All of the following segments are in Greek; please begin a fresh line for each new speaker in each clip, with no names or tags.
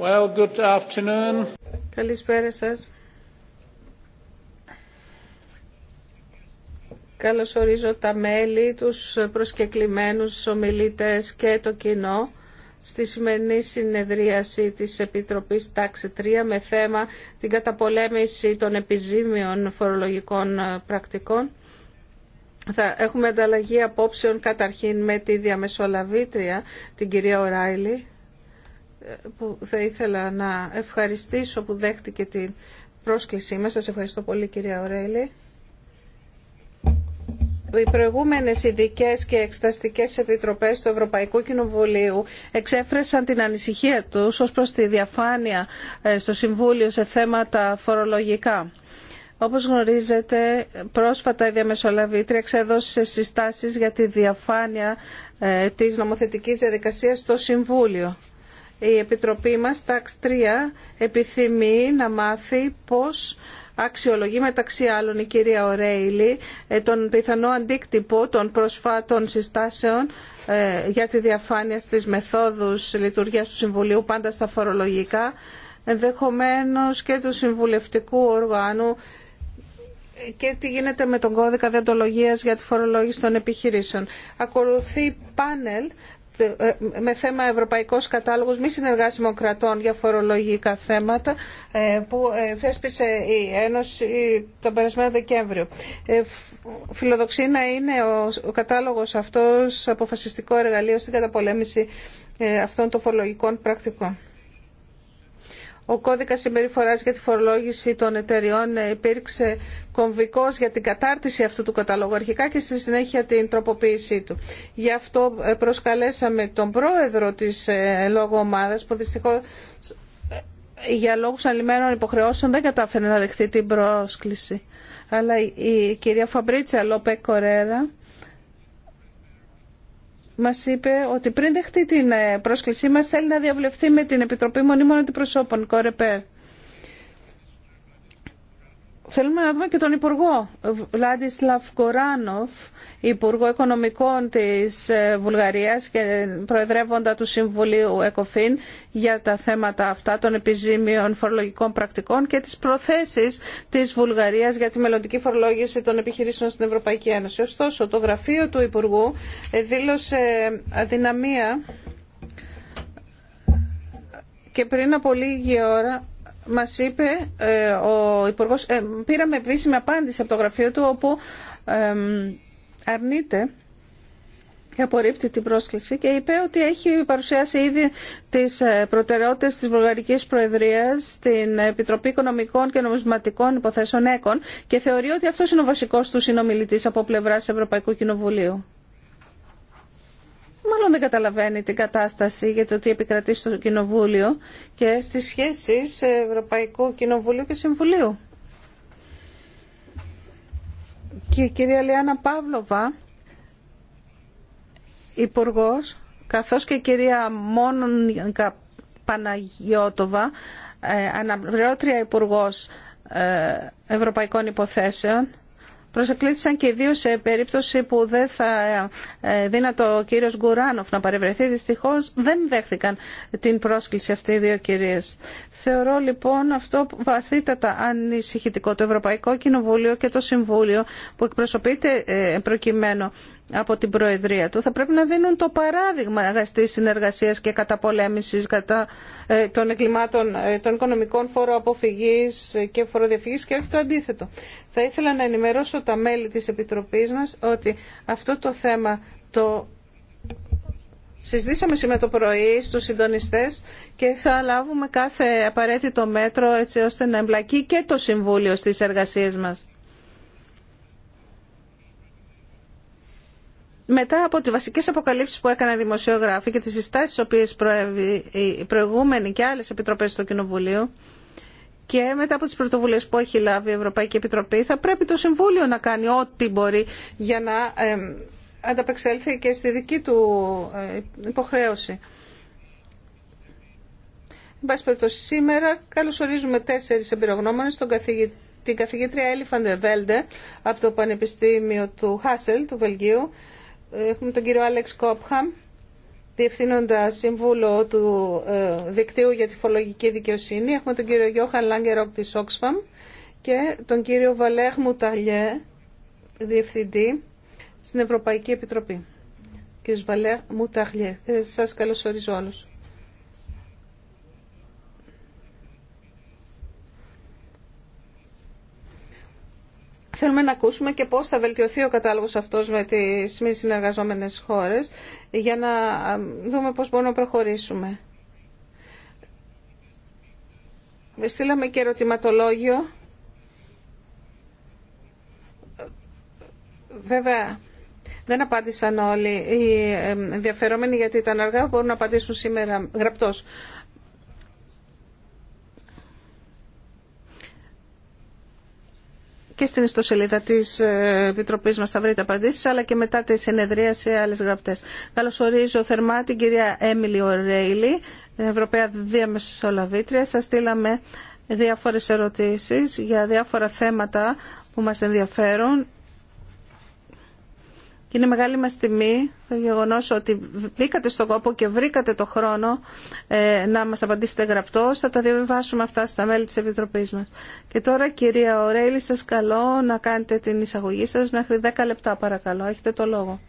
Well, good afternoon. Καλησπέρα σας. Καλώς ορίζω τα μέλη, τους προσκεκλημένους ομιλητές και το κοινό στη σημερινή συνεδρίαση της Επιτροπής Τάξη 3 με θέμα την καταπολέμηση των επιζήμιων φορολογικών πρακτικών. Θα έχουμε ανταλλαγή απόψεων καταρχήν με τη διαμεσολαβήτρια, την κυρία Οράιλη, που θα ήθελα να ευχαριστήσω που δέχτηκε την πρόσκλησή μας. Σας ευχαριστώ πολύ κυρία Οράιλη. Οι προηγούμενες ειδικέ και εξεταστικές επιτροπές του Ευρωπαϊκού Κοινοβουλίου εξέφρασαν την ανησυχία τους ως προς τη διαφάνεια ε, στο Συμβούλιο σε θέματα φορολογικά. Όπως γνωρίζετε, πρόσφατα η διαμεσολαβήτρια εξέδωσε συστάσεις για τη διαφάνεια ε, της νομοθετικής διαδικασίας στο Συμβούλιο. Η Επιτροπή μας, ΤΑΞ 3, επιθυμεί να μάθει πώς αξιολογεί μεταξύ άλλων η κυρία Ορέιλη ε, τον πιθανό αντίκτυπο των προσφάτων συστάσεων ε, για τη διαφάνεια στις μεθόδους λειτουργίας του Συμβουλίου πάντα στα φορολογικά ενδεχομένως και του συμβουλευτικού οργάνου και τι γίνεται με τον κώδικα διοντολογίας για τη φορολόγηση των επιχειρήσεων. Ακολουθεί πάνελ ε, ε, με θέμα Ευρωπαϊκός Κατάλογος Μη Συνεργάσιμων Κρατών για φορολογικά θέματα ε, που θέσπισε η Ένωση τον περασμένο Δεκέμβριο. Φιλοδοξεί να είναι ο κατάλογος αυτός αποφασιστικό εργαλείο στην καταπολέμηση αυτών των φορολογικών πρακτικών. Ο κώδικας συμπεριφοράς για τη φορολόγηση των εταιριών υπήρξε κομβικός για την κατάρτιση αυτού του καταλόγου αρχικά και στη συνέχεια την τροποποίησή του. Γι' αυτό ε, προσκαλέσαμε τον πρόεδρο της ε, λόγω ομάδας που δυστυχώς ε, για λόγους αλλημένων υποχρεώσεων δεν κατάφερε να δεχθεί την πρόσκληση. Αλλά η κυρία Φαμπρίτσα Λόπε Κορέρα μας είπε ότι πριν δεχτεί την ε, πρόσκλησή μας θέλει να διαβλεφθεί με την Επιτροπή Μονίμων Αντιπροσώπων, Κορεπέρ. Θέλουμε να δούμε και τον Υπουργό ε, Βλάντισλαβ Κοράνοφ, Υπουργό Οικονομικών της ε, Βουλγαρίας και Προεδρεύοντα του Συμβουλίου ΕΚΟΦΗΝ για τα θέματα αυτά των επιζήμιων φορολογικών πρακτικών και τις προθέσεις της Βουλγαρίας για τη μελλοντική φορολόγηση των επιχειρήσεων στην Ευρωπαϊκή Ένωση. Ωστόσο, το γραφείο του Υπουργού ε, δήλωσε αδυναμία και πριν από λίγη ώρα μας είπε ε, ο Υπουργός, ε, πήραμε επίσημη απάντηση από το γραφείο του όπου ε, αρνείται και απορρίπτει την πρόσκληση και είπε ότι έχει παρουσιάσει ήδη τις ε, προτεραιότητες της Βουλγαρικής Προεδρίας στην Επιτροπή Οικονομικών και Νομισματικών Υποθέσεων ΕΚΟΝ και θεωρεί ότι αυτός είναι ο βασικός του συνομιλητής από πλευράς Ευρωπαϊκού Κοινοβουλίου μάλλον δεν καταλαβαίνει την κατάσταση για το τι επικρατεί στο Κοινοβούλιο και στις σχέσεις Ευρωπαϊκού Κοινοβουλίου και Συμβουλίου. Και η κυρία Λιάννα Παύλοβα, υπουργό, καθώς και η κυρία Μόνον Παναγιώτοβα, ε, αναπληρώτρια υπουργό ε, Ευρωπαϊκών Υποθέσεων, Προσεκλήθησαν και δύο σε περίπτωση που δεν θα ε, δύνατο ο κύριος Γκουράνοφ να παρευρεθεί. Δυστυχώς δεν δέχθηκαν την πρόσκληση αυτή οι δύο κυρίες. Θεωρώ λοιπόν αυτό βαθύτατα ανησυχητικό το Ευρωπαϊκό Κοινοβούλιο και το Συμβούλιο που εκπροσωπείται ε, προκειμένου από την Προεδρία του θα πρέπει να δίνουν το παράδειγμα αγαστής συνεργασίας και καταπολέμησης κατά ε, των εγκλημάτων ε, των οικονομικών φοροαποφυγής και φοροδιαφυγή και όχι το αντίθετο. Θα ήθελα να ενημερώσω τα μέλη της Επιτροπής μας ότι αυτό το θέμα το συζητήσαμε σήμερα το πρωί στους συντονιστές και θα λάβουμε κάθε απαραίτητο μέτρο έτσι ώστε να εμπλακεί και το Συμβούλιο στις εργασίες μας. μετά από τις βασικές αποκαλύψεις που έκαναν οι δημοσιογράφοι και τις συστάσεις οποίες προέβη οι προηγούμενοι και άλλες επιτροπές του Κοινοβουλίου και μετά από τις πρωτοβουλίες που έχει λάβει η Ευρωπαϊκή Επιτροπή θα πρέπει το Συμβούλιο να κάνει ό,τι μπορεί για να ε, ανταπεξέλθει και στη δική του ε, υποχρέωση. Εν πάση περιπτώσει, σήμερα καλωσορίζουμε τέσσερις εμπειρογνώμονες, την καθηγήτρια Έλιφαντε Βέλντε από το Πανεπιστήμιο του Χάσελ του Βελγίου, Έχουμε τον κύριο Άλεξ Κόπχαμ, Διευθύνοντα Σύμβουλο του ε, Δικτύου για τη Φορολογική Δικαιοσύνη. Έχουμε τον κύριο Γιώχαν Λάγκεροκ τη Oxfam και τον κύριο Βαλέχ Μουταλιέ, Διευθυντή στην Ευρωπαϊκή Επιτροπή. Κύριος Βαλέχ Μουταλιέ, ε, σας καλωσορίζω όλους. Θέλουμε να ακούσουμε και πώς θα βελτιωθεί ο κατάλογος αυτός με τις μη συνεργαζόμενες χώρες για να δούμε πώς μπορούμε να προχωρήσουμε. Στείλαμε και ερωτηματολόγιο. Βέβαια, δεν απάντησαν όλοι οι ε, ενδιαφερόμενοι γιατί ήταν αργά, μπορούν να απαντήσουν σήμερα γραπτός. και στην ιστοσελίδα τη ε, Επιτροπής μας θα βρείτε απαντήσει, αλλά και μετά τη συνεδρία σε άλλε γραπτέ. Καλωσορίζω θερμά την κυρία Έμιλι Ορέιλι, Ευρωπαία Διαμεσολαβήτρια. Σας στείλαμε διάφορες ερωτήσεις για διάφορα θέματα που μας ενδιαφέρουν είναι μεγάλη μας τιμή το γεγονός ότι μπήκατε στον κόπο και βρήκατε το χρόνο ε, να μας απαντήσετε γραπτός. Θα τα διαβιβάσουμε αυτά στα μέλη της Επιτροπής μας. Και τώρα κυρία Ορέλη σας καλώ να κάνετε την εισαγωγή σας μέχρι 10 λεπτά παρακαλώ. Έχετε το λόγο.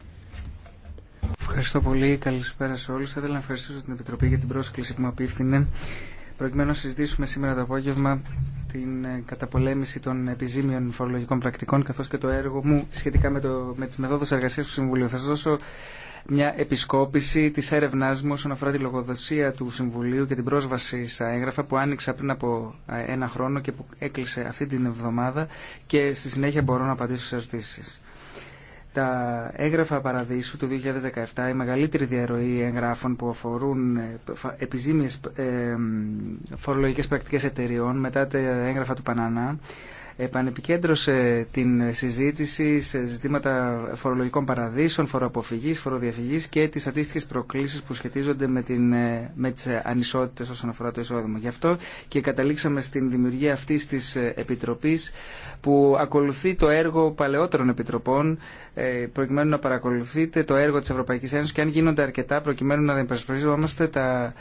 Ευχαριστώ πολύ. Καλησπέρα σε όλους. Θα ήθελα να ευχαριστήσω την Επιτροπή για την πρόσκληση που μου απίφθηνε προκειμένου να συζητήσουμε σήμερα το απόγευμα την ε, καταπολέμηση των επιζήμιων φορολογικών πρακτικών καθώς και το έργο μου σχετικά με, το, με τις μεθόδους εργασίας του Συμβουλίου. Θα σας δώσω μια επισκόπηση της έρευνάς μου όσον αφορά τη λογοδοσία του Συμβουλίου και την πρόσβαση στα έγγραφα που άνοιξα πριν από ε, ένα χρόνο και που έκλεισε αυτή την εβδομάδα και στη συνέχεια μπορώ να απαντήσω σε ερωτήσεις τα έγγραφα παραδείσου του 2017, η μεγαλύτερη διαρροή εγγράφων που αφορούν ε, επιζήμιες ε, φορολογικές πρακτικές εταιριών μετά τα έγγραφα του Πανανά, επανεπικέντρωσε την συζήτηση σε ζητήματα φορολογικών παραδείσων, φοροαποφυγής, φοροδιαφυγής και τις αντίστοιχες προκλήσεις που σχετίζονται με, την, ε, με τις ανισότητες όσον αφορά το εισόδημα. Γι' αυτό και καταλήξαμε στην δημιουργία αυτής της ε, επιτροπής που ακολουθεί το έργο παλαιότερων επιτροπών ε, προκειμένου να παρακολουθείτε το έργο της Ευρωπαϊκής Ένωσης και αν γίνονται αρκετά προκειμένου να υπερασπιζόμαστε τα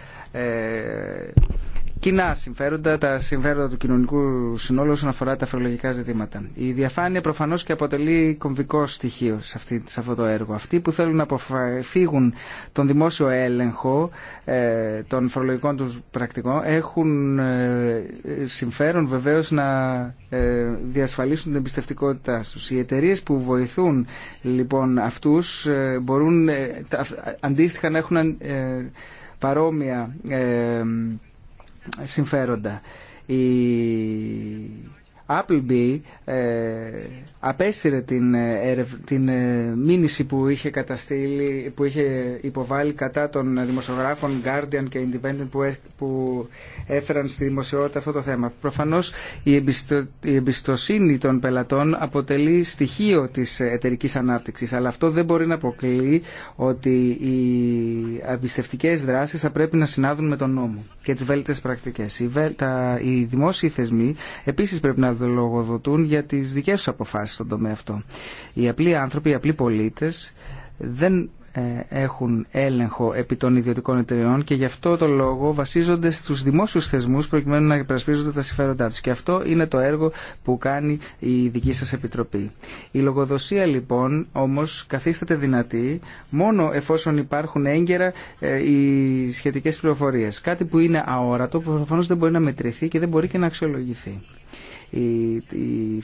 κοινά συμφέροντα, τα συμφέροντα του κοινωνικού συνόλου όσον αφορά τα φορολογικά ζητήματα. Η διαφάνεια προφανώς και αποτελεί κομβικό στοιχείο σε, αυτή, σε αυτό το έργο. Αυτοί που θέλουν να αποφύγουν τον δημόσιο έλεγχο ε, των φορολογικών τους πρακτικών έχουν ε, συμφέρον βεβαίω να ε, διασφαλίσουν την εμπιστευτικότητά του. Οι εταιρείε που βοηθούν λοιπόν αυτούς ε, μπορούν αντίστοιχα να έχουν παρόμοια συμφέροντα. Η Appleby ε, απέσυρε την, ε, την ε, μήνυση που είχε, καταστήλει, που είχε υποβάλει κατά των δημοσιογράφων Guardian και Independent που, ε, έφεραν στη δημοσιότητα αυτό το θέμα. Προφανώς η, η εμπιστοσύνη των πελατών αποτελεί στοιχείο της εταιρική ανάπτυξης, αλλά αυτό δεν μπορεί να αποκλείει ότι οι εμπιστευτικές δράσεις θα πρέπει να συνάδουν με τον νόμο και τις βέλτιστες πρακτικές. Οι, δημόσιοι θεσμοί επίσης πρέπει να λογοδοτούν για τις δικές τους αποφάσεις στον τομέα αυτό. Οι απλοί άνθρωποι, οι απλοί πολίτες δεν ε, έχουν έλεγχο επί των ιδιωτικών εταιρεών και γι' αυτό το λόγο βασίζονται στους δημόσιους θεσμούς προκειμένου να υπερασπίζονται τα συμφέροντά τους. Και αυτό είναι το έργο που κάνει η δική σας Επιτροπή. Η λογοδοσία λοιπόν όμως καθίσταται δυνατή μόνο εφόσον υπάρχουν έγκαιρα ε, οι σχετικές πληροφορίες. Κάτι που είναι αόρατο που προφανώς δεν μπορεί να μετρηθεί και δεν μπορεί και να αξιολογηθεί. η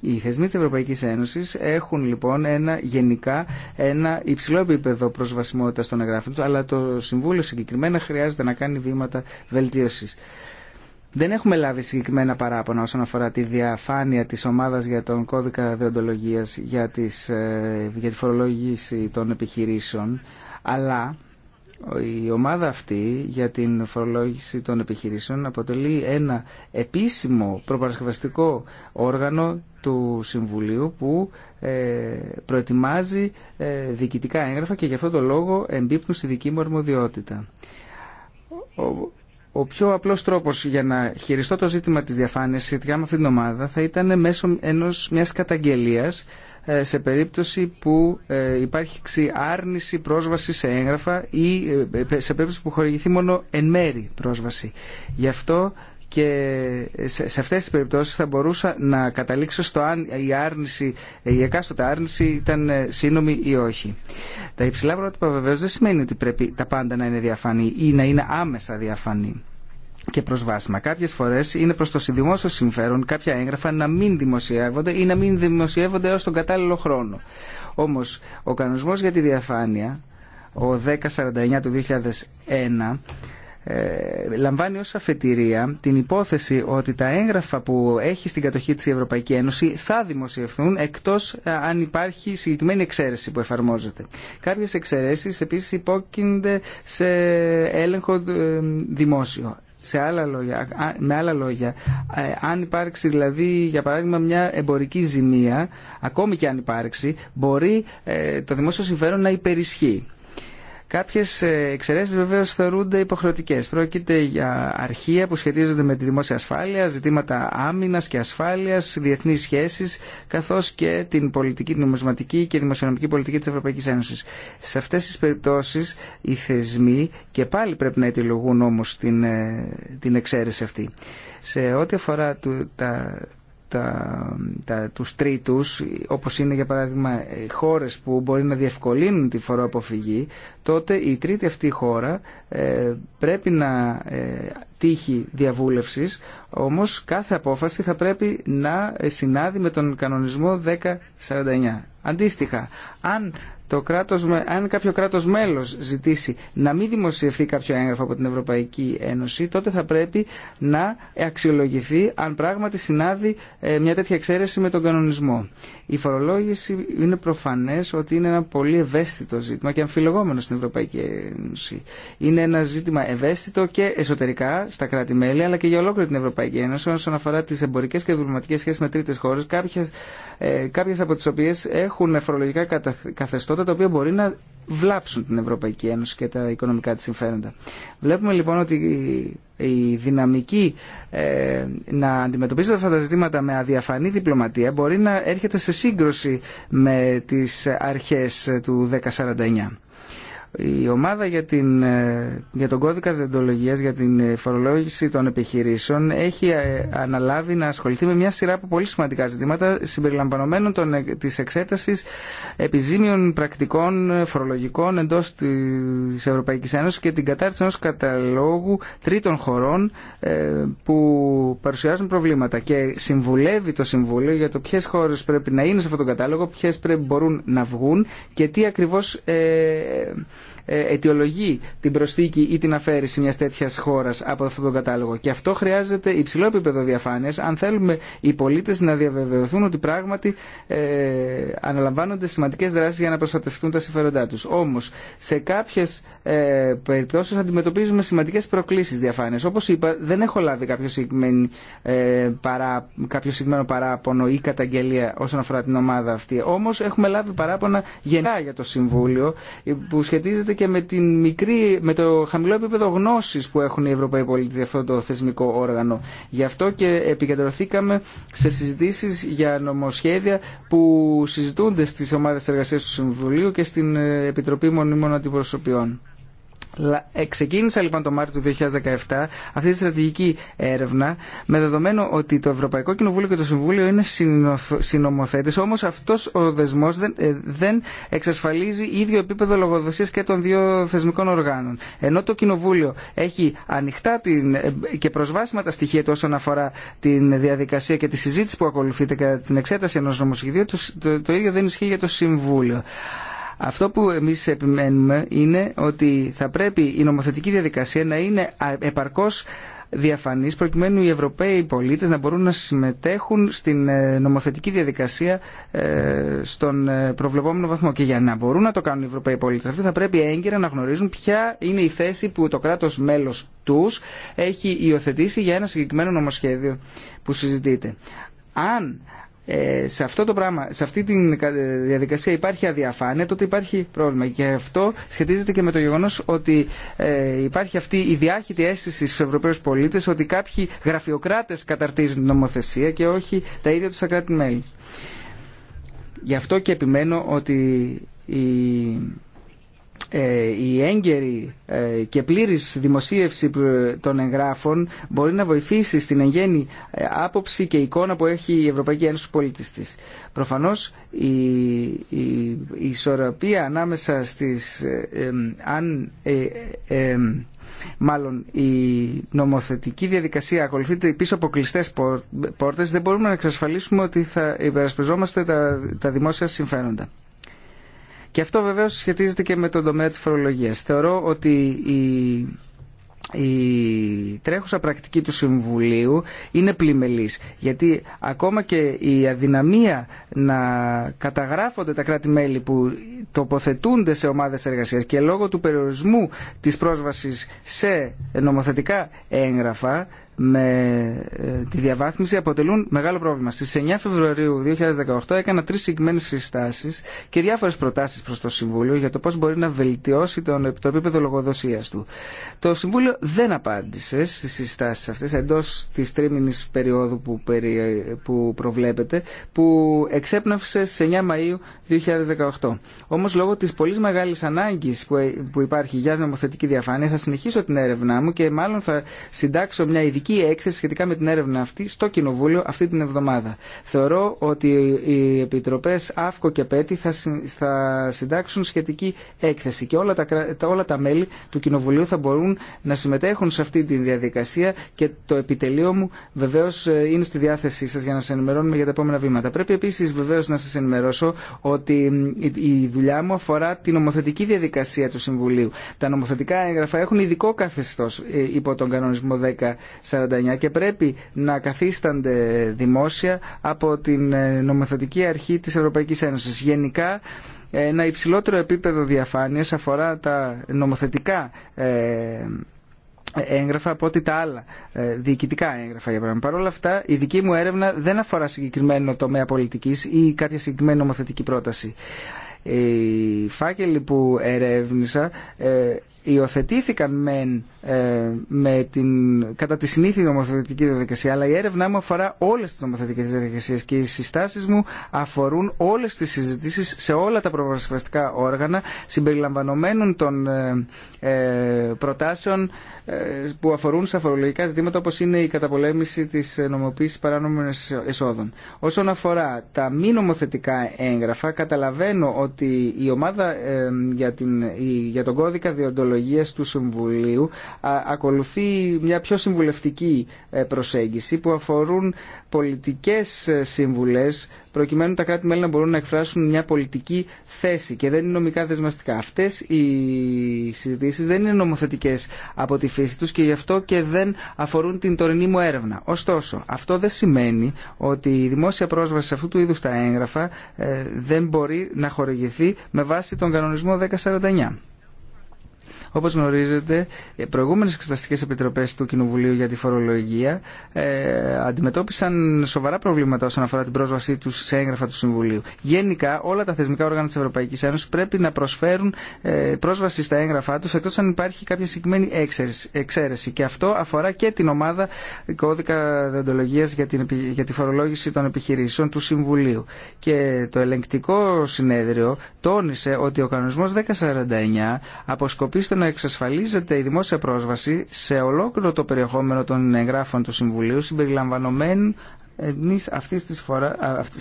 οι θεσμοί της Ευρωπαϊκής Ένωσης έχουν λοιπόν ένα, γενικά ένα υψηλό επίπεδο προσβασιμότητας των εγγράφων τους, αλλά το Συμβούλιο συγκεκριμένα χρειάζεται να κάνει βήματα βελτίωσης. Δεν έχουμε λάβει συγκεκριμένα παράπονα όσον αφορά τη διαφάνεια της ομάδας για τον κώδικα διοντολογίας για, τις, ε, για τη φορολόγηση των επιχειρήσεων, αλλά η ομάδα αυτή για την φορολόγηση των επιχειρήσεων αποτελεί ένα επίσημο προπαρασκευαστικό όργανο του Συμβουλίου που ε, προετοιμάζει ε, διοικητικά έγγραφα και γι' αυτό το λόγο εμπίπτουν στη δική μου αρμοδιότητα. Ο πιο απλό τρόπο για να χειριστώ το ζήτημα της διαφάνειας σχετικά με αυτήν την ομάδα θα ήταν μέσω ενός, μιας καταγγελίας ε, σε περίπτωση που υπάρχει άρνηση πρόσβαση σε έγγραφα ή σε περίπτωση που χορηγηθεί μόνο εν μέρη πρόσβαση. Γι' αυτό και σε αυτές τις περιπτώσεις θα μπορούσα να καταλήξω στο αν η, άρνηση, η εκάστοτε άρνηση ήταν ε, σύνομη ή όχι. Τα υψηλά πρότυπα βεβαίω δεν σημαίνει ότι πρέπει τα πάντα να είναι διαφανή ή να είναι άμεσα διαφανή και προσβάσιμα. Κάποιε φορέ είναι προ το συνδημόσιο συμφέρον κάποια έγγραφα να μην δημοσιεύονται ή να μην δημοσιεύονται έω τον κατάλληλο χρόνο. Όμω, ο κανονισμό για τη διαφάνεια, ο 1049 του 2001, ε, λαμβάνει ως αφετηρία την υπόθεση ότι τα έγγραφα που έχει στην κατοχή της Ευρωπαϊκή Ένωση θα δημοσιευθούν εκτός ε, αν υπάρχει συγκεκριμένη εξαίρεση που εφαρμόζεται. Κάποιες εξαιρέσεις επίσης υπόκεινται σε έλεγχο ε, δημόσιο. Σε άλλα με άλλα λόγια, αν υπάρξει δηλαδή για παράδειγμα μια εμπορική ζημία, ακόμη και αν υπάρξει, μπορεί το δημόσιο συμφέρον να υπερισχύει. Κάποιες ε, εξαιρέσεις βεβαίως θεωρούνται υποχρεωτικές. Πρόκειται για αρχεία που σχετίζονται με τη δημόσια ασφάλεια, ζητήματα άμυνας και ασφάλειας, διεθνείς σχέσεις, καθώς και την πολιτική, την νομισματική και δημοσιονομική πολιτική της Ευρωπαϊκής Ένωσης. Σε αυτές τις περιπτώσεις οι θεσμοί και πάλι πρέπει να ετυλογούν όμως την, ε, την εξαίρεση αυτή. Σε ό,τι αφορά τα τα, τα, τους τρίτους, όπως είναι για παράδειγμα χώρες που μπορεί να διευκολύνουν τη φοροαποφυγή, τότε η τρίτη αυτή χώρα ε, πρέπει να ε, τύχει διαβούλευσης, όμως κάθε απόφαση θα πρέπει να συνάδει με τον κανονισμό 1049. Αντίστοιχα, αν το κράτος, αν κάποιο κράτος μέλος ζητήσει να μην δημοσιευθεί κάποιο έγγραφο από την Ευρωπαϊκή Ένωση, τότε θα πρέπει να αξιολογηθεί αν πράγματι συνάδει ε, μια τέτοια εξαίρεση με τον κανονισμό. Η φορολόγηση είναι προφανές ότι είναι ένα πολύ ευαίσθητο ζήτημα και αμφιλογόμενο στην Ευρωπαϊκή Ένωση. Είναι ένα ζήτημα ευαίσθητο και εσωτερικά στα κράτη-μέλη, αλλά και για ολόκληρη την Ευρωπαϊκή Ένωση όσον αφορά τις εμπορικές και διπλωματικές σχέσεις με τρίτες χώρες, κάποιες, ε, από τις οποίες έχουν φορολογικά καθεστώτα τα οποία μπορεί να βλάψουν την Ευρωπαϊκή Ένωση και τα οικονομικά της συμφέροντα. Βλέπουμε λοιπόν ότι η δυναμική ε, να αντιμετωπίζονται αυτά τα ζητήματα με αδιαφανή διπλωματία μπορεί να έρχεται σε σύγκρουση με τις αρχές του 1049. Η ομάδα για, την, ε, για τον κώδικα διοντολογία για την φορολόγηση των επιχειρήσεων έχει ε, αναλάβει να ασχοληθεί με μια σειρά από πολύ σημαντικά ζητήματα συμπεριλαμβανομένων των, ε, της εξέτασης επιζήμιων πρακτικών φορολογικών εντός της Ευρωπαϊκής Ένωσης και την κατάρτιση ενός καταλόγου τρίτων χωρών που παρουσιάζουν προβλήματα και συμβουλεύει το Συμβούλιο για το ποιε χώρε πρέπει να είναι σε αυτόν τον κατάλογο, ποιε πρέπει μπορούν να βγουν και τι ακριβώς ε, αιτιολογεί την προσθήκη ή την αφαίρεση μια τέτοια χώρα από αυτόν τον κατάλογο. Και αυτό χρειάζεται υψηλό επίπεδο διαφάνεια αν θέλουμε οι πολίτε να διαβεβαιωθούν ότι πράγματι ε, αναλαμβάνονται σημαντικέ δράσει για να προστατευτούν τα συμφέροντά του. Όμω, σε κάποιε ε, περιπτώσει αντιμετωπίζουμε σημαντικέ προκλήσει διαφάνεια. Όπω είπα, δεν έχω λάβει ε, κάποιο συγκεκριμένο, παράπονο ή καταγγελία όσον αφορά την ομάδα αυτή. Όμω, έχουμε λάβει παράπονα γενικά για το Συμβούλιο που σχετίζεται και με, την μικρή, με το χαμηλό επίπεδο γνώσης που έχουν οι Ευρωπαίοι πολίτε για αυτό το θεσμικό όργανο. Γι' αυτό και επικεντρωθήκαμε σε συζητήσεις για νομοσχέδια που συζητούνται στις ομάδες εργασίας του Συμβουλίου και στην ε, Επιτροπή Μονίμων Αντιπροσωπιών. Ε, ξεκίνησα λοιπόν το Μάρτιο του 2017 αυτή τη στρατηγική έρευνα με δεδομένο ότι το Ευρωπαϊκό Κοινοβούλιο και το Συμβούλιο είναι συνομοθέτες όμως αυτός ο δεσμός ε, δεν, εξασφαλίζει ίδιο επίπεδο λογοδοσίας και των δύο θεσμικών οργάνων. Ενώ το Κοινοβούλιο έχει ανοιχτά την, ε, και προσβάσιμα τα στοιχεία του όσον αφορά την διαδικασία και τη συζήτηση που ακολουθείται κατά την εξέταση ενός νομοσχεδίου το, το ίδιο δεν ισχύει για το Συμβούλιο. Αυτό που εμείς επιμένουμε είναι ότι θα πρέπει η νομοθετική διαδικασία να είναι επαρκώς διαφανής προκειμένου οι Ευρωπαίοι πολίτες να μπορούν να συμμετέχουν στην ε, νομοθετική διαδικασία ε, στον ε, προβλεπόμενο βαθμό και για να μπορούν να το κάνουν οι Ευρωπαίοι πολίτες αυτοί θα πρέπει έγκαιρα να γνωρίζουν ποια είναι η θέση που το κράτος μέλος τους έχει υιοθετήσει για ένα συγκεκριμένο νομοσχέδιο που συζητείται. Αν ε, σε αυτό το πράγμα, σε αυτή τη ε, διαδικασία υπάρχει αδιαφάνεια, τότε υπάρχει πρόβλημα. Και αυτό σχετίζεται και με το γεγονό ότι ε, υπάρχει αυτή η διάχυτη αίσθηση στου Ευρωπαίου πολίτε ότι κάποιοι γραφειοκράτε καταρτίζουν την νομοθεσία και όχι τα ίδια του τα κράτη-μέλη. Γι' αυτό και επιμένω ότι η ε, η έγκαιρη ε, και πλήρης δημοσίευση ε, των εγγράφων μπορεί να βοηθήσει στην εγγένη άποψη και εικόνα που έχει η Ευρωπαϊκή Ένωση στους της. Προφανώς η, η, η ισορροπία ανάμεσα στις... αν, μάλλον η νομοθετική διαδικασία ακολουθείται πίσω από κλειστέ πόρτε, δεν μπορούμε να εξασφαλίσουμε ότι θα υπερασπιζόμαστε τα, τα δημόσια συμφέροντα. Και αυτό βεβαίω σχετίζεται και με τον τομέα τη φορολογία. Θεωρώ ότι η η τρέχουσα πρακτική του Συμβουλίου είναι πλημελής γιατί ακόμα και η αδυναμία να καταγράφονται τα κράτη-μέλη που τοποθετούνται σε ομάδες εργασίας και λόγω του περιορισμού της πρόσβασης σε νομοθετικά έγγραφα με ε, τη διαβάθμιση αποτελούν μεγάλο πρόβλημα. Στις 9 Φεβρουαρίου 2018 έκανα τρεις συγκεκριμένες συστάσεις και διάφορες προτάσεις προς το Συμβούλιο για το πώς μπορεί να βελτιώσει τον, το επίπεδο λογοδοσίας του. Το Συμβούλιο δεν απάντησε στις συστάσεις αυτές εντός της τρίμηνης περίοδου που, προβλέπεται που εξέπνευσε στις 9 Μαΐου 2018. Όμως λόγω της πολύ μεγάλης ανάγκης ε, που, υπάρχει για νομοθετική διαφάνεια θα συνεχίσω την έρευνά μου και μάλλον θα συντάξω μια ειδική έκθεση σχετικά με την έρευνα αυτή στο Κοινοβούλιο αυτή την εβδομάδα. Θεωρώ ότι οι επιτροπέ ΑΦΚΟ και ΠΕΤΗ θα συντάξουν σχετική έκθεση και όλα τα, όλα τα μέλη του Κοινοβουλίου θα μπορούν να συμμετέχουν σε αυτή τη διαδικασία και το επιτελείο μου βεβαίω ε, είναι στη διάθεσή σα για να σα ενημερώνουμε για τα επόμενα βήματα. Πρέπει επίση, βεβαίω να σα ενημερώσω ότι η δουλειά μου αφορά την νομοθετική διαδικασία του Συμβουλίου. Τα νομοθετικά έγγραφα έχουν ειδικό καθεστώ ε, υπό τον κανονισμό 10 49 και πρέπει να καθίστανται δημόσια από την ε, νομοθετική αρχή της Ευρωπαϊκής Ένωσης. Γενικά ε, ένα υψηλότερο επίπεδο διαφάνειας αφορά τα νομοθετικά ε, έγγραφα από ότι τα άλλα διοικητικά έγγραφα για Παρ' όλα αυτά η δική μου έρευνα δεν αφορά συγκεκριμένο τομέα πολιτικής ή κάποια συγκεκριμένη νομοθετική πρόταση. Οι φάκελοι που ερεύνησα υιοθετήθηκαν ε, με την, κατά τη συνήθεια νομοθετική διαδικασία, αλλά η έρευνά μου αφορά όλε τι νομοθετικέ διαδικασίε και οι συστάσει μου αφορούν όλε τι συζητήσει σε όλα τα προβασπαστικά όργανα, συμπεριλαμβανομένων των ε, ε προτάσεων ε, που αφορούν σε αφορολογικά ζητήματα όπω είναι η καταπολέμηση τη νομοποίηση παράνομων εσόδων. Όσον αφορά τα μη νομοθετικά έγγραφα, καταλαβαίνω ότι η ομάδα για, την, για τον κώδικα διοντολογία του Συμβουλίου ακολουθεί μια πιο συμβουλευτική ε, προσέγγιση που αφορούν πολιτικές ε, συμβουλές προκειμένου τα κράτη-μέλη να μπορούν να εκφράσουν μια πολιτική θέση και δεν είναι νομικά δεσμευτικά. Αυτές οι συζητήσεις δεν είναι νομοθετικές από τη φύση τους και γι' αυτό και δεν αφορούν την τωρινή μου έρευνα. Ωστόσο, αυτό δεν σημαίνει ότι η δημόσια πρόσβαση σε αυτού του είδους τα έγγραφα ε, δεν μπορεί να χορηγηθεί με βάση τον κανονισμό 1049. Όπω γνωρίζετε, οι προηγούμενες επιτροπέ επιτροπές του Κοινοβουλίου για τη φορολογία ε, αντιμετώπισαν σοβαρά προβλήματα όσον αφορά την πρόσβασή του σε έγγραφα του Συμβουλίου. Γενικά, όλα τα θεσμικά όργανα τη Ευρωπαϊκή Ένωση πρέπει να προσφέρουν ε, πρόσβαση στα έγγραφά του εκτό αν υπάρχει κάποια συγκεκριμένη εξαίρεση. Και αυτό αφορά και την ομάδα κώδικα δεοντολογίας για, για τη φορολόγηση των επιχειρήσεων του Συμβουλίου. Και το ελεγκτικό συνέδριο τόνισε ότι ο κανονισμό 1049 αποσκοπεί να εξασφαλίζεται η δημόσια πρόσβαση σε ολόκληρο το περιεχόμενο των εγγράφων του Συμβουλίου συμπεριλαμβανομένου εμείς αυτή σε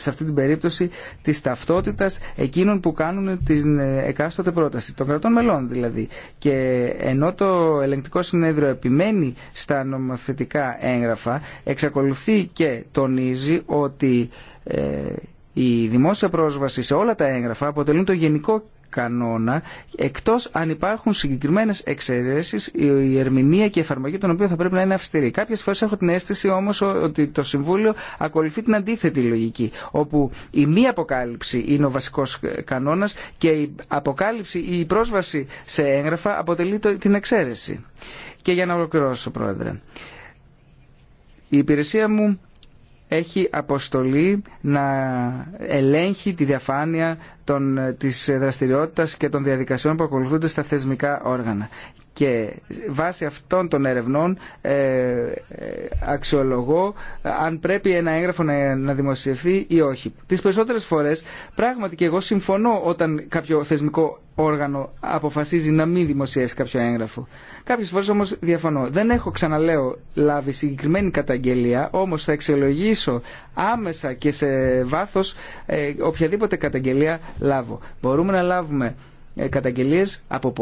αυτή την περίπτωση της ταυτότητας εκείνων που κάνουν την ε, εκάστοτε πρόταση, των κρατών μελών δηλαδή. Και ενώ το ελεγκτικό συνέδριο επιμένει στα νομοθετικά έγγραφα, εξακολουθεί και τονίζει ότι ε, η δημόσια πρόσβαση σε όλα τα έγγραφα αποτελούν το γενικό κανόνα, εκτός αν υπάρχουν συγκεκριμένες εξαιρέσεις, η ερμηνεία και η εφαρμογή των οποίων θα πρέπει να είναι αυστηρή. Κάποιες φορές έχω την αίσθηση όμως ότι το Συμβούλιο ακολουθεί την αντίθετη λογική, όπου η μη αποκάλυψη είναι ο βασικός κανόνας και η αποκάλυψη ή η πρόσβαση σε έγγραφα αποτελεί την εξαίρεση. Και για να ολοκληρώσω, Πρόεδρε, η υπηρεσία μου έχει αποστολή να ελέγχει τη διαφάνεια των, της δραστηριότητας και των διαδικασιών που ακολουθούνται στα θεσμικά όργανα και βάσει αυτών των ερευνών ε, ε, αξιολογώ ε, αν πρέπει ένα έγγραφο να δημοσιευθεί ή όχι. Τις περισσότερες φορές πράγματι και εγώ συμφωνώ όταν κάποιο θεσμικό όργανο αποφασίζει να μην δημοσιεύσει κάποιο έγγραφο. Κάποιες φορές όμως διαφωνώ. Δεν έχω, ξαναλέω, λάβει συγκεκριμένη καταγγελία, όμως θα αξιολογήσω άμεσα και σε βάθο οποιαδήποτε καταγγελία λάβω. Μπορούμε να λάβουμε ε, Καταγγελίε από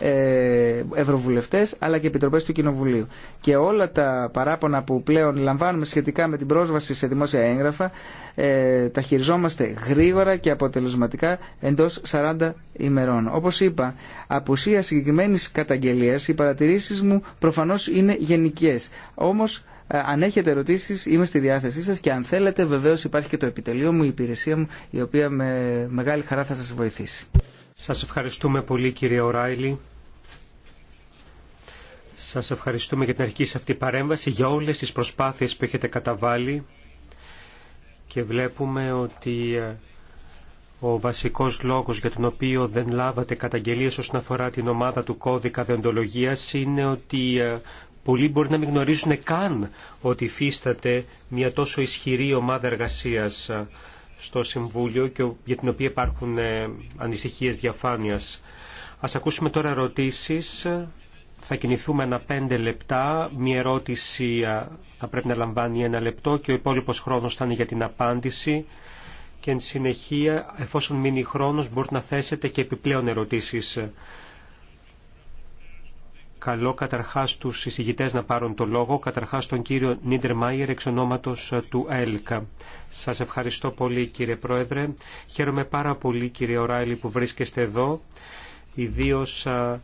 ε, ευρωβουλευτές αλλά και επιτροπέ του Κοινοβουλίου. Και όλα τα παράπονα που πλέον λαμβάνουμε σχετικά με την πρόσβαση σε δημόσια έγγραφα ε, τα χειριζόμαστε γρήγορα και αποτελεσματικά εντό 40 ημερών. Όπω είπα, απουσία συγκεκριμένης καταγγελίας, οι παρατηρήσει μου προφανώ είναι γενικέ. Όμω, ε, αν έχετε ερωτήσεις είμαι στη διάθεσή σας και αν θέλετε βεβαίως
υπάρχει και το επιτελείο μου, η υπηρεσία μου η οποία με μεγάλη χαρά θα σας βοηθήσει. Σας ευχαριστούμε πολύ κύριε Οράιλη. Σας ευχαριστούμε για την αρχική σε αυτή παρέμβαση, για όλες τις προσπάθειες που έχετε καταβάλει και βλέπουμε ότι ε, ο βασικός λόγος για τον οποίο δεν λάβατε καταγγελίες όσον αφορά την ομάδα του κώδικα δεοντολογίας είναι ότι ε, πολλοί μπορεί να μην γνωρίζουν καν ότι υφίσταται μια τόσο ισχυρή ομάδα εργασίας στο Συμβούλιο και για την οποία υπάρχουν ε, ανησυχίες διαφάνειας. Ας ακούσουμε τώρα ερωτήσεις. Θα κινηθούμε ένα πέντε λεπτά. Μία ερώτηση θα πρέπει να λαμβάνει ένα λεπτό και ο υπόλοιπος χρόνος θα είναι για την απάντηση. Και εν συνεχεία, εφόσον μείνει χρόνος, μπορείτε να θέσετε και επιπλέον ερωτήσεις καλό καταρχάς τους εισηγητές να πάρουν το λόγο, καταρχάς τον κύριο Νίντερ Μάιερ εξ ονόματος ε, του ΕΛΚΑ. Σας ευχαριστώ πολύ κύριε Πρόεδρε. Χαίρομαι πάρα πολύ κύριε Οράιλη που βρίσκεστε εδώ, ιδίω ε,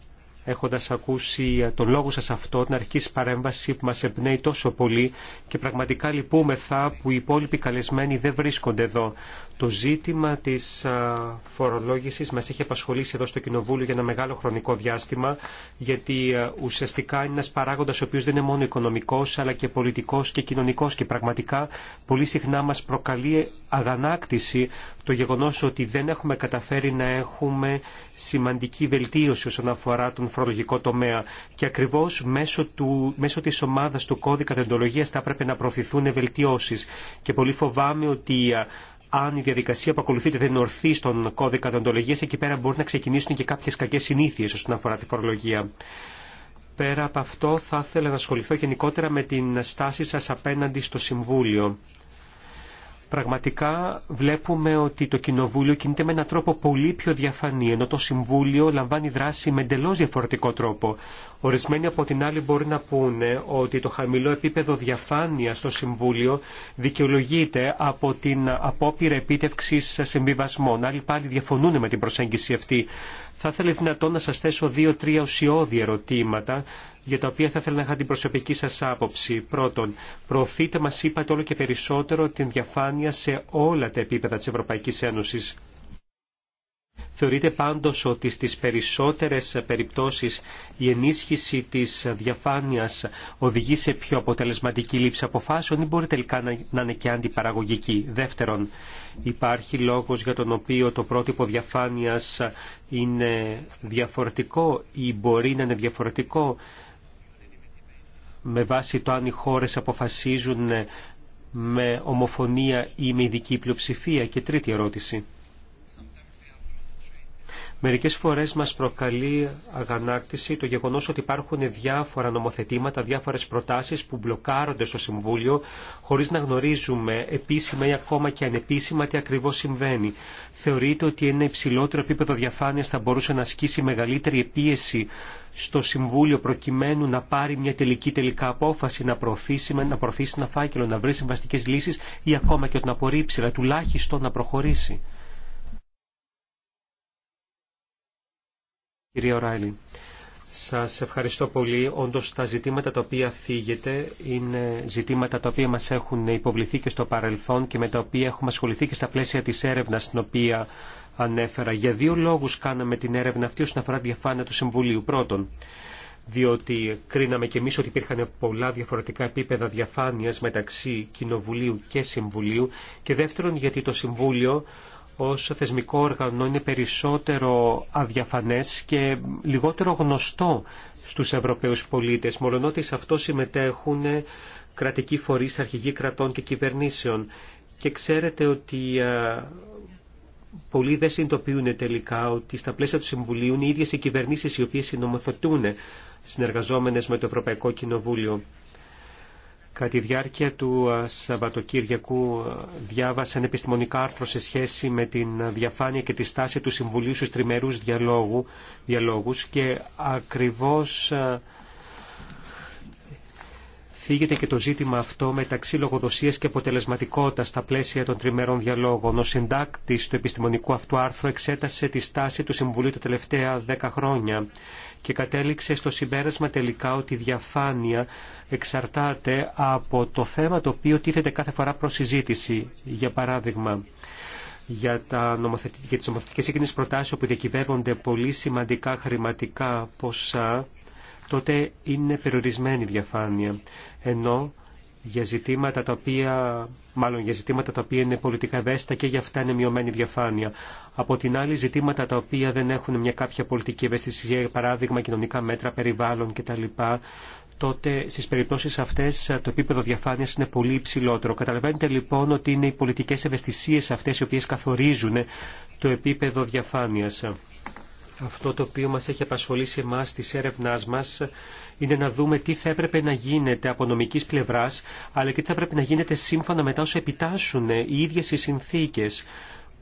έχοντας ακούσει ε, τον λόγο σας αυτό, την αρχική παρέμβαση που μας εμπνέει τόσο πολύ και πραγματικά λυπούμεθα που οι υπόλοιποι καλεσμένοι δεν βρίσκονται εδώ. Το ζήτημα της φορολόγησης μας έχει απασχολήσει εδώ στο Κοινοβούλιο για ένα μεγάλο χρονικό διάστημα, γιατί ουσιαστικά είναι ένας παράγοντας ο οποίος δεν είναι μόνο οικονομικός, αλλά και πολιτικός και κοινωνικός και πραγματικά πολύ συχνά μας προκαλεί αγανάκτηση το γεγονός ότι δεν έχουμε καταφέρει να έχουμε σημαντική βελτίωση όσον αφορά τον φορολογικό τομέα και ακριβώς μέσω, του, μέσω της ομάδας του κώδικα δεντολογίας θα έπρεπε να προωθηθούν βελτιώσεις και πολύ φοβάμαι ότι αν η διαδικασία που ακολουθείται δεν ορθεί στον κώδικα δοντολογία, εκεί πέρα μπορεί να ξεκινήσουν και κάποιε κακέ συνήθειε όσον αφορά τη φορολογία. Πέρα από αυτό, θα ήθελα να ασχοληθώ γενικότερα με την στάση σα απέναντι στο Συμβούλιο πραγματικά βλέπουμε ότι το Κοινοβούλιο κινείται με έναν τρόπο πολύ πιο διαφανή, ενώ το Συμβούλιο λαμβάνει δράση με εντελώ διαφορετικό τρόπο. Ορισμένοι από την άλλη μπορεί να πούνε ότι το χαμηλό επίπεδο διαφάνεια στο Συμβούλιο δικαιολογείται από την απόπειρα επίτευξη συμβιβασμών. Άλλοι πάλι διαφωνούν με την προσέγγιση αυτή. Θα ήθελα δυνατόν να σα θέσω δύο-τρία ουσιώδη ερωτήματα για τα οποία θα ήθελα να είχα την προσωπική σας άποψη. Πρώτον, προωθείτε, μας είπατε όλο και περισσότερο, την διαφάνεια σε όλα τα επίπεδα της Ευρωπαϊκής Ένωσης. Θεωρείτε πάντως ότι στις περισσότερες περιπτώσεις η ενίσχυση της διαφάνειας οδηγεί σε πιο αποτελεσματική λήψη αποφάσεων ή μπορεί τελικά να είναι και αντιπαραγωγική. Δεύτερον, υπάρχει λόγος για τον οποίο το πρότυπο διαφάνειας είναι διαφορετικό ή μπορεί να είναι διαφορετικό με βάση το αν οι χώρες αποφασίζουν με ομοφωνία ή με ειδική πλειοψηφία. Και τρίτη ερώτηση. Μερικές φορές μας προκαλεί αγανάκτηση το γεγονός ότι υπάρχουν διάφορα νομοθετήματα, διάφορες προτάσεις που μπλοκάρονται στο Συμβούλιο χωρίς να γνωρίζουμε επίσημα ή ακόμα και ανεπίσημα τι ακριβώς συμβαίνει. Θεωρείτε ότι ένα υψηλότερο επίπεδο διαφάνειας θα μπορούσε να ασκήσει μεγαλύτερη πίεση στο Συμβούλιο προκειμένου να πάρει μια τελική τελικά απόφαση, να προωθήσει, να προωθήσει ένα φάκελο, να βρει συμβαστικέ λύσει ή ακόμα και να απορρίψει, αλλά τουλάχιστον να προχωρήσει. Κυρία Ράιλι, σας ευχαριστώ πολύ. Όντω τα ζητήματα τα οποία θίγεται είναι ζητήματα τα οποία μας έχουν υποβληθεί και στο παρελθόν και με τα οποία έχουμε ασχοληθεί και στα πλαίσια τη έρευνα στην οποία ανέφερα. Για δύο λόγους κάναμε την έρευνα αυτή όσον αφορά τη διαφάνεια του Συμβουλίου. Πρώτον, διότι κρίναμε και εμείς ότι υπήρχαν πολλά διαφορετικά επίπεδα διαφάνειας μεταξύ Κοινοβουλίου και Συμβουλίου και δεύτερον γιατί το Συμβούλιο ως θεσμικό όργανο είναι περισσότερο αδιαφανές και λιγότερο γνωστό στους Ευρωπαίους πολίτες, μολονότι σε αυτό συμμετέχουν κρατικοί φορείς, αρχηγοί κρατών και κυβερνήσεων. Και ξέρετε ότι ε, πολλοί δεν συνειδητοποιούν τελικά ότι στα πλαίσια του Συμβουλίου είναι οι ίδιες οι κυβερνήσεις οι οποίες συνομοθετούν συνεργαζόμενες με το Ευρωπαϊκό Κοινοβούλιο. Κατά τη διάρκεια του Σαββατοκύριακου διάβασαν επιστημονικά άρθρο σε σχέση με την διαφάνεια και τη στάση του Συμβουλίου στους τριμερούς διαλόγου, διαλόγους και ακριβώς θίγεται και το ζήτημα αυτό μεταξύ λογοδοσίας και αποτελεσματικότητας στα πλαίσια των τριμερών διαλόγων. Ο συντάκτης του επιστημονικού αυτού άρθρου εξέτασε τη στάση του Συμβουλίου τα τελευταία δέκα χρόνια και κατέληξε στο συμπέρασμα τελικά ότι η διαφάνεια εξαρτάται από το θέμα το οποίο τίθεται κάθε φορά προς συζήτηση. Για παράδειγμα, για, τα νομοθετη... για τις νομοθετικές εκείνες προτάσεις όπου διακυβεύονται πολύ σημαντικά χρηματικά ποσά τότε είναι περιορισμένη η διαφάνεια. Ενώ για ζητήματα τα οποία, μάλλον για ζητήματα τα οποία είναι πολιτικά ευαίσθητα και για αυτά είναι μειωμένη διαφάνεια. Από την άλλη ζητήματα τα οποία δεν έχουν μια κάποια πολιτική ευαισθησία, για παράδειγμα κοινωνικά μέτρα, περιβάλλον κτλ τότε στις περιπτώσεις αυτές το επίπεδο διαφάνειας είναι πολύ υψηλότερο. Καταλαβαίνετε λοιπόν ότι είναι οι πολιτικές ευαισθησίες αυτές οι οποίες καθορίζουν το επίπεδο διαφάνειας. Αυτό το οποίο μας έχει απασχολήσει εμά τη έρευνά μας είναι να δούμε τι θα έπρεπε να γίνεται από νομικής πλευράς, αλλά και τι θα έπρεπε να γίνεται σύμφωνα μετά όσο επιτάσσουν οι ίδιες οι συνθήκες.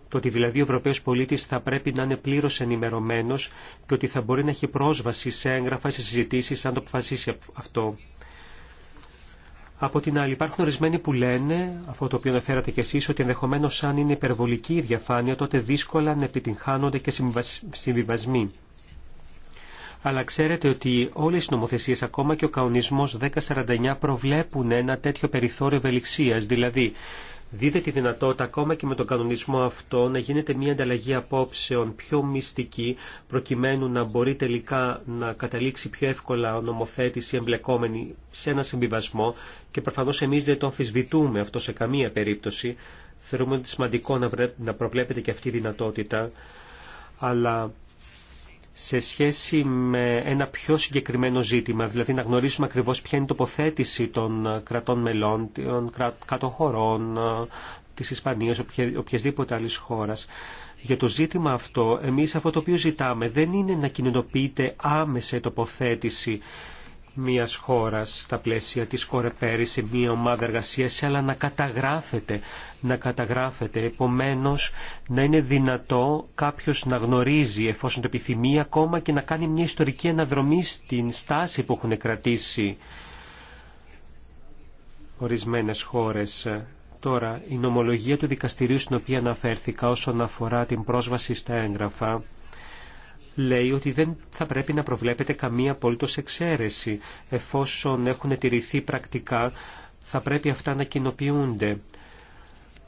Το ότι δηλαδή ο Ευρωπαίο πολίτης θα πρέπει να είναι πλήρως ενημερωμένος και ότι θα μπορεί να έχει πρόσβαση σε έγγραφα, σε συζητήσει αν το αποφασίσει αυτό. Από την άλλη, υπάρχουν ορισμένοι που λένε, αυτό το οποίο αναφέρατε κι εσεί, ότι ενδεχομένω αν είναι υπερβολική η διαφάνεια, τότε δύσκολα να επιτυγχάνονται και συμβιβασμοί. Αλλά ξέρετε ότι όλες οι νομοθεσίες, ακόμα και ο καονισμός 1049, προβλέπουν ένα τέτοιο περιθώριο ευελιξίας. Δηλαδή, δίδεται τη δυνατότητα ακόμα και με τον κανονισμό αυτό να γίνεται μια ανταλλαγή απόψεων πιο μυστική προκειμένου να μπορεί τελικά να καταλήξει πιο εύκολα ο νομοθέτης ή εμπλεκόμενη σε ένα συμβιβασμό και προφανώς εμείς δεν το αμφισβητούμε αυτό σε καμία περίπτωση. Θεωρούμε ότι είναι σημαντικό να προβλέπετε και αυτή η δυνατότητα αλλά σε σχέση με ένα πιο συγκεκριμένο ζήτημα, δηλαδή να γνωρίσουμε ακριβώς ποια είναι η τοποθέτηση των κρατών μελών, των κατοχωρών, της Ισπανίας, οποιασδήποτε άλλης χώρας. Για το ζήτημα αυτό, εμείς αυτό το οποίο ζητάμε δεν είναι να κοινωνοποιείται άμεσα η τοποθέτηση μιας χώρας στα πλαίσια της Κορεπέρη σε μια ομάδα εργασίας, αλλά να καταγράφεται, να καταγράφεται. Επομένως, να είναι δυνατό κάποιος να γνωρίζει, εφόσον το επιθυμεί, ακόμα και να κάνει μια ιστορική αναδρομή στην στάση που έχουν κρατήσει ορισμένες χώρες. Τώρα, η νομολογία του δικαστηρίου στην οποία αναφέρθηκα όσον αφορά την πρόσβαση στα έγγραφα, λέει ότι δεν θα πρέπει να προβλέπεται καμία απόλυτο εξαίρεση. Εφόσον έχουν τηρηθεί πρακτικά, θα πρέπει αυτά να κοινοποιούνται.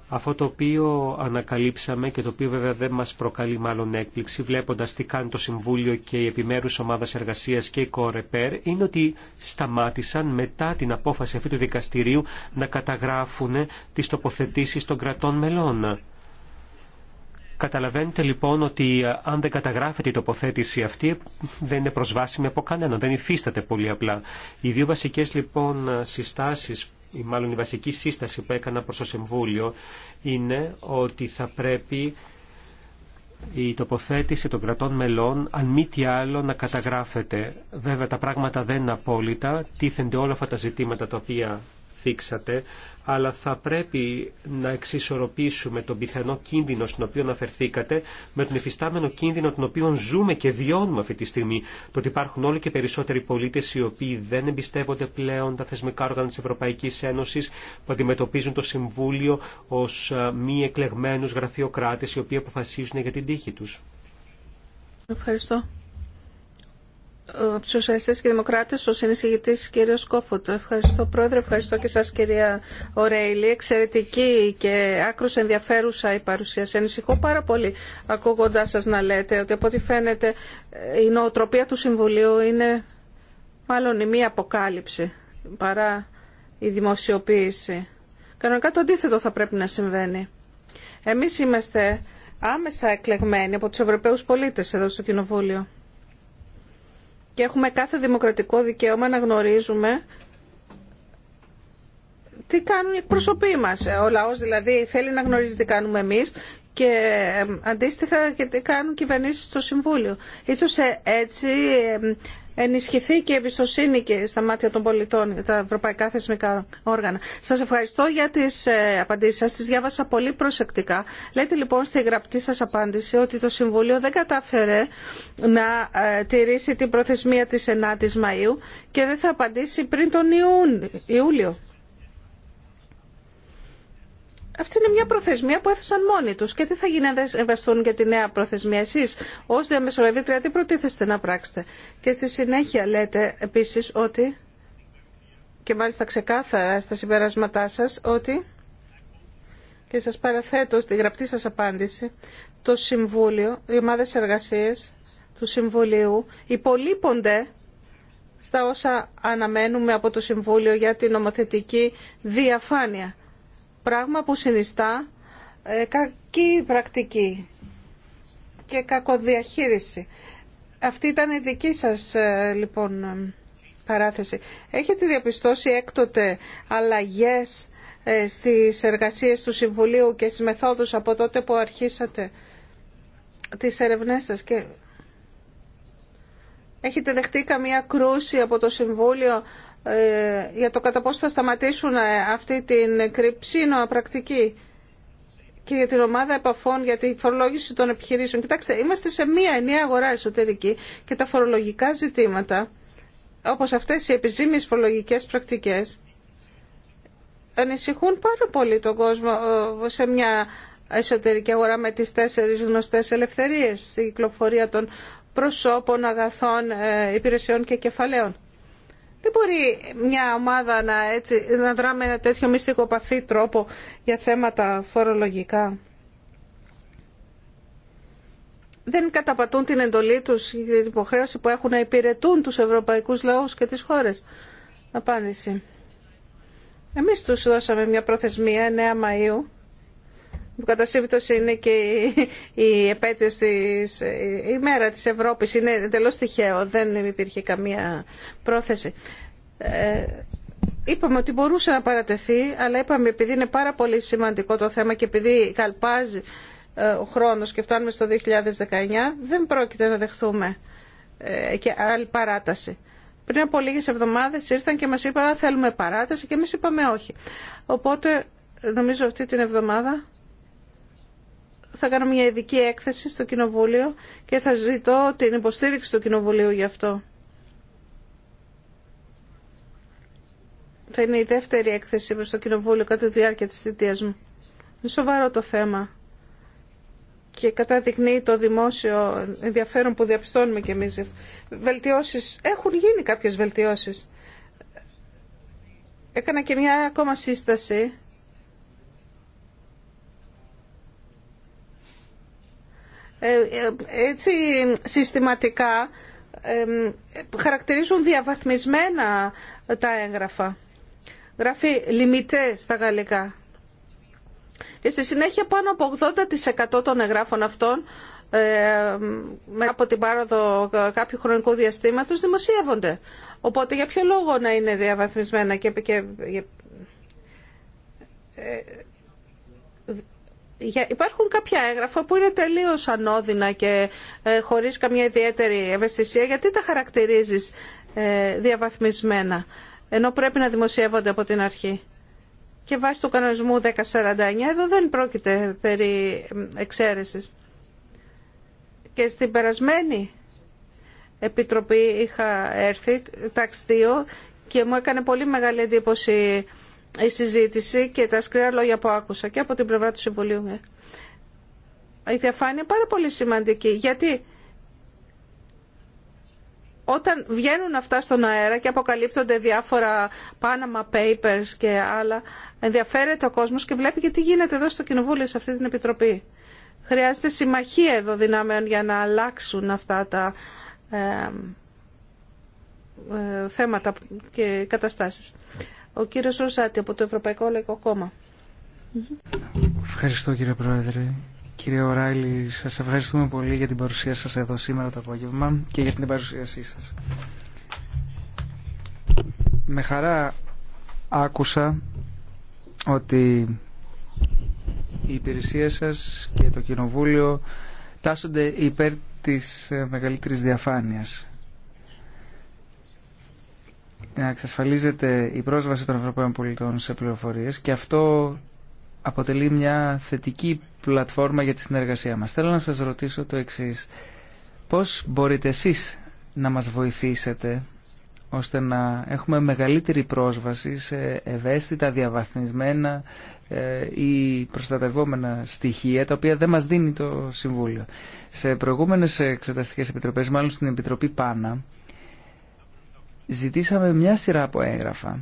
Αυτό το οποίο ανακαλύψαμε και το οποίο βέβαια δεν μας προκαλεί μάλλον έκπληξη βλέποντας τι κάνει το Συμβούλιο και η επιμέρους ομάδα εργασίας και η ΚΟΡΕΠΕΡ είναι ότι σταμάτησαν μετά την απόφαση αυτού του δικαστηρίου να καταγράφουν τις τοποθετήσεις των κρατών μελών. Καταλαβαίνετε λοιπόν ότι ε, αν δεν καταγράφεται η τοποθέτηση αυτή δεν είναι προσβάσιμη από κανένα, δεν υφίσταται πολύ απλά. Οι δύο βασικές λοιπόν ε, συστάσεις ή μάλλον η βασική σύσταση που έκανα προς το Συμβούλιο είναι ότι θα πρέπει η τοποθέτηση των κρατών μελών, αν μη τι άλλο, να καταγράφεται. Βέβαια τα πράγματα δεν είναι απόλυτα, τίθενται όλα αυτά τα ζητήματα τα οποία θίξατε, αλλά θα πρέπει να εξισορροπήσουμε τον πιθανό κίνδυνο στον οποίο αναφερθήκατε με τον υφιστάμενο κίνδυνο τον οποίο ζούμε και βιώνουμε αυτή τη στιγμή. Το ότι υπάρχουν όλοι και περισσότεροι πολίτε οι οποίοι δεν εμπιστεύονται πλέον τα θεσμικά όργανα τη Ευρωπαϊκή Ένωση που αντιμετωπίζουν το Συμβούλιο ω ε, μη εκλεγμένου γραφειοκράτε οι οποίοι αποφασίζουν για την τύχη του.
Ευχαριστώ. Ε, από και Δημοκράτες, ο συνεισηγητής κύριο Κόφωτο. Ευχαριστώ πρόεδρε, ευχαριστώ και σας κυρία Ορέιλη. Εξαιρετική και άκρως ενδιαφέρουσα η παρουσίαση. Ενησυχώ πάρα πολύ ακούγοντα σα να λέτε ότι από ό,τι φαίνεται ε, η νοοτροπία του Συμβουλίου είναι μάλλον η μία αποκάλυψη παρά η δημοσιοποίηση. Κανονικά το αντίθετο θα πρέπει να συμβαίνει. Εμείς είμαστε άμεσα εκλεγμένοι από τους Ευρωπαίους πολίτες εδώ στο Κοινοβούλιο και έχουμε κάθε δημοκρατικό δικαίωμα να γνωρίζουμε τι κάνουν οι εκπροσωποί μας. Ο λαός δηλαδή θέλει να γνωρίζει τι κάνουμε εμείς και αντίστοιχα και τι κάνουν κυβερνήσεις στο Συμβούλιο. Ίσως ε, έτσι ενισχυθεί και η εμπιστοσύνη και στα μάτια των πολιτών, τα ευρωπαϊκά θεσμικά όργανα. Σας ευχαριστώ για τις ε, απαντήσεις σας, Τι διάβασα πολύ προσεκτικά. Λέτε λοιπόν στη γραπτή σας απάντηση ότι το Συμβούλιο δεν κατάφερε να ε, τηρήσει την προθεσμία της 9 η Μαου και δεν θα απαντήσει πριν τον Ιούλιο. Αυτή είναι μια προθεσμία που έθεσαν μόνοι του Και τι θα γίνει αν δεν σεβαστούν για τη νέα προθεσμία. Εσεί ω διαμεσολαβήτρια τι προτίθεστε να πράξετε. Και στη συνέχεια λέτε επίση ότι, και μάλιστα ξεκάθαρα στα συμπεράσματά σα, ότι, και σα παραθέτω στη γραπτή σα απάντηση, το Συμβούλιο, οι ομάδε εργασίες του Συμβουλίου υπολείπονται στα όσα αναμένουμε από το Συμβούλιο για την νομοθετική διαφάνεια. Πράγμα που συνιστά ε, κακή πρακτική και κακοδιαχείριση. Αυτή ήταν η δική σας ε, λοιπόν παράθεση. Έχετε διαπιστώσει έκτοτε αλλαγές ε, στις εργασίες του Συμβουλίου και στις μεθόδους από τότε που αρχίσατε τις ερευνές σας και έχετε δεχτεί καμία κρούση από το Συμβούλιο ε, για το κατά πόσο θα σταματήσουν ε, αυτή την κρυψίνο πρακτική και για την ομάδα επαφών για τη φορολόγηση των επιχειρήσεων. Κοιτάξτε, είμαστε σε μία ενιαία αγορά εσωτερική και τα φορολογικά ζητήματα, όπως αυτές οι επιζήμιες φορολογικές πρακτικές, ανησυχούν πάρα πολύ τον κόσμο ε, σε μια εσωτερική αγορά με τις τέσσερις γνωστές ελευθερίες, στην κυκλοφορία των προσώπων, αγαθών, υπηρεσιών και κεφαλαίων. Δεν μπορεί μια ομάδα να, έτσι, να δρά με ένα τέτοιο μυστικοπαθή τρόπο για θέματα φορολογικά. Δεν καταπατούν την εντολή τους για την υποχρέωση που έχουν να υπηρετούν τους ευρωπαϊκούς λαούς και τις χώρες. Απάντηση. Εμείς τους δώσαμε μια προθεσμία 9 Μαΐου που κατά σύμπτωση είναι και η επέτειος της η μέρα της Ευρώπης. Είναι εντελώς τυχαίο, δεν υπήρχε καμία πρόθεση. Ε, είπαμε ότι μπορούσε να παρατεθεί, αλλά είπαμε επειδή είναι πάρα πολύ σημαντικό το θέμα και επειδή καλπάζει ε, ο χρόνος και φτάνουμε στο 2019, δεν πρόκειται να δεχθούμε ε, και άλλη παράταση. Πριν από λίγες εβδομάδες ήρθαν και μας είπαν αν θέλουμε παράταση και εμείς είπαμε όχι. Οπότε νομίζω αυτή την εβδομάδα θα κάνω μια ειδική έκθεση στο Κοινοβούλιο και θα ζητώ την υποστήριξη του Κοινοβουλίου γι' αυτό. Θα είναι η δεύτερη έκθεση προς το Κοινοβούλιο κατά τη διάρκεια της θητείας μου. Είναι σοβαρό το θέμα και καταδεικνύει το δημόσιο ενδιαφέρον που διαπιστώνουμε κι εμείς. Βελτιώσεις, έχουν γίνει κάποιες βελτιώσεις. Έκανα και μια ακόμα σύσταση Ε, ε, έτσι συστηματικά ε, χαρακτηρίζουν διαβαθμισμένα τα έγγραφα. Γράφει «limité» στα γαλλικά. Και στη συνέχεια πάνω από 80% των εγγράφων αυτών από την πάροδο κάποιου χρονικού διαστήματος δημοσιεύονται. Οπότε για ποιο λόγο να είναι διαβαθμισμένα και Υπάρχουν κάποια έγγραφα που είναι τελείως ανώδυνα και ε, χωρίς καμία ιδιαίτερη ευαισθησία. Γιατί τα χαρακτηρίζεις ε, διαβαθμισμένα, ενώ πρέπει να δημοσιεύονται από την αρχή. Και βάσει του κανονισμού 1049 εδώ δεν πρόκειται περί εξαίρεσης. Και στην περασμένη επιτροπή είχα έρθει, τάξη 2, και μου έκανε πολύ μεγάλη εντύπωση η συζήτηση και τα σκληρά λόγια που άκουσα και από την πλευρά του Συμβουλίου. Η διαφάνεια είναι πάρα πολύ σημαντική γιατί όταν βγαίνουν αυτά στον αέρα και αποκαλύπτονται διάφορα Panama Papers και άλλα, ενδιαφέρεται ο κόσμος και βλέπει και τι γίνεται εδώ στο Κοινοβούλιο, σε αυτή την Επιτροπή. Χρειάζεται συμμαχία εδώ δυνάμεων για να αλλάξουν αυτά τα ε, ε, θέματα και καταστάσεις. Ο κύριος Ρωσάτη από το Ευρωπαϊκό Λαϊκό Κόμμα.
Ευχαριστώ
κύριε Πρόεδρε. Κύριε Οράλη, σας ευχαριστούμε πολύ για την παρουσία σας εδώ σήμερα το απόγευμα και για την παρουσίασή σας. Με χαρά άκουσα ότι η υπηρεσία σας και το Κοινοβούλιο τάσσονται υπέρ της μεγαλύτερης διαφάνειας να εξασφαλίζεται η πρόσβαση των Ευρωπαίων πολιτών σε πληροφορίες και αυτό αποτελεί μια θετική πλατφόρμα για τη συνεργασία μας. Θέλω να σας ρωτήσω το εξής. Πώς μπορείτε εσείς να μας βοηθήσετε ώστε να έχουμε μεγαλύτερη πρόσβαση σε ευαίσθητα, διαβαθμισμένα ε, ή προστατευόμενα στοιχεία τα οποία δεν μας δίνει το Συμβούλιο. Σε προηγούμενες εξεταστικές επιτροπές, μάλλον στην Επιτροπή Πάνα, ζητήσαμε μια σειρά από έγγραφα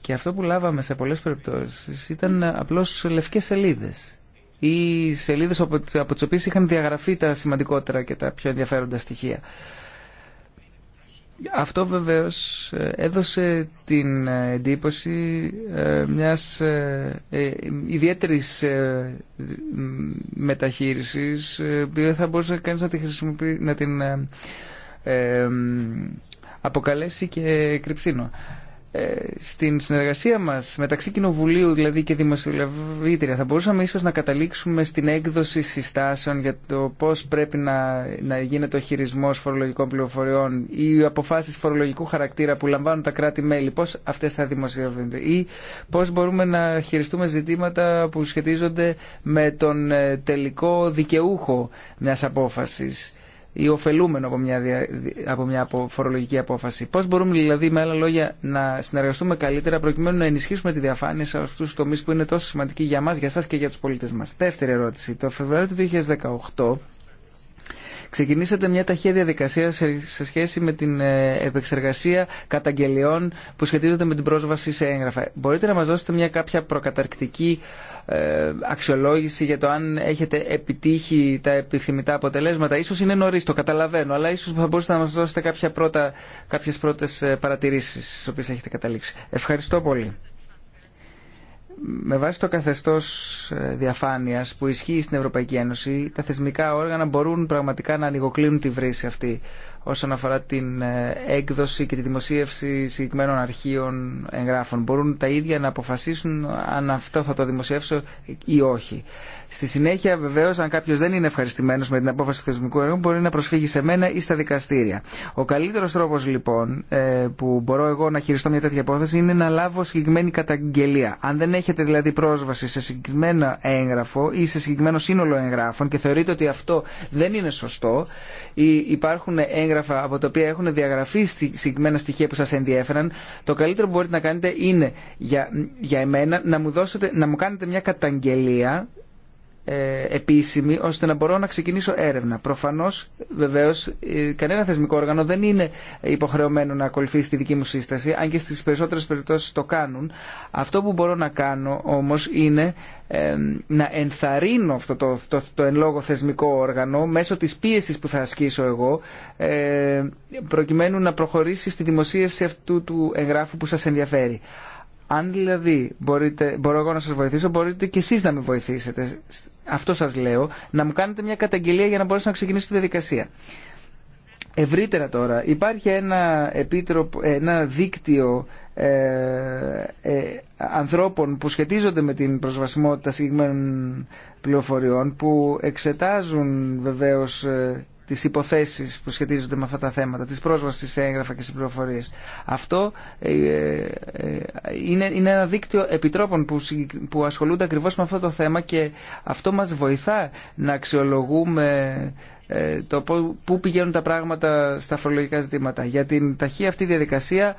και αυτό που λάβαμε σε πολλές περιπτώσεις ήταν απλώς λευκές σελίδες ή σελίδες από τις οποίες είχαν διαγραφεί τα σημαντικότερα και τα πιο ενδιαφέροντα στοιχεία. Αυτό βεβαίως ε, έδωσε την ε, εντύπωση ε, μιας ιδιαίτερης μεταχείρισης που θα μπορούσε κανείς να την, χρησιμοποιήσει αποκαλέσει και κρυψίνο. Ε, στην συνεργασία μας μεταξύ Κοινοβουλίου δηλαδή και Δημοσιογραφήτρια θα μπορούσαμε ίσως να καταλήξουμε στην έκδοση συστάσεων για το πώς πρέπει να, να γίνεται ο χειρισμός φορολογικών πληροφοριών ή αποφάσει φορολογικού χαρακτήρα που λαμβάνουν τα κράτη-μέλη, πώς αυτές θα δημοσιεύονται ή πώ μπορούμε να χειριστούμε ζητήματα που σχετίζονται με τον ε, τελικό δικαιούχο μιας απόφαση ή ωφελούμενο από μια, από μια φορολογική απόφαση. Πώς μπορούμε δηλαδή με άλλα λόγια να συνεργαστούμε καλύτερα προκειμένου να ενισχύσουμε τη διαφάνεια σε αυτούς τους τομείς που είναι τόσο σημαντικοί για μας, για σας και για τους πολίτες μας. Δεύτερη ερώτηση. Το Φεβρουάριο του 2018 ξεκινήσατε μια ταχεία διαδικασία σε σχέση με την ε, επεξεργασία καταγγελιών που σχετίζονται με την πρόσβαση σε έγγραφα. Μπορείτε να μας δώσετε μια κάποια προκαταρκτική ε, αξιολόγηση για το αν έχετε επιτύχει τα επιθυμητά αποτελέσματα. Ίσως είναι νωρί, το καταλαβαίνω, αλλά ίσως θα μπορούσατε να μας δώσετε κάποια πρώτα, κάποιες πρώτες ε, παρατηρήσεις στις οποίες έχετε καταλήξει. Ευχαριστώ πολύ. Με βάση το καθεστώ ε, διαφάνεια που ισχύει στην Ευρωπαϊκή Ένωση, τα θεσμικά όργανα μπορούν πραγματικά να ανοιγοκλίνουν τη βρύση αυτή όσον αφορά την ε, έκδοση και τη δημοσίευση συγκεκριμένων αρχείων εγγράφων. Μπορούν τα ίδια να αποφασίσουν αν αυτό θα το δημοσιεύσω ή όχι. Στη συνέχεια, βεβαίω, αν κάποιο δεν είναι ευχαριστημένο με την απόφαση του θεσμικού έργου, μπορεί να προσφύγει σε μένα ή στα δικαστήρια. Ο καλύτερο τρόπο, λοιπόν, ε, που μπορώ εγώ να χειριστώ μια τέτοια απόφαση είναι να λάβω συγκεκριμένη καταγγελία. Αν δεν έχετε δηλαδή πρόσβαση σε συγκεκριμένο έγγραφο ή σε συγκεκριμένο σύνολο εγγράφων και θεωρείτε ότι αυτό δεν είναι σωστό ή υπάρχουν έγγραφα από τα οποία έχουν διαγραφεί συγκεκριμένα στοιχεία που σα ενδιέφεραν, το καλύτερο που μπορείτε να κάνετε είναι για, για εμένα να μου, δώσετε, να μου κάνετε μια καταγγελία ε, επίσημη ώστε να μπορώ να ξεκινήσω έρευνα. Προφανώς βεβαίω, ε, κανένα θεσμικό όργανο δεν είναι υποχρεωμένο να ακολουθήσει τη δική μου σύσταση αν και στις περισσότερες περιπτώσεις το κάνουν. Αυτό που μπορώ να κάνω όμως είναι ε, να ενθαρρύνω αυτό το, το, εν λόγω θεσμικό όργανο μέσω της πίεσης που θα ασκήσω εγώ ε, προκειμένου να προχωρήσει στη δημοσίευση αυτού του εγγράφου που σα ενδιαφέρει. Αν δηλαδή μπορείτε, μπορώ εγώ να σας βοηθήσω, μπορείτε και εσείς να με βοηθήσετε. Αυτό σας λέω, να μου κάνετε μια καταγγελία για να μπορέσω να ξεκινήσω τη διαδικασία. Ευρύτερα τώρα, υπάρχει ένα, επίτροπο, ένα δίκτυο ε, ε ανθρώπων που σχετίζονται με την προσβασιμότητα συγκεκριμένων πληροφοριών που εξετάζουν βεβαίως ε, τι υποθέσεις που σχετίζονται με αυτά τα θέματα, τη πρόσβαση σε έγγραφα και σε πληροφορίε. Αυτό ε, ε, είναι, είναι ένα δίκτυο επιτρόπων που, που ασχολούνται ακριβώ με αυτό το θέμα και αυτό μας βοηθά να αξιολογούμε ε, το πού πηγαίνουν τα πράγματα στα φορολογικά ζητήματα. Για την ταχεία αυτή διαδικασία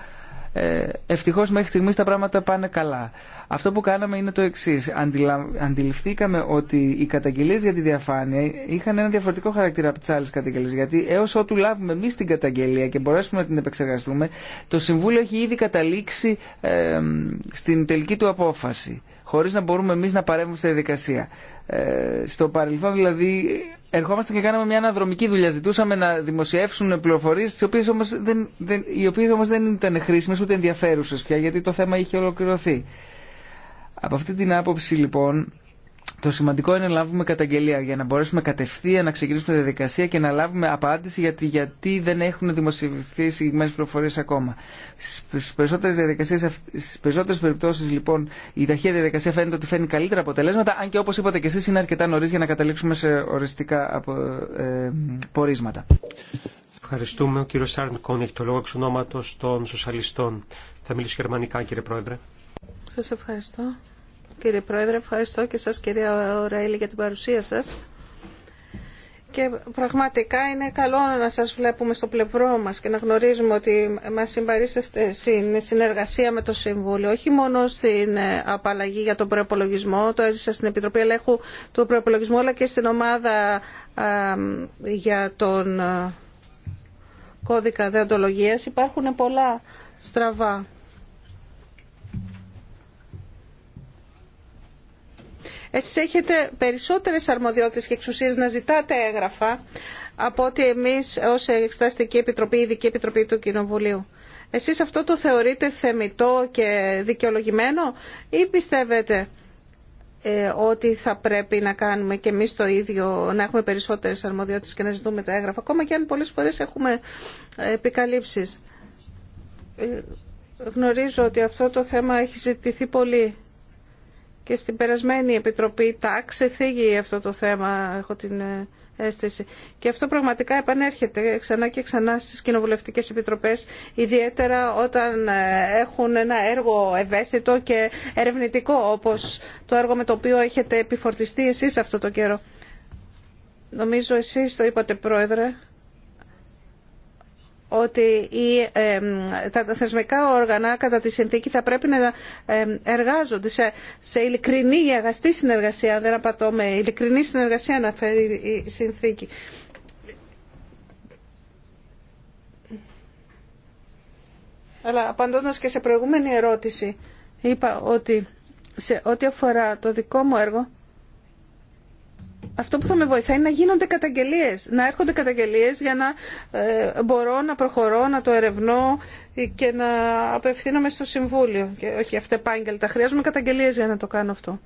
ε, ευτυχώς μέχρι στιγμής τα πράγματα πάνε καλά. Αυτό που κάναμε είναι το εξής. Αντιληφθήκαμε ότι οι καταγγελίες για τη διαφάνεια είχαν ένα διαφορετικό χαρακτήρα από τις άλλες καταγγελίες. Γιατί έως ότου λάβουμε εμεί την καταγγελία και μπορέσουμε να την επεξεργαστούμε, το Συμβούλιο έχει ήδη καταλήξει ε, στην τελική του απόφαση χωρίς να μπορούμε εμείς να παρέμβουμε στη διαδικασία. Ε, στο παρελθόν δηλαδή ερχόμαστε και κάναμε μια αναδρομική δουλειά. Ζητούσαμε να δημοσιεύσουν πληροφορίε, οποίες όμως δεν, δεν, οι οποίες όμως δεν ήταν χρήσιμε ούτε ενδιαφέρουσε πια γιατί το θέμα είχε ολοκληρωθεί. Από αυτή την άποψη λοιπόν το σημαντικό είναι να λάβουμε καταγγελία για να μπορέσουμε κατευθείαν να ξεκινήσουμε τη διαδικασία και να λάβουμε απάντηση γιατί, γιατί δεν έχουν δημοσιευθεί συγκεκριμένε πληροφορίε ακόμα. Στι περισσότερε περιπτώσει, λοιπόν, η ταχεία διαδικασία φαίνεται ότι φέρνει καλύτερα αποτελέσματα, αν και όπω είπατε και εσεί είναι αρκετά νωρί για να καταλήξουμε σε οριστικά απο, ε, πορίσματα.
Ευχαριστούμε. Ο κύριο Σάρντ Κόν το λόγο εξ των Σοσιαλιστών. Θα μιλήσω γερμανικά, κύριε Πρόεδρε.
Σα ευχαριστώ κύριε Πρόεδρε, ευχαριστώ και σας κυρία Ωραίλη για την παρουσία σας. Και πραγματικά είναι καλό να σας βλέπουμε στο πλευρό μας και να γνωρίζουμε ότι μας συμπαρίσσεστε στην συνεργασία με το Συμβούλιο, όχι μόνο στην απαλλαγή για τον προπολογισμό, το έζησα στην Επιτροπή Ελέγχου του Προεπολογισμού, αλλά και στην ομάδα για τον κώδικα δεοντολογίας. Υπάρχουν πολλά στραβά Εσείς έχετε περισσότερες αρμοδιότητες και εξουσίες να ζητάτε έγγραφα από ότι εμείς ως Εξεταστική Επιτροπή, Ειδική Επιτροπή του Κοινοβουλίου. Εσείς αυτό το θεωρείτε θεμητό και δικαιολογημένο ή πιστεύετε ε, ότι θα πρέπει να κάνουμε και εμείς το ίδιο, να έχουμε περισσότερες αρμοδιότητες και να ζητούμε τα έγγραφα, ακόμα και αν πολλές φορές έχουμε ε, επικαλύψεις. Ε, γνωρίζω ότι αυτό το θέμα έχει ζητηθεί πολύ και στην περασμένη Επιτροπή τα θίγει αυτό το θέμα, έχω την ε, αίσθηση. Και αυτό πραγματικά επανέρχεται ξανά και ξανά στις κοινοβουλευτικές επιτροπές, ιδιαίτερα όταν ε, έχουν ένα έργο ευαίσθητο και ερευνητικό, όπως το έργο με το οποίο έχετε επιφορτιστεί εσείς αυτό το καιρό. Νομίζω εσείς το είπατε, Πρόεδρε, ότι οι, τα θεσμικά όργανα κατά τη συνθήκη θα πρέπει να εργάζονται σε, σε ειλικρινή ή αγαστή συνεργασία, δεν απατώ με ειλικρινή συνεργασία φέρει η συνθήκη. Αλλά απαντώντας και σε προηγούμενη ερώτηση, είπα ότι σε ό,τι αφορά το δικό μου έργο, αυτό που θα με βοηθάει είναι να γίνονται καταγγελίες, να έρχονται καταγγελίες για να ε, μπορώ να προχωρώ, να το ερευνώ και να απευθύνομαι στο Συμβούλιο. Και όχι αυτεπάγγελτα, χρειάζομαι καταγγελίες για να το κάνω αυτό.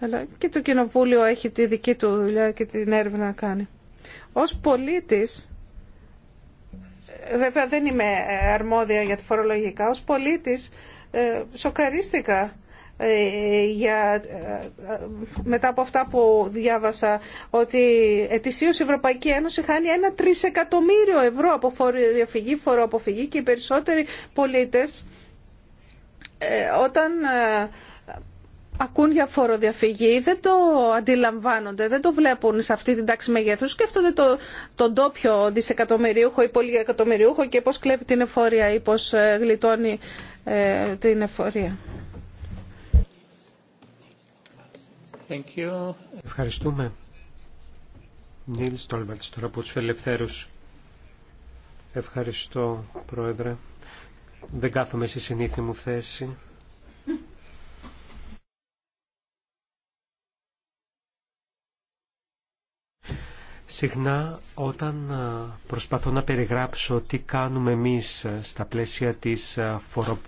Αλλά και το Κοινοβούλιο έχει τη δική του δουλειά και την έρευνα να κάνει. Ως πολίτης, ε, βέβαια δεν είμαι ε, αρμόδια για τη φορολογικά, ως πολίτης ε, σοκαρίστηκα ε, ε, μετά από αυτά που διάβασα ότι ετησίως η Ευρωπαϊκή Ένωση χάνει ένα τρισεκατομμύριο ευρώ από φοροδιαφυγή, φοροαποφυγή και οι περισσότεροι πολίτες ε, όταν ακούν για φοροδιαφυγή δεν το αντιλαμβάνονται, δεν το βλέπουν σε αυτή την τάξη μεγέθους. Σκέφτονται το, τον τόπιο δισεκατομμυρίουχο ή πολυεκατομμυρίουχο και πώς κλέβει την εφορία ή πώς γλιτώνει την εφορία.
Ευχαριστούμε. Νίλ Στόλβαρτς, τώρα από του ελευθέρους. Ευχαριστώ, Πρόεδρε. Δεν κάθομαι στη συνήθι μου θέση. Συχνά όταν προσπαθώ να περιγράψω τι κάνουμε εμείς στα πλαίσια της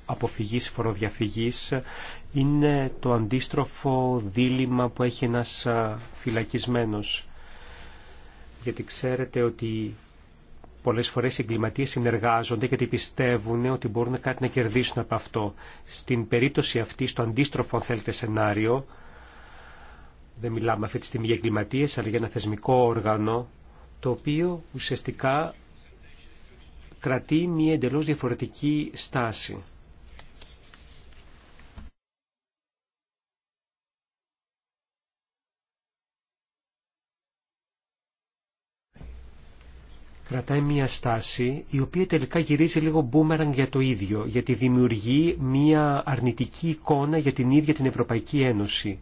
αποφυγής φοροδιαφυγής είναι το αντίστροφο δίλημα που έχει ένας φυλακισμένος. Γιατί ξέρετε ότι πολλές φορές οι εγκληματίες συνεργάζονται γιατί πιστεύουν ότι μπορούν κάτι να κερδίσουν από αυτό. Στην περίπτωση αυτή, στο αντίστροφο αν θέλετε σενάριο, δεν μιλάμε αυτή τη στιγμή για εγκληματίες, αλλά για ένα θεσμικό όργανο, το οποίο ουσιαστικά κρατεί μια εντελώς διαφορετική στάση. κρατάει μια στάση η οποία τελικά γυρίζει λίγο μπούμεραν για το ίδιο, γιατί δημιουργεί μια αρνητική εικόνα για την ίδια την Ευρωπαϊκή Ένωση.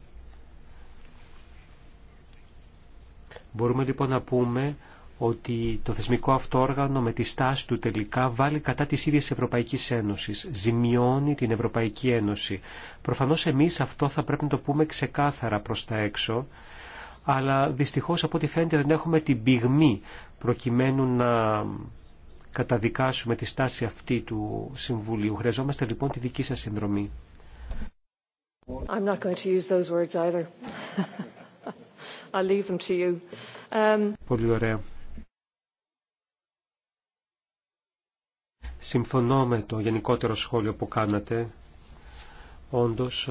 Μπορούμε λοιπόν να πούμε ότι το θεσμικό αυτό όργανο με τη στάση του τελικά βάλει κατά της ίδιας Ευρωπαϊκής Ένωσης, ζημιώνει την Ευρωπαϊκή Ένωση. Προφανώς εμείς αυτό θα πρέπει να το πούμε ξεκάθαρα προς τα έξω αλλά δυστυχώς από ό,τι φαίνεται δεν έχουμε την πυγμή προκειμένου να καταδικάσουμε τη στάση αυτή του Συμβουλίου. Χρειαζόμαστε λοιπόν τη δική σας συνδρομή. Πολύ ωραία. Συμφωνώ με το γενικότερο σχόλιο που κάνατε. Όντως,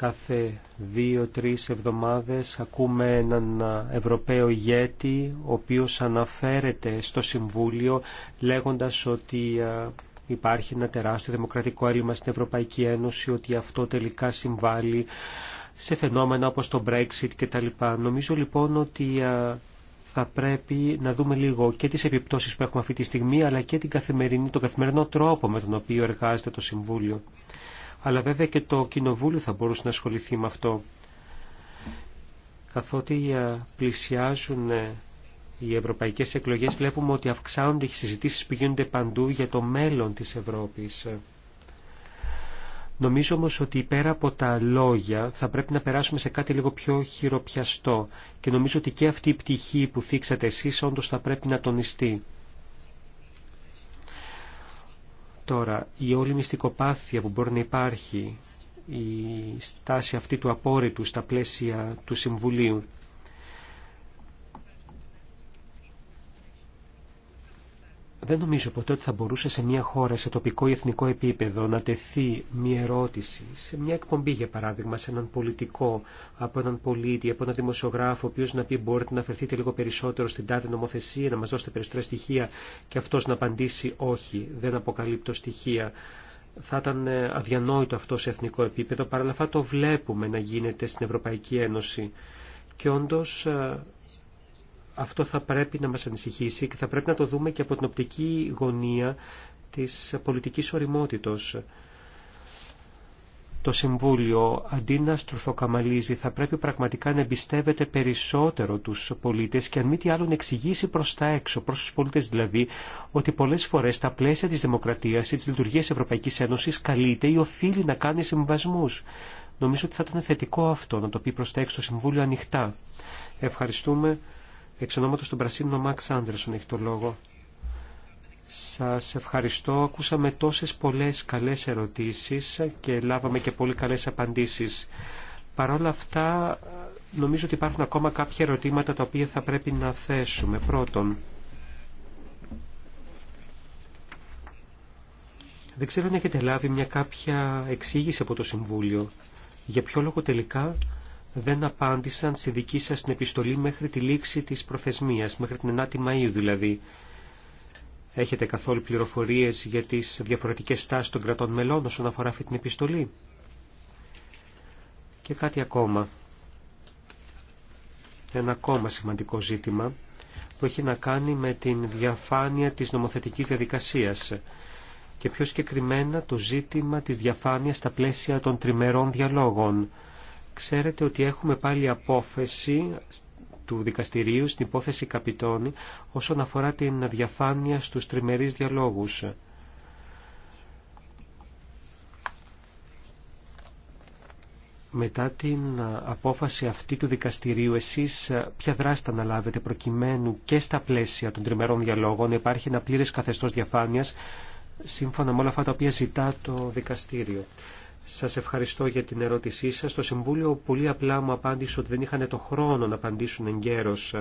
Κάθε δύο-τρεις εβδομάδες ακούμε έναν Ευρωπαίο ηγέτη ο οποίος αναφέρεται στο Συμβούλιο λέγοντας ότι υπάρχει ένα τεράστιο δημοκρατικό έλλειμμα στην Ευρωπαϊκή Ένωση, ότι αυτό τελικά συμβάλλει σε φαινόμενα όπως το Brexit κτλ. Νομίζω λοιπόν ότι θα πρέπει να δούμε λίγο και τις επιπτώσεις που έχουμε αυτή τη στιγμή αλλά και την καθημερινή, τον καθημερινό τρόπο με τον οποίο εργάζεται το Συμβούλιο αλλά βέβαια και το Κοινοβούλιο θα μπορούσε να ασχοληθεί με αυτό. Καθότι ε, πλησιάζουν ε, οι ευρωπαϊκές εκλογές, βλέπουμε ότι αυξάνονται οι συζητήσεις που γίνονται παντού για το μέλλον της Ευρώπης. Νομίζω όμως ότι πέρα από τα λόγια θα πρέπει να περάσουμε σε κάτι λίγο πιο χειροπιαστό και νομίζω ότι και αυτή η πτυχή που θίξατε εσείς όντως θα πρέπει να τονιστεί. Τώρα, η όλη μυστικοπάθεια που μπορεί να υπάρχει, η στάση αυτή του απόρριτου στα πλαίσια του Συμβουλίου δεν νομίζω ποτέ ότι θα μπορούσε σε μια χώρα, σε τοπικό ή εθνικό επίπεδο, να τεθεί μια ερώτηση, σε μια εκπομπή για παράδειγμα, σε έναν πολιτικό, από έναν πολίτη, από έναν δημοσιογράφο, ο οποίο να πει μπορείτε να αφαιρθείτε λίγο περισσότερο στην τάδε νομοθεσία, να μα δώσετε περισσότερα στοιχεία και αυτό να απαντήσει όχι, δεν αποκαλύπτω στοιχεία. Θα ήταν ε, αδιανόητο αυτό σε εθνικό επίπεδο, παρά αυτά το βλέπουμε να γίνεται στην Ευρωπαϊκή Ένωση. Και όντω. Ε, αυτό θα πρέπει να μας ανησυχήσει και θα πρέπει να το δούμε και από την οπτική γωνία της πολιτικής οριμότητος. Το Συμβούλιο, αντί να στρουθοκαμαλίζει, θα πρέπει πραγματικά να εμπιστεύεται περισσότερο τους πολίτες και αν μη τι άλλο να εξηγήσει προς τα έξω, προς τους πολίτες δηλαδή, ότι πολλές φορές τα πλαίσια της δημοκρατίας ή της λειτουργίας Ευρωπαϊκής Ένωσης καλείται ή οφείλει να κάνει συμβασμούς. Νομίζω ότι θα ήταν θετικό αυτό να το πει προς τα έξω το Συμβούλιο ανοιχτά. Ευχαριστούμε. Εξ ονόματος των Πρασίνων, ο Μαξ Άντερσον έχει το λόγο. Σας ευχαριστώ. Ακούσαμε τόσες πολλές καλές ερωτήσεις και λάβαμε και πολύ καλές απαντήσεις. Παρ' όλα αυτά, νομίζω ότι υπάρχουν ακόμα κάποια ερωτήματα τα οποία θα πρέπει να θέσουμε. Πρώτον, δεν ξέρω αν έχετε λάβει μια κάποια εξήγηση από το Συμβούλιο. Για ποιο λόγο τελικά δεν απάντησαν στη δική σας την επιστολή μέχρι τη λήξη της προθεσμίας, μέχρι την 9η Μαΐου δηλαδή. Έχετε καθόλου πληροφορίες για τις διαφορετικές στάσεις των κρατών μελών όσον αφορά αυτή την επιστολή. Και κάτι ακόμα. Ένα ακόμα σημαντικό ζήτημα που έχει να κάνει με την διαφάνεια της νομοθετικής διαδικασίας και πιο συγκεκριμένα το ζήτημα της διαφάνειας στα πλαίσια των τριμερών διαλόγων. Ξέρετε ότι έχουμε πάλι απόφαση του δικαστηρίου στην υπόθεση Καπιτώνη όσον αφορά την διαφάνεια στους τριμερείς διαλόγους. Μετά την απόφαση αυτή του δικαστηρίου, εσείς ποια δράση θα αναλάβετε προκειμένου και στα πλαίσια των τριμερών διαλόγων υπάρχει ένα πλήρες καθεστώς διαφάνειας σύμφωνα με όλα αυτά τα οποία ζητά το δικαστήριο. Σας ευχαριστώ για την ερώτησή σας. Το Συμβούλιο πολύ απλά μου απάντησε ότι δεν είχαν το χρόνο να απαντήσουν εγκαίρως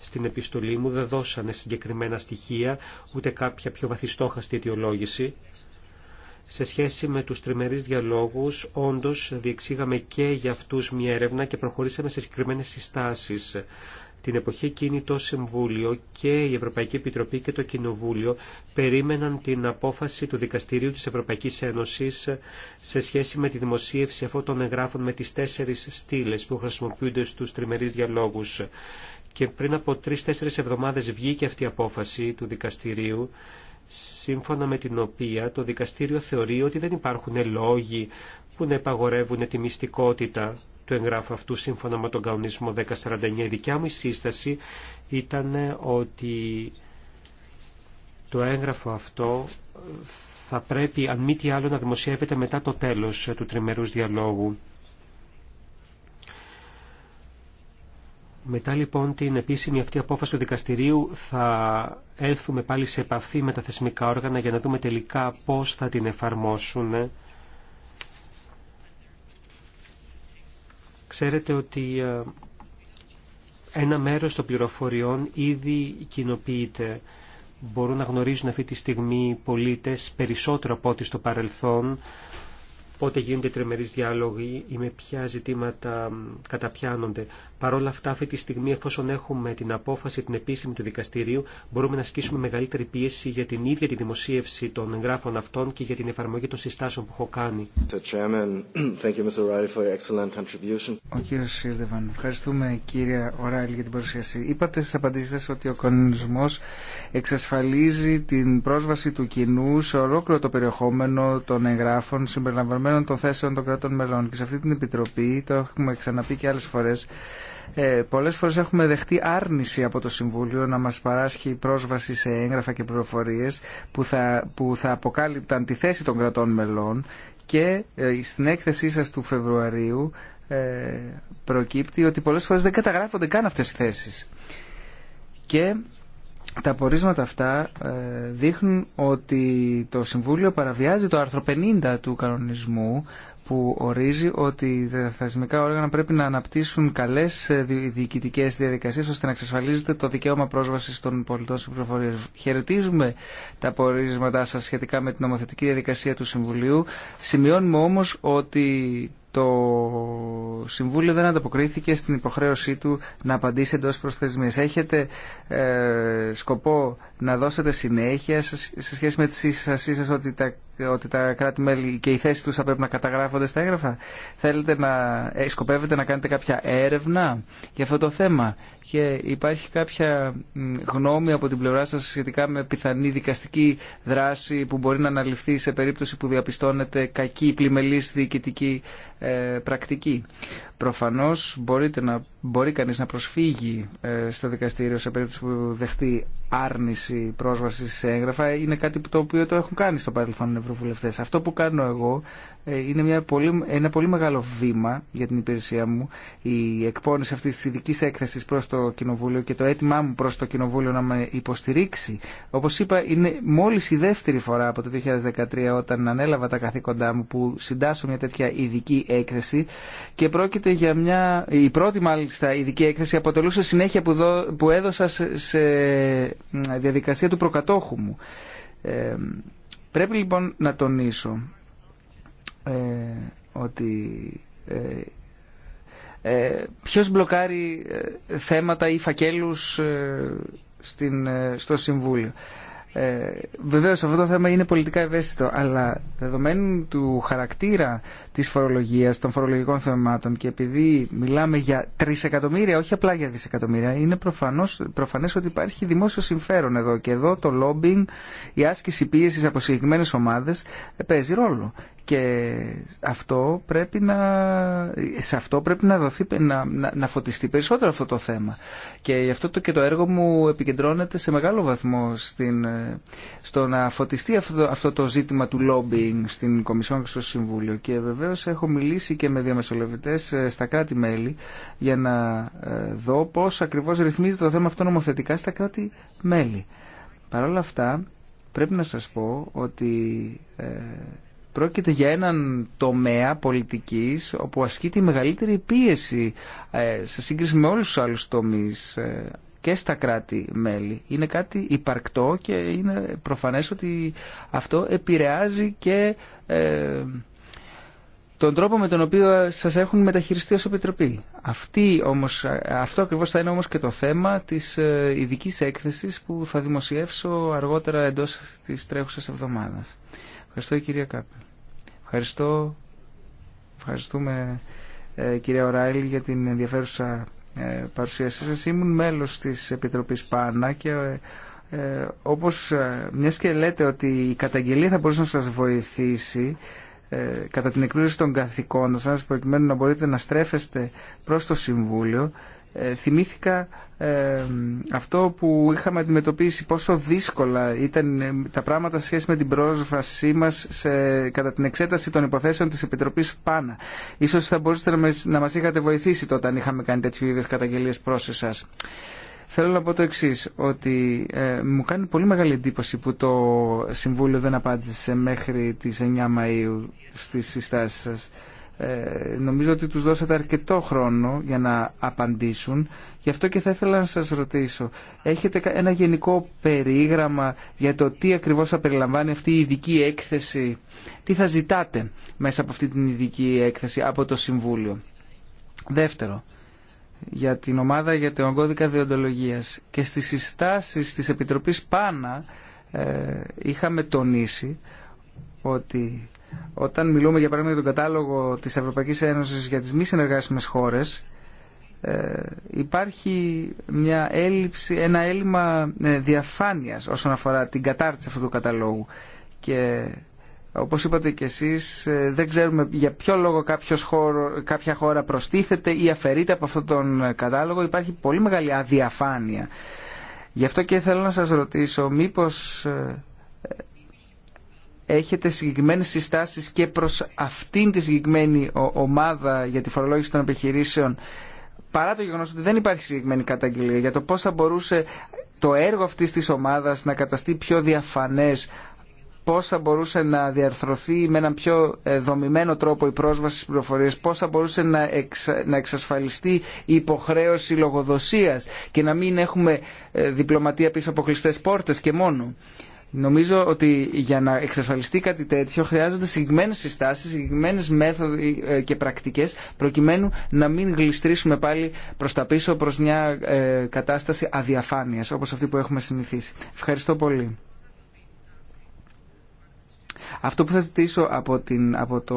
στην επιστολή μου. Δεν δώσανε συγκεκριμένα στοιχεία, ούτε κάποια πιο βαθιστόχαστη αιτιολόγηση. Σε σχέση με τους τριμερείς διαλόγους, όντως διεξήγαμε και για αυτούς μια έρευνα και προχωρήσαμε σε συγκεκριμένες συστάσεις. Την εποχή εκείνη το Συμβούλιο και η Ευρωπαϊκή Επιτροπή και το Κοινοβούλιο περίμεναν την απόφαση του Δικαστηρίου της Ευρωπαϊκής Ένωσης σε σχέση με τη δημοσίευση αυτών των εγγράφων με τις τέσσερις στήλε που χρησιμοποιούνται στους τριμερείς διαλόγους. Και πριν από τρεις-τέσσερις εβδομάδες βγήκε αυτή η απόφαση του Δικαστηρίου σύμφωνα με την οποία το δικαστήριο θεωρεί ότι δεν υπάρχουν λόγοι που να επαγορεύουν τη μυστικότητα του εγγράφου αυτού σύμφωνα με τον κανονισμό 1049. Η δικιά μου σύσταση ήταν ότι το έγγραφο αυτό θα πρέπει αν μη τι άλλο να δημοσιεύεται μετά το τέλος του τριμερούς διαλόγου. Μετά λοιπόν την επίσημη αυτή απόφαση του δικαστηρίου θα έλθουμε πάλι σε επαφή με τα θεσμικά όργανα για να δούμε τελικά πώς θα την εφαρμόσουν Ξέρετε ότι ε, ένα μέρος των πληροφοριών ήδη κοινοποιείται. Μπορούν να γνωρίζουν αυτή τη στιγμή οι πολίτες περισσότερο από ό,τι στο παρελθόν πότε γίνονται τριμερείς διάλογοι ή με ποια ζητήματα καταπιάνονται. Παρ' όλα αυτά, αυτή τη στιγμή, εφόσον έχουμε την απόφαση την επίσημη του δικαστηρίου, μπορούμε να ασκήσουμε μεγαλύτερη πίεση για την ίδια τη δημοσίευση των εγγράφων αυτών και για την εφαρμογή των συστάσεων που έχω κάνει.
Ο κύριο Σίρδεβαν, ευχαριστούμε κύριε Οράιλ για την παρουσίαση. Είπατε στι απαντήσει σα ότι ο κανονισμό εξασφαλίζει την πρόσβαση του κοινού σε ολόκληρο το περιεχόμενο των εγγράφων συμπεριλαμβανομένων των θέσεων των κρατών μελών. Και σε αυτή την επιτροπή, το έχουμε ξαναπεί και άλλε φορέ, ε, πολλές φορές έχουμε δεχτεί άρνηση από το Συμβούλιο να μας παράσχει πρόσβαση σε έγγραφα και πληροφορίε που θα, που θα αποκάλυπταν τη θέση των κρατών μελών και ε, στην έκθεσή σα του Φεβρουαρίου ε, προκύπτει ότι πολλές φορές δεν καταγράφονται καν αυτές οι θέσεις. Και τα πορίσματα αυτά ε, δείχνουν ότι το Συμβούλιο παραβιάζει το άρθρο 50 του κανονισμού που ορίζει ότι τα θεσμικά όργανα πρέπει να αναπτύσσουν καλέ ε, διοικητικέ διαδικασίε ώστε να εξασφαλίζεται το δικαίωμα πρόσβαση των πολιτών στι πληροφορίε. Χαιρετίζουμε τα πορίσματά σα σχετικά με την νομοθετική διαδικασία του Συμβουλίου. Σημειώνουμε όμω ότι το Συμβούλιο δεν ανταποκρίθηκε στην υποχρέωσή του να απαντήσει εντό προσθεσμίες Έχετε ε, σκοπό να δώσετε συνέχεια σε σχέση με τις σύστασή σας ότι τα, ότι τα κράτη-μέλη και οι θέσεις τους θα πρέπει να καταγράφονται στα έγγραφα. Θέλετε να, ε, σκοπεύετε να κάνετε κάποια έρευνα για αυτό το θέμα και υπάρχει κάποια γνώμη από την πλευρά σας σχετικά με πιθανή δικαστική δράση που μπορεί να αναλυφθεί σε περίπτωση που διαπιστώνεται κακή πλημελής διοικητική ε, πρακτική. Προφανώς μπορείτε να, μπορεί κανείς να προσφύγει ε, στο δικαστήριο σε περίπτωση που δεχτεί άρνηση πρόσβαση σε έγγραφα. Είναι κάτι που το οποίο το έχουν κάνει στο παρελθόν οι ευρωβουλευτές. Αυτό που κάνω εγώ είναι μια πολύ, ένα πολύ μεγάλο βήμα για την υπηρεσία μου η εκπόνηση αυτής της ειδική έκθεσης προς το Κοινοβούλιο και το αίτημά μου προς το Κοινοβούλιο να με υποστηρίξει. Όπως είπα είναι μόλις η δεύτερη φορά από το 2013 όταν ανέλαβα τα καθήκοντά μου που συντάσσω μια τέτοια ειδική έκθεση και πρόκειται για μια, η πρώτη μάλιστα ειδική έκθεση αποτελούσε συνέχεια που, που έδωσα σε, διαδικασία του προκατόχου μου. Ε, πρέπει λοιπόν να τονίσω ε, ότι ε, ε, ποιος μπλοκάρει ε, θέματα ή φακέλους στην, στο Συμβούλιο. Ε, βεβαίως αυτό το θέμα είναι πολιτικά ευαίσθητο, αλλά δεδομένου του χαρακτήρα της φορολογίας, των φορολογικών θεμάτων και επειδή μιλάμε για τρισεκατομμύρια, όχι απλά για δισεκατομμύρια, είναι προφανώς, προφανές ότι υπάρχει δημόσιο συμφέρον εδώ και εδώ το lobbying, η άσκηση πίεσης από συγκεκριμένε ομάδες παίζει ρόλο. Και αυτό πρέπει να, σε αυτό πρέπει να, να, να, φωτιστεί περισσότερο αυτό το θέμα. Και αυτό το, και το έργο μου επικεντρώνεται σε μεγάλο βαθμό στην, στο να φωτιστεί αυτό, αυτό το ζήτημα του lobbying στην Κομισιόν και στο Συμβούλιο. Και βεβαίως έχω μιλήσει και με διαμεσολαβητές ε, στα κράτη-μέλη για να ε, δω πώς ακριβώς ρυθμίζεται το θέμα αυτό νομοθετικά στα κράτη-μέλη. Παρ' όλα αυτά πρέπει να σας πω ότι ε, πρόκειται για έναν τομέα πολιτικής όπου ασκείται η μεγαλύτερη πίεση σε σύγκριση με όλους τους άλλους τομείς και στα κράτη-μέλη. Είναι κάτι υπαρκτό και είναι προφανές ότι αυτό επηρεάζει και τον τρόπο με τον οποίο σας έχουν μεταχειριστεί ως Επιτροπή. Αυτή όμως, αυτό ακριβώς θα είναι όμως και το θέμα της ε, ειδική έκθεσης που θα δημοσιεύσω αργότερα εντός της τρέχουσας εβδομάδας. Ευχαριστώ κυρία Κάπη. Ευχαριστώ. Ευχαριστούμε ε, κυρία Οράιλ για την ενδιαφέρουσα ε, παρουσίασή σας. Ήμουν μέλος της Επιτροπής ΠΑΝΑ και ε, όπως μια και λέτε ότι η καταγγελία θα μπορούσε να σας βοηθήσει ε, κατά την εκπλήρωση των καθηκόντων σας προκειμένου να μπορείτε να στρέφεστε προς το Συμβούλιο ε, θυμήθηκα ε, αυτό που είχαμε αντιμετωπίσει πόσο δύσκολα ήταν τα πράγματα σε σχέση με την πρόσβασή μας σε, κατά την εξέταση των υποθέσεων της Επιτροπής ΠΑΝΑ. Ίσως θα μπορούσατε να μας είχατε βοηθήσει τότε αν είχαμε κάνει τέτοιου καταγγελίε καταγγελίες προς Θέλω να πω το εξή, ότι ε, μου κάνει πολύ μεγάλη εντύπωση που το Συμβούλιο δεν απάντησε μέχρι τις 9 Μαΐου στις συστάσεις σας. Ε, νομίζω ότι τους δώσατε αρκετό χρόνο για να απαντήσουν. Γι' αυτό και θα ήθελα να σας ρωτήσω, έχετε ένα γενικό περίγραμμα για το τι ακριβώς θα περιλαμβάνει αυτή η ειδική έκθεση, τι θα ζητάτε μέσα από αυτή την ειδική έκθεση από το Συμβούλιο. Δεύτερο, για την ομάδα για τον κώδικα διοντολογίας και στις συστάσεις της Επιτροπής Πάνα ε, είχαμε τονίσει ότι όταν μιλούμε για παράδειγμα για τον κατάλογο της Ευρωπαϊκής Ένωσης για τις μη συνεργάσιμες χώρες ε, υπάρχει μια έλλειψη, ένα έλλειμμα ε, διαφάνειας όσον αφορά την κατάρτιση αυτού του καταλόγου και όπως είπατε και εσείς, ε, δεν ξέρουμε για ποιο λόγο χώρο, κάποια χώρα προστίθεται ή αφαιρείται από αυτόν τον ε, κατάλογο. Υπάρχει πολύ μεγάλη αδιαφάνεια. Γι' αυτό και θέλω να σας ρωτήσω, μήπως ε, έχετε συγκεκριμένες συστάσεις και προς αυτήν τη συγκεκριμένη ομάδα για τη φορολόγηση των επιχειρήσεων, παρά το γεγονός ότι δεν υπάρχει συγκεκριμένη καταγγελία για το πώς θα μπορούσε το έργο αυτής της ομάδας να καταστεί πιο διαφανές πώς θα μπορούσε να διαρθρωθεί με έναν πιο ε, δομημένο τρόπο η πρόσβαση στις πληροφορίες, πώς θα μπορούσε να, να εξασφαλιστεί η υποχρέωση λογοδοσίας και να μην έχουμε ε, διπλωματία πίσω από κλειστές πόρτες και μόνο. Νομίζω ότι για να εξασφαλιστεί κάτι τέτοιο χρειάζονται συγκεκριμένε συστάσει, συγκεκριμένε μέθοδοι ε, και πρακτικέ προκειμένου να μην γλιστρήσουμε πάλι προ τα πίσω προ μια κατάσταση αδιαφάνεια όπω αυτή που έχουμε συνηθίσει. Ευχαριστώ πολύ. Αυτό που θα ζητήσω από, την, από το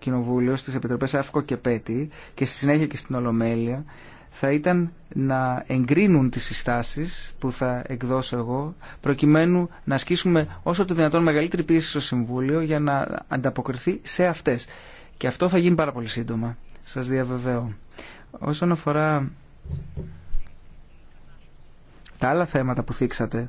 Κοινοβούλιο στις Επιτροπές ΑΦΚΟ και ΠΕΤΗ και στη συνέχεια και στην Ολομέλεια θα ήταν να εγκρίνουν τις συστάσεις που θα εκδώσω εγώ προκειμένου να ασκήσουμε όσο το δυνατόν μεγαλύτερη πίεση στο Συμβούλιο για να ανταποκριθεί σε αυτές. Και αυτό θα γίνει πάρα πολύ σύντομα. Σας διαβεβαιώ. Όσον αφορά τα άλλα θέματα που θίξατε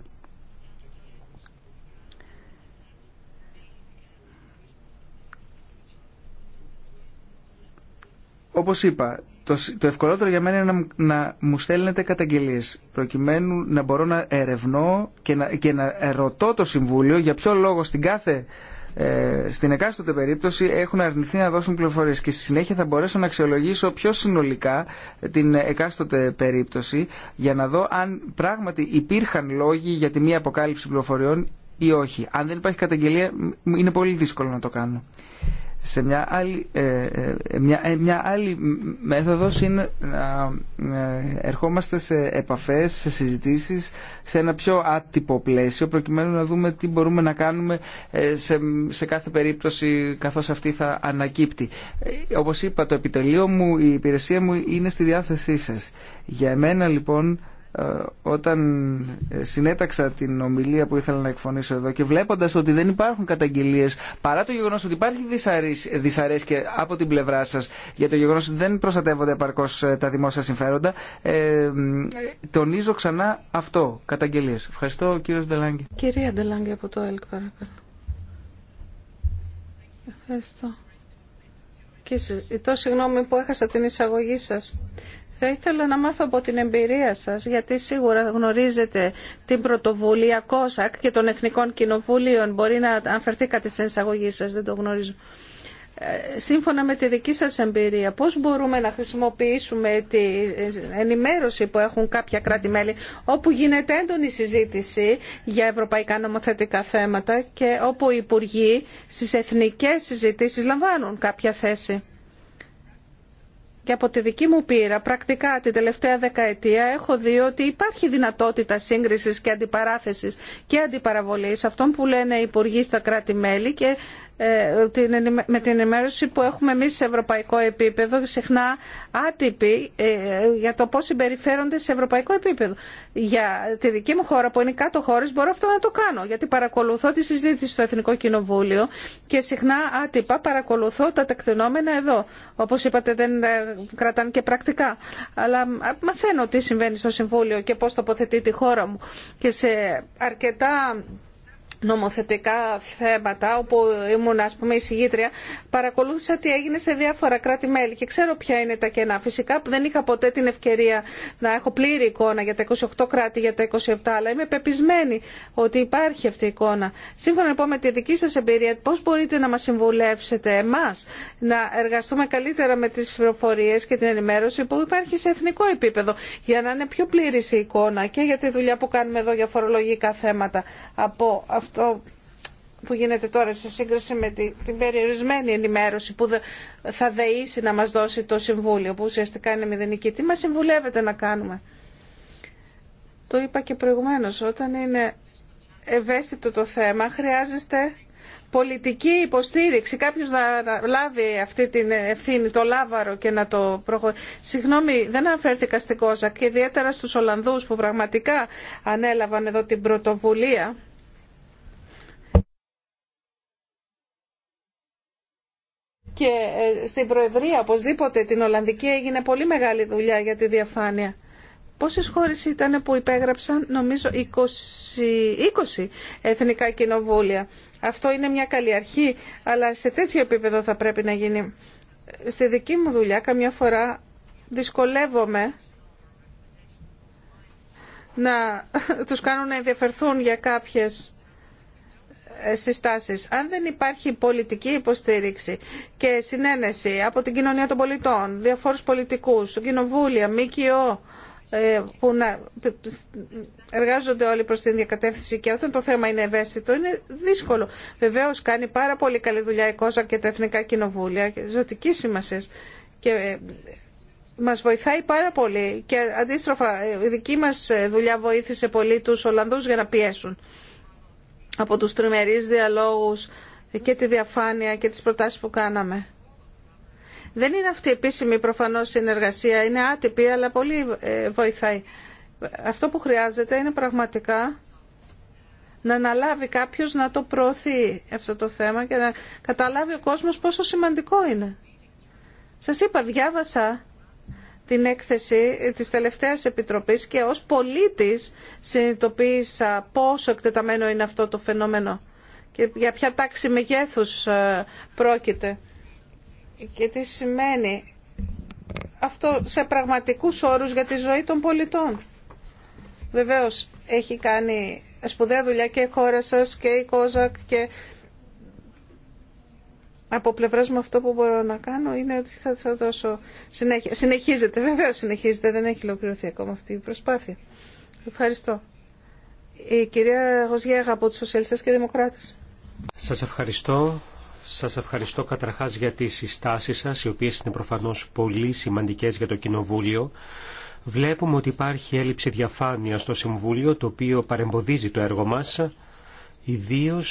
Όπω είπα, το, το ευκολότερο για μένα είναι να, να μου στέλνετε καταγγελίες προκειμένου να μπορώ να ερευνώ και να, και να ρωτώ το Συμβούλιο για ποιο λόγο στην κάθε ε, στην εκάστοτε περίπτωση έχουν αρνηθεί να δώσουν πληροφορίες και στη συνέχεια θα μπορέσω να αξιολογήσω πιο συνολικά την εκάστοτε περίπτωση για να δω αν πράγματι υπήρχαν λόγοι για τη μία αποκάλυψη πληροφοριών ή όχι. Αν δεν υπάρχει καταγγελία είναι πολύ δύσκολο να το κάνω. Σε μια άλλη, ε, ε, μια, ε, μια άλλη μέθοδος είναι να ερχόμαστε σε επαφές, σε συζητήσεις, σε ένα πιο άτυπο πλαίσιο προκειμένου να δούμε τι μπορούμε να κάνουμε σε, σε κάθε περίπτωση καθώς αυτή θα ανακύπτει. Όπως είπα, το επιτελείο μου, η υπηρεσία μου είναι στη διάθεσή σας. Για μένα λοιπόν ε, όταν ε, συνέταξα την ομιλία που ήθελα να εκφωνήσω εδώ και βλέποντας ότι δεν υπάρχουν καταγγελίες παρά το γεγονός ότι υπάρχει δυσαρέσκεια από την πλευρά σας για το γεγονός ότι δεν προστατεύονται επαρκώς ε, τα δημόσια συμφέροντα ε, τονίζω ξανά αυτό, καταγγελίες. Ευχαριστώ κύριο Ντελάγκη.
Κυρία Ντελάγκη από το ΕΛΚ παρακαλώ. Ευχαριστώ. Και ζητώ συγγνώμη που έχασα την εισαγωγή σας. Θα ήθελα να μάθω από την εμπειρία σας, γιατί σίγουρα γνωρίζετε την πρωτοβουλία ΚΟΣΑΚ και των Εθνικών Κοινοβουλίων. Μπορεί να κάτι στην εισαγωγή σας, δεν το γνωρίζω. Ε, σύμφωνα με τη δική σας εμπειρία, πώς μπορούμε να χρησιμοποιήσουμε την ενημέρωση που έχουν κάποια κράτη-μέλη όπου γίνεται έντονη συζήτηση για ευρωπαϊκά νομοθετικά θέματα και όπου οι υπουργοί στις εθνικές συζητήσεις λαμβάνουν κάποια θέση. Και από τη δική μου πείρα, πρακτικά την τελευταία δεκαετία έχω δει ότι υπάρχει δυνατότητα σύγκρισης και αντιπαράθεσης και αντιπαραβολής αυτών που λένε οι υπουργοί στα κράτη-μέλη και ε, με την ενημέρωση που έχουμε εμείς σε ευρωπαϊκό επίπεδο συχνά άτυποι ε, για το πώς συμπεριφέρονται σε ευρωπαϊκό επίπεδο. Για τη δική μου χώρα που είναι κάτω χώρες μπορώ αυτό να το κάνω γιατί παρακολουθώ τη συζήτηση στο Εθνικό Κοινοβούλιο και συχνά άτυπα παρακολουθώ τα τεκτενόμενα εδώ. Όπως είπατε δεν ε, κρατάνε και πρακτικά. Αλλά μαθαίνω τι συμβαίνει στο Συμβούλιο και πώς τοποθετεί τη χώρα μου. Και σε αρκετά νομοθετικά θέματα, όπου ήμουν ας πούμε εισηγήτρια, παρακολούθησα τι έγινε σε διάφορα κράτη-μέλη και ξέρω ποια είναι τα κενά. Φυσικά που δεν είχα ποτέ την ευκαιρία να έχω πλήρη εικόνα για τα 28 κράτη, για τα 27, αλλά είμαι πεπισμένη ότι υπάρχει αυτή η εικόνα. Σύμφωνα λοιπόν με τη δική σας εμπειρία, πώς μπορείτε να μας συμβουλεύσετε εμάς να εργαστούμε καλύτερα με τις πληροφορίες και την ενημέρωση που υπάρχει σε εθνικό επίπεδο, για να είναι πιο πλήρης η εικόνα και για τη δουλειά που κάνουμε εδώ για φορολογικά θέματα από αυτό αυτό που γίνεται τώρα σε σύγκριση με την περιορισμένη ενημέρωση που θα δεήσει να μας δώσει το Συμβούλιο, που ουσιαστικά είναι μηδενική. Τι μας συμβουλεύετε να κάνουμε. Το είπα και προηγουμένως, όταν είναι ευαίσθητο το θέμα, χρειάζεστε πολιτική υποστήριξη, κάποιος να λάβει αυτή την ευθύνη, το λάβαρο και να το προχωρήσει. Συγγνώμη, δεν αναφέρθηκα στην Κόζα και ιδιαίτερα στους Ολλανδούς που πραγματικά ανέλαβαν εδώ την πρωτοβουλία και ε, στην Προεδρία οπωσδήποτε την Ολλανδική έγινε πολύ μεγάλη δουλειά για τη διαφάνεια. Πόσες χώρες ήταν που υπέγραψαν, νομίζω 20, 20 εθνικά κοινοβούλια. Αυτό είναι μια καλή αρχή, αλλά σε τέτοιο επίπεδο θα πρέπει να γίνει. Στη δική μου δουλειά καμιά φορά δυσκολεύομαι να τους κάνω να ενδιαφερθούν για κάποιες ε, συστάσεις. Αν δεν υπάρχει πολιτική υποστήριξη και συνένεση από την κοινωνία των πολιτών, διαφόρους πολιτικούς, κοινοβούλια, ΜΚΟ, ε, που εργάζονται όλοι προς την διακατεύθυνση και όταν το θέμα είναι ευαίσθητο είναι δύσκολο. Βεβαίως κάνει πάρα πολύ καλή δουλειά η ΚΟΣΑ και τα Εθνικά Κοινοβούλια, ζωτική σημασία. Και ε, μας βοηθάει πάρα πολύ και αντίστροφα η δική μας δουλειά βοήθησε πολύ τους Ολλανδούς για να πιέσουν από τους τριμερείς διαλόγους και τη διαφάνεια και τις προτάσεις που κάναμε. Δεν είναι αυτή η επίσημη προφανώς συνεργασία, είναι άτυπη αλλά πολύ ε, βοηθάει. Αυτό που χρειάζεται είναι πραγματικά να αναλάβει κάποιος να το προωθεί αυτό το θέμα και να καταλάβει ο κόσμος πόσο σημαντικό είναι. Σας είπα, διάβασα την έκθεση της τελευταίας επιτροπής και ως πολίτης συνειδητοποίησα πόσο εκτεταμένο είναι αυτό το φαινόμενο και για ποια τάξη μεγέθους ε, πρόκειται και τι σημαίνει αυτό σε πραγματικούς όρους για τη ζωή των πολιτών. Βεβαίως έχει κάνει σπουδαία δουλειά και η χώρα σας και η ΚΟΖΑΚ και από πλευρά μου αυτό που μπορώ να κάνω είναι ότι θα, θα δώσω συνέχεια. Συνεχίζεται, βεβαίω συνεχίζεται, δεν έχει ολοκληρωθεί ακόμα αυτή η προσπάθεια. Ευχαριστώ. Η κυρία Γοζιέγα από του Σοσιαλιστέ και Δημοκράτε,
σα ευχαριστώ. Σα ευχαριστώ καταρχά για τι συστάσει σα, οι οποίε είναι προφανώ πολύ σημαντικέ για το Κοινοβούλιο. Βλέπουμε ότι υπάρχει έλλειψη διαφάνεια στο Συμβούλιο, το οποίο παρεμποδίζει το έργο μα, ιδίω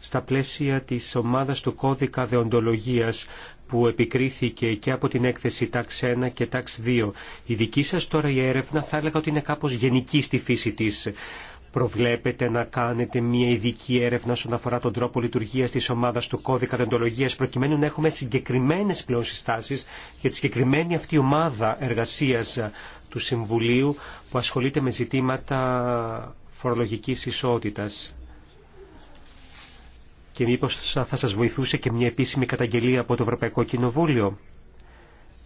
στα πλαίσια της ομάδας του κώδικα δεοντολογίας που επικρίθηκε και από την έκθεση τάξη 1 και τάξη 2. Η δική σας τώρα η έρευνα θα έλεγα ότι είναι κάπως γενική στη φύση της. Προβλέπετε να κάνετε μια ειδική έρευνα όσον αφορά τον τρόπο λειτουργίας της ομάδας του κώδικα δεοντολογίας προκειμένου να έχουμε συγκεκριμένες πλέον συστάσεις για τη συγκεκριμένη αυτή ομάδα εργασίας του Συμβουλίου που ασχολείται με ζητήματα φορολογικής ισότητας και μήπως θα σας βοηθούσε και μια επίσημη καταγγελία από το Ευρωπαϊκό Κοινοβούλιο.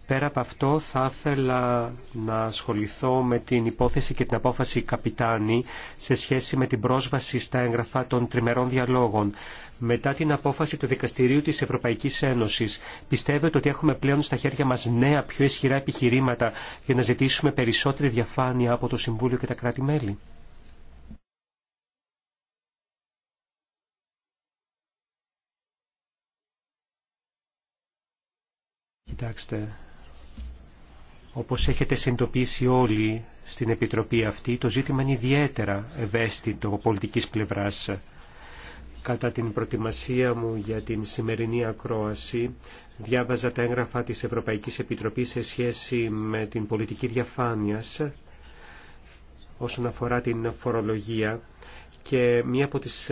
Πέρα από αυτό θα ήθελα να ασχοληθώ με την υπόθεση και την απόφαση Καπιτάνη σε σχέση με την πρόσβαση στα έγγραφα των τριμερών διαλόγων. Μετά την απόφαση του Δικαστηρίου της Ευρωπαϊκής Ένωσης, πιστεύετε ότι έχουμε πλέον στα χέρια μας νέα πιο ισχυρά επιχειρήματα για να ζητήσουμε περισσότερη διαφάνεια από το Συμβούλιο και τα κράτη-μέλη. Κοιτάξτε, όπως έχετε συνειδητοποιήσει όλοι στην Επιτροπή αυτή, το ζήτημα είναι ιδιαίτερα ευαίσθητο από πολιτικής πλευράς. Κατά την προετοιμασία μου για την σημερινή ακρόαση, διάβαζα τα έγγραφα της Ευρωπαϊκής Επιτροπής σε σχέση με την πολιτική διαφάνειας όσον αφορά την φορολογία και μία από τις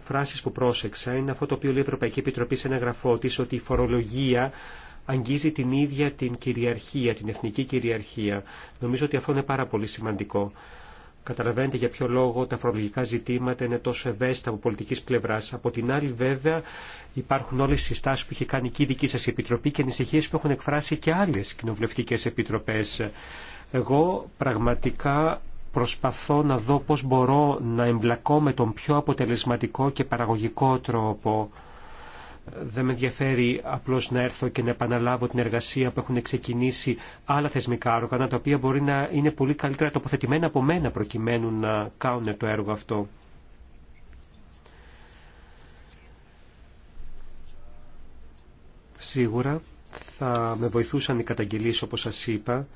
φράσεις που πρόσεξα είναι αυτό το οποίο λέει η Ευρωπαϊκή Επιτροπή σε ένα γραφό ότι η φορολογία αγγίζει την ίδια την κυριαρχία, την εθνική κυριαρχία. Νομίζω ότι αυτό είναι πάρα πολύ σημαντικό. Καταλαβαίνετε για ποιο λόγο τα φορολογικά ζητήματα είναι τόσο ευαίσθητα από πολιτική πλευρά. Από την άλλη, βέβαια, υπάρχουν όλε οι συστάσει που είχε κάνει και η δική σα επιτροπή και ανησυχίε που έχουν εκφράσει και άλλε κοινοβουλευτικέ επιτροπέ. Εγώ πραγματικά προσπαθώ να δω πώς μπορώ να εμπλακώ με τον πιο αποτελεσματικό και παραγωγικό τρόπο. Δεν με ενδιαφέρει απλώ να έρθω και να επαναλάβω την εργασία που έχουν ξεκινήσει άλλα θεσμικά όργανα, τα οποία μπορεί να είναι πολύ καλύτερα τοποθετημένα από μένα προκειμένου να κάνουν το έργο αυτό. Σίγουρα θα με βοηθούσαν οι καταγγελίες όπως σας είπα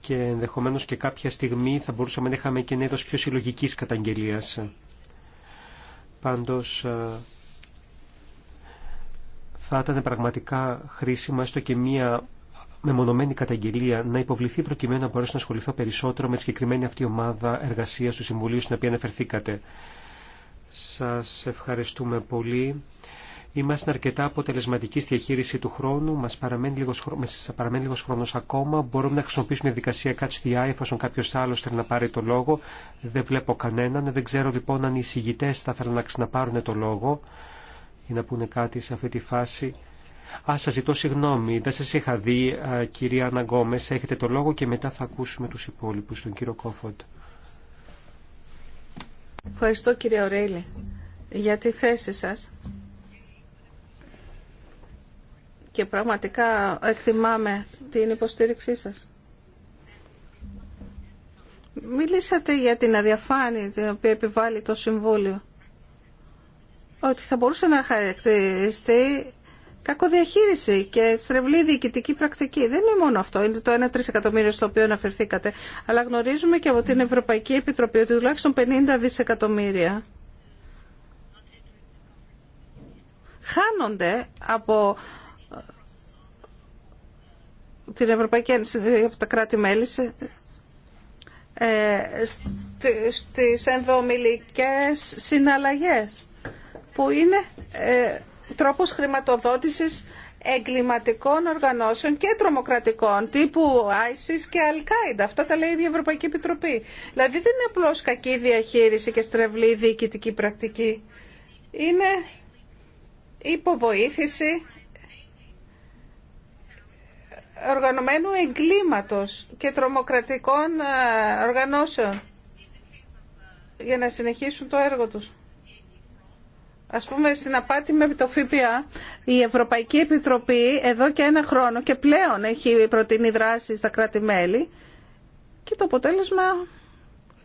και ενδεχομένως και κάποια στιγμή θα μπορούσαμε να είχαμε και ένα πιο συλλογικής καταγγελίας. Πάντως θα ήταν πραγματικά χρήσιμα έστω και μία μεμονωμένη καταγγελία να υποβληθεί προκειμένου να μπορέσω να ασχοληθώ περισσότερο με τη συγκεκριμένη αυτή ομάδα εργασία του Συμβουλίου στην οποία αναφερθήκατε. Σα ευχαριστούμε πολύ. Είμαστε αρκετά αποτελεσματικοί στη διαχείριση του χρόνου. Μα παραμένει λίγο χρόνο ακόμα. Μπορούμε να χρησιμοποιήσουμε διαδικασία Catch the Eye εφόσον κάποιο άλλο θέλει να πάρει το λόγο. Δεν βλέπω κανέναν. Δεν ξέρω λοιπόν αν οι συγητέ θα θέλουν να ξαναπάρουν το λόγο για να πούνε κάτι σε αυτή τη φάση. Α, σα ζητώ συγγνώμη, δεν σα είχα δει, κυρία Αναγκόμε. έχετε το λόγο και μετά θα ακούσουμε τους υπόλοιπου τον κύριο Κόφοντ.
Ευχαριστώ κύριε Ορέιλε, για τη θέση σας. Και πραγματικά εκτιμάμε την υποστήριξή σας. Μιλήσατε για την αδιαφάνεια την οποία επιβάλλει το Συμβούλιο ότι θα μπορούσε να χαρακτηριστεί κακοδιαχείριση και στρεβλή διοικητική πρακτική. Δεν είναι μόνο αυτό, είναι το 1 εκατομμύριο στο οποίο αναφερθήκατε, αλλά γνωρίζουμε και από την Ευρωπαϊκή Επιτροπή ότι τουλάχιστον 50 δισεκατομμύρια χάνονται από ε, την Ευρωπαϊκή Ένωση, από τα κράτη-μέλη, ε, στις ενδομιλικές συναλλαγές που είναι ε, τρόπος χρηματοδότησης εγκληματικών οργανώσεων και τρομοκρατικών τύπου ISIS και al qaeda Αυτά τα λέει η Ευρωπαϊκή Επιτροπή. Δηλαδή δεν είναι απλώς κακή διαχείριση και στρεβλή διοικητική πρακτική. Είναι υποβοήθηση οργανωμένου εγκλήματος και τρομοκρατικών ε, οργανώσεων για να συνεχίσουν το έργο τους ας πούμε στην απάτη με το ΦΠΑ η Ευρωπαϊκή Επιτροπή εδώ και ένα χρόνο και πλέον έχει προτείνει δράσεις στα κράτη-μέλη και το αποτέλεσμα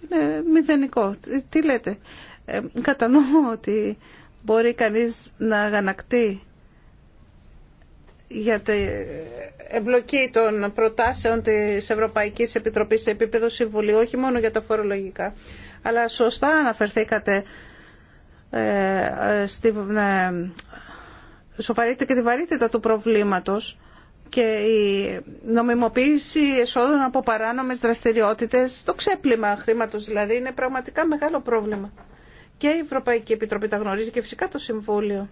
είναι μηδενικό. Τι λέτε, ε, κατανοώ ότι μπορεί κανείς να αγανακτεί για την εμπλοκή των προτάσεων της Ευρωπαϊκής Επιτροπής σε επίπεδο Συμβουλίου, όχι μόνο για τα φορολογικά. Αλλά σωστά αναφερθήκατε ε, ε, ε και τη βαρύτητα του προβλήματος και η νομιμοποίηση εσόδων από παράνομες δραστηριότητες, το ξέπλυμα χρήματος δηλαδή, είναι πραγματικά μεγάλο πρόβλημα. Και η Ευρωπαϊκή Επιτροπή τα γνωρίζει και φυσικά το Συμβούλιο.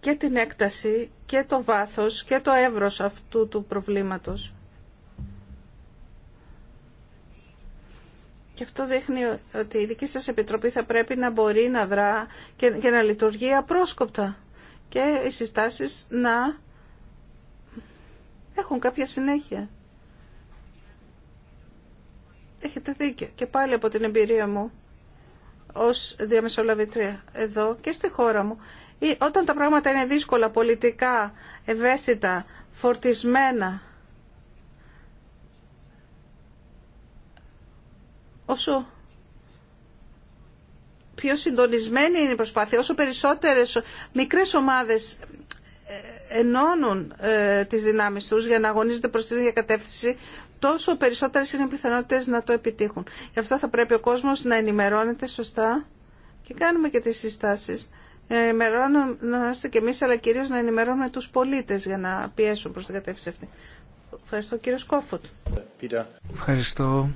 Και την έκταση και το βάθος και το εύρος αυτού του προβλήματος. Και αυτό δείχνει ότι η δική σας Επιτροπή θα πρέπει να μπορεί να δρά και, να λειτουργεί απρόσκοπτα. Και οι συστάσεις να έχουν κάποια συνέχεια. Έχετε δίκιο. Και πάλι από την εμπειρία μου ως διαμεσολαβητρία εδώ και στη χώρα μου. όταν τα πράγματα είναι δύσκολα, πολιτικά, ευαίσθητα, φορτισμένα, όσο πιο συντονισμένη είναι η προσπάθεια, όσο περισσότερες μικρές ομάδες ε, ενώνουν ε, τις δυνάμεις τους για να αγωνίζονται προς την ίδια κατεύθυνση, τόσο περισσότερες είναι οι πιθανότητες να το επιτύχουν. Γι' αυτό θα πρέπει ο κόσμος να ενημερώνεται σωστά και κάνουμε και τις συστάσεις. είμαστε και εμείς, αλλά κυρίως να ενημερώνουμε τους πολίτες για να πιέσουν προς την κατεύθυνση αυτή. Ευχαριστώ κύριο Σκόφωτ.
Ευχαριστώ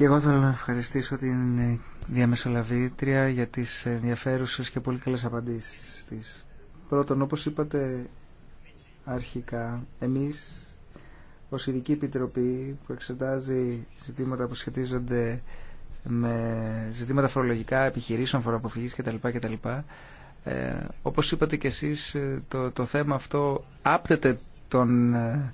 και εγώ θέλω να ευχαριστήσω την ε, διαμεσολαβήτρια για τις ενδιαφέρουσες και πολύ καλές απαντήσεις της. Πρώτον, όπως είπατε αρχικά, εμείς ως ειδική επιτροπή που εξετάζει ζητήματα που σχετίζονται με ζητήματα φορολογικά, επιχειρήσεων, φοροαποφυγής κτλ. κτλ. Ε, όπως είπατε και εσείς, ε, το, το θέμα αυτό άπτεται τον ε,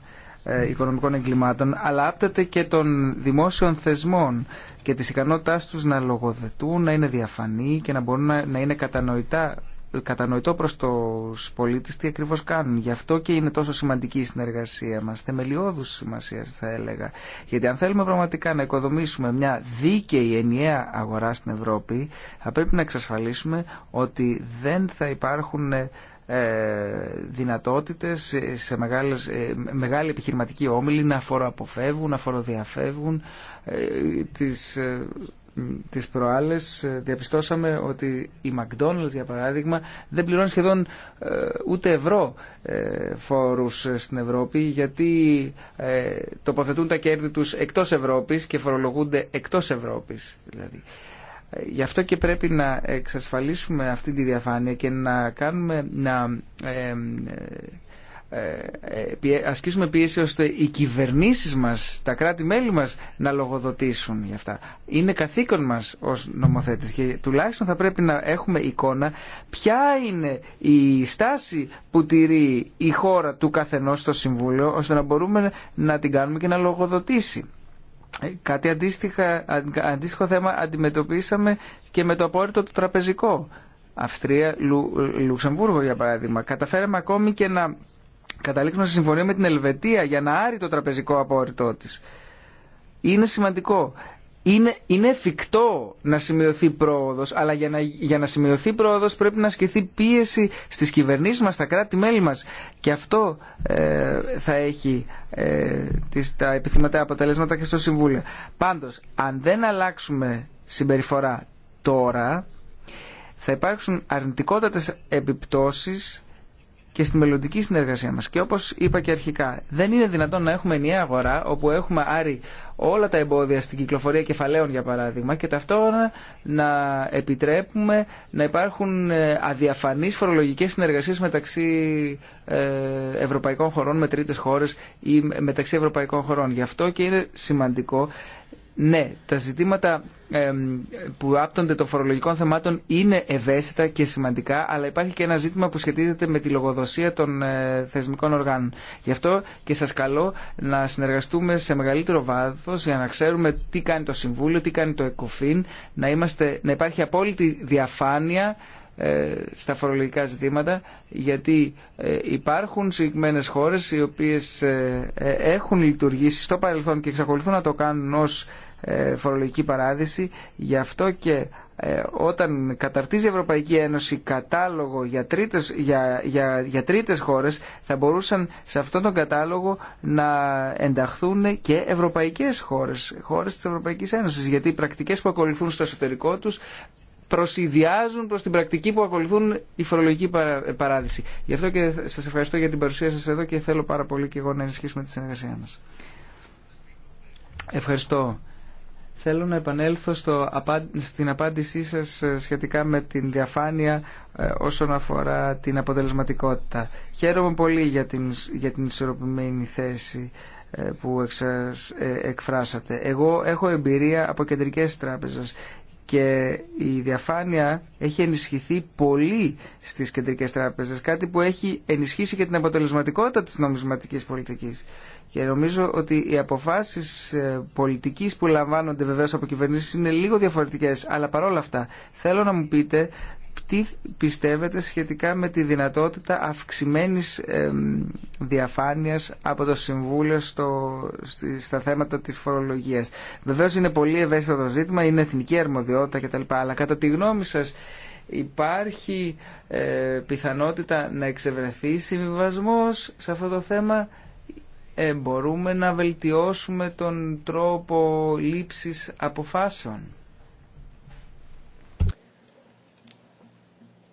ε, οικονομικών εγκλημάτων, αλλά άπτεται και των δημόσιων θεσμών και της ικανότητάς τους να λογοδετούν, να είναι διαφανή και να μπορούν να, είναι κατανοητά κατανοητό προς τους πολίτες τι ακριβώς κάνουν. Γι' αυτό και είναι τόσο σημαντική η συνεργασία μας, θεμελιώδους σημασία θα έλεγα. Γιατί αν θέλουμε πραγματικά να οικοδομήσουμε μια δίκαιη ενιαία αγορά στην Ευρώπη, θα πρέπει να εξασφαλίσουμε ότι δεν θα υπάρχουν ε, ε, δυνατότητες σε μεγάλες, ε, μεγάλη επιχειρηματική όμιλη να φοροαποφεύγουν, να φοροδιαφεύγουν ε, τις τις προάλλες διαπιστώσαμε ότι η McDonald's για παράδειγμα δεν πληρώνει σχεδόν ούτε ευρώ φόρους στην Ευρώπη γιατί ε, τοποθετούν τα κέρδη τους εκτός Ευρώπης και φορολογούνται εκτός Ευρώπης δηλαδή. Γι' αυτό και πρέπει να εξασφαλίσουμε αυτή τη διαφάνεια και να κάνουμε να ε, ε, ε, ασκήσουμε πίεση ώστε οι κυβερνήσεις μας, τα κράτη-μέλη μας να λογοδοτήσουν γι' αυτά. Είναι καθήκον μας ως νομοθέτης και τουλάχιστον θα πρέπει να έχουμε εικόνα ποια είναι η στάση που τηρεί η χώρα του καθενός στο Συμβούλιο ώστε να μπορούμε να την κάνουμε και να λογοδοτήσει ε, κάτι αντίστοιχο θέμα αντιμετωπίσαμε και με το απόρριτο το τραπεζικό. Αυστρία, Λουξεμβούργο για παράδειγμα. Καταφέραμε ακόμη και να καταλήξουμε σε συμφωνία με την Ελβετία για να άρει το τραπεζικό απόρριτό της. Είναι σημαντικό είναι, είναι εφικτό να σημειωθεί πρόοδο, αλλά για να, για να σημειωθεί πρόοδο πρέπει να ασκηθεί πίεση στι κυβερνήσει μα, στα κράτη-μέλη μα. Και αυτό ε, θα έχει ε, τις, τα επιθυμητά αποτελέσματα και στο Συμβούλιο. Πάντω, αν δεν αλλάξουμε συμπεριφορά τώρα, θα υπάρξουν αρνητικότατες επιπτώσεις και στη μελλοντική συνεργασία μας. Και όπως είπα και αρχικά, δεν είναι δυνατόν να έχουμε ενιαία αγορά όπου έχουμε άρει όλα τα εμπόδια στην κυκλοφορία κεφαλαίων για παράδειγμα και ταυτόχρονα να επιτρέπουμε να υπάρχουν ε, αδιαφανείς φορολογικές συνεργασίες μεταξύ ε, ευρωπαϊκών χωρών με τρίτες χώρες ή μεταξύ ευρωπαϊκών χωρών. Γι' αυτό και είναι σημαντικό ναι, τα ζητήματα που άπτονται των φορολογικών θεμάτων είναι ευαίσθητα και σημαντικά, αλλά υπάρχει και ένα ζήτημα που σχετίζεται με τη λογοδοσία των ε, θεσμικών οργάνων. Γι' αυτό και σας καλώ να συνεργαστούμε σε μεγαλύτερο βάθος για να ξέρουμε τι κάνει το Συμβούλιο, τι κάνει το ΕΚΟΦΗΝ, να, είμαστε, να υπάρχει απόλυτη διαφάνεια ε, στα φορολογικά ζητήματα γιατί ε, υπάρχουν συγκεκριμένε χώρες οι οποίες έχουν λειτουργήσει στο παρελθόν και εξακολουθούν να το κάνουν ως ε, φορολογική παράδειση. Γι' αυτό και ε, όταν καταρτίζει η Ευρωπαϊκή Ένωση κατάλογο για τρίτες, για, για, τρίτες χώρες θα μπορούσαν σε αυτόν τον κατάλογο να ενταχθούν και ευρωπαϊκές χώρες, χώρες της Ευρωπαϊκής Ένωσης γιατί οι πρακτικές που ακολουθούν στο εσωτερικό τους προσυδειάζουν προς την πρακτική που ακολουθούν η φορολογική παράδειση. Γι' αυτό και σας ευχαριστώ για την παρουσία σας εδώ και θέλω πάρα πολύ και εγώ να ενισχύσουμε τη συνεργασία μας. Ευχαριστώ. Θέλω να επανέλθω στο, στην απάντησή σας ε, σχετικά με την διαφάνεια ε, όσον αφορά την αποτελεσματικότητα. Χαίρομαι πολύ για την, για την ισορροπημένη θέση ε, που εκφράσατε. Εγώ έχω εμπειρία από κεντρικές τράπεζες και η διαφάνεια έχει ενισχυθεί πολύ στις κεντρικές τράπεζες, κάτι που έχει ενισχύσει και την αποτελεσματικότητα της νομισματικής πολιτικής. Και νομίζω ότι οι αποφάσεις ε, πολιτικής που λαμβάνονται βεβαίως από κυβερνήσεις είναι λίγο διαφορετικές, αλλά παρόλα αυτά θέλω να μου πείτε τι πιστεύετε σχετικά με τη δυνατότητα αυξημένης διαφάνειας από το Συμβούλιο στο, στα θέματα της φορολογίας. Βεβαίως είναι πολύ ευαίσθητο το ζήτημα, είναι εθνική αρμοδιότητα κτλ. Αλλά κατά τη γνώμη σας υπάρχει ε, πιθανότητα να εξευρεθεί συμβιβασμός σε αυτό το θέμα ε, μπορούμε να βελτιώσουμε τον τρόπο λήψης αποφάσεων.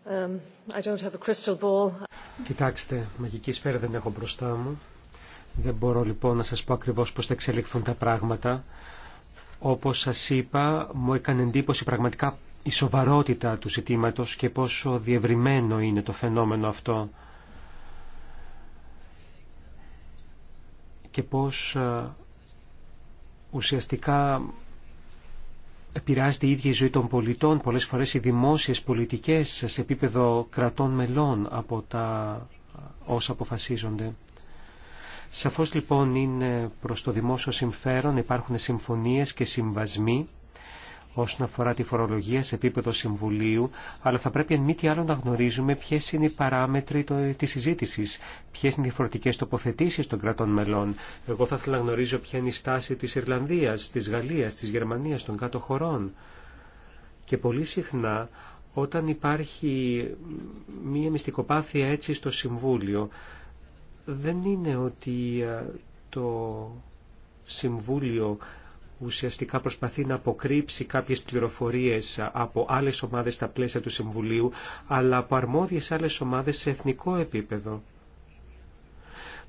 Um, Κοιτάξτε, μαγική σφαίρα δεν έχω μπροστά μου. Δεν μπορώ λοιπόν να σας πω ακριβώς πώς θα εξελιχθούν τα πράγματα. Όπως σας είπα, μου έκανε εντύπωση πραγματικά η σοβαρότητα του ζητήματος και πόσο διευρυμένο είναι το φαινόμενο αυτό. Και πώς ε, ουσιαστικά επηρεάζεται η ίδια η ζωή των πολιτών, πολλές φορές οι δημόσιες πολιτικές σε επίπεδο κρατών μελών από τα όσα αποφασίζονται. Σαφώς λοιπόν είναι προς το δημόσιο συμφέρον, υπάρχουν συμφωνίες και συμβασμοί όσον αφορά τη φορολογία σε επίπεδο συμβουλίου, αλλά θα πρέπει εν μη τι άλλο να γνωρίζουμε ποιε είναι οι παράμετροι τη συζήτηση, ποιε είναι οι διαφορετικέ τοποθετήσει των κρατών μελών. Εγώ θα ήθελα να γνωρίζω ποια είναι η στάση τη Ιρλανδία, τη Γαλλία, τη Γερμανία, των κάτω χωρών. Και πολύ συχνά όταν υπάρχει μία μυστικοπάθεια έτσι στο Συμβούλιο, δεν είναι ότι ε, το Συμβούλιο ουσιαστικά προσπαθεί να αποκρύψει κάποιες πληροφορίες από άλλες ομάδες στα πλαίσια του Συμβουλίου, αλλά από αρμόδιες άλλες ομάδες σε εθνικό επίπεδο.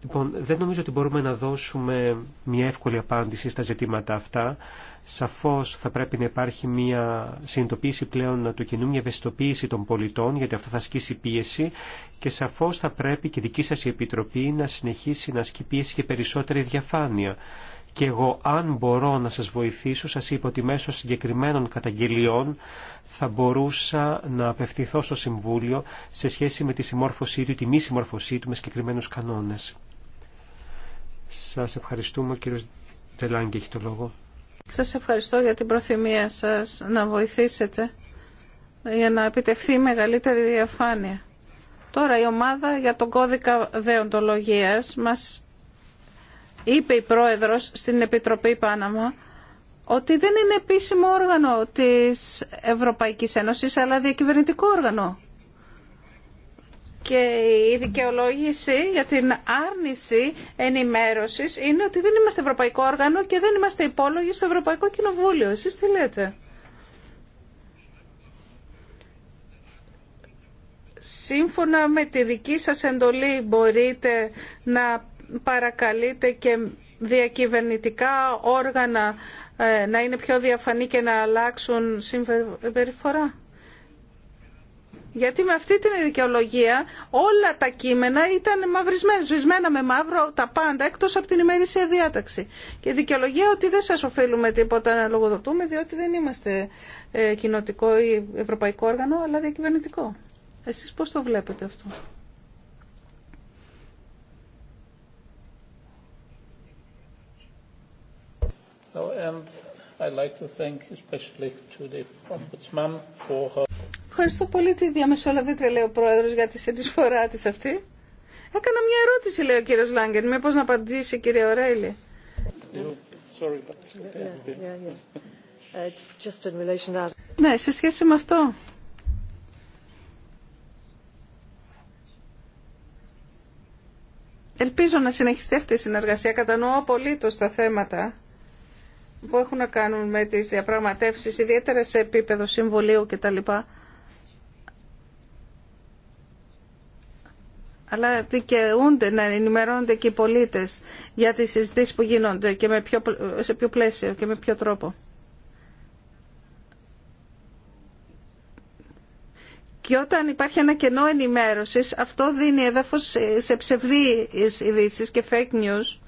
Λοιπόν, δεν νομίζω ότι μπορούμε να δώσουμε μια εύκολη απάντηση στα ζητήματα αυτά. Σαφώς θα πρέπει να υπάρχει μια συνειδητοποίηση πλέον του κοινού, μια ευαισθητοποίηση των πολιτών, γιατί αυτό θα ασκήσει πίεση και σαφώς θα πρέπει και η δική σας η Επιτροπή να συνεχίσει να ασκεί πίεση και περισσότερη διαφάνεια και εγώ αν μπορώ να σας βοηθήσω, σας είπα ότι μέσω συγκεκριμένων καταγγελιών θα μπορούσα να απευθυνθώ στο Συμβούλιο σε σχέση με τη συμμόρφωσή του, τη μη συμμόρφωσή του με συγκεκριμένους κανόνες. Σας ευχαριστούμε, ο κύριος Τελάνγκη έχει το λόγο.
Σας ευχαριστώ για την προθυμία σας να βοηθήσετε για να επιτευχθεί μεγαλύτερη διαφάνεια. Τώρα η ομάδα για τον κώδικα δεοντολογίας μας είπε η πρόεδρος στην Επιτροπή Πάναμα ότι δεν είναι επίσημο όργανο της Ευρωπαϊκής Ένωσης αλλά διακυβερνητικό όργανο. Και η δικαιολόγηση για την άρνηση ενημέρωσης είναι ότι δεν είμαστε ευρωπαϊκό όργανο και δεν είμαστε υπόλογοι στο Ευρωπαϊκό Κοινοβούλιο. Εσείς τι λέτε. Σύμφωνα με τη δική σας εντολή μπορείτε να παρακαλείτε και διακυβερνητικά όργανα ε, να είναι πιο διαφανή και να αλλάξουν συμπεριφορά. Γιατί με αυτή την δικαιολογία όλα τα κείμενα ήταν μαυρισμένα, σβησμένα με μαύρο τα πάντα, εκτός από την ημερήσια διάταξη. Και η δικαιολογία ότι δεν σας οφείλουμε τίποτα να λογοδοτούμε, διότι δεν είμαστε ε, κοινοτικό ή ευρωπαϊκό όργανο, αλλά διακυβερνητικό. Εσείς πώς το βλέπετε αυτό. Ευχαριστώ πολύ τη διαμεσολαβήτρια, λέει ο Πρόεδρος, για τη συνεισφορά τη αυτή. Έκανα μια ερώτηση, λέει ο κύριο Λάγκεν. μήπω να απαντήσει, κυρία Ρέιλι. Ναι, σε σχέση με αυτό. Ελπίζω να συνεχιστεί αυτή η συνεργασία. Κατανοώ απολύτω τα θέματα που έχουν να κάνουν με τις διαπραγματεύσεις, ιδιαίτερα σε επίπεδο συμβολίου κτλ. αλλά δικαιούνται να ενημερώνονται και οι πολίτες για τις συζητήσεις που γίνονται και με ποιο, σε ποιο πλαίσιο και με ποιο τρόπο. Και όταν υπάρχει ένα κενό ενημέρωσης, αυτό δίνει έδαφος σε ψευδείς ειδήσει και fake news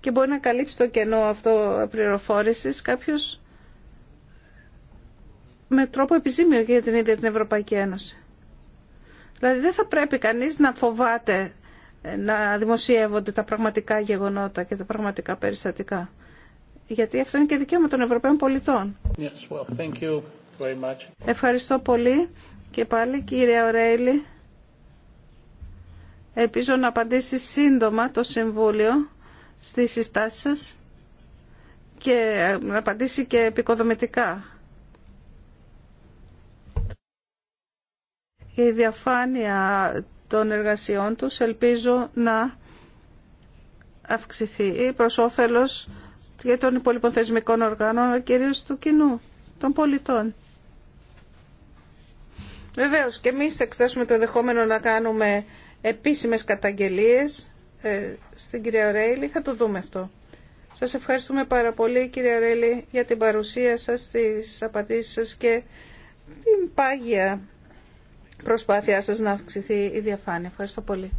και μπορεί να καλύψει το κενό αυτό πληροφόρηση κάποιο με τρόπο επιζήμιο για την ίδια την Ευρωπαϊκή Ένωση. Δηλαδή δεν θα πρέπει κανείς να φοβάται ε, να δημοσιεύονται τα πραγματικά γεγονότα και τα πραγματικά περιστατικά. Γιατί αυτό είναι και δικαίωμα των Ευρωπαίων πολιτών.
Yes, well, thank you very much.
Ευχαριστώ πολύ και πάλι κύριε Ορέιλη. Ελπίζω να απαντήσει σύντομα το Συμβούλιο στις συστάσεις σας και να απαντήσει και επικοδομητικά. η διαφάνεια των εργασιών τους ελπίζω να αυξηθεί προς όφελος και των υπόλοιπων θεσμικών οργάνων, αλλά κυρίως του κοινού, των πολιτών. Βεβαίως και εμείς θα εξετάσουμε το δεχόμενο να κάνουμε επίσημες καταγγελίες ε, στην κυρία Ρέιλι. Θα το δούμε αυτό. Σας ευχαριστούμε πάρα πολύ κυρία Ρέιλι για την παρουσία σας, τις απαντήσεις σας και την πάγια προσπάθειά σας να αυξηθεί η διαφάνεια. Ευχαριστώ πολύ.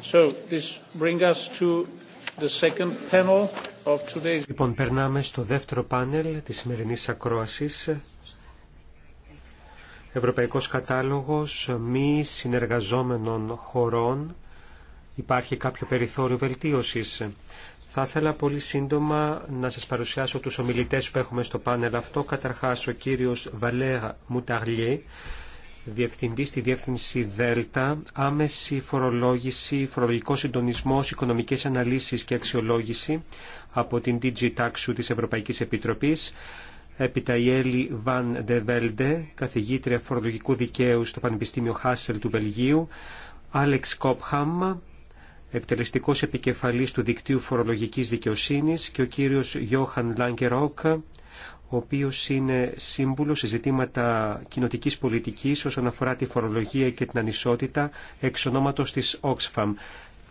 So this us to the second panel. Λοιπόν, περνάμε στο δεύτερο πάνελ της σημερινής ακρόασης. Ευρωπαϊκός κατάλογος μη συνεργαζόμενων χωρών. Υπάρχει κάποιο περιθώριο βελτίωσης. Θα ήθελα πολύ σύντομα να σας παρουσιάσω τους ομιλητές που έχουμε στο πάνελ αυτό. Καταρχάς ο κύριος Βαλέρ Μουταγλιέ, Διευθυντή στη Διεύθυνση ΔΕΛΤΑ, άμεση φορολόγηση, φορολογικό συντονισμό, οικονομικέ αναλύσει και αξιολόγηση από την DG Taxu της Ευρωπαϊκής Επιτροπής, έπειτα η Έλλη Βαν Ντεβέλντε, καθηγήτρια φορολογικού δικαίου στο Πανεπιστήμιο Χάσελ του Βελγίου, Άλεξ Κόπχαμ, εκτελεστικός επικεφαλής του Δικτύου Φορολογικής Δικαιοσύνης και ο κύριος Γιώχαν Λάγκερόκ, ο οποίος είναι σύμβουλο σε ζητήματα κοινοτική πολιτικής όσον αφορά τη φορολογία και την ανισότητα εξ ονόματος της Oxfam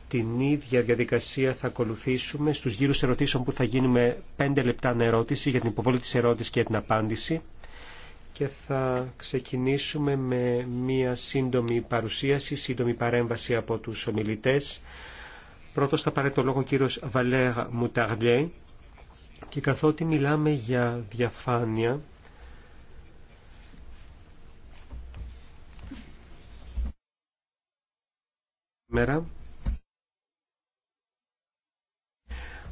την ίδια διαδικασία θα ακολουθήσουμε στους γύρους ερωτήσεων που θα γίνουμε πέντε λεπτά ερώτηση για την υποβολή της ερώτησης και την απάντηση και θα ξεκινήσουμε με μία σύντομη παρουσίαση, σύντομη παρέμβαση από τους ομιλητές. Πρώτος θα πάρει το λόγο ο κύριος Βαλέρ Μουταρλιέ και καθότι μιλάμε για διαφάνεια μέρα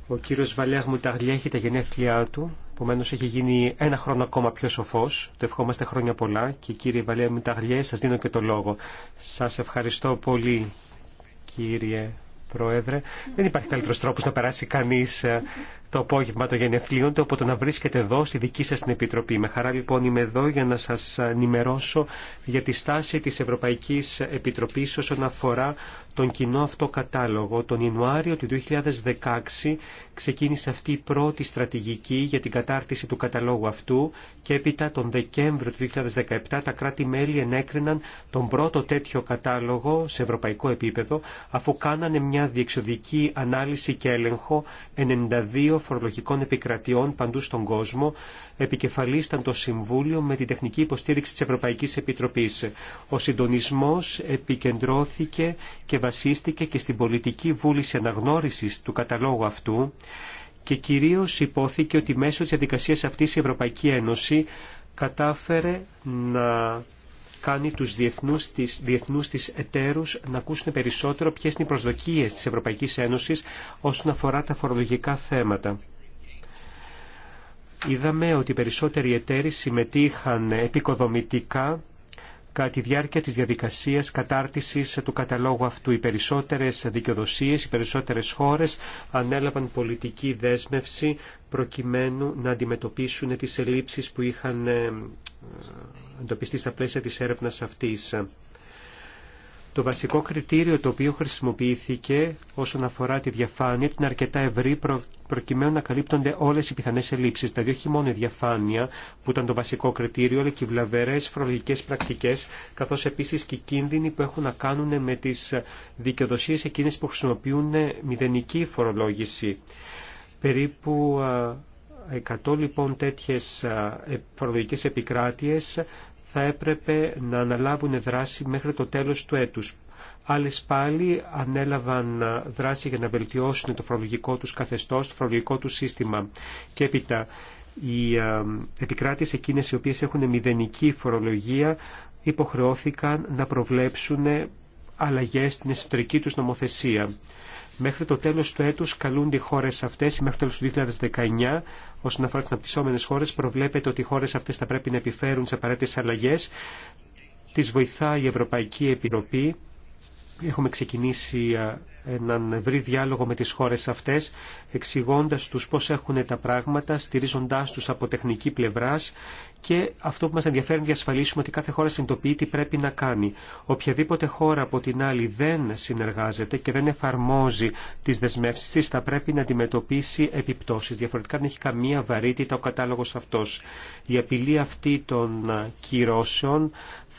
Ο κύριος Βαλιάχ Μουταγλιά έχει τα γενέθλιά του, επομένω έχει γίνει ένα χρόνο ακόμα πιο σοφός. Το ευχόμαστε χρόνια πολλά και κύριε Βαλιάχ Μουταγλιά σας δίνω και το λόγο. Σας ευχαριστώ πολύ κύριε Πρόεδρε. Δεν υπάρχει καλύτερο τρόπος να περάσει κανείς ε, το απόγευμα το γενεθλίων του από το να βρίσκεται εδώ στη δική σας την Επιτροπή. Με χαρά λοιπόν είμαι εδώ για να σας ενημερώσω για τη στάση της Ευρωπαϊκής Επιτροπής όσον αφορά τον κοινό αυτό κατάλογο. Τον Ιανουάριο του 2016 ξεκίνησε αυτή η πρώτη στρατηγική για την κατάρτιση του καταλόγου αυτού και έπειτα τον Δεκέμβριο του 2017 τα κράτη-μέλη ενέκριναν τον πρώτο τέτοιο κατάλογο σε ευρωπαϊκό επίπεδο αφού κάνανε μια διεξοδική ανάλυση και έλεγχο 92 φορολογικών επικρατιών παντού στον κόσμο. επικεφαλίσταν το Συμβούλιο με την τεχνική υποστήριξη της Ευρωπαϊκή Επιτροπής. Ο συντονισμός επικεντρώθηκε και βασίστηκε και στην πολιτική βούληση αναγνώρισης του καταλόγου αυτού και κυρίως υπόθηκε ότι μέσω της διαδικασίας αυτής η Ευρωπαϊκή Ένωση κατάφερε να κάνει τους διεθνούς της, διεθνούς της εταίρους να ακούσουν περισσότερο ποιες είναι οι προσδοκίες της Ευρωπαϊκής Ένωσης όσον αφορά τα φορολογικά θέματα. Είδαμε ότι οι περισσότεροι εταίροι συμμετείχαν επικοδομητικά Κατά τη διάρκεια της διαδικασίας κατάρτισης του καταλόγου αυτού, οι περισσότερες δικαιοδοσίες, οι περισσότερες χώρες ανέλαβαν πολιτική δέσμευση προκειμένου να αντιμετωπίσουν τις ελλείψεις που είχαν ε, ε, εντοπιστεί στα πλαίσια της έρευνας αυτής. Το βασικό κριτήριο το οποίο χρησιμοποιήθηκε όσον αφορά τη διαφάνεια ήταν αρκετά ευρύ προ... προκειμένου να καλύπτονται όλε οι πιθανέ ελλείψει. Δηλαδή, όχι μόνο η διαφάνεια που ήταν το βασικό κριτήριο, αλλά και οι βλαβερέ φορολογικέ πρακτικέ, καθώ επίση και οι κίνδυνοι που έχουν να κάνουν με τι δικαιοδοσίε εκείνε που χρησιμοποιούν μηδενική φορολόγηση. Περίπου 100 λοιπόν τέτοιες ε, φορολογικές επικράτειες θα έπρεπε να αναλάβουν δράση μέχρι το τέλος του έτους. Άλλες πάλι ανέλαβαν δράση για να βελτιώσουν το φορολογικό τους καθεστώς, το φορολογικό τους σύστημα. Και έπειτα οι επικράτειες εκείνες οι οποίες έχουν μηδενική φορολογία υποχρεώθηκαν να προβλέψουν αλλαγές στην εσωτερική τους νομοθεσία. Μέχρι το τέλος του έτους καλούνται οι χώρες αυτές μέχρι το τέλος του 2019 όσον αφορά τις αναπτυσσόμενες χώρες προβλέπεται ότι οι χώρες αυτές θα πρέπει να επιφέρουν τι απαραίτητες αλλαγές. Τις βοηθά η Ευρωπαϊκή Επιτροπή Έχουμε ξεκινήσει έναν ευρύ διάλογο με τις χώρες αυτές, εξηγώντας τους πώς έχουν τα πράγματα, στηρίζοντάς τους από τεχνική πλευράς και αυτό που μας ενδιαφέρει να διασφαλίσουμε ότι κάθε χώρα συνειδητοποιεί τι πρέπει να κάνει. Οποιαδήποτε χώρα από την άλλη δεν συνεργάζεται και δεν εφαρμόζει τις δεσμεύσεις της θα πρέπει να αντιμετωπίσει επιπτώσεις. Διαφορετικά δεν έχει καμία βαρύτητα ο κατάλογος αυτός. Η απειλή αυτή των κυρώσεων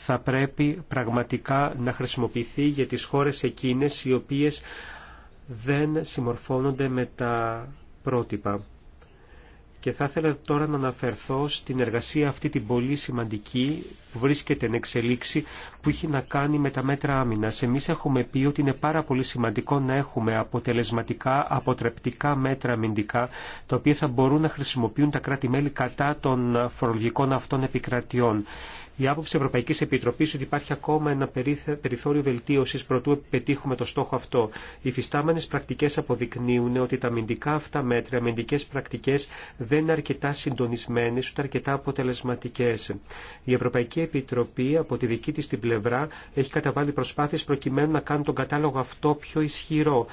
θα πρέπει πραγματικά να χρησιμοποιηθεί για τις χώρες εκείνες οι οποίες δεν συμμορφώνονται με τα πρότυπα. Και θα ήθελα τώρα να αναφερθώ στην εργασία αυτή την πολύ σημαντική βρίσκεται εν εξελίξη που έχει να κάνει με τα μέτρα άμυνα. Εμεί έχουμε πει ότι είναι πάρα πολύ σημαντικό να έχουμε αποτελεσματικά, αποτρεπτικά μέτρα αμυντικά, τα οποία θα μπορούν να χρησιμοποιούν τα κράτη-μέλη κατά των φορολογικών αυτών επικρατιών. Η άποψη Ευρωπαϊκή Επιτροπή ότι υπάρχει ακόμα ένα περιθώριο βελτίωση προτού πετύχουμε το στόχο αυτό. Οι φυστάμενε πρακτικέ αποδεικνύουν ότι τα αμυντικά αυτά μέτρα, αμυντικέ πρακτικέ δεν είναι αρκετά συντονισμένε ούτε αρκετά αποτελεσματικέ. Η Ευρωπαϊκή Επιτροπή από τη δική της την πλευρά έχει καταβάλει προσπάθειες προκειμένου να κάνει τον κατάλογο αυτό πιο ισχυρό.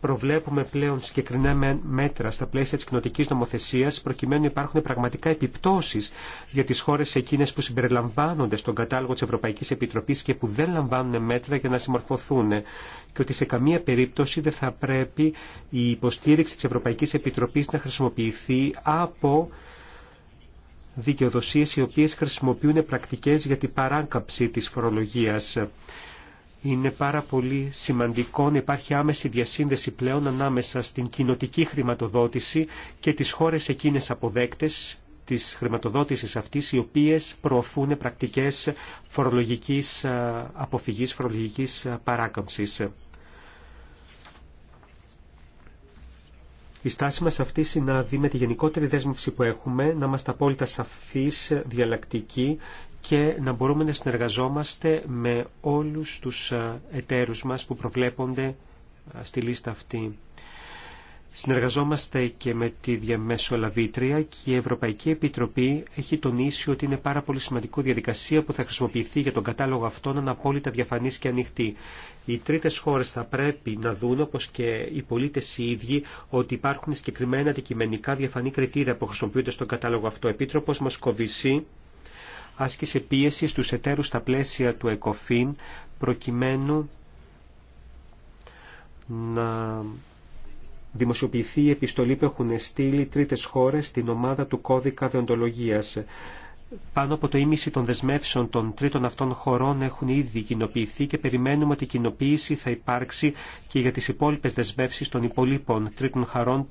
Προβλέπουμε πλέον συγκεκριμένα μέτρα στα πλαίσια της κοινοτική νομοθεσίας προκειμένου να υπάρχουν πραγματικά επιπτώσεις για τις χώρες εκείνες που συμπεριλαμβάνονται στον κατάλογο της Ευρωπαϊκής Επιτροπής και που δεν λαμβάνουν μέτρα για να συμμορφωθούν και ότι σε καμία περίπτωση δεν θα πρέπει η υποστήριξη της Ευρωπαϊκής Επιτροπής να χρησιμοποιηθεί από δικαιοδοσίες οι οποίες χρησιμοποιούν πρακτικές για την παράκαψη της φορολογίας. Είναι πάρα πολύ σημαντικό να υπάρχει άμεση διασύνδεση πλέον ανάμεσα στην κοινοτική χρηματοδότηση και τις χώρες εκείνες αποδέκτες της χρηματοδότησης αυτής οι οποίες προωθούν πρακτικές φορολογικής ε, αποφυγής, φορολογικής παράκαμψης. Η στάση μας αυτή συνάδει με τη γενικότερη δέσμευση που έχουμε να είμαστε απόλυτα σαφείς, διαλλακτικοί και να μπορούμε να συνεργαζόμαστε με όλους τους ε, εταίρους μας που προβλέπονται ε, στη λίστα αυτή. Συνεργαζόμαστε και με τη Διαμεσολαβήτρια και η Ευρωπαϊκή Επιτροπή έχει τονίσει ότι είναι πάρα πολύ σημαντικό διαδικασία που θα χρησιμοποιηθεί για τον κατάλογο αυτό να είναι απόλυτα διαφανή και ανοιχτή. Οι τρίτε χώρε θα πρέπει να δουν, όπω και οι πολίτε οι ίδιοι, ότι υπάρχουν συγκεκριμένα αντικειμενικά διαφανή κριτήρια που χρησιμοποιούνται στον κατάλογο αυτό. Επίτροπο Μοσκοβισή άσκησε πίεση στου εταίρου στα πλαίσια του ΕΚΟΦΗΝ προκειμένου να δημοσιοποιηθεί η επιστολή που έχουν στείλει τρίτες χώρες στην ομάδα του κώδικα δεοντολογίας πάνω από το ίμιση των δεσμεύσεων των τρίτων αυτών χωρών έχουν ήδη κοινοποιηθεί και περιμένουμε ότι η κοινοποίηση θα υπάρξει και για τις υπόλοιπες δεσμεύσεις των υπολείπων τρίτων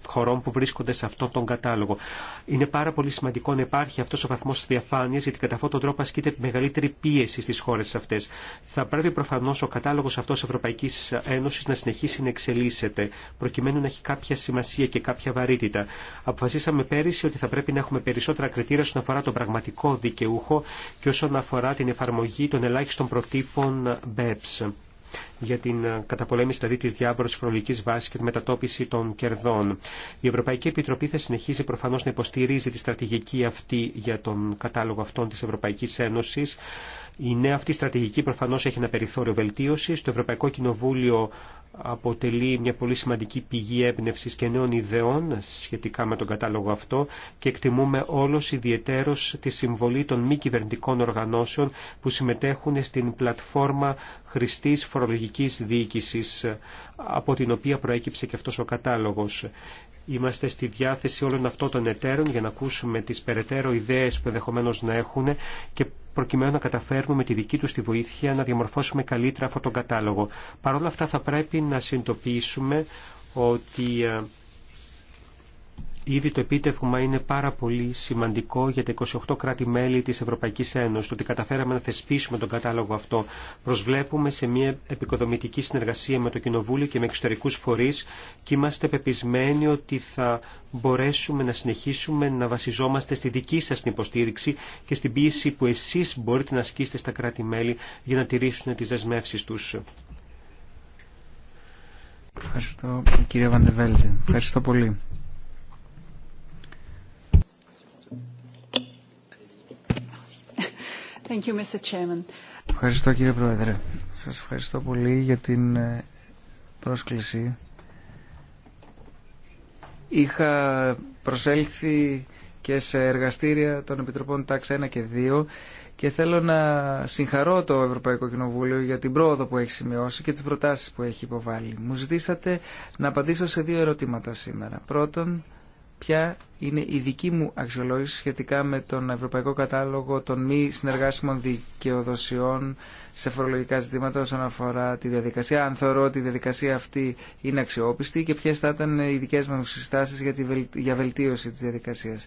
χωρών που βρίσκονται σε αυτόν τον κατάλογο. Είναι πάρα πολύ σημαντικό να υπάρχει αυτός ο βαθμός διαφάνειας γιατί κατά αυτόν τον τρόπο ασκείται μεγαλύτερη πίεση στις χώρες αυτές. Θα πρέπει προφανώς ο κατάλογος αυτός Ευρωπαϊκής Ένωσης να συνεχίσει να εξελίσσεται προκειμένου να έχει κάποια σημασία και κάποια βαρύτητα. Αποφασίσαμε πέρυσι ότι θα πρέπει να έχουμε περισσότερα κριτήρια όσον αφορά τον πραγματικό δικαιούχο και όσον αφορά την εφαρμογή των ελάχιστων προτύπων BEPS για την ε, καταπολέμηση δηλαδή τη διάφορη φορολογική βάση και τη μετατόπιση των κερδών. Η Ευρωπαϊκή Επιτροπή θα συνεχίσει προφανώ να υποστηρίζει τη στρατηγική αυτή για τον κατάλογο αυτών τη Ευρωπαϊκή Ένωση η νέα αυτή στρατηγική προφανώς έχει ένα περιθώριο βελτίωσης. Το Ευρωπαϊκό Κοινοβούλιο αποτελεί μια πολύ σημαντική πηγή έμπνευση και νέων ιδεών σχετικά με τον κατάλογο αυτό και εκτιμούμε όλος ιδιαιτέρως τη συμβολή των μη κυβερνητικών οργανώσεων που συμμετέχουν στην πλατφόρμα χρηστής φορολογικής διοίκησης από την οποία προέκυψε και αυτός ο κατάλογος. Είμαστε στη διάθεση όλων αυτών των εταίρων για να ακούσουμε τις περαιτέρω ιδέες που ενδεχομένω να έχουν και προκειμένου να καταφέρουμε με τη δική τους τη βοήθεια να διαμορφώσουμε καλύτερα αυτόν τον κατάλογο. Παρ' όλα αυτά θα πρέπει να συνειδητοποιήσουμε ότι ε, Ήδη το επίτευγμα είναι πάρα πολύ σημαντικό για τα 28 κράτη-μέλη της Ευρωπαϊκής Ένωσης, το ότι καταφέραμε να θεσπίσουμε τον κατάλογο αυτό. Προσβλέπουμε σε μια επικοδομητική συνεργασία με το Κοινοβούλιο και με εξωτερικούς φορείς και είμαστε πεπισμένοι ότι θα μπορέσουμε να συνεχίσουμε να βασιζόμαστε στη δική σας την υποστήριξη και στην πίεση που εσείς μπορείτε να ασκήσετε στα κράτη-μέλη για να τηρήσουν τις δεσμεύσεις τους.
Ευχαριστώ κύριε Βαντεβέλτε. Ευχαριστώ πολύ. Ευχαριστώ κύριε Πρόεδρε. Σας ευχαριστώ πολύ για την ε, πρόσκληση. Είχα προσέλθει και σε εργαστήρια των Επιτροπών Τάξη 1 και 2 και θέλω να συγχαρώ το Ευρωπαϊκό Κοινοβούλιο για την πρόοδο που έχει σημειώσει και τις προτάσεις που έχει υποβάλει. Μου ζητήσατε να απαντήσω σε δύο ερωτήματα σήμερα. Πρώτον, ποια είναι η δική μου αξιολόγηση σχετικά με τον Ευρωπαϊκό Κατάλογο των μη συνεργάσιμων δικαιοδοσιών σε φορολογικά ζητήματα όσον αφορά τη διαδικασία. Αν θεωρώ ότι η διαδικασία αυτή είναι αξιόπιστη και ποιε θα ήταν οι δικέ μου συστάσει για, για βελτίωση τη διαδικασία.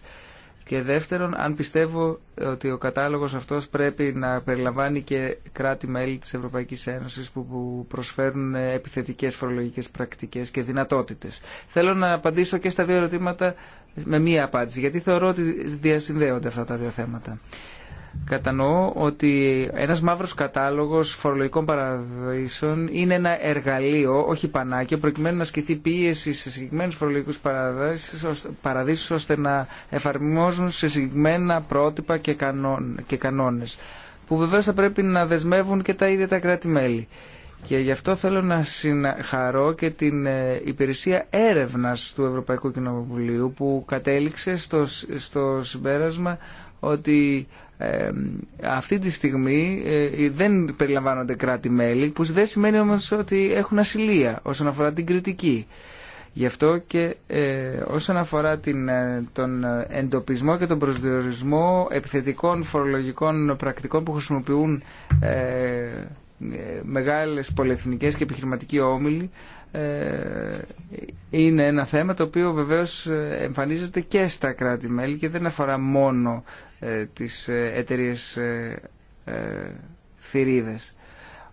Και δεύτερον, αν πιστεύω ότι ο κατάλογος αυτός πρέπει να περιλαμβάνει και κράτη-μέλη της Ευρωπαϊκής Ένωσης που προσφέρουν επιθετικές φορολογικές πρακτικές και δυνατότητες. Θέλω να απαντήσω και στα δύο ερωτήματα με μία απάντηση, γιατί θεωρώ ότι διασυνδέονται αυτά τα δύο θέματα. Κατανοώ ότι ένας μαύρος κατάλογος φορολογικών παραδείσων είναι ένα εργαλείο, όχι πανάκιο, προκειμένου να ασκηθεί πίεση σε συγκεκριμένους φορολογικούς παραδείσους ώστε να εφαρμόζουν σε συγκεκριμένα πρότυπα και κανόνες που βεβαίως θα πρέπει να δεσμεύουν και τα ίδια τα κράτη-μέλη. Και γι' αυτό θέλω να συγχαρώ και την ε, υπηρεσία έρευνας του Ευρωπαϊκού Κοινοβουλίου που κατέληξε στο, στο συμπέρασμα ότι αυτή τη στιγμή ε, δεν περιλαμβάνονται κράτη-μέλη που δεν σημαίνει όμως ότι έχουν ασυλία όσον αφορά την κριτική. Γι' αυτό και ε, όσον αφορά την, ε, τον ε, εντοπισμό και τον προσδιορισμό επιθετικών φορολογικών πρακτικών που χρησιμοποιούν μεγάλες πολυεθνικές και επιχειρηματικοί όμιλοι ε, είναι ένα θέμα το οποίο βεβαίως ε, εμφανίζεται και στα κράτη-μέλη και δεν αφορά μόνο ε, τις εταιρείες θηρίδες.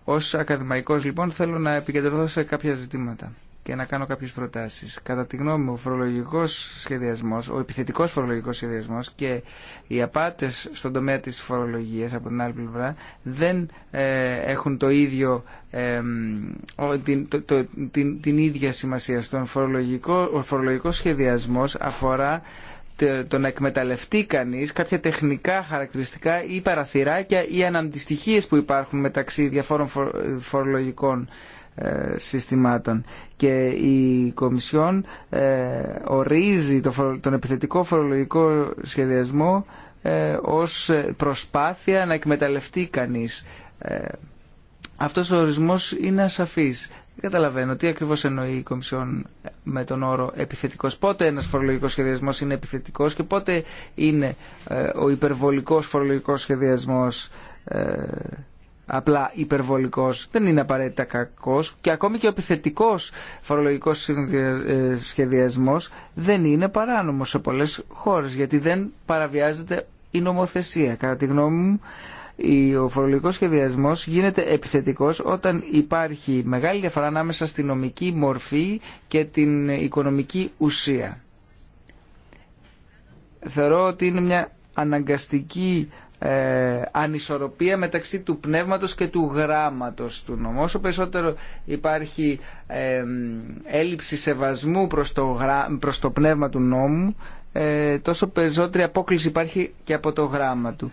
Ως ακαδημαϊκός λοιπόν θέλω να επικεντρωθώ σε κάποια ζητήματα και να κάνω κάποιες προτάσεις. Κατά τη γνώμη μου, ο φορολογικός σχεδιασμός, ο επιθετικός φορολογικός σχεδιασμός και οι απάτες στον τομέα της φορολογίας από την άλλη πλευρά δεν ε, έχουν το ίδιο, την, την, ίδια σημασία. Στον φορολογικό, ο φορολογικός σχεδιασμός αφορά το να εκμεταλλευτεί κανείς κάποια τεχνικά χαρακτηριστικά ή παραθυράκια ή αναντιστοιχίες που υπάρχουν μεταξύ διαφόρων φορολογικών ε, συστημάτων και η Κομισιόν ε, ορίζει τον επιθετικό φορολογικό σχεδιασμό ε, ως προσπάθεια να εκμεταλλευτεί κανείς. Αυτός ο ορισμός είναι ασαφής. Δεν καταλαβαίνω τι ακριβώς εννοεί η Κομισιόν με τον όρο επιθετικός. Πότε ένας φορολογικός σχεδιασμός είναι επιθετικός και πότε είναι ο υπερβολικός φορολογικός σχεδιασμός απλά υπερβολικός, δεν είναι απαραίτητα κακός και ακόμη και ο επιθετικός φορολογικός ε, σχεδιασμός δεν είναι παράνομος σε πολλές χώρες γιατί δεν παραβιάζεται η νομοθεσία. Κατά τη γνώμη μου ο φορολογικός σχεδιασμός γίνεται επιθετικός όταν υπάρχει μεγάλη διαφορά ανάμεσα στη νομική μορφή και την οικονομική ουσία. Θεωρώ ότι είναι μια αναγκαστική ε, ανισορροπία μεταξύ του πνεύματος και του γράμματος του νόμου. Όσο περισσότερο υπάρχει ε, έλλειψη σεβασμού προς το, πνεύμα του νόμου, ε, τόσο περισσότερη απόκληση υπάρχει και από το γράμμα του.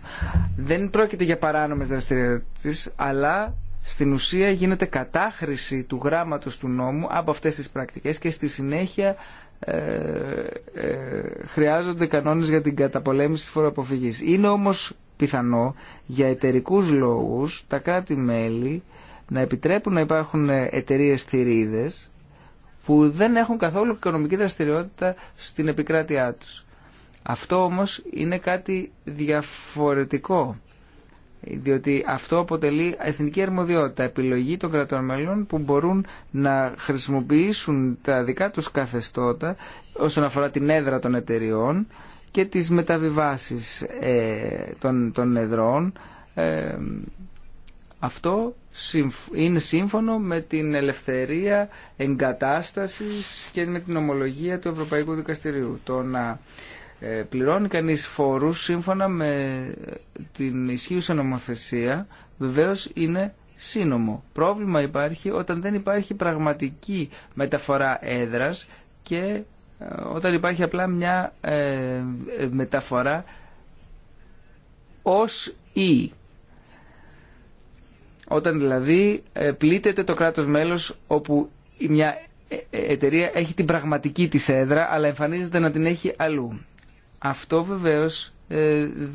Δεν πρόκειται για παράνομες δραστηριότητες, αλλά στην ουσία γίνεται κατάχρηση του γράμματος του νόμου από αυτές τις πρακτικές και στη συνέχεια ε, ε χρειάζονται κανόνες για την καταπολέμηση της φοροαποφυγής. Είναι όμως πιθανό για εταιρικούς λόγους τα κράτη-μέλη να επιτρέπουν να υπάρχουν εταιρείε θηρίδες που δεν έχουν καθόλου οικονομική δραστηριότητα στην επικράτειά τους. Αυτό όμως είναι κάτι διαφορετικό, διότι αυτό αποτελεί εθνική αρμοδιότητα, επιλογή των κρατών μελών που μπορούν να χρησιμοποιήσουν τα δικά τους καθεστώτα όσον αφορά την έδρα των εταιριών και τις μεταβιβάσεις ε, των, των εδρών. Ε, αυτό είναι σύμφωνο με την ελευθερία εγκατάστασης και με την ομολογία του Ευρωπαϊκού Δικαστηρίου. Το να ε, πληρώνει κανείς φορούς σύμφωνα με την ισχύουσα νομοθεσία βεβαίως είναι σύνομο. Πρόβλημα υπάρχει όταν δεν υπάρχει πραγματική μεταφορά έδρας και ε, όταν υπάρχει απλά μια ε, ε, μεταφορά ως «ή». Όταν δηλαδή πλήττεται το κράτος μέλος όπου μια εταιρεία έχει την πραγματική της έδρα αλλά εμφανίζεται να την έχει αλλού. Αυτό βεβαίως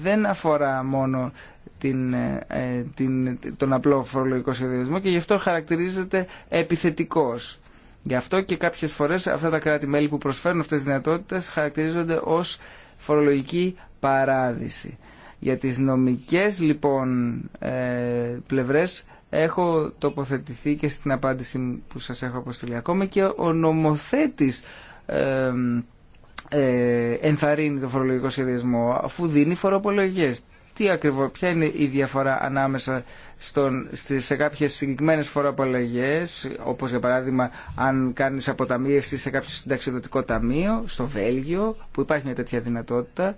δεν αφορά μόνο την, τον απλό φορολογικό σχεδιασμό και γι' αυτό χαρακτηρίζεται επιθετικός. Γι' αυτό και κάποιες φορές αυτά τα κράτη-μέλη που προσφέρουν αυτές τις δυνατότητες χαρακτηρίζονται ως φορολογική παράδειση. Για τις νομικές λοιπόν ε, πλευρές έχω τοποθετηθεί και στην απάντηση που σας έχω αποστείλει ακόμα και ο νομοθέτης ε, ε, ενθαρρύνει το φορολογικό σχεδιασμό αφού δίνει φοροπολογίες τι ακριβώς, ποια είναι η διαφορά ανάμεσα στον, σε κάποιες συγκεκριμένε φοροαπαλλαγές, όπως για παράδειγμα αν κάνεις αποταμίευση σε κάποιο συνταξιδοτικό ταμείο, στο Βέλγιο, που υπάρχει μια τέτοια δυνατότητα,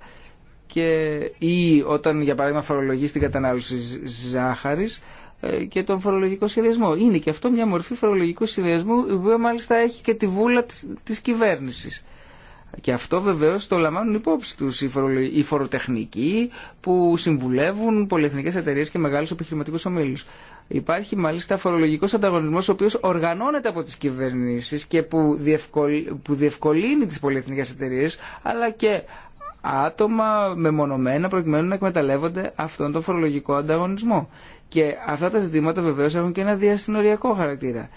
και, ή όταν για παράδειγμα φορολογείς την κατανάλωση ζάχαρης, ε, και τον φορολογικό σχεδιασμό. Είναι και αυτό μια μορφή φορολογικού σχεδιασμού, η οποία μάλιστα έχει και τη βούλα τη της κυβέρνησης. Και αυτό βεβαίω το λαμβάνουν υπόψη του οι φοροτεχνικοί που συμβουλεύουν πολυεθνικές εταιρείε και μεγάλου επιχειρηματικού ομίλους. Υπάρχει μάλιστα φορολογικό ανταγωνισμό ο οποίο οργανώνεται από τι κυβερνήσει και που, διευκολύνει τι πολυεθνικές εταιρείε, αλλά και άτομα μεμονωμένα προκειμένου να εκμεταλλεύονται αυτόν τον φορολογικό ανταγωνισμό. Και αυτά τα ζητήματα βεβαίω έχουν και ένα διασυνοριακό χαρακτήρα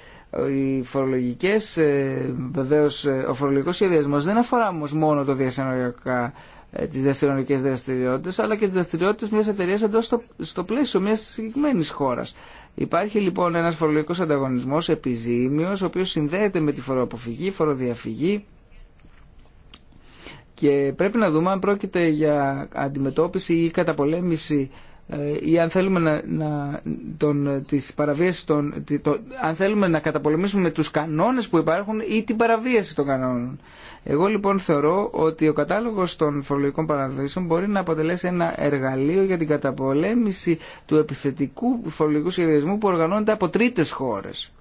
οι φορολογικέ, ε, βεβαίω, ε, ο φορολογικό σχεδιασμό δεν αφορά όμω μόνο το διασυνοριακά ε, τι δραστηριονομικές δραστηριότητε, αλλά και τι δραστηριότητε μια εταιρεία εντός στο, στο πλαίσιο μια συγκεκριμένη χώρα. Υπάρχει λοιπόν ένα φορολογικό ανταγωνισμό, επιζήμιο, ο οποίο συνδέεται με τη φοροαποφυγή, φοροδιαφυγή και πρέπει να δούμε αν πρόκειται για αντιμετώπιση ή καταπολέμηση ε, ή αν θέλουμε να, να τον, ε, τις παραβίασεις των, το, αν θέλουμε να καταπολεμήσουμε τους κανόνες που υπάρχουν ή την παραβίαση των κανόνων. Εγώ λοιπόν θεωρώ ότι ο κατάλογος των φορολογικών παραδείσεων μπορεί να αποτελέσει ένα εργαλείο για την καταπολέμηση του επιθετικού φορολογικού σχεδιασμού που οργανώνεται από τρίτες χώρες.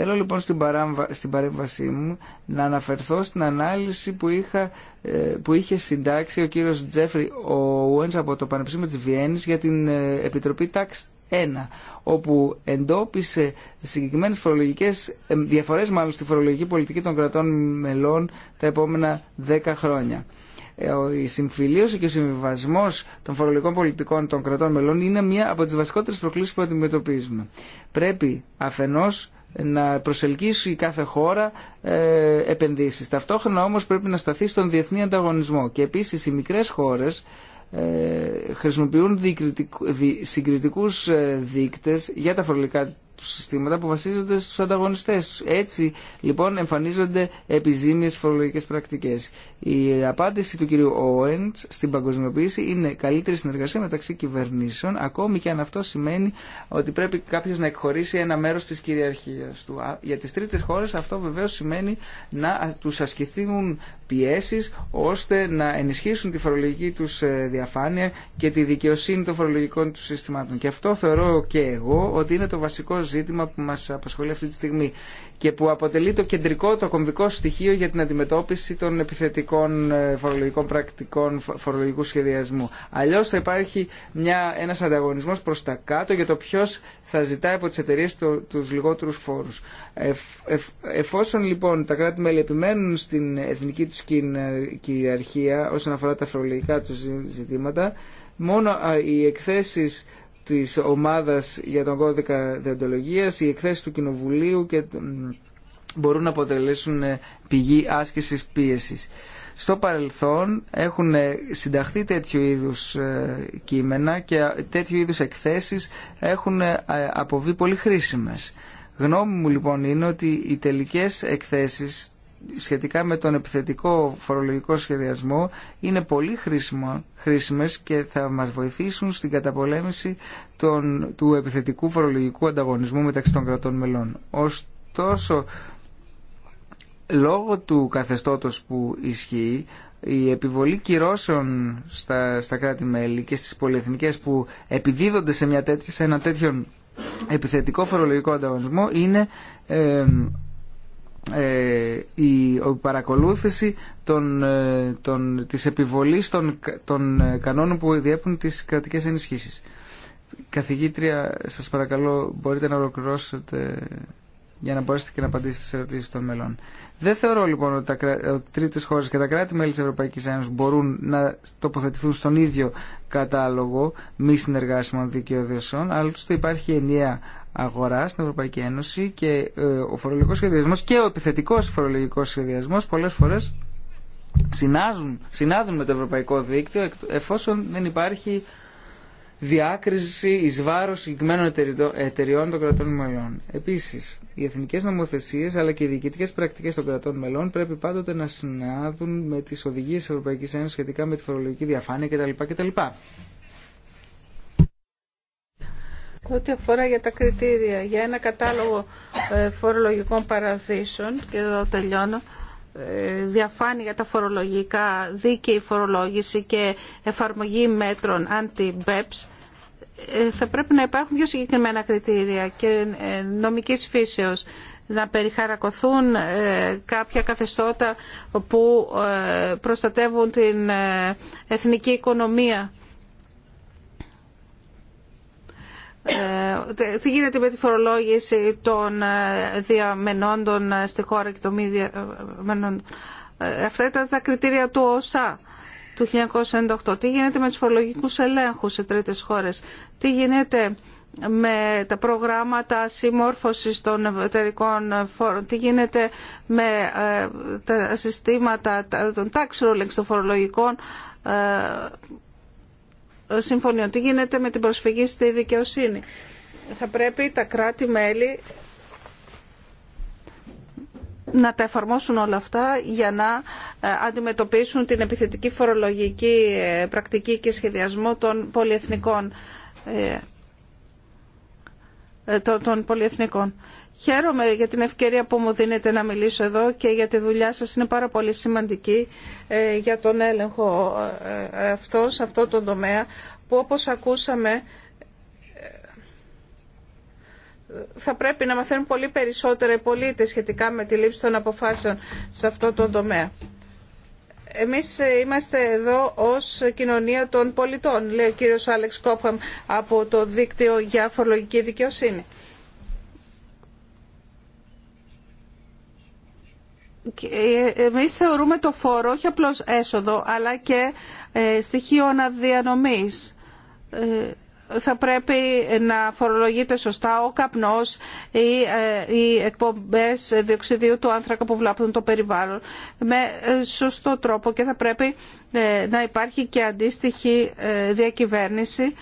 Θέλω λοιπόν στην, παράμβα, στην παρέμβασή μου να αναφερθώ στην ανάλυση που, είχα, ε, που είχε συντάξει ο κύριος Τζέφρι Owens από το Πανεπιστήμιο της Βιέννης για την ε, Επιτροπή Tax 1, όπου εντόπισε συγκεκριμένες φορολογικές ε, διαφορές μάλλον στη φορολογική πολιτική των κρατών μελών τα επόμενα 10 χρόνια η συμφιλίωση και ο συμβιβασμό των φορολογικών πολιτικών των κρατών μελών είναι μία από τι βασικότερε προκλήσει που αντιμετωπίζουμε. Πρέπει αφενό να προσελκύσει κάθε χώρα ε, επενδύσεις. Ταυτόχρονα όμως πρέπει να σταθεί στον διεθνή ανταγωνισμό και επίσης οι μικρές χώρες ε, χρησιμοποιούν συγκριτικούς ε, δείκτες για τα φορολογικά τους συστήματα που βασίζονται στους ανταγωνιστές τους. Έτσι λοιπόν εμφανίζονται επιζήμιες φορολογικές πρακτικές. Η απάντηση του κυρίου Οέντς στην παγκοσμιοποίηση είναι καλύτερη συνεργασία μεταξύ κυβερνήσεων ακόμη και αν αυτό σημαίνει ότι πρέπει κάποιο να εκχωρήσει ένα μέρος της κυριαρχίας του. Για τις τρίτες χώρες αυτό βεβαίως σημαίνει να τους ασκηθούν πιέσεις ώστε να ενισχύσουν τη φορολογική τους ε, διαφάνεια και τη δικαιοσύνη των φορολογικών τους συστημάτων. Και αυτό θεωρώ και εγώ ότι είναι το βασικό ζήτημα που μας απασχολεί αυτή τη στιγμή και που αποτελεί το κεντρικό, το κομβικό στοιχείο για την αντιμετώπιση των επιθετικών ε, φορολογικών πρακτικών φορολογικού σχεδιασμού. Αλλιώς θα υπάρχει μια, ένας ανταγωνισμός προς τα κάτω για το ποιο θα ζητάει από τις εταιρείες το, τους λιγότερους φόρους. εφόσον λοιπόν τα κράτη-μέλη επιμένουν στην εθνική τους κυριαρχία όσον αφορά τα φορολογικά τους ζητήματα, μόνο οι εκθέσεις της ομάδας για τον κώδικα διοντολογίας, οι εκθέσεις του Κοινοβουλίου και μπορούν να αποτελέσουν ε, πηγή άσκησης πίεσης. Στο παρελθόν έχουν ε, συνταχθεί τέτοιου είδους ε, κείμενα και τέτοιου είδους εκθέσεις έχουν αποβεί πολύ χρήσιμες. Γνώμη μου λοιπόν είναι ότι οι τελικές εκθέσεις σχετικά με τον επιθετικό φορολογικό σχεδιασμό είναι πολύ χρήσιμο, χρήσιμες και θα μας βοηθήσουν στην καταπολέμηση των, του επιθετικού φορολογικού ανταγωνισμού μεταξύ των κρατών μελών. Ωστόσο, λόγω του καθεστώτος που ισχύει, η επιβολή κυρώσεων στα, στα κράτη-μέλη και στις πολυεθνικές που επιδίδονται σε, μια τέτοια, ένα τέτοιο επιθετικό φορολογικό ανταγωνισμό είναι ε, η παρακολούθηση των, ε, των, της επιβολής των, των ε, κανόνων που διέπουν τις κρατικές ενισχύσεις. Καθηγήτρια, σας παρακαλώ, μπορείτε να ολοκληρώσετε για να μπορέσετε και να απαντήσετε στις ερωτήσεις των μελών. Δεν θεωρώ λοιπόν ότι, τα, ότι τρίτες χώρες και τα κράτη-μέλη της Ευρωπαϊκής Ένωσης μπορούν να τοποθετηθούν στον ίδιο κατάλογο μη συνεργάσιμων δικαιοδοσιών, αλλά του υπάρχει ενιαία αγορά στην Ευρωπαϊκή Ένωση και ε, ο φορολογικό σχεδιασμό και ο επιθετικό φορολογικό σχεδιασμό πολλέ φορέ συνάδουν με το ευρωπαϊκό δίκτυο εφόσον δεν υπάρχει διάκριση ει βάρο συγκεκριμένων εταιριών των κρατών μελών. Επίση, οι εθνικέ νομοθεσίε, αλλά και οι διοικητικέ πρακτικέ των κρατών μελών πρέπει πάντοτε να συνάδουν με τι οδηγίε της Ευρωπαϊκής Ένωσης σχετικά με τη φορολογική διαφάνεια κτλ.
Ό,τι αφορά για τα κριτήρια, για ένα κατάλογο ε, φορολογικών παραδείσων, και εδώ τελειώνω, ε, διαφάνει για τα φορολογικά, δίκαιη φορολόγηση και εφαρμογή μέτρων anti-BEPS, ε, θα πρέπει να υπάρχουν πιο συγκεκριμένα κριτήρια και νομικής φύσεως να περιχαρακωθούν κάποια καθεστώτα που προστατεύουν την εθνική οικονομία Ε, ε, τι γίνεται με τη φορολόγηση των ε, διαμενόντων των στη χώρα και των μη Αυτά ήταν τα κριτήρια του ΟΣΑ του 1998. Τι γίνεται με τους φορολογικούς ελέγχους σε τρίτες χώρες. Τι γίνεται με τα προγράμματα συμμόρφωσης των εταιρικών φόρων. Τι γίνεται με τα συστήματα των tax rulings των φορολογικών συμφωνιών. Τι γίνεται με την προσφυγή στη δικαιοσύνη. Θα πρέπει τα κράτη-μέλη να τα εφαρμόσουν όλα αυτά για να ε, αντιμετωπίσουν την επιθετική φορολογική ε, πρακτική και σχεδιασμό των πολυεθνικών. Ε, των πολυεθνικών. Χαίρομαι για την ευκαιρία που μου δίνετε να μιλήσω εδώ και για τη δουλειά σας είναι πάρα πολύ σημαντική ε, για τον έλεγχο ε, αυτό σε αυτό τον τομέα που όπως ακούσαμε ε, θα πρέπει να μαθαίνουν πολύ περισσότερα οι πολίτες σχετικά με τη λήψη των αποφάσεων σε αυτό τον τομέα. Εμείς είμαστε εδώ ως κοινωνία των πολιτών, λέει ο κύριος Άλεξ Κόφαμ από το δίκτυο για φορολογική δικαιοσύνη. Ε, εμείς θεωρούμε το φόρο όχι απλώς έσοδο αλλά και ε, στοιχείο αναδιανομής. Ε, θα πρέπει να φορολογείται σωστά ο καπνός ή οι εκπομπές διοξιδίου του άνθρακα που βλάπτουν το περιβάλλον με σωστό τρόπο και θα πρέπει να υπάρχει και αντίστοιχη διακυβέρνηση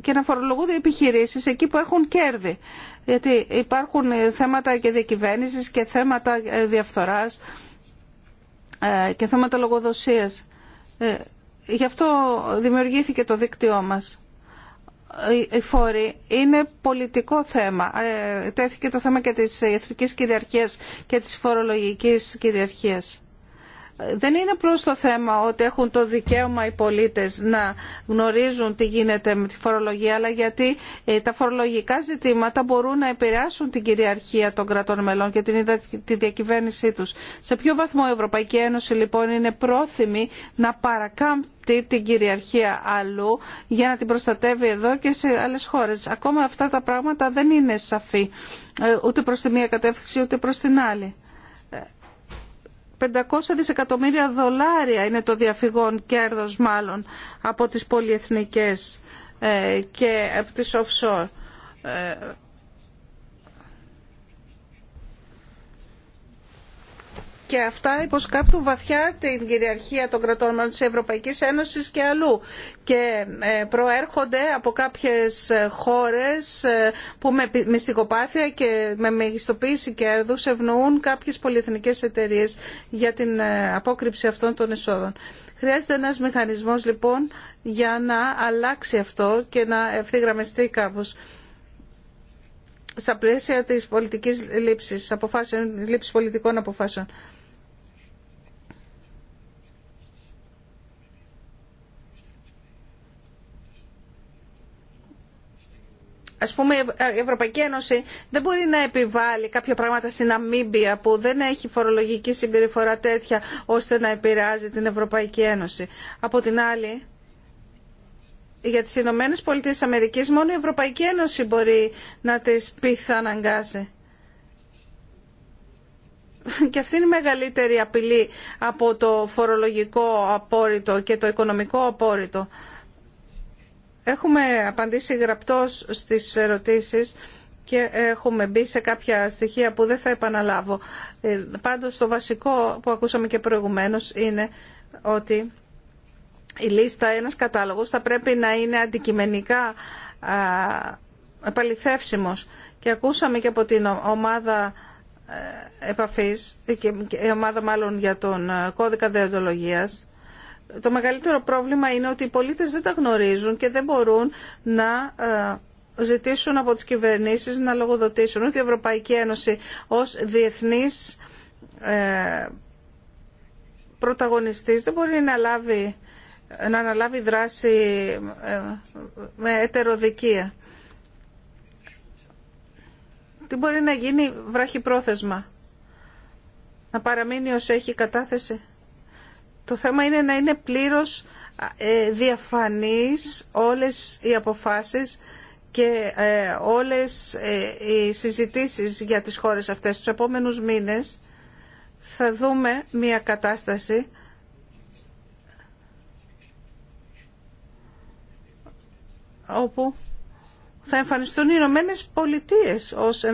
και να φορολογούνται οι επιχειρήσεις εκεί που έχουν κέρδη. Γιατί υπάρχουν θέματα και διακυβέρνηση και θέματα ε, διαφθοράς ε, και θέματα λογοδοσίας. Ε, γι' αυτό δημιουργήθηκε το δίκτυό μας. Η φόροι είναι πολιτικό θέμα. Τέθηκε το θέμα και της εθνικής κυριαρχία και της φορολογική κυριαρχία δεν είναι απλώς το θέμα ότι έχουν το δικαίωμα οι πολίτες να γνωρίζουν τι γίνεται με τη φορολογία, αλλά γιατί ε, τα φορολογικά ζητήματα μπορούν να επηρεάσουν την κυριαρχία των κρατών μελών και τη διακυβέρνησή τους. Σε ποιο βαθμό η Ευρωπαϊκή Ένωση λοιπόν είναι πρόθυμη να παρακάμπτει την κυριαρχία αλλού για να την προστατεύει εδώ και σε άλλες χώρες. Ακόμα αυτά τα πράγματα δεν είναι σαφή ε, ούτε προς τη μία κατεύθυνση ούτε προς την άλλη. 500 δισεκατομμύρια δολάρια είναι το διαφυγόν κέρδος μάλλον από τις πολυεθνικές ε, και από τις offshore. Ε, και αυτά υποσκάπτουν βαθιά την κυριαρχία των κρατών τη της Ευρωπαϊκής Ένωσης και αλλού και ε, προέρχονται από κάποιες χώρες ε, που με μυστικοπάθεια και με μεγιστοποίηση κέρδους ευνοούν κάποιες πολυεθνικές εταιρείες για την ε, απόκρυψη αυτών των εσόδων. Χρειάζεται ένας μηχανισμός λοιπόν για να αλλάξει αυτό και να ευθύγραμμεστεί κάπως στα πλαίσια της πολιτικής λήψης, αποφάσεων, λήψης πολιτικών αποφάσεων. Ας πούμε ε, η Ευρωπαϊκή Ένωση δεν μπορεί να επιβάλλει κάποια πράγματα στην Αμίμπια που δεν έχει φορολογική συμπεριφορά τέτοια ώστε να επηρεάζει την Ευρωπαϊκή Ένωση. Από την άλλη, για τις Ηνωμένε Πολιτείες Αμερικής μόνο η Ευρωπαϊκή Ένωση μπορεί να τις πειθαναγκάσει. Και αυτή είναι η μεγαλύτερη απειλή από το φορολογικό απόρριτο και το οικονομικό απόρριτο. Έχουμε απαντήσει γραπτός στις ερωτήσεις και έχουμε μπει σε κάποια στοιχεία που δεν θα επαναλάβω. Ε, πάντως το βασικό που ακούσαμε και προηγουμένως είναι ότι η λίστα, ένας κατάλογος θα πρέπει να είναι αντικειμενικά επαληθεύσιμος. Και ακούσαμε και από την ομάδα ε, επαφής, η ε, ομάδα μάλλον για τον κώδικα δεοντολογίας, το μεγαλύτερο πρόβλημα είναι ότι οι πολίτες δεν τα γνωρίζουν και δεν μπορούν να ε, ζητήσουν από τις κυβερνήσεις να λογοδοτήσουν ότι η Ευρωπαϊκή Ένωση ως διεθνής ε, πρωταγωνιστής δεν μπορεί να, να αναλάβει δράση ε, με ετεροδικία. Τι μπορεί να γίνει βραχυπρόθεσμα, να παραμείνει ως έχει κατάθεση. Το θέμα είναι να είναι πλήρως ε, διαφανείς όλες οι αποφάσεις και ε, όλες ε, οι συζητήσεις για τις χώρες αυτές. Τους επόμενους μήνες θα δούμε μια κατάσταση όπου θα εμφανιστούν οι Ηνωμένε Πολιτείε ως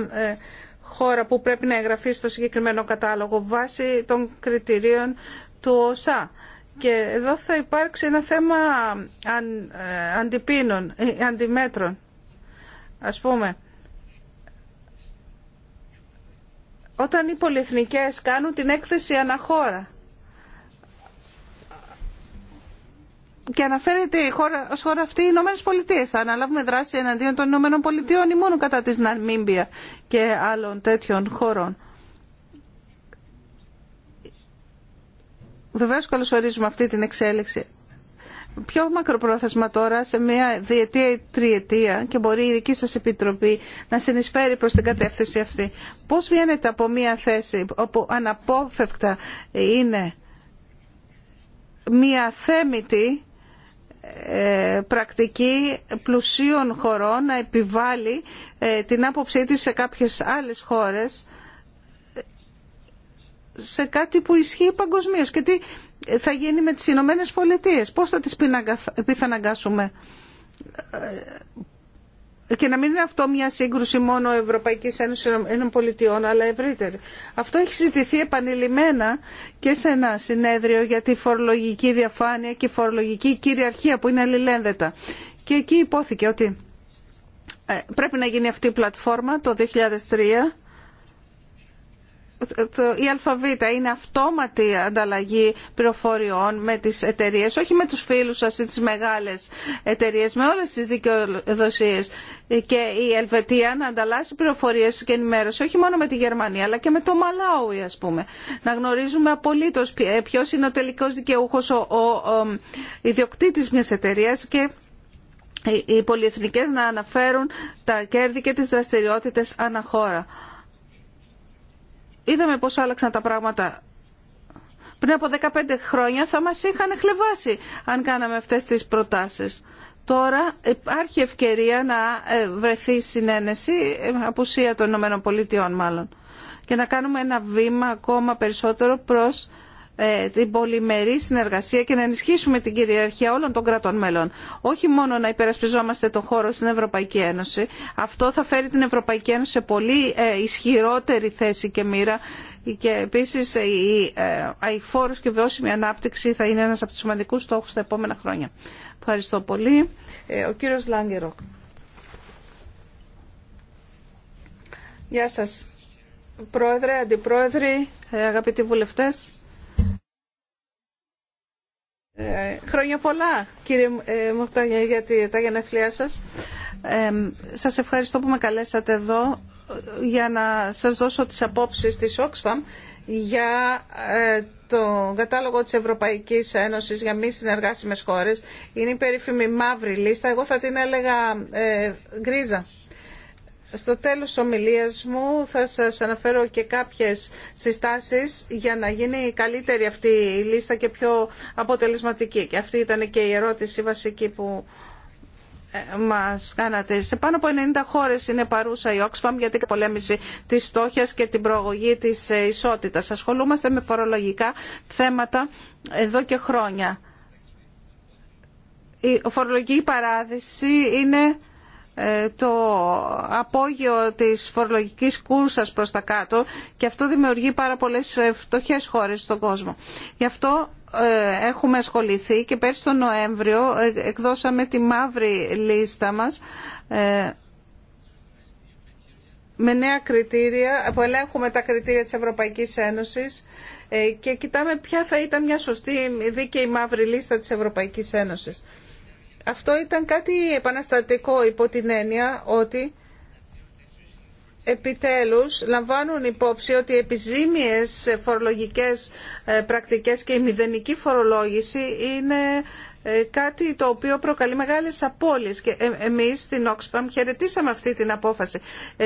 χώρα που πρέπει να εγγραφεί στο συγκεκριμένο κατάλογο βάσει των κριτηρίων του Και εδώ θα υπάρξει ένα θέμα αν, ε, αντιπίνων, ε, αντιμέτρων. Ας πούμε, όταν οι πολυεθνικές κάνουν την έκθεση αναχώρα και αναφέρεται η χώρα, ως χώρα αυτή οι Ηνωμένες Πολιτείες. Θα αναλάβουμε δράση εναντίον των Ηνωμένων Πολιτείων ή μόνο κατά της Ναμίμπια και άλλων τέτοιων χωρών. Βεβαίω καλωσορίζουμε αυτή την εξέλιξη. Πιο μακροπρόθεσμα τώρα σε μια διετία ή τριετία και μπορεί η δική σας επιτροπή να συνεισφέρει προς την κατεύθυνση αυτή. Πώς βγαίνετε από μια θέση όπου αναπόφευκτα είναι μια θέμητη ε, πρακτική πλουσίων χωρών να επιβάλλει ε, την άποψή της σε κάποιες άλλες χώρες σε κάτι που ισχύει παγκοσμίω και τι θα γίνει με τι Ηνωμένε Πολιτείε. Πώς θα τις πιθαναγκάσουμε ε, και να μην είναι αυτό μια σύγκρουση μόνο Ευρωπαϊκής Ένωσης Ενωμένων Πολιτειών αλλά ευρύτερη. Αυτό έχει συζητηθεί επανειλημμένα και σε ένα συνέδριο για τη φορολογική διαφάνεια και φορολογική κυριαρχία που είναι αλληλένδετα. Και εκεί υπόθηκε ότι ε, πρέπει να γίνει αυτή η πλατφόρμα το 2003 η αλφαβήτα είναι αυτόματη ανταλλαγή πληροφοριών με τις εταιρείες, όχι με τους φίλους σας ή τις μεγάλες εταιρείες, με όλες τις δικαιοδοσίες. Και η Ελβετία να ανταλλάσσει πληροφορίες και ενημέρωση, όχι μόνο με τη Γερμανία, αλλά και με το Μαλάουι, ας πούμε. Να γνωρίζουμε απολύτως ε, ποιος είναι ο τελικός δικαιούχος, ο, ο, ο ιδιοκτήτης μιας εταιρείας και οι πολυεθνικές να αναφέρουν τα κέρδη και τις δραστηριότητες αναχώρα είδαμε πώς άλλαξαν τα πράγματα. Πριν από 15 χρόνια θα μας είχαν χλεβάσει αν κάναμε αυτές τις προτάσεις. Τώρα υπάρχει ευκαιρία να ε, βρεθεί συνένεση, ε, απουσία των Ηνωμένων Πολιτειών μάλλον, και να κάνουμε ένα βήμα ακόμα περισσότερο προς ε, την πολυμερή συνεργασία και να ενισχύσουμε την κυριαρχία όλων των κρατών μέλων. Όχι μόνο να υπερασπιζόμαστε τον χώρο στην Ευρωπαϊκή Ένωση. Αυτό θα φέρει την Ευρωπαϊκή Ένωση σε πολύ ε, ισχυρότερη θέση και μοίρα και επίσης η ε, αηφόρος και βιώσιμη ανάπτυξη θα είναι ένας από τους σημαντικούς στόχους τα επόμενα χρόνια. Ευχαριστώ πολύ. Ο κύριος Λάγκεροκ. Γεια σας. Πρόεδρε, αντιπρόεδροι, αγαπητοί βουλευτές. Ε, χρόνια πολλά, κύριε ε, Μουχτάνια, για τα γενέθλιά σας. Ε, σας ευχαριστώ που με καλέσατε εδώ ε, για να σας δώσω τις απόψεις της Oxfam για το κατάλογο της Ευρωπαϊκής Ένωσης για μη συνεργάσιμες χώρες. Είναι η περίφημη μαύρη λίστα. Εγώ θα την έλεγα γκρίζα. Στο τέλος ομιλίας μου θα σας αναφέρω και κάποιες συστάσεις για να γίνει καλύτερη αυτή η λίστα και πιο αποτελεσματική. Και αυτή ήταν και η ερώτηση βασική που ε, μας κάνατε. Σε πάνω από 90 χώρες είναι παρούσα η Oxfam για την πολέμηση της φτώχειας και την προογωγή της ε, ισότητας. Ασχολούμαστε με φορολογικά θέματα εδώ και χρόνια. Η φορολογική παράδειση είναι ε, το απόγειο της φορολογικής κούρσας προς τα κάτω και αυτό δημιουργεί πάρα πολλές ε, φτωχές χώρες στον κόσμο. Γι' αυτό ε, έχουμε ασχοληθεί και πέρσι τον Νοέμβριο εκδώσαμε τη μαύρη λίστα μας με νέα κριτήρια που ελέγχουμε τα κριτήρια της Ευρωπαϊκής Ένωσης και κοιτάμε ποια θα ήταν μια σωστή δίκαιη μαύρη λίστα της Ευρωπαϊκής Ένωσης. Αυτό ήταν κάτι επαναστατικό υπό την έννοια ότι επιτέλους λαμβάνουν υπόψη ότι επιζήμιες φορολογικές ε, πρακτικές και η μηδενική φορολόγηση είναι ε, κάτι το οποίο προκαλεί μεγάλες απώλειες και ε, εμείς στην Oxfam χαιρετήσαμε αυτή την απόφαση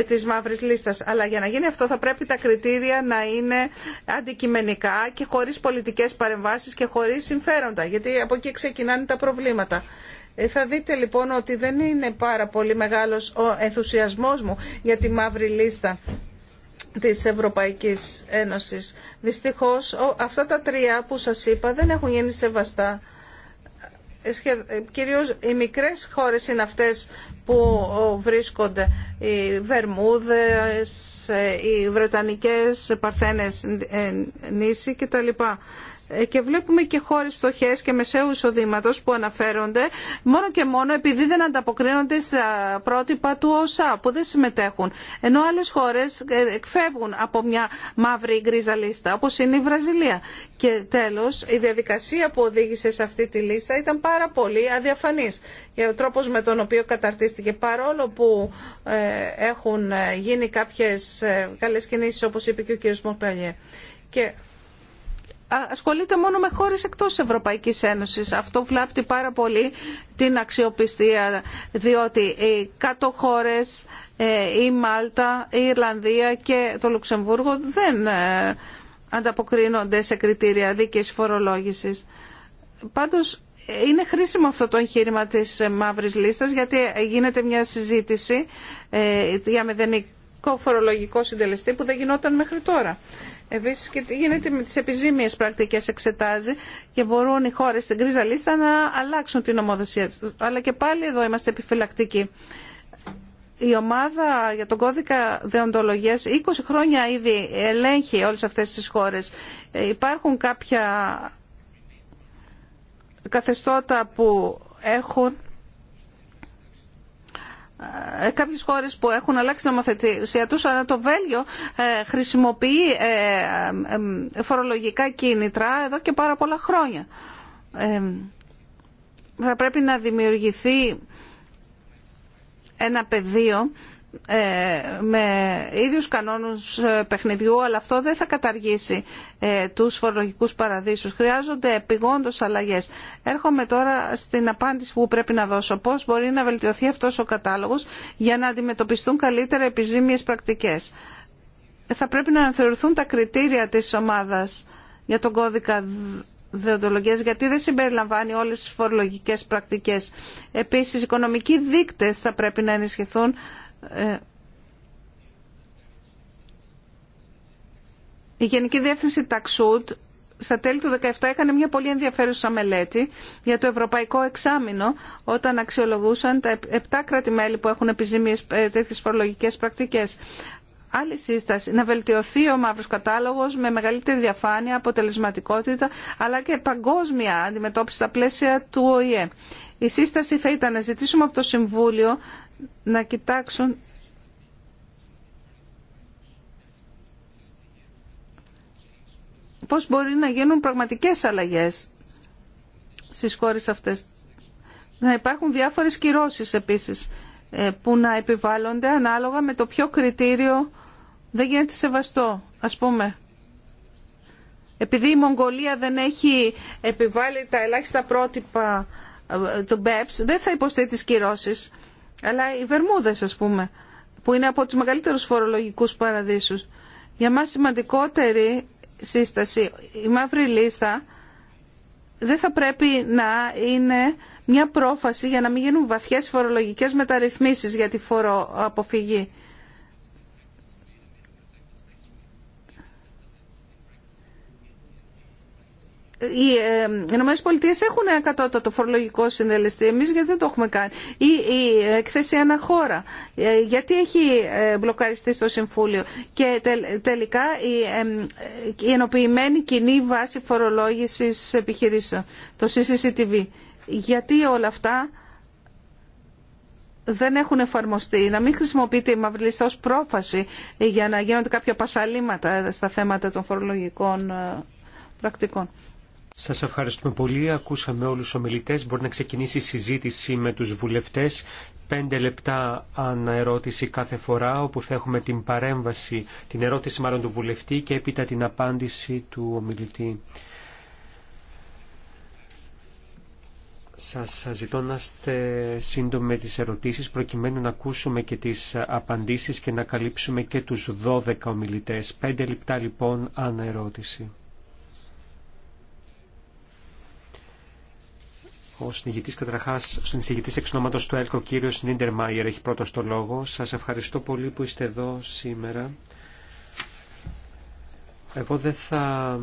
της μαύρης λίστας αλλά για να γίνει αυτό θα πρέπει τα κριτήρια να είναι αντικειμενικά και χωρίς πολιτικές παρεμβάσεις και χωρίς συμφέροντα γιατί από εκεί ξεκινάνε τα προβλήματα ε, θα δείτε λοιπόν ότι δεν είναι πάρα πολύ μεγάλος ο ενθουσιασμός μου για τη μαύρη λίστα της Ευρωπαϊκής Ένωσης. Δυστυχώς αυτά τα τρία που σας είπα δεν έχουν γίνει σεβαστά. Ε, ε, κυρίως οι μικρές χώρες είναι αυτές που βρίσκονται οι Βερμούδες, οι Βρετανικές Παρθένες νήσι κτλ και βλέπουμε και χώρε φτωχέ και μεσαίου εισοδήματο που αναφέρονται μόνο και μόνο επειδή δεν ανταποκρίνονται στα πρότυπα του ΩΣΑ που δεν συμμετέχουν. Ενώ άλλες χώρες ε, εκφεύγουν από μια μαύρη ή γκρίζα λίστα όπως είναι Βραζιλία. Και τέλος η διαδικασία που οδήγησε σε αυτή τη λίστα ήταν πάρα πολύ αδιαφανής. Και ο τρόπο με τον οποίο καταρτίστηκε παρόλο που ε, έχουν ε, γίνει κάποιες καλέ κινήσει, όπω είπε και ο κ. Μορταλιέ. Και ασχολείται μόνο με χώρες εκτός Ευρωπαϊκής Ένωσης. Αυτό βλάπτει πάρα πολύ την αξιοπιστία, διότι οι κάτω χώρες, ε, η Μάλτα, η Ιρλανδία και το Λουξεμβούργο δεν ε, ανταποκρίνονται σε κριτήρια δίκαιης φορολόγησης. Πάντως είναι χρήσιμο αυτό το εγχείρημα της μαύρης λίστας γιατί γίνεται μια συζήτηση ε, για μεδενικό φορολογικό συντελεστή που δεν γινόταν μέχρι τώρα. Επίση, και τι γίνεται με τις επιζήμιες πρακτικές εξετάζει και μπορούν οι χώρε στην κρίζα λίστα να αλλάξουν την ομοδοσία του. Αλλά και πάλι εδώ είμαστε επιφυλακτικοί. Η ομάδα για τον κώδικα δεοντολογίας 20 χρόνια ήδη ελέγχει όλες αυτές τις χώρες. Ε, υπάρχουν κάποια καθεστώτα που έχουν ε, κάποιες χώρες που έχουν αλλάξει νομοθεσία τους, αλλά το Βέλγιο ε, χρησιμοποιεί ε, φορολογικά κίνητρα εδώ και πάρα πολλά χρόνια. Θα πρέπει να δημιουργηθεί ένα πεδίο ε, με ίδιους κανόνους ε, παιχνιδιού, αλλά αυτό δεν θα καταργήσει ε, τους φορολογικούς παραδείσους. Χρειάζονται επιγόντως αλλαγές. Έρχομαι τώρα στην απάντηση που πρέπει να δώσω. Πώς μπορεί να βελτιωθεί αυτός ο κατάλογος για να αντιμετωπιστούν καλύτερα επιζήμιες πρακτικές. Θα πρέπει να αναθεωρηθούν τα κριτήρια της ομάδας για τον κώδικα δεοντολογίας γιατί δεν συμπεριλαμβάνει όλες τις φορολογικές πρακτικές. Επίσης, οικονομικοί δείκτες θα πρέπει να ενισχυθούν ε, η Γενική Διεύθυνση Ταξούτ στα τέλη του 2017 έκανε μια πολύ ενδιαφέρουσα μελέτη για το ευρωπαϊκό εξάμεινο όταν αξιολογούσαν τα 7 κράτη-μέλη που έχουν επιζήμιες ε, τέτοιες φορολογικές πρακτικές. Άλλη σύσταση, να βελτιωθεί ο μαύρος κατάλογος με μεγαλύτερη διαφάνεια, αποτελεσματικότητα, αλλά και παγκόσμια αντιμετώπιση στα πλαίσια του ΟΗΕ. Η σύσταση θα ήταν να ζητήσουμε από το Συμβούλιο να κοιτάξουν πώς μπορεί να γίνουν πραγματικές αλλαγές στις χώρες αυτές. Να υπάρχουν διάφορες κυρώσεις επίσης ε, που να επιβάλλονται ανάλογα με το ποιο κριτήριο δεν γίνεται σεβαστό, ας πούμε. Επειδή η Μογγολία δεν έχει επιβάλει τα ελάχιστα πρότυπα ε, του BEPS, δεν θα υποστεί τις κυρώσεις. Αλλά οι Βερμούδε, α πούμε, που είναι από τους μεγαλύτερους φορολογικούς παραδείσους. Για μά σημαντικότερη σύσταση, η μαύρη λίστα δεν θα πρέπει να είναι μια πρόφαση για να μην γίνουν βαθιές φορολογικές μεταρρυθμίσεις για τη φοροαποφυγή. οι ε, Ηνωμένε Πολιτείε έχουν ένα το φορολογικό συντελεστή, εμεί γιατί δεν το έχουμε κάνει. Ή η έκθεση αναχώρα, ε, γιατί έχει ε, μπλοκαριστεί στο Συμφούλιο. Και τελικά η ενοποιημένη κοινή βάση φορολόγηση επιχειρήσεων, το CCCTV. Γιατί όλα αυτά δεν έχουν εφαρμοστεί, να μην χρησιμοποιείται η μαύρη λίστα ως πρόφαση για να γίνονται κάποια πασαλήματα στα θέματα των φορολογικών πρακτικών.
Σας ευχαριστούμε πολύ. Ακούσαμε όλους τους ομιλητές. Μπορεί να ξεκινήσει η συζήτηση με τους βουλευτές. Πέντε λεπτά αναερώτηση κάθε φορά, όπου θα έχουμε την παρέμβαση, την ερώτηση μάλλον του βουλευτή και έπειτα την απάντηση του ομιλητή. Σας ζητώ να είστε σύντομοι με τις ερωτήσεις προκειμένου να ακούσουμε και τις απαντήσεις και να καλύψουμε και τους δώδεκα ομιλητές. Πέντε λεπτά λοιπόν αναερώτηση. Ο συνηγητή εξ του ΕΛΚΟ, κύριο Νίντερ Μάιερ, έχει πρώτο το λόγο. Σα ευχαριστώ πολύ που είστε εδώ σήμερα. Εγώ δεν θα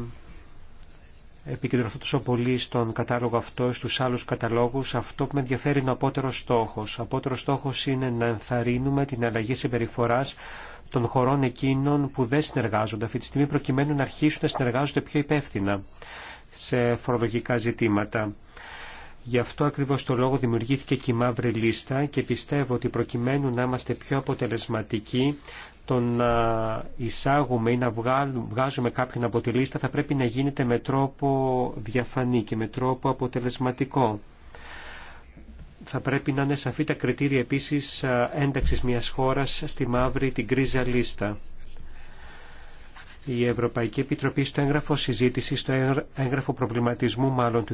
επικεντρωθώ τόσο πολύ στον κατάλογο αυτό, στου άλλου καταλόγου. Αυτό που με ενδιαφέρει είναι ο απότερο στόχο. Ο απότερο στόχος είναι να ενθαρρύνουμε την αλλαγή συμπεριφορά των χωρών εκείνων που δεν συνεργάζονται αυτή τη στιγμή προκειμένου να αρχίσουν να συνεργάζονται πιο υπεύθυνα σε φορολογικά ζητήματα. Γι' αυτό ακριβώς το λόγο δημιουργήθηκε και η μαύρη λίστα και πιστεύω ότι προκειμένου να είμαστε πιο αποτελεσματικοί το να εισάγουμε ή να βγάζουμε κάποιον από τη λίστα θα πρέπει να γίνεται με τρόπο διαφανή και με τρόπο αποτελεσματικό. Θα πρέπει να είναι σαφή τα κριτήρια επίσης ε, ένταξης μιας χώρας στη μαύρη την κρίζα λίστα. Η Ευρωπαϊκή Επιτροπή στο έγγραφο συζήτηση, στο έγγραφο προβληματισμού μάλλον του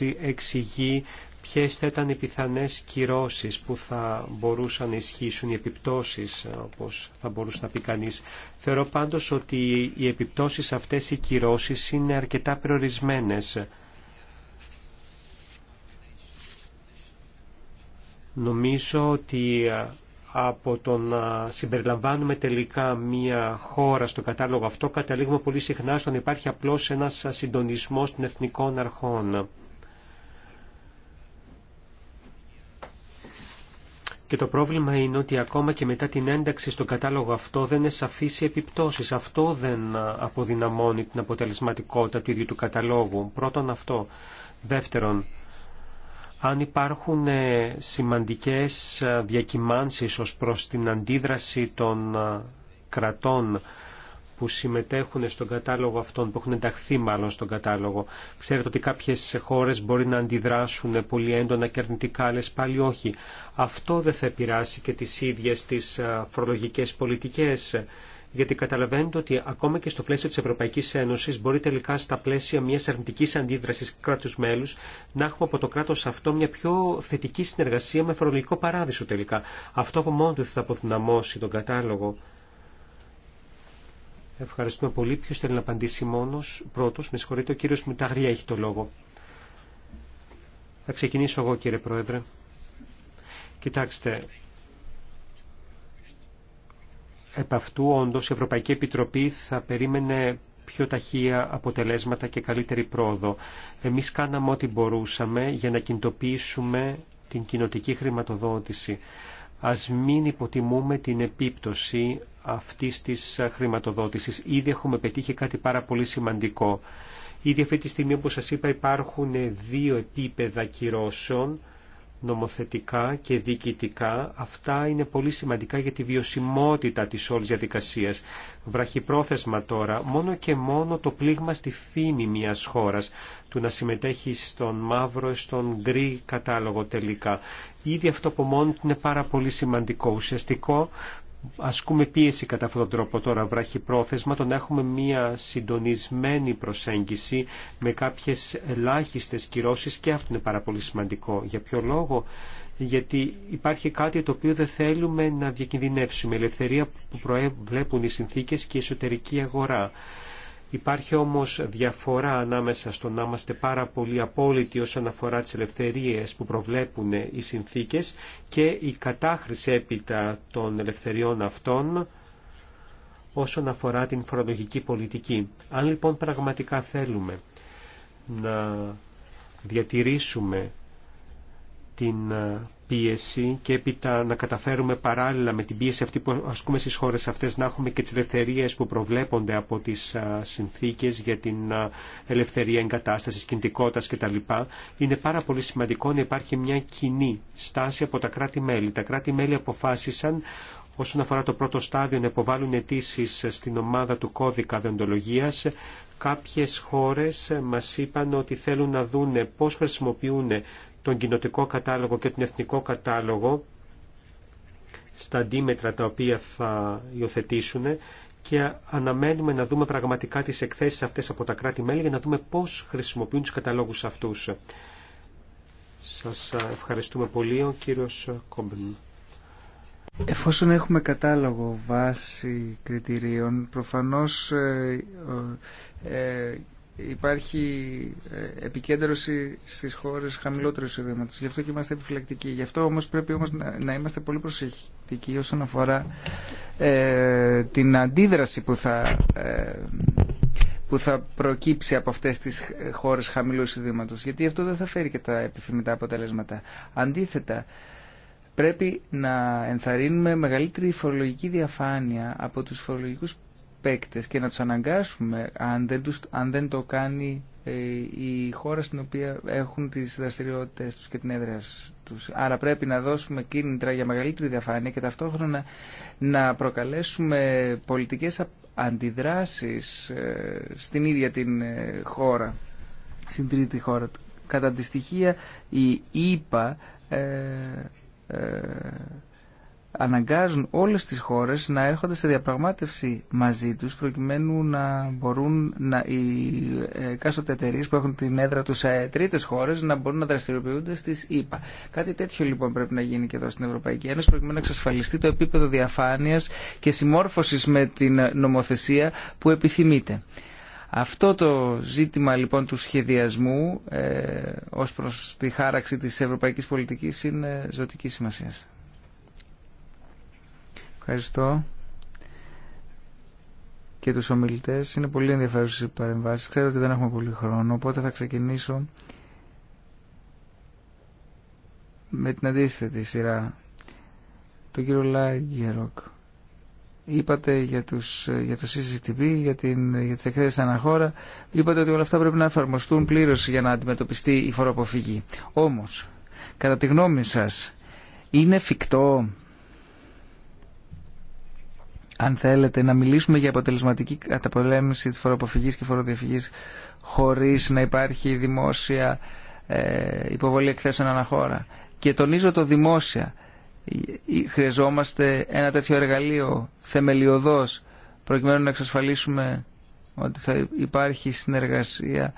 2016 εξηγεί ποιες θα ήταν οι πιθανές κυρώσεις που θα μπορούσαν να ισχύσουν, οι επιπτώσεις ε, όπως θα μπορούσε να πει κανεί. Θεωρώ πάντως ότι οι επιπτώσεις αυτές, οι κυρώσεις είναι αρκετά περιορισμένες. Νομίζω ότι ε, από το να συμπεριλαμβάνουμε τελικά μία χώρα στο κατάλογο αυτό, καταλήγουμε πολύ συχνά στο να υπάρχει απλώς ένας συντονισμός των εθνικών αρχών. Και το πρόβλημα είναι ότι ακόμα και μετά την ένταξη στο κατάλογο αυτό δεν είναι οι επιπτώσεις. Αυτό δεν αποδυναμώνει την αποτελεσματικότητα του ίδιου του καταλόγου. Πρώτον αυτό. Δεύτερον, αν υπάρχουν ε, σημαντικές ε, διακυμάνσεις ως προς την αντίδραση των ε, κρατών που συμμετέχουν στον κατάλογο αυτών, που έχουν ενταχθεί μάλλον στον κατάλογο. Ξέρετε ότι κάποιες χώρες μπορεί να αντιδράσουν πολύ έντονα και αρνητικά, πάλι όχι. Αυτό δεν θα επηράσει και τις ίδιες τις φορολογικές πολιτικές γιατί καταλαβαίνετε ότι ακόμα και στο πλαίσιο της Ευρωπαϊκής Ένωσης μπορεί τελικά στα πλαίσια μιας αρνητικής αντίδρασης κράτους μέλους να έχουμε από το κράτος αυτό μια πιο θετική συνεργασία με φορολογικό παράδεισο τελικά. Αυτό από μόνο του θα αποδυναμώσει τον κατάλογο. Ευχαριστούμε πολύ. Ποιος θέλει να απαντήσει μόνος, πρώτος, με συγχωρείτε, ο κύριος Μηταγρία έχει το λόγο. Θα ξεκινήσω εγώ κύριε Πρόεδρε. Κοιτάξτε, Επ' αυτού όντως η Ευρωπαϊκή Επιτροπή θα περίμενε πιο ταχεία αποτελέσματα και καλύτερη πρόοδο. Εμείς κάναμε ό,τι μπορούσαμε για να κινητοποιήσουμε την κοινοτική χρηματοδότηση. Ας μην υποτιμούμε την επίπτωση αυτής της χρηματοδότησης. Ήδη έχουμε πετύχει κάτι πάρα πολύ σημαντικό. Ήδη αυτή τη στιγμή, όπως σας είπα, υπάρχουν δύο επίπεδα κυρώσεων νομοθετικά και διοικητικά, αυτά είναι πολύ σημαντικά για τη βιωσιμότητα της όλης διαδικασίας. Βραχυπρόθεσμα τώρα, μόνο και μόνο το πλήγμα στη φήμη μιας χώρας, του να συμμετέχει στον μαύρο, στον γκρι κατάλογο τελικά. Ήδη αυτό από μόνο είναι πάρα πολύ σημαντικό. Ουσιαστικό ασκούμε πίεση κατά αυτόν τον τρόπο τώρα πρόθεσμα, τον έχουμε μία συντονισμένη προσέγγιση με κάποιες ελάχιστες κυρώσεις και αυτό είναι πάρα πολύ σημαντικό. Για ποιο λόγο? Γιατί υπάρχει κάτι το οποίο δεν θέλουμε να διακινδυνεύσουμε. Η ελευθερία που προέβλεπουν οι συνθήκες και η εσωτερική αγορά. Υπάρχει όμως διαφορά ανάμεσα στο να είμαστε πάρα πολύ απόλυτοι όσον αφορά τις ελευθερίες που προβλέπουν οι συνθήκες και η κατάχρηση έπειτα των ελευθεριών αυτών όσον αφορά την φορολογική πολιτική. Αν λοιπόν πραγματικά θέλουμε να διατηρήσουμε την πίεση και έπειτα να καταφέρουμε παράλληλα με την πίεση αυτή που ασκούμε στις χώρες αυτές να έχουμε και τις ελευθερίες που προβλέπονται από τις συνθήκες για την ελευθερία εγκατάστασης, κινητικότητας κτλ. Είναι πάρα πολύ σημαντικό να υπάρχει μια κοινή στάση από τα κράτη-μέλη. Τα κράτη-μέλη αποφάσισαν όσον αφορά το πρώτο στάδιο να υποβάλουν αιτήσει στην ομάδα του κώδικα δεοντολογίας κάποιες χώρες μας είπαν ότι θέλουν να δούνε πώς χρησιμοποιούν τον κοινοτικό κατάλογο και τον εθνικό κατάλογο στα αντίμετρα τα οποία θα υιοθετήσουν και αναμένουμε να δούμε πραγματικά τις εκθέσεις αυτές από τα κράτη-μέλη για να δούμε πώς χρησιμοποιούν τους καταλόγους αυτούς. Σας ευχαριστούμε πολύ, ο κύριος Κόμπεν.
Εφόσον έχουμε κατάλογο βάση κριτηρίων, προφανώς ε, ε υπάρχει ε, επικέντρωση στις χώρες χαμηλότερου εισοδήματος. Γι' αυτό και είμαστε επιφυλακτικοί. Γι' αυτό όμως πρέπει όμως να, είμαστε πολύ προσεκτικοί όσον αφορά ε, την αντίδραση που θα, ε, που θα προκύψει από αυτές τις χώρες χαμηλού εισοδήματος. Γιατί αυτό δεν θα φέρει και τα επιθυμητά αποτελέσματα. Αντίθετα, πρέπει να ενθαρρύνουμε μεγαλύτερη φορολογική διαφάνεια από τους φορολογικούς και να τους αναγκάσουμε αν δεν, τους, αν δεν το κάνει ε, η χώρα στην οποία έχουν τις δραστηριότητες τους και την έδρα τους. Άρα πρέπει να δώσουμε κίνητρα για μεγαλύτερη διαφάνεια και ταυτόχρονα να προκαλέσουμε πολιτικές αντιδράσεις ε, στην ίδια την ε, χώρα, στην τρίτη χώρα. Κατά τη στοιχεία η ΕΠΑ αναγκάζουν όλες τις χώρες να έρχονται σε διαπραγμάτευση μαζί τους προκειμένου να μπορούν να, οι εκάστοτε εταιρείε που έχουν την έδρα τους σε τρίτες χώρες να μπορούν να δραστηριοποιούνται στις ΗΠΑ. Κάτι τέτοιο λοιπόν πρέπει να γίνει και εδώ στην Ευρωπαϊκή Ένωση προκειμένου να εξασφαλιστεί το επίπεδο διαφάνειας και συμμόρφωσης με την νομοθεσία που επιθυμείται. Αυτό το ζήτημα λοιπόν του σχεδιασμού ε, ως προς τη χάραξη της ευρωπαϊκής πολιτικής είναι ζωτική σημασίας. Ευχαριστώ και τους ομιλητές. Είναι πολύ ενδιαφέρουσες οι παρεμβάσεις. Ξέρω ότι δεν έχουμε πολύ χρόνο, οπότε θα ξεκινήσω με την αντίθετη σειρά. Το κύριο Λάγκεροκ. Είπατε για, τους, για το CCTV, για, την, για τις εκθέσεις αναχώρα. Είπατε ότι όλα αυτά πρέπει να εφαρμοστούν πλήρως για να αντιμετωπιστεί η φοροποφυγή. Όμως, κατά τη γνώμη σας, είναι εφικτό αν θέλετε, να μιλήσουμε για αποτελεσματική καταπολέμηση της φοροαποφυγής και φοροδιαφυγής χωρίς να υπάρχει δημόσια ε, υποβολή εκθέσεων αναχώρα. Και τονίζω το δημόσια. Ε, ε, χρειαζόμαστε ένα τέτοιο εργαλείο θεμελιωδώς προκειμένου να εξασφαλίσουμε ότι θα υπάρχει συνεργασία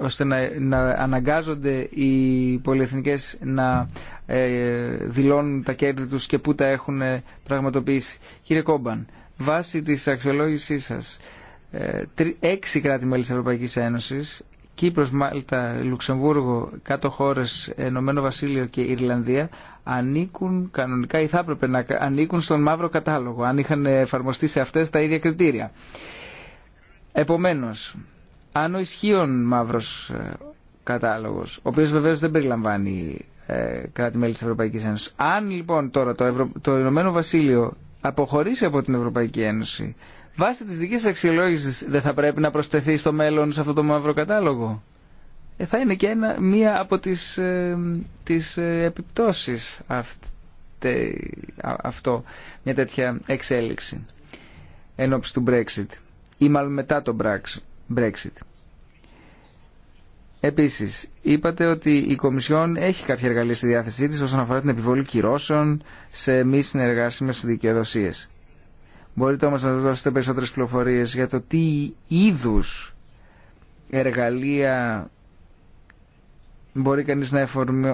ώστε να, να αναγκάζονται οι πολυεθνικές να ε, δηλώνουν τα κέρδη τους και πού τα έχουν ε, πραγματοποιήσει. Κύριε Κόμπαν, βάσει της αξιολόγησής σας, ε, έξι κράτη-μέλη της Ευρωπαϊκής Ένωσης, Κύπρος, Μάλτα, Λουξεμβούργο, κάτω χώρες, Ενωμένο Βασίλειο και Ιρλανδία ανήκουν κανονικά ή θα έπρεπε να ανήκουν στον μαύρο κατάλογο αν είχαν εφαρμοστεί σε αυτές τα ίδια κριτήρια. Επομένως, αν ο ισχύων μαύρος κατάλογος, ο οποίος βεβαίως δεν περιλαμβάνει ε, κράτη-μέλη της Ευρωπαϊκής Ένωσης. Αν λοιπόν τώρα το, Ευρω... το Ηνωμένο Βασίλειο αποχωρήσει από την Ευρωπαϊκή Ένωση, βάσει της δικής αξιολόγηση δεν θα πρέπει να προσθεθεί στο μέλλον σε αυτό το μαύρο κατάλογο. Ε, θα είναι και ένα, μία από τις, ε, τις ε, επιπτώσεις αυτό, μια τέτοια εξέλιξη εν του Brexit ή μάλλον μετά το Brexit. Επίσης, είπατε ότι η Κομισιόν έχει κάποια εργαλεία στη διάθεσή της όσον αφορά την επιβολή κυρώσεων σε μη συνεργάσιμε δικαιοδοσίε. Μπορείτε όμως να δώσετε περισσότερες πληροφορίες για το τι είδου εργαλεία μπορεί κανείς να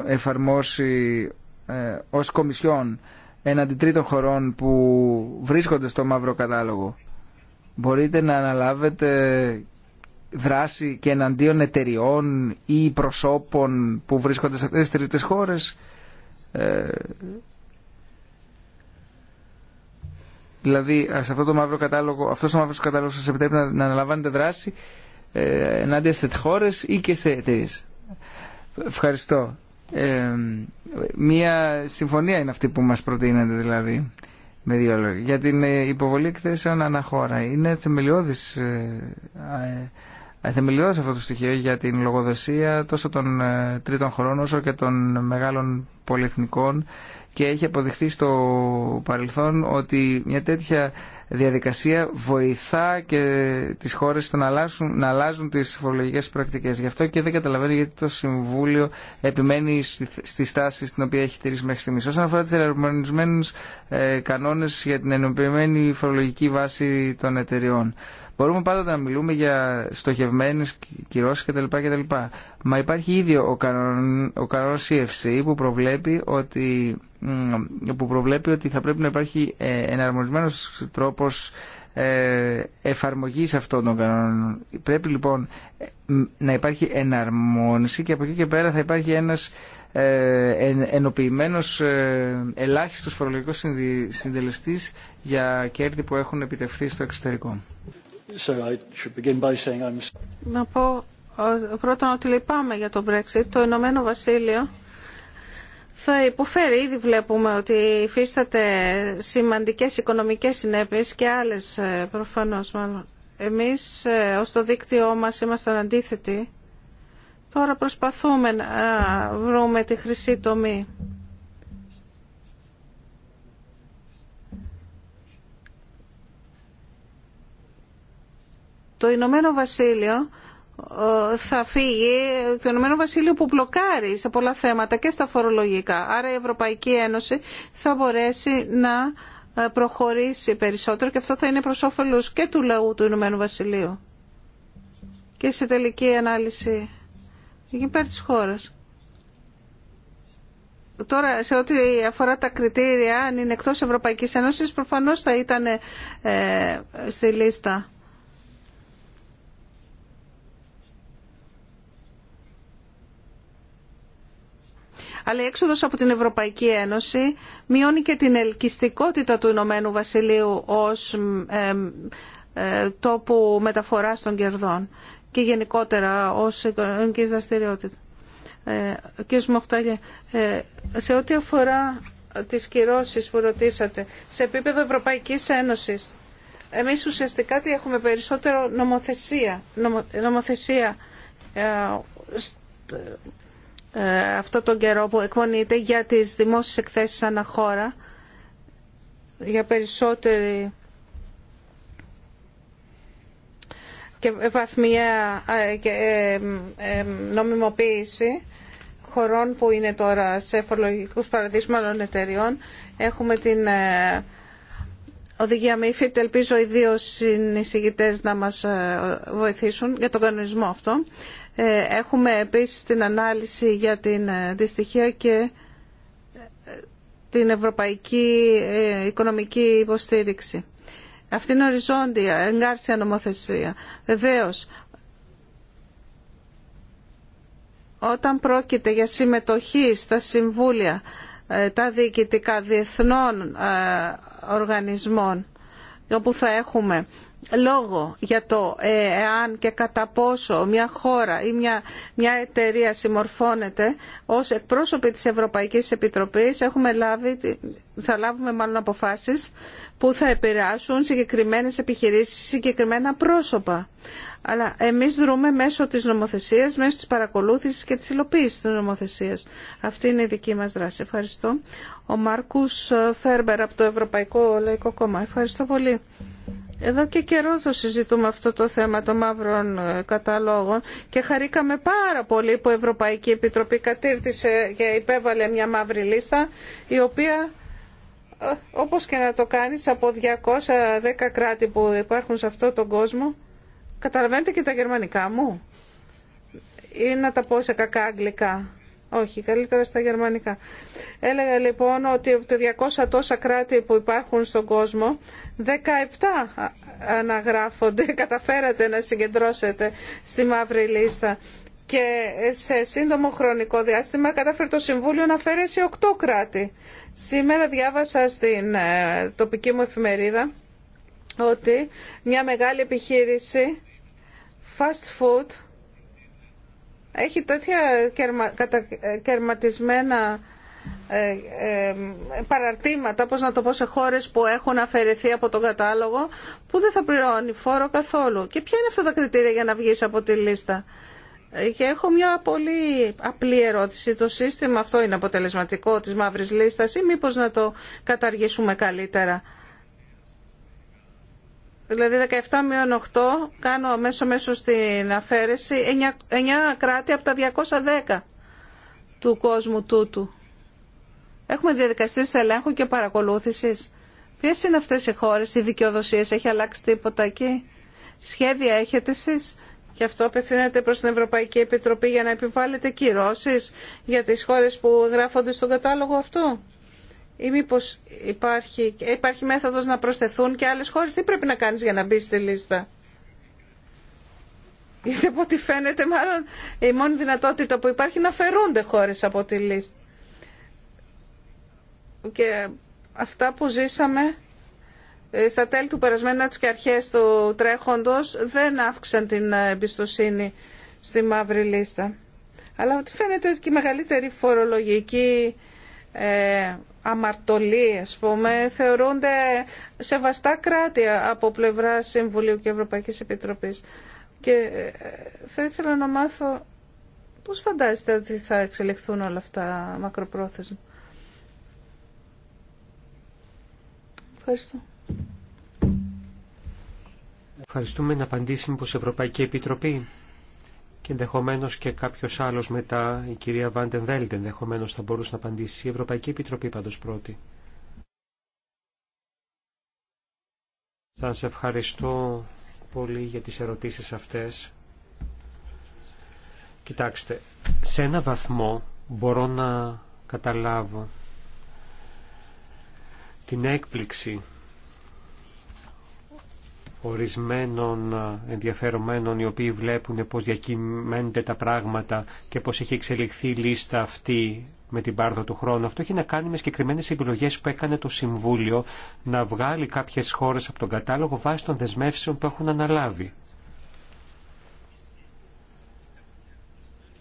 εφαρμόσει ω ε, ως Κομισιόν έναντι τρίτων χωρών που βρίσκονται στο μαύρο κατάλογο. Μπορείτε να αναλάβετε δράση και εναντίον εταιριών ή προσώπων που βρίσκονται σε αυτές τις τρίτες χώρες. Ε, δηλαδή σε αυτό το μαύρο κατάλογο, αυτός ο μαύρος κατάλογος σας επιτρέπει να, να αναλαμβάνετε δράση ε, ενάντια σε χώρες ή και σε εταιρείε. Ευχαριστώ. Ε, μία συμφωνία είναι αυτή που μας προτείνεται δηλαδή με δύο λόγια. Για την ε, υποβολή εκθέσεων αναχώρα. Είναι θεμελιώδης ε, ε θεμελιώδες αυτό το στοιχείο για την λογοδοσία τόσο των ε, τρίτων χωρών όσο και των μεγάλων πολυεθνικών και έχει αποδειχθεί στο παρελθόν ότι μια τέτοια διαδικασία βοηθά και τις χώρες στο να αλλάζουν, να αλλάζουν τις φορολογικές πρακτικές. Γι' αυτό και δεν καταλαβαίνω γιατί το Συμβούλιο επιμένει στη στάση στην οποία έχει τηρήσει μέχρι στιγμής. Όσον αφορά τις ελαρμονισμένους ε, κανόνες για την ενοποιημένη φορολογική βάση των εταιριών. Μπορούμε πάντα να μιλούμε για στοχευμένε κυρώσει κτλ. Μα υπάρχει ήδη ο, κανον, ο CFC που προβλέπει ότι που προβλέπει ότι θα πρέπει να υπάρχει ε, εναρμονισμένος τρόπο ε, εφαρμογής αυτών των κανόνων. Πρέπει λοιπόν ε, να υπάρχει εναρμόνιση και από εκεί και πέρα θα υπάρχει ένα ενοποιημένος ελάχιστο φορολογικό συντελεστή για κέρδη που έχουν επιτευχθεί στο εξωτερικό.
Να πω πρώτον ότι λυπάμαι για το Brexit. Το Ηνωμένο Βασίλειο θα υποφέρει. Ήδη βλέπουμε ότι υφίσταται σημαντικές οικονομικές συνέπειες και άλλες ε, προφανώς μάλλον. Εμείς ε, ως το δίκτυό μας ήμασταν αντίθετοι. Τώρα προσπαθούμε να βρούμε τη χρυσή τομή. Το Ηνωμένο Βασίλειο ε, θα φύγει, το Ηνωμένο Βασίλειο που μπλοκάρει σε πολλά θέματα και στα φορολογικά. Άρα η Ευρωπαϊκή Ένωση θα μπορέσει να ε, προχωρήσει περισσότερο και αυτό θα είναι προς όφελος και του λαού του Ηνωμένου Βασιλείου. Και σε τελική ανάλυση υπέρ της χώρας. Τώρα, σε ό,τι αφορά τα κριτήρια, αν είναι εκτός Ευρωπαϊκής Ένωσης, προφανώς θα ήταν ε, στη λίστα. Αλλά η έξοδος από την Ευρωπαϊκή Ένωση μειώνει και την ελκυστικότητα του Ηνωμένου Βασιλείου ως ε, τόπου μεταφοράς των κερδών και γενικότερα ως οικονομική δραστηριότητα. Ε, Κύριε Μοχτάλια, ε, σε ό,τι αφορά τις κυρώσεις που ρωτήσατε, σε επίπεδο Ευρωπαϊκής Ένωσης, εμείς ουσιαστικά τι έχουμε περισσότερο νομοθεσία, νομοθεσία ε, αυτό τον καιρό που εκπονείται για τις δημόσιες εκθέσεις αναχώρα για περισσότερη και βαθμια ε, και ε, νομιμοποίηση χωρών που είναι τώρα σε φορολογικούς παραδείσμα εταιρεών Έχουμε την οδηγία ΜΥΦΙΤ. Ελπίζω οι δύο συνεισηγητές να μας βοηθήσουν για τον κανονισμό αυτό. Ε, έχουμε επίσης την ανάλυση για την δυστυχία ε, και ε, την ευρωπαϊκή οικονομική υποστήριξη. Αυτή είναι οριζόντια, εγκάρσια νομοθεσία. Βεβαίως, όταν πρόκειται για συμμετοχή στα συμβούλια τα διοικητικά διεθνών οργανισμών όπου θα έχουμε λόγο για το ε, εάν και κατά πόσο μια χώρα ή μια, μια εταιρεία συμμορφώνεται ως εκπρόσωποι της Ευρωπαϊκής Επιτροπής έχουμε λάβει, θα λάβουμε μάλλον αποφάσεις που θα επηρεάσουν συγκεκριμένες επιχειρήσεις, συγκεκριμένα πρόσωπα. Αλλά εμείς δρούμε μέσω της νομοθεσίας, μέσω της παρακολούθησης και της υλοποίησης της νομοθεσίας. Αυτή είναι η δική μας δράση. Ευχαριστώ. Ο Μάρκους Φέρμπερ από το Ευρωπαϊκό Λαϊκό Κόμμα. Ευχαριστώ πολύ. Εδώ και καιρό το συζητούμε αυτό το θέμα των μαύρων ε, καταλόγων και χαρήκαμε πάρα πολύ που η Ευρωπαϊκή Επιτροπή κατήρθησε και υπέβαλε μια μαύρη λίστα η οποία ε, όπως και να το κάνεις από 210 κράτη που υπάρχουν σε αυτόν τον κόσμο καταλαβαίνετε και τα γερμανικά μου ή να τα πω σε κακά αγγλικά όχι, καλύτερα στα γερμανικά. Έλεγα λοιπόν ότι από τα 200 τόσα κράτη που υπάρχουν στον κόσμο, 17 αναγράφονται, καταφέρατε να συγκεντρώσετε στη μαύρη λίστα. Και σε σύντομο χρονικό διάστημα κατάφερε το Συμβούλιο να φέρει σε 8 κράτη. Σήμερα διάβασα στην ε, τοπική μου εφημερίδα ότι μια μεγάλη επιχείρηση fast food έχει τέτοια κατακαιρματισμένα ε, ε, ε, παραρτήματα, πώς να το πω, σε χώρες που έχουν αφαιρεθεί από τον κατάλογο, που δεν θα πληρώνει φόρο καθόλου. Και ποια είναι αυτά τα κριτήρια για να βγεις από τη λίστα. Και έχω μια πολύ απλή ερώτηση. Το σύστημα αυτό είναι αποτελεσματικό της μαύρης λίστας ή μήπως να το καταργήσουμε καλύτερα. Δηλαδή 17 μείον 8 κάνω μέσω μέσω στην αφαίρεση 9, 9 κράτη από τα 210 του κόσμου τούτου. Έχουμε διαδικασίε ελέγχου και παρακολούθησης. Ποιε είναι αυτές οι χώρες, οι δικαιοδοσίε έχει αλλάξει τίποτα εκεί. Σχέδια έχετε εσείς. Και αυτό απευθύνεται προς την Ευρωπαϊκή Επιτροπή για να επιβάλλετε κυρώσεις για τι χώρε που γράφονται στον κατάλογο αυτό ή μήπω υπάρχει, ε, υπάρχει μέθοδος να προσθεθούν και άλλες χώρες. Τι πρέπει να κάνεις για να μπει στη λίστα. Γιατί από ό,τι φαίνεται μάλλον η μόνη δυνατότητα που υπάρχει να φερούνται χώρες από τη λίστα. Και αυτά που ζήσαμε ε, στα τέλη του περασμένου και αρχές του τρέχοντος δεν αύξησαν την ε, εμπιστοσύνη στη μαύρη λίστα. Αλλά φαίνεται ότι και η μεγαλύτερη φορολογική αμαρτωλοί, ας πούμε, θεωρούνται σεβαστά κράτη από πλευρά Συμβουλίου και Ευρωπαϊκής Επιτροπής. Και ε, θα ήθελα να μάθω πώς φαντάζεστε ότι θα εξελιχθούν όλα αυτά μακροπρόθεσμα. Ευχαριστώ.
Ευχαριστούμε να απαντησουμε πως Ευρωπαϊκή Επιτροπή και ενδεχομένω και κάποιο άλλο μετά, η κυρία Βάντεν Βέλτεν, ενδεχομένω θα μπορούσε να απαντήσει. Η Ευρωπαϊκή Επιτροπή πάντω πρώτη. Σα ευχαριστώ πολύ για τις ερωτήσεις αυτές. Κοιτάξτε, σε ένα βαθμό μπορώ να καταλάβω την έκπληξη ορισμένων ενδιαφερομένων οι οποίοι βλέπουν πώς διακυμμένονται τα πράγματα και πώς έχει εξελιχθεί η λίστα αυτή με την πάρδο του χρόνου. Αυτό έχει να κάνει με συγκεκριμένε επιλογέ που έκανε το Συμβούλιο να βγάλει κάποιες χώρες από τον κατάλογο βάσει των δεσμεύσεων που έχουν αναλάβει.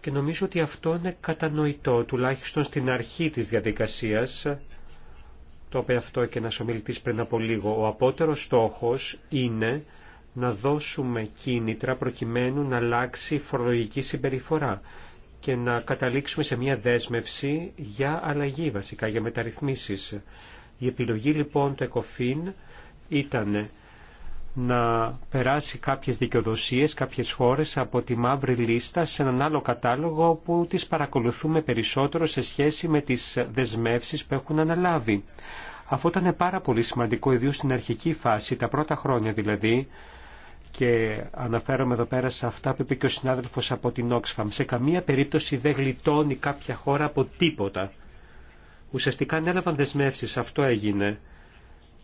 Και νομίζω ότι αυτό είναι κατανοητό, τουλάχιστον στην αρχή της διαδικασίας, το είπε αυτό και ένας ομιλητής πριν από λίγο. Ο απότερος στόχος είναι να δώσουμε κίνητρα προκειμένου να αλλάξει φορολογική συμπεριφορά και να καταλήξουμε σε μια δέσμευση για αλλαγή βασικά, για μεταρρυθμίσεις. Η επιλογή λοιπόν του ΕΚΟΦΗΝ ήταν να περάσει κάποιες δικαιοδοσίες, κάποιες χώρες από τη μαύρη λίστα σε έναν άλλο κατάλογο που τις παρακολουθούμε περισσότερο σε σχέση με τις δεσμεύσεις που έχουν αναλάβει. Αυτό ήταν πάρα πολύ σημαντικό, ιδίως στην αρχική φάση, τα πρώτα χρόνια δηλαδή, και αναφέρομαι εδώ πέρα σε αυτά που είπε και ο συνάδελφος από την Oxfam. Σε καμία περίπτωση δεν γλιτώνει κάποια χώρα από τίποτα. Ουσιαστικά ανέλαβαν δεσμεύσεις, αυτό έγινε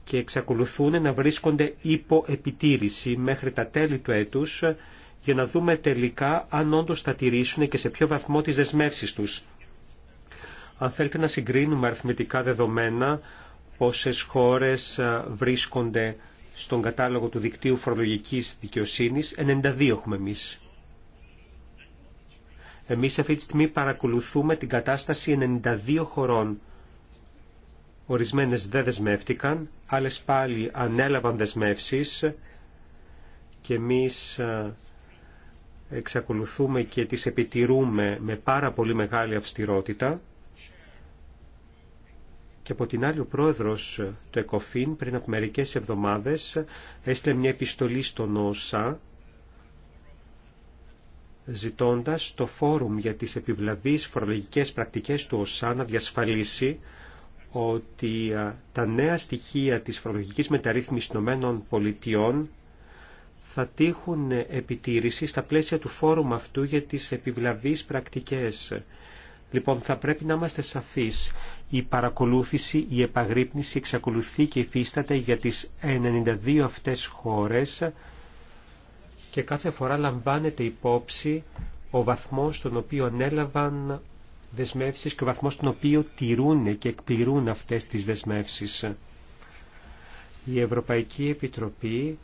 και εξακολουθούν να βρίσκονται υπό επιτήρηση μέχρι τα τέλη του έτους για να δούμε τελικά αν όντως θα τηρήσουν και σε ποιο βαθμό τις δεσμεύσεις τους. Αν θέλετε να συγκρίνουμε αριθμητικά δεδομένα πόσες χώρες βρίσκονται στον κατάλογο του δικτύου φορολογικής δικαιοσύνης, 92 έχουμε εμείς. Εμείς αυτή τη στιγμή παρακολουθούμε την κατάσταση 92 χωρών. Ορισμένες δεν δεσμεύτηκαν, άλλες πάλι ανέλαβαν δεσμεύσεις και εμείς ε, εξακολουθούμε και τις επιτηρούμε με πάρα πολύ μεγάλη αυστηρότητα. Και από την άλλη ο πρόεδρος του ΕΚΟΦΗΝ πριν από μερικές εβδομάδες έστειλε μια επιστολή στον ΩΣΑ ζητώντας το φόρουμ για τις επιβλαβείς φορολογικές πρακτικές του ΩΣΑ να διασφαλίσει ότι τα νέα στοιχεία της φορολογικής μεταρρύθμισης των Πολιτειών θα τύχουν ε, επιτήρηση στα πλαίσια του φόρουμ αυτού για τις επιβλαβείς πρακτικές. Λοιπόν, θα πρέπει να είμαστε σαφείς. Η παρακολούθηση, η επαγρύπνηση εξακολουθεί και υφίσταται για τις 92 αυτές χώρες και κάθε φορά λαμβάνεται υπόψη ο βαθμός στον οποίο ανέλαβαν δεσμεύσεις και ο βαθμός στον οποίο τηρούν και εκπληρούν αυτές τις δεσμεύσεις. Η Ευρωπαϊκή Επιτροπή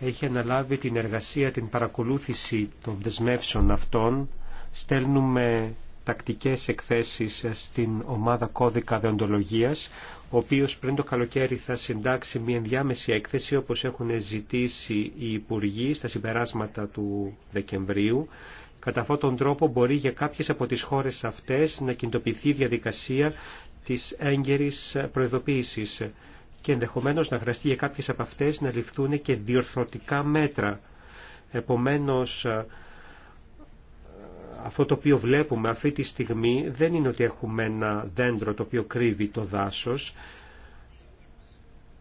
έχει αναλάβει την εργασία, την παρακολούθηση των δεσμεύσεων αυτών. Στέλνουμε τακτικές εκθέσεις στην ομάδα κώδικα δεοντολογίας, ο οποίος πριν το καλοκαίρι θα συντάξει μια ενδιάμεση έκθεση όπως έχουν ζητήσει οι Υπουργοί στα συμπεράσματα του Δεκεμβρίου Κατά αυτόν τον τρόπο μπορεί για κάποιες από τις χώρες αυτές να κινητοποιηθεί η διαδικασία της έγκαιρης προειδοποίησης και ενδεχομένως να χρειαστεί για κάποιες από αυτές να ληφθούν και διορθωτικά μέτρα. Επομένως, αυτό το οποίο βλέπουμε αυτή τη στιγμή δεν είναι ότι έχουμε ένα δέντρο το οποίο κρύβει το δάσος.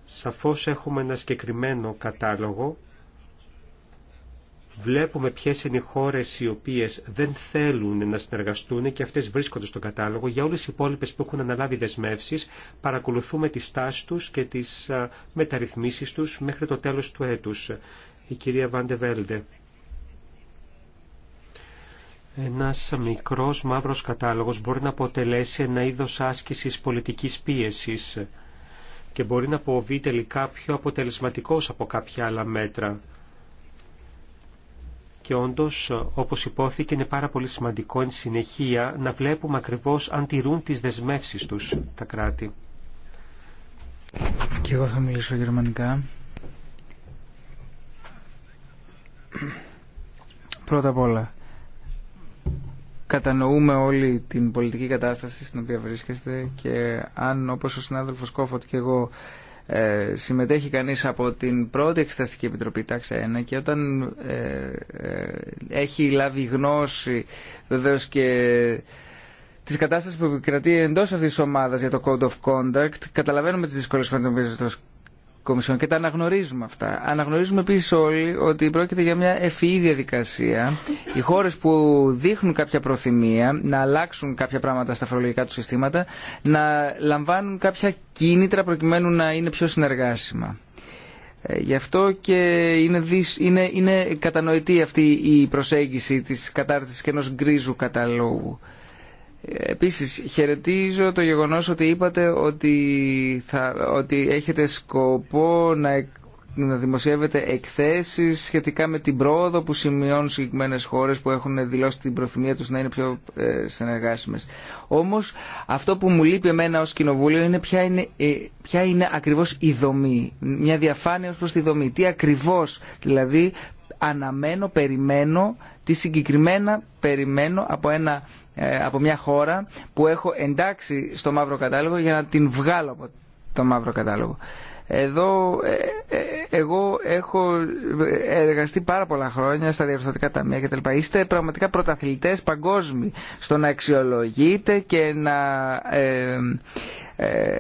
Σαφώς έχουμε ένα συγκεκριμένο κατάλογο Βλέπουμε ποιες είναι οι χώρες οι οποίες δεν θέλουν να συνεργαστούν και αυτές βρίσκονται στον κατάλογο. Για όλες οι υπόλοιπες που έχουν αναλάβει δεσμεύσεις παρακολουθούμε τις τάσεις τους και τις μεταρρυθμίσεις τους μέχρι το τέλος του έτους. Η κυρία Βέλντε. Ένας μικρός μαύρος κατάλογος μπορεί να αποτελέσει ένα είδος άσκηση πολιτικής πίεσης και μπορεί να αποβεί τελικά πιο αποτελεσματικός από κάποια άλλα μέτρα. Και όντω, όπως υπόθηκε, είναι πάρα πολύ σημαντικό εν συνεχεία να βλέπουμε ακριβώ αν τηρούν τις δεσμεύσεις τους τα κράτη.
Και εγώ θα μιλήσω γερμανικά. Πρώτα απ' όλα, κατανοούμε όλη την πολιτική κατάσταση στην οποία βρίσκεστε και αν όπως ο συνάδελφος Κόφωτ και εγώ ε, συμμετέχει κανείς από την πρώτη Εξεταστική Επιτροπή τάξη 1 και όταν ε, ε, έχει λάβει γνώση βεβαίως και τη κατάσταση που επικρατεί εντό αυτή τη ομάδα για το Code of Conduct, καταλαβαίνουμε τι δυσκολίε που αντιμετωπίζει Κομισιόν και τα αναγνωρίζουμε αυτά. Αναγνωρίζουμε επίση όλοι ότι πρόκειται για μια ευφυή διαδικασία. Οι χώρε που δείχνουν κάποια προθυμία να αλλάξουν κάποια πράγματα στα φορολογικά του συστήματα να λαμβάνουν κάποια κίνητρα προκειμένου να είναι πιο συνεργάσιμα. Ε, γι' αυτό και είναι, είναι, είναι κατανοητή αυτή η προσέγγιση της κατάρτισης και ενός γκρίζου καταλόγου. Επίσης χαιρετίζω το γεγονός ότι είπατε ότι, θα, ότι έχετε σκοπό να, να δημοσιεύετε εκθέσεις σχετικά με την πρόοδο που σημειώνουν συγκεκριμένε χώρες που έχουν δηλώσει την προθυμία τους να είναι πιο ε, συνεργάσιμες. Όμως αυτό που μου λείπει εμένα ως κοινοβούλιο είναι ποια είναι, ε, ποια είναι ακριβώς η δομή, μια διαφάνεια ως προς τη δομή. Τι ακριβώς δηλαδή αναμένω, περιμένω, τι συγκεκριμένα περιμένω από, ένα, ε, από μια χώρα που έχω εντάξει στο μαύρο κατάλογο για να την βγάλω από το μαύρο κατάλογο. Εδώ ε, ε, εγώ έχω εργαστεί πάρα πολλά χρόνια στα διορθωτικά ταμεία κτλ. Είστε πραγματικά πρωταθλητές παγκόσμιοι στο να αξιολογείτε και να ε, ε,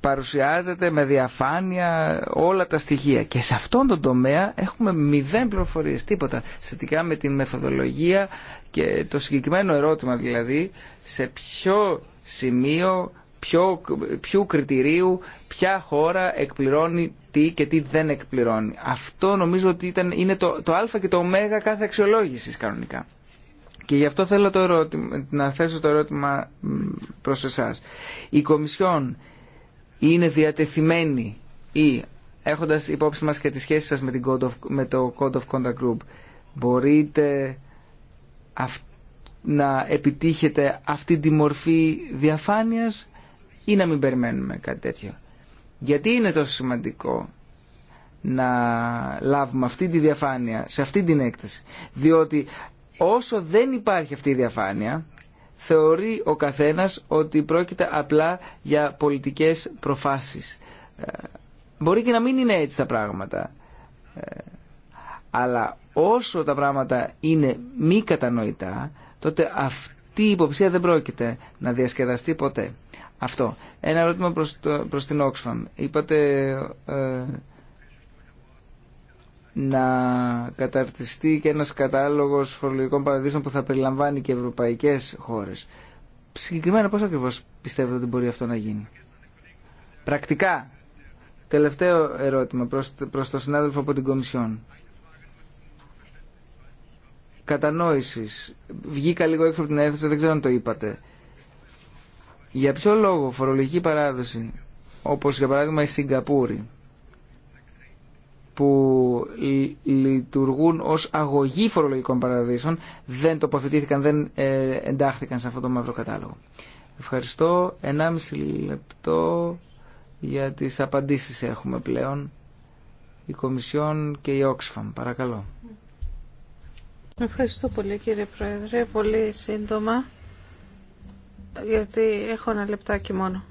παρουσιάζετε με διαφάνεια όλα τα στοιχεία. Και σε αυτόν τον τομέα έχουμε μηδέν πληροφορίες, τίποτα, σχετικά με την μεθοδολογία και το συγκεκριμένο ερώτημα δηλαδή σε ποιο σημείο ποιο, ποιου κριτηρίου, ποια χώρα εκπληρώνει τι και τι δεν εκπληρώνει. Αυτό νομίζω ότι ήταν, είναι το, το α και το ω κάθε αξιολόγηση κανονικά. Και γι' αυτό θέλω το να θέσω το ερώτημα προς εσάς. Η Κομισιόν είναι διατεθειμένη ή έχοντας υπόψη μας και τη σχέση σας με, την Code με το Code of Conduct Group μπορείτε να επιτύχετε αυτή τη μορφή διαφάνειας ή να μην περιμένουμε κάτι τέτοιο. Γιατί είναι τόσο σημαντικό να λάβουμε αυτή τη διαφάνεια σε αυτή την έκταση. Διότι όσο δεν υπάρχει αυτή η διαφάνεια θεωρεί ο καθένας ότι πρόκειται απλά για πολιτικές προφάσεις. Ε, μπορεί και να μην είναι έτσι τα πράγματα. Ε, αλλά όσο τα πράγματα είναι μη κατανοητά τότε αυτή η υποψία δεν πρόκειται να διασκεδαστεί ποτέ αυτό. Ένα ερώτημα προς, προς την Oxfam. Είπατε ε, να καταρτιστεί και ένας κατάλογος φορολογικών παραδείσων που θα περιλαμβάνει και ευρωπαϊκές χώρες. Συγκεκριμένα πώς ακριβώς πιστεύετε ότι μπορεί αυτό να γίνει. Πρακτικά, τελευταίο ερώτημα προς, προς τον συνάδελφο από την Κομισιόν. Κατανόησης. Βγήκα λίγο έξω από την αίθουσα, δεν ξέρω αν το είπατε. Για ποιο λόγο φορολογική παράδοση, όπως για παράδειγμα η Σιγκαπούρη, που λειτουργούν ως αγωγή φορολογικών παραδείσων, δεν τοποθετήθηκαν, δεν ε, εντάχθηκαν σε αυτό το μαύρο κατάλογο. Ευχαριστώ. 1,5 λεπτό για τις απαντήσεις έχουμε πλέον. Η Κομισιόν και η Oxfam. Παρακαλώ.
Ευχαριστώ πολύ κύριε Πρόεδρε. Πολύ σύντομα γιατί έχω ένα λεπτάκι μόνο.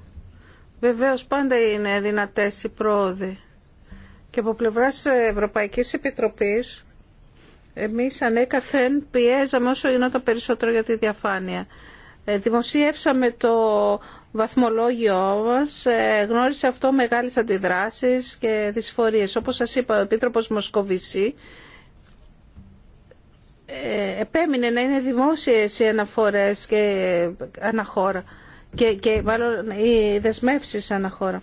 Βεβαίως πάντα είναι δυνατές οι πρόοδοι. Και από πλευράς Ευρωπαϊκής Επιτροπής εμείς ανέκαθεν πιέζαμε όσο γινόταν περισσότερο για τη διαφάνεια. Ε, δημοσιεύσαμε το βαθμολόγιο μας, ε, γνώρισε αυτό μεγάλες αντιδράσεις και δυσφορίες. Όπως σας είπα, ο Επίτροπος Μοσκοβισή ε, επέμεινε να είναι δημόσιες οι αναφορές και αναχώρα και, και μάλλον οι δεσμεύσεις αναχώρα.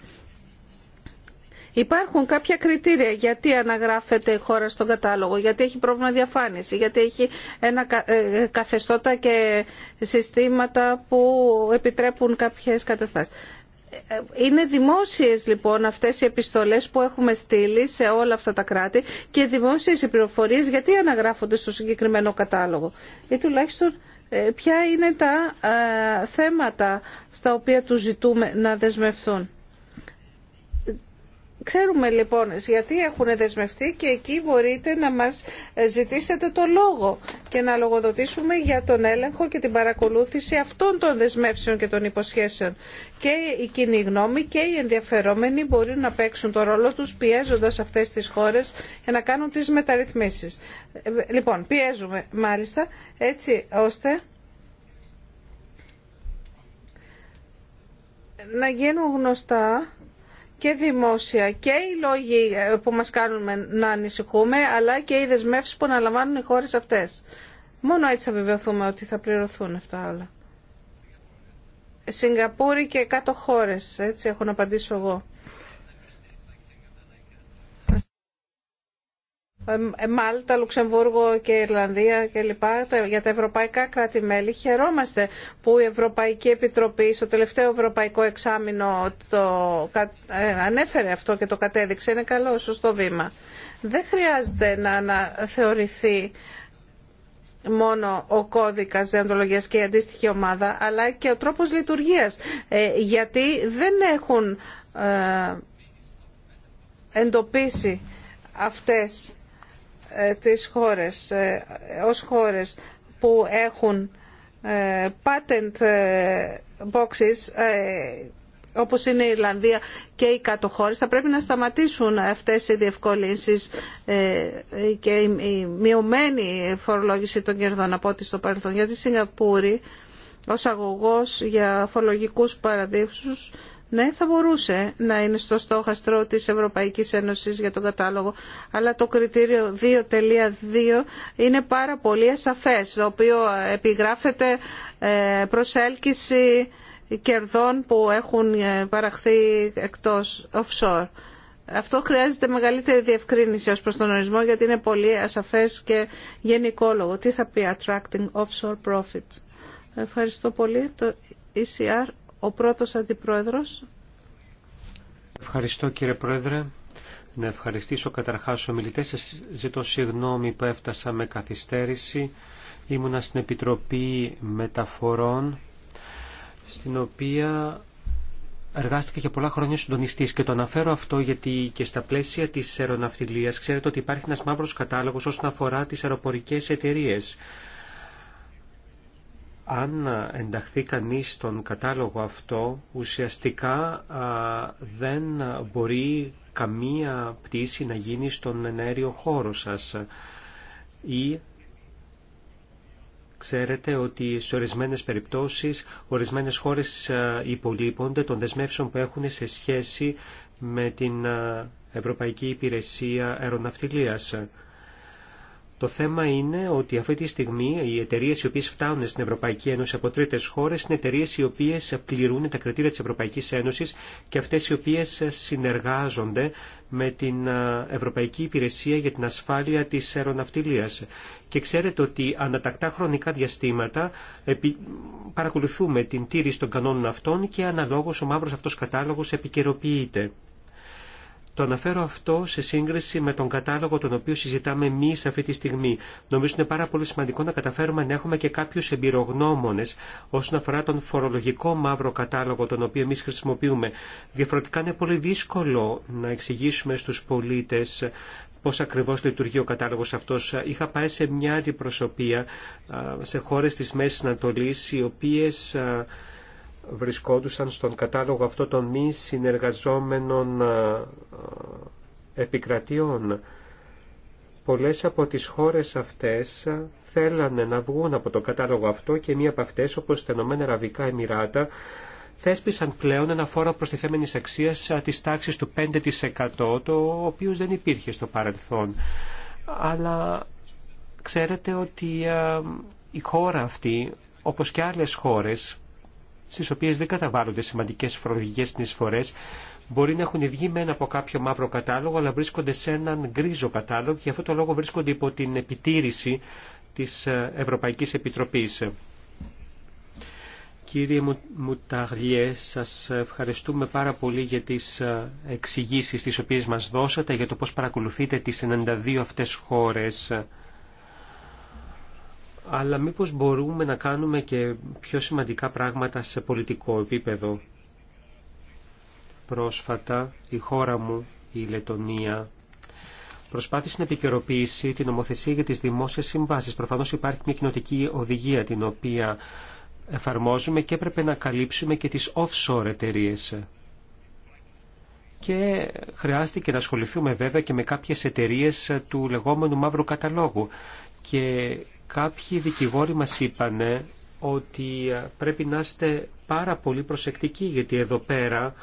Υπάρχουν κάποια κριτήρια γιατί αναγράφεται η χώρα στον κατάλογο, γιατί έχει πρόβλημα διαφάνιση, γιατί έχει ένα ε, καθεστώτα και συστήματα που επιτρέπουν κάποιες καταστάσεις. Είναι δημόσιες λοιπόν αυτές οι επιστολές που έχουμε στείλει σε όλα αυτά τα κράτη και δημόσιες οι πληροφορίες γιατί αναγράφονται στο συγκεκριμένο κατάλογο ή τουλάχιστον ε, ποια είναι τα ε, θέματα στα οποία τους ζητούμε να δεσμευθούν. Ξέρουμε λοιπόν γιατί έχουν δεσμευτεί και εκεί μπορείτε να μας ζητήσετε το λόγο και να λογοδοτήσουμε για τον έλεγχο και την παρακολούθηση αυτών των δεσμεύσεων και των υποσχέσεων. Και η κοινή γνώμη και οι ενδιαφερόμενοι μπορούν να παίξουν το ρόλο τους πιέζοντας αυτές τις χώρες για να κάνουν τις μεταρρυθμίσεις. Ε, λοιπόν, πιέζουμε μάλιστα έτσι ώστε... να γίνουν γνωστά και δημόσια και οι λόγοι ε, που μας κάνουν να ανησυχούμε αλλά και οι δεσμεύσεις που αναλαμβάνουν οι χώρες αυτές. Μόνο έτσι θα βεβαιωθούμε ότι θα πληρωθούν αυτά όλα. Σιγκαπούρη και κάτω χώρες, έτσι έχω να απαντήσω εγώ. Ε, Μάλτα, Λουξεμβούργο και Ιρλανδία κλπ. Για τα ευρωπαϊκά κράτη-μέλη χαιρόμαστε που η Ευρωπαϊκή Επιτροπή στο τελευταίο ευρωπαϊκό εξάμεινο το ε, ανέφερε αυτό και το κατέδειξε. Είναι καλό, σωστό βήμα. Δεν χρειάζεται να αναθεωρηθεί μόνο ο κώδικας διαντολογίας και η αντίστοιχη ομάδα, αλλά και ο τρόπος λειτουργίας. Ε, γιατί δεν έχουν εντοπίσει αυτές ε, τις χώρες, ε, ως χώρες που έχουν ε, patent boxes όπως είναι η Ιρλανδία και οι κάτω χώρες, θα πρέπει να σταματήσουν αυτές οι διευκολύνσεις και η μειωμένη φορολόγηση των κερδών από ό,τι στο παρελθόν. Γιατί η Σιγκαπούρη ως αγωγός για φορολογικούς παραδείσους ναι, θα μπορούσε να είναι στο στόχαστρο της Ευρωπαϊκής Ένωσης για τον κατάλογο, αλλά το κριτήριο 2.2 είναι πάρα πολύ ασαφές, το οποίο επιγράφεται ε, προσέλκυση κερδών που έχουν ε, παραχθεί εκτός offshore. Αυτό χρειάζεται μεγαλύτερη διευκρίνηση ως προς τον ορισμό, γιατί είναι πολύ ασαφές και γενικόλογο. Τι θα πει attracting offshore profits. Ευχαριστώ πολύ. Το ECR ο πρώτος αντιπρόεδρος.
Ευχαριστώ κύριε Πρόεδρε. Να ευχαριστήσω καταρχάς ομιλητές. Σας ζητώ συγγνώμη που έφτασα με καθυστέρηση. Ήμουνα στην Επιτροπή Μεταφορών, στην οποία εργάστηκα για πολλά χρόνια συντονιστή και το αναφέρω αυτό γιατί και στα πλαίσια τη αεροναυτιλία ξέρετε ότι υπάρχει ένα μαύρο κατάλογο όσον αφορά τι αεροπορικέ εταιρείε αν ενταχθεί κανείς στον κατάλογο αυτό, ουσιαστικά δεν μπορεί καμία πτήση να γίνει στον ενέριο χώρο σας. Ή ξέρετε ότι σε ορισμένε περιπτώσεις, ορισμένες χώρες υπολείπονται των δεσμεύσεων που έχουν σε σχέση με την Ευρωπαϊκή Υπηρεσία Αεροναυτιλίας. Το θέμα είναι ότι αυτή τη στιγμή οι εταιρείε οι οποίε φτάνουν στην Ευρωπαϊκή Ένωση από τρίτε χώρε είναι εταιρείε οι οποίε πληρούν τα κριτήρια τη Ευρωπαϊκή Ένωση και αυτέ οι οποίε συνεργάζονται με την Ευρωπαϊκή Υπηρεσία για την Ασφάλεια τη Αεροναυτιλία. Και ξέρετε ότι ανατακτά χρονικά διαστήματα παρακολουθούμε την τήρηση των κανόνων αυτών και αναλόγω ο μαύρο αυτό κατάλογο επικαιροποιείται. Το αναφέρω αυτό σε σύγκριση με τον κατάλογο τον οποίο συζητάμε εμεί αυτή τη στιγμή. Νομίζω είναι πάρα πολύ σημαντικό να καταφέρουμε να έχουμε και κάποιου εμπειρογνώμονε όσον αφορά τον φορολογικό μαύρο κατάλογο τον οποίο εμεί χρησιμοποιούμε. Διαφορετικά είναι πολύ δύσκολο να εξηγήσουμε στου πολίτε πώς ακριβώς λειτουργεί ο κατάλογος αυτός. Είχα πάει σε μια αντιπροσωπεία σε χώρες της Μέσης Ανατολής, οι οποίες βρισκόντουσαν στον κατάλογο αυτό των μη συνεργαζόμενων επικρατιών. Πολλές από τις χώρες αυτές θέλανε να βγουν από τον κατάλογο αυτό και μία από αυτές, όπως τα Ηνωμένα Αραβικά Εμμυράτα, θέσπισαν πλέον ένα φόρο προστιθέμενης αξίας της τάξης του 5%, το οποίο δεν υπήρχε στο παρελθόν. Αλλά ξέρετε ότι η χώρα αυτή, όπως και άλλες χώρες, στις οποίες δεν καταβάλλονται σημαντικές φορολογικές συνεισφορές, μπορεί να έχουν βγει ένα από κάποιο μαύρο κατάλογο, αλλά βρίσκονται σε έναν γκρίζο κατάλογο και γι' αυτό το λόγο βρίσκονται υπό την επιτήρηση της ε, Ευρωπαϊκής Επιτροπής. Κύριε Μουταγλιέ, σας ευχαριστούμε πάρα πολύ για τις ε, εξηγήσεις τις οποίες μας δώσατε, για το πώς παρακολουθείτε τις 92 αυτές χώρες αλλά μήπως μπορούμε να κάνουμε και πιο σημαντικά πράγματα σε πολιτικό επίπεδο. Πρόσφατα η χώρα μου, η Λετωνία, προσπάθησε να επικαιροποιήσει την νομοθεσία για τις δημόσιες συμβάσεις. Προφανώς υπάρχει μια κοινοτική οδηγία την οποία εφαρμόζουμε και έπρεπε να καλύψουμε και τις offshore εταιρείε. Και χρειάστηκε να ασχοληθούμε βέβαια και με κάποιες εταιρείε του λεγόμενου μαύρου καταλόγου. Και Κάποιοι δικηγόροι μας είπανε ότι ε, πρέπει να είστε πάρα πολύ προσεκτικοί γιατί εδώ πέρα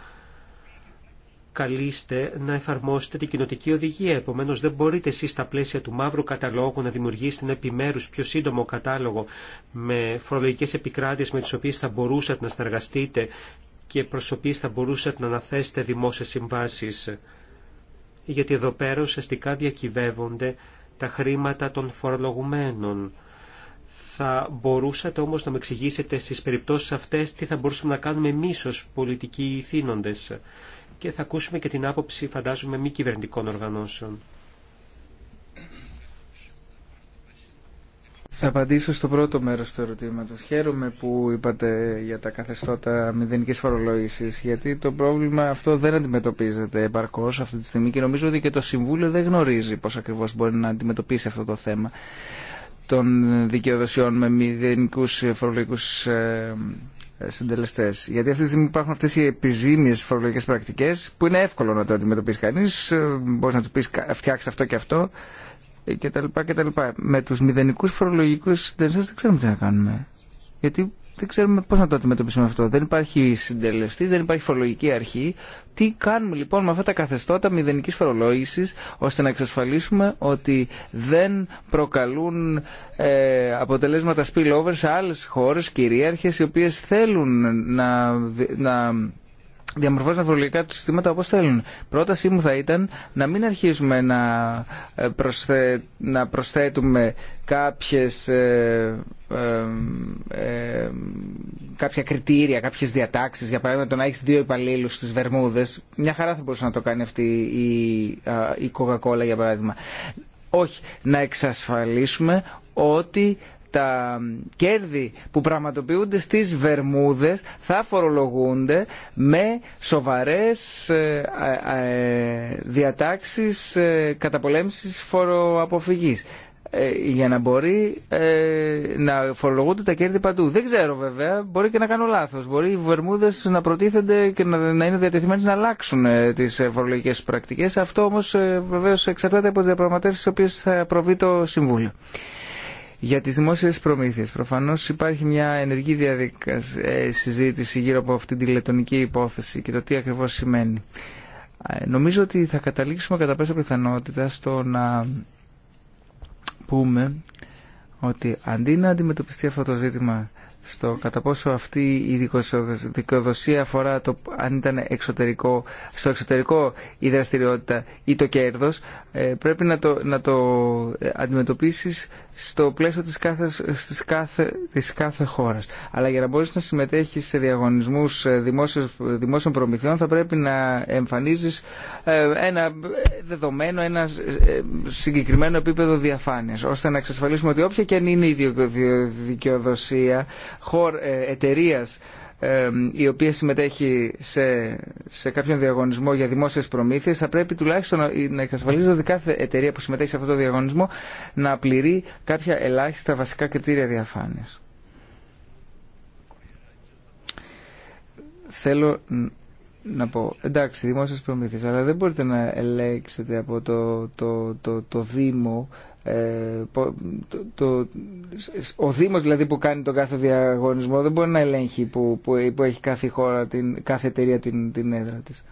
καλείστε να εφαρμόσετε την κοινοτική οδηγία. Επομένω, δεν μπορείτε εσεί στα πλαίσια του μαύρου καταλόγου να δημιουργήσετε ένα επιμέρου πιο σύντομο κατάλογο με φορολογικέ επικράτειε με τι οποίε θα μπορούσατε να συνεργαστείτε και προ οποίε θα μπορούσατε να αναθέσετε δημόσιε συμβάσει. Γιατί εδώ πέρα ουσιαστικά διακυβεύονται τα χρήματα των φορολογουμένων. Θα μπορούσατε όμως να με εξηγήσετε στις περιπτώσεις αυτές τι θα μπορούσαμε να κάνουμε εμείς ως πολιτικοί θύνοντες Και θα ακούσουμε και την άποψη φαντάζομαι μη κυβερνητικών οργανώσεων.
Θα απαντήσω στο πρώτο μέρο του ερωτήματο. Χαίρομαι που είπατε για τα καθεστώτα μηδενική φορολόγηση, γιατί το πρόβλημα αυτό δεν αντιμετωπίζεται επαρκώ αυτή τη στιγμή και νομίζω ότι και το Συμβούλιο δεν γνωρίζει πώ ακριβώ μπορεί να αντιμετωπίσει αυτό το θέμα των δικαιοδοσιών με μηδενικούς φορολογικούς ε, ε, συντελεστέ. Γιατί αυτή τη στιγμή υπάρχουν αυτέ οι επιζήμιε φορολογικέ πρακτικέ που είναι εύκολο να το αντιμετωπίσει κανεί. Ε, μπορεί να του πει φτιάξει αυτό και αυτό κτλ. Ε, κτλ. Με τους μηδενικούς φορολογικούς συντελεστές δεν ξέρουμε τι να κάνουμε. Γιατί δεν ξέρουμε πώς να το αντιμετωπίσουμε αυτό. Δεν υπάρχει συντελεστής, δεν υπάρχει φορολογική αρχή. Τι κάνουμε λοιπόν με αυτά τα καθεστώτα μηδενική φορολόγηση ώστε να εξασφαλίσουμε ότι δεν προκαλούν ε, αποτελέσματα spillover σε άλλες χώρες κυρίαρχε οι οποίε θέλουν να, να διαμορφώσουν φορολογικά του συστήματα όπω θέλουν. Πρότασή μου θα ήταν να μην αρχίσουμε ε, να, προσθέτουμε κάποιες, ε, ε, κάποια κριτήρια, κάποιε διατάξει, Για παράδειγμα το να έχει δύο υπαλλήλου στι βερμούδε. Μια χαρά θα μπορούσε να το κάνει αυτή η, η Coca-Cola για παράδειγμα. Όχι, να εξασφαλίσουμε ότι τα κέρδη που πραγματοποιούνται στις Βερμούδες θα φορολογούνται με σοβαρές ε, ε, ε, διατάξεις καταπολέμησης φοροαποφυγής για να μπορεί να φορολογούνται τα κέρδη παντού. Δεν ξέρω βέβαια, μπορεί και να κάνω λάθος. Μπορεί οι Βερμούδες να προτίθενται και να, είναι διατεθειμένες να αλλάξουν ε, τις φορολογικές πρακτικές. Αυτό όμως ε, βεβαίως εξαρτάται από τις διαπραγματεύσεις στις οποίες θα προβεί το Συμβούλιο. Για τις δημόσιες προμήθειες προφανώς υπάρχει μια ενεργή διαδικασία, ε, συζήτηση γύρω από αυτή τη λετονική υπόθεση και το τι ακριβώς σημαίνει. Νομίζω ότι θα καταλήξουμε κατά πάσα πιθανότητα στο να πούμε ότι αντί να αντιμετωπιστεί αυτό το ζήτημα στο κατά πόσο αυτή η δικαιοδοσία αφορά το αν ήταν εξωτερικό, στο εξωτερικό η δραστηριότητα ή το κέρδος ε, πρέπει να το, να το ε, αντιμετωπίσεις στο πλαίσιο της κάθε, της, κάθε, της κάθε χώρας. Αλλά για να μπορείς να συμμετέχεις σε διαγωνισμούς ε, δημόσιων, δημόσιων προμηθειών θα πρέπει να εμφανίζεις ένα δεδομένο, ένα συγκεκριμένο επίπεδο διαφάνειας ώστε να εξασφαλίσουμε ότι όποια και αν είναι η δικαιοδοσία χωρ, εταιρείας η οποία συμμετέχει σε, σε κάποιον διαγωνισμό για δημόσιες προμήθειες θα πρέπει τουλάχιστον να εξασφαλίζεται ότι κάθε εταιρεία που συμμετέχει σε αυτό το διαγωνισμό να πληρεί κάποια ελάχιστα βασικά κριτήρια διαφάνειας. Θέλω να πω, εντάξει, δημόσιες προμήθειες, αλλά δεν μπορείτε να ελέγξετε από το, το, το, το Δήμο ε, ο Δήμος δηλαδή που κάνει τον κάθε διαγωνισμό δεν μπορεί να ελέγχει που, που, που έχει κάθε χώρα, την, κάθε εταιρεία την, την έδρα
της.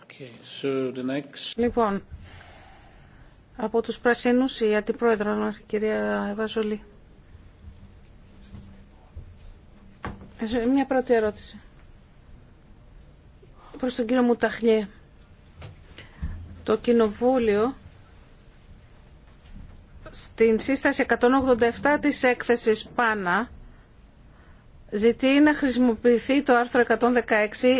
Okay, so the next...
Λοιπόν, από τους Πρασίνους η Αντιπρόεδρο μας, η κυρία Ευαζολή. Ε, μια πρώτη ερώτηση. Προς τον κύριο Μουταχλιέ το Κοινοβούλιο στην σύσταση 187 της έκθεσης ΠΑΝΑ ζητεί να χρησιμοποιηθεί το άρθρο 116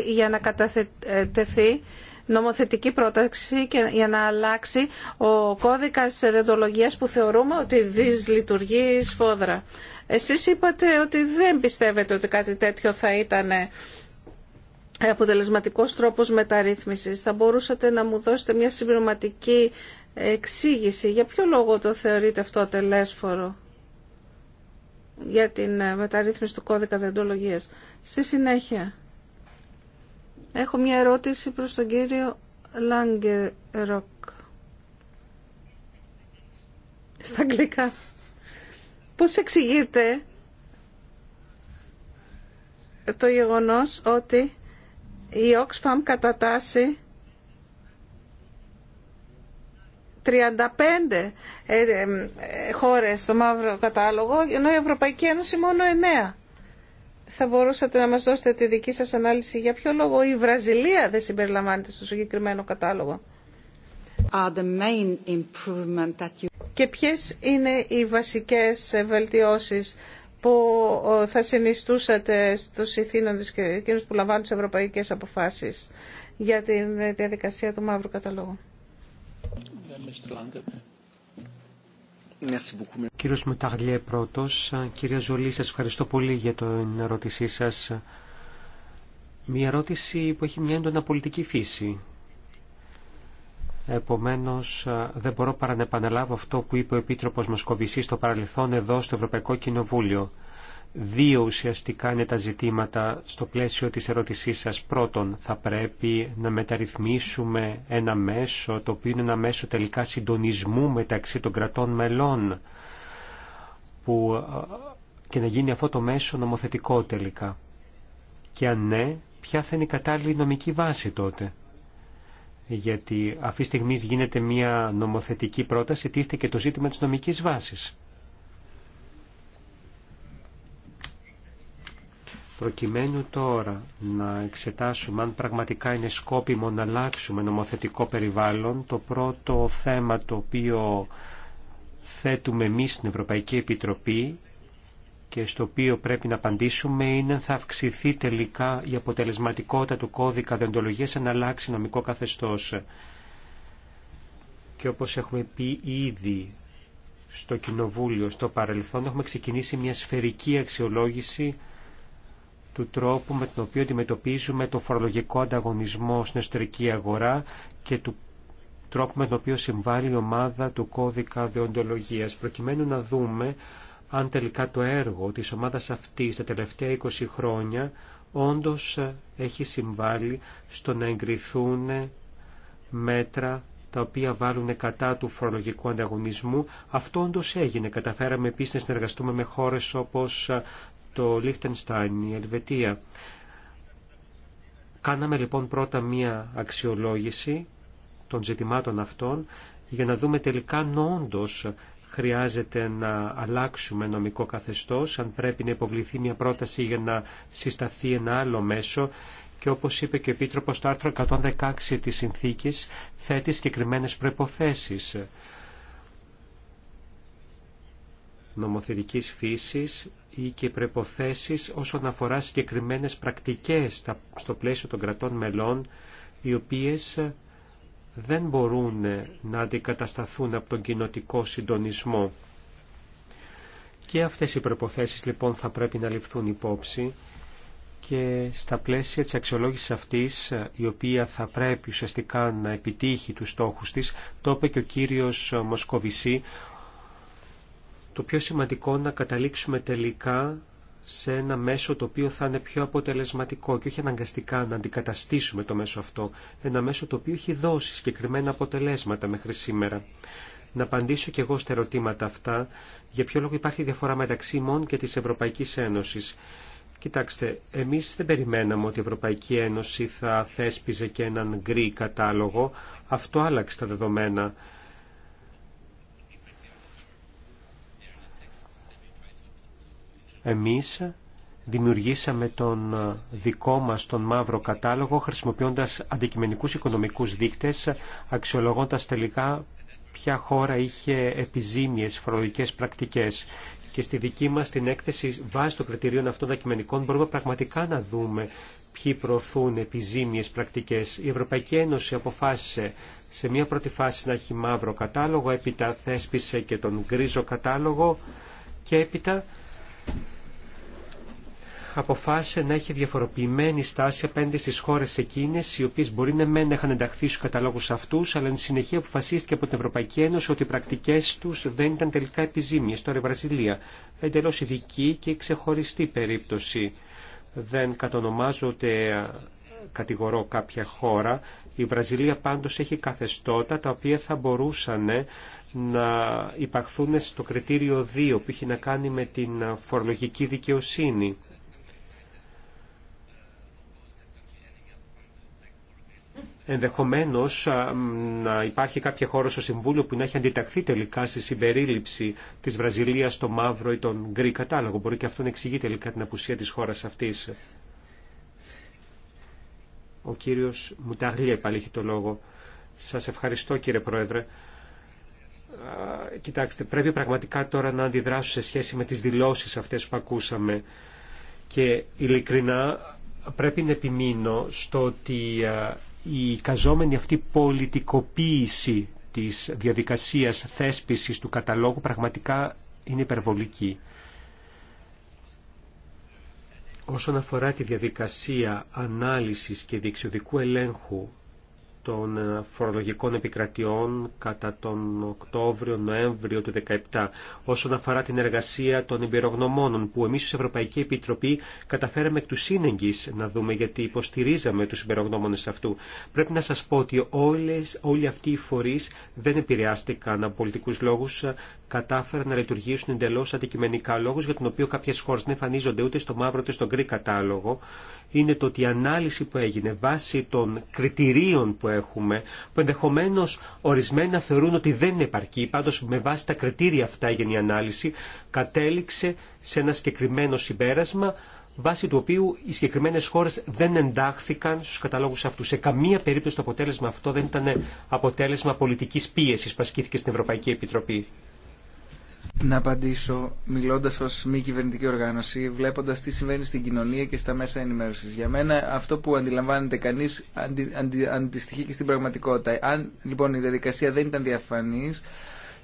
για να καταθετεθεί νομοθετική πρόταξη και για να αλλάξει ο κώδικας δεντολογίας που θεωρούμε ότι δυσλειτουργεί σφόδρα. Εσείς είπατε ότι δεν πιστεύετε ότι κάτι τέτοιο θα ήταν ε, αποτελεσματικός τρόπος μεταρρύθμισης. Θα μπορούσατε να μου δώσετε μια συμπληρωματική εξήγηση. Για ποιο λόγο το θεωρείτε αυτό τελέσφορο για την ε, μεταρρύθμιση του κώδικα δεντολογίας. Στη συνέχεια, έχω μια ερώτηση προς τον κύριο Λάγκεροκ. Στα αγγλικά. Πώς εξηγείτε το γεγονός ότι η Oxfam κατατάσσει 35 ε, ε, χώρες στο μαύρο κατάλογο, ενώ η Ευρωπαϊκή Ένωση μόνο 9. Θα μπορούσατε να μας δώσετε τη δική σας ανάλυση για ποιο λόγο η Βραζιλία δεν συμπεριλαμβάνεται στο συγκεκριμένο κατάλογο. you... Και ποιες είναι οι βασικές βελτιώσεις που θα συνιστούσατε στους ηθήνοντες και εκείνους που λαμβάνουν τις ευρωπαϊκές αποφάσεις για τη διαδικασία του μαύρου καταλόγου.
Κύριος Μεταγλιέ πρώτος. Κύριε Ζολή, σας ευχαριστώ πολύ για την ερώτησή σας. Μια ερώτηση που έχει μια έντονα πολιτική φύση Επομένως, δεν μπορώ παρά να επαναλάβω αυτό που είπε ο Επίτροπος Μοσκοβισή στο παρελθόν εδώ στο Ευρωπαϊκό Κοινοβούλιο. Δύο ουσιαστικά είναι τα ζητήματα στο πλαίσιο της ερώτησής σας. Πρώτον, θα πρέπει να μεταρρυθμίσουμε ένα μέσο, το οποίο είναι ένα μέσο τελικά συντονισμού μεταξύ των κρατών μελών, που και να γίνει αυτό το μέσο νομοθετικό τελικά. Και αν ναι, ποια θα είναι η κατάλληλη νομική βάση τότε γιατί αυτή τη στιγμή γίνεται μια νομοθετική πρόταση, τίθεται και το ζήτημα της νομικής βάσης. Προκειμένου τώρα να εξετάσουμε αν πραγματικά είναι σκόπιμο να αλλάξουμε νομοθετικό περιβάλλον, το πρώτο θέμα το οποίο θέτουμε εμείς στην Ευρωπαϊκή Επιτροπή και στο οποίο πρέπει να απαντήσουμε είναι αν θα αυξηθεί τελικά η αποτελεσματικότητα του κώδικα διοντολογίας αν αλλάξει νομικό καθεστώς. Και όπως έχουμε πει ήδη στο Κοινοβούλιο, στο παρελθόν, έχουμε ξεκινήσει μια σφαιρική αξιολόγηση του τρόπου με τον οποίο αντιμετωπίζουμε το φορολογικό ανταγωνισμό στην εσωτερική αγορά και του τρόπου με τον οποίο συμβάλλει η ομάδα του κώδικα διοντολογίας προκειμένου να δούμε αν τελικά το έργο της ομάδας αυτής τα τελευταία 20 χρόνια όντως έχει συμβάλει στο να εγκριθούν μέτρα τα οποία βάλουν κατά του φορολογικού ανταγωνισμού. Αυτό όντω έγινε. Καταφέραμε επίσης να συνεργαστούμε με χώρες όπως το Λίχτενστάιν, η Ελβετία. Κάναμε λοιπόν πρώτα μία αξιολόγηση των ζητημάτων αυτών για να δούμε τελικά αν χρειάζεται να αλλάξουμε νομικό καθεστώς, αν πρέπει να υποβληθεί μια πρόταση για να συσταθεί ένα άλλο μέσο και όπως είπε και ο Επίτροπος το άρθρο 116 της συνθήκης θέτει συγκεκριμένε προϋποθέσεις νομοθετικής φύσης ή και προϋποθέσεις όσον αφορά συγκεκριμένες πρακτικές στο πλαίσιο των κρατών μελών οι οποίες δεν μπορούν να αντικατασταθούν από τον κοινοτικό συντονισμό. Και αυτές οι προποθέσεις λοιπόν θα πρέπει να ληφθούν υπόψη και στα πλαίσια της αξιολόγησης αυτής, η οποία θα πρέπει ουσιαστικά να επιτύχει τους στόχους της, το είπε και ο κύριος Μοσκοβισή, το πιο σημαντικό να καταλήξουμε τελικά σε ένα μέσο το οποίο θα είναι πιο αποτελεσματικό και όχι αναγκαστικά να αντικαταστήσουμε το μέσο αυτό. Ένα μέσο το οποίο έχει δώσει συγκεκριμένα αποτελέσματα μέχρι σήμερα. Να απαντήσω και εγώ στα ερωτήματα αυτά για ποιο λόγο υπάρχει διαφορά μεταξύ ΜΟΝ και της Ευρωπαϊκής Ένωσης. Κοιτάξτε, εμείς δεν περιμέναμε ότι η Ευρωπαϊκή Ένωση θα θέσπιζε και έναν γκρι κατάλογο. Αυτό άλλαξε τα δεδομένα. Εμείς δημιουργήσαμε τον δικό μας τον μαύρο κατάλογο χρησιμοποιώντας αντικειμενικούς οικονομικούς δείκτες, αξιολογώντας τελικά ποια χώρα είχε επιζήμιες φορολογικές πρακτικές. Και στη δική μας την έκθεση βάσει των κριτηρίων αυτών των αντικειμενικών μπορούμε πραγματικά να δούμε ποιοι προωθούν επιζήμιες πρακτικές. Η Ευρωπαϊκή Ένωση αποφάσισε σε μια πρώτη φάση να έχει μαύρο κατάλογο, έπειτα θέσπισε και τον γκρίζο κατάλογο και έπειτα αποφάσισε να έχει διαφοροποιημένη στάση απέναντι στις χώρες εκείνες οι οποίες μπορεί να μεν είχαν ενταχθεί στους καταλόγους αυτούς αλλά εν συνεχεία αποφασίστηκε από την Ευρωπαϊκή Ένωση ότι οι πρακτικές τους δεν ήταν τελικά επιζήμιες. Τώρα η Βραζιλία εντελώς ειδική και ξεχωριστή περίπτωση. Δεν κατονομάζω ούτε κατηγορώ κάποια χώρα. Η Βραζιλία πάντως έχει καθεστώτα τα οποία θα μπορούσαν να υπαχθούν στο κριτήριο 2 που έχει να κάνει με την φορολογική δικαιοσύνη. ενδεχομένως να υπάρχει κάποια χώρα στο Συμβούλιο που να έχει αντιταχθεί τελικά στη συμπερίληψη της Βραζιλίας στο μαύρο ή τον γκρι κατάλογο. Μπορεί και αυτό να εξηγεί τελικά την απουσία της χώρας αυτής. Ο κύριος Μουταγλία πάλι έχει το λόγο. Σας ευχαριστώ κύριε Πρόεδρε. Κοιτάξτε, πρέπει πραγματικά τώρα να αντιδράσω σε σχέση με τις δηλώσεις αυτές που ακούσαμε. Και ειλικρινά πρέπει να επιμείνω στο ότι η καζόμενη αυτή πολιτικοποίηση της διαδικασίας θέσπισης του καταλόγου πραγματικά είναι υπερβολική. Όσον αφορά τη διαδικασία ανάλυσης και διεξοδικού ελέγχου των ε, φορολογικών επικρατιών κατά τον Οκτώβριο-Νοέμβριο του 2017 όσον αφορά την εργασία των εμπειρογνωμόνων που εμείς ως Ευρωπαϊκή Επιτροπή καταφέραμε εκ του σύνεγγυς να δούμε γιατί υποστηρίζαμε τους εμπειρογνώμονες αυτού. Πρέπει να σας πω ότι όλες, όλοι αυτοί οι φορείς δεν επηρεάστηκαν από πολιτικούς λόγους ε, κατάφεραν να λειτουργήσουν εντελώ αντικειμενικά λόγου για τον οποίο κάποιε χώρε δεν εμφανίζονται ούτε στο μαύρο ούτε στον γκρι κατάλογο είναι το ότι η ανάλυση που έγινε βάσει των κριτηρίων που έχουμε, που ενδεχομένω ορισμένα θεωρούν ότι δεν επαρκή, πάντω με βάση τα κριτήρια αυτά έγινε η ανάλυση, κατέληξε σε ένα συγκεκριμένο συμπέρασμα βάσει του οποίου οι συγκεκριμένε χώρε δεν εντάχθηκαν στου καταλόγου αυτού. Σε καμία περίπτωση το αποτέλεσμα αυτό δεν ήταν αποτέλεσμα πολιτική πίεση που ασκήθηκε στην Ευρωπαϊκή Επιτροπή
να απαντήσω μιλώντα ω μη κυβερνητική οργάνωση, βλέποντα τι συμβαίνει στην κοινωνία και στα μέσα ενημέρωση. Για μένα αυτό που αντιλαμβάνεται κανεί αντι, αντι, αντιστοιχεί και στην πραγματικότητα. Αν λοιπόν η διαδικασία δεν ήταν διαφανή,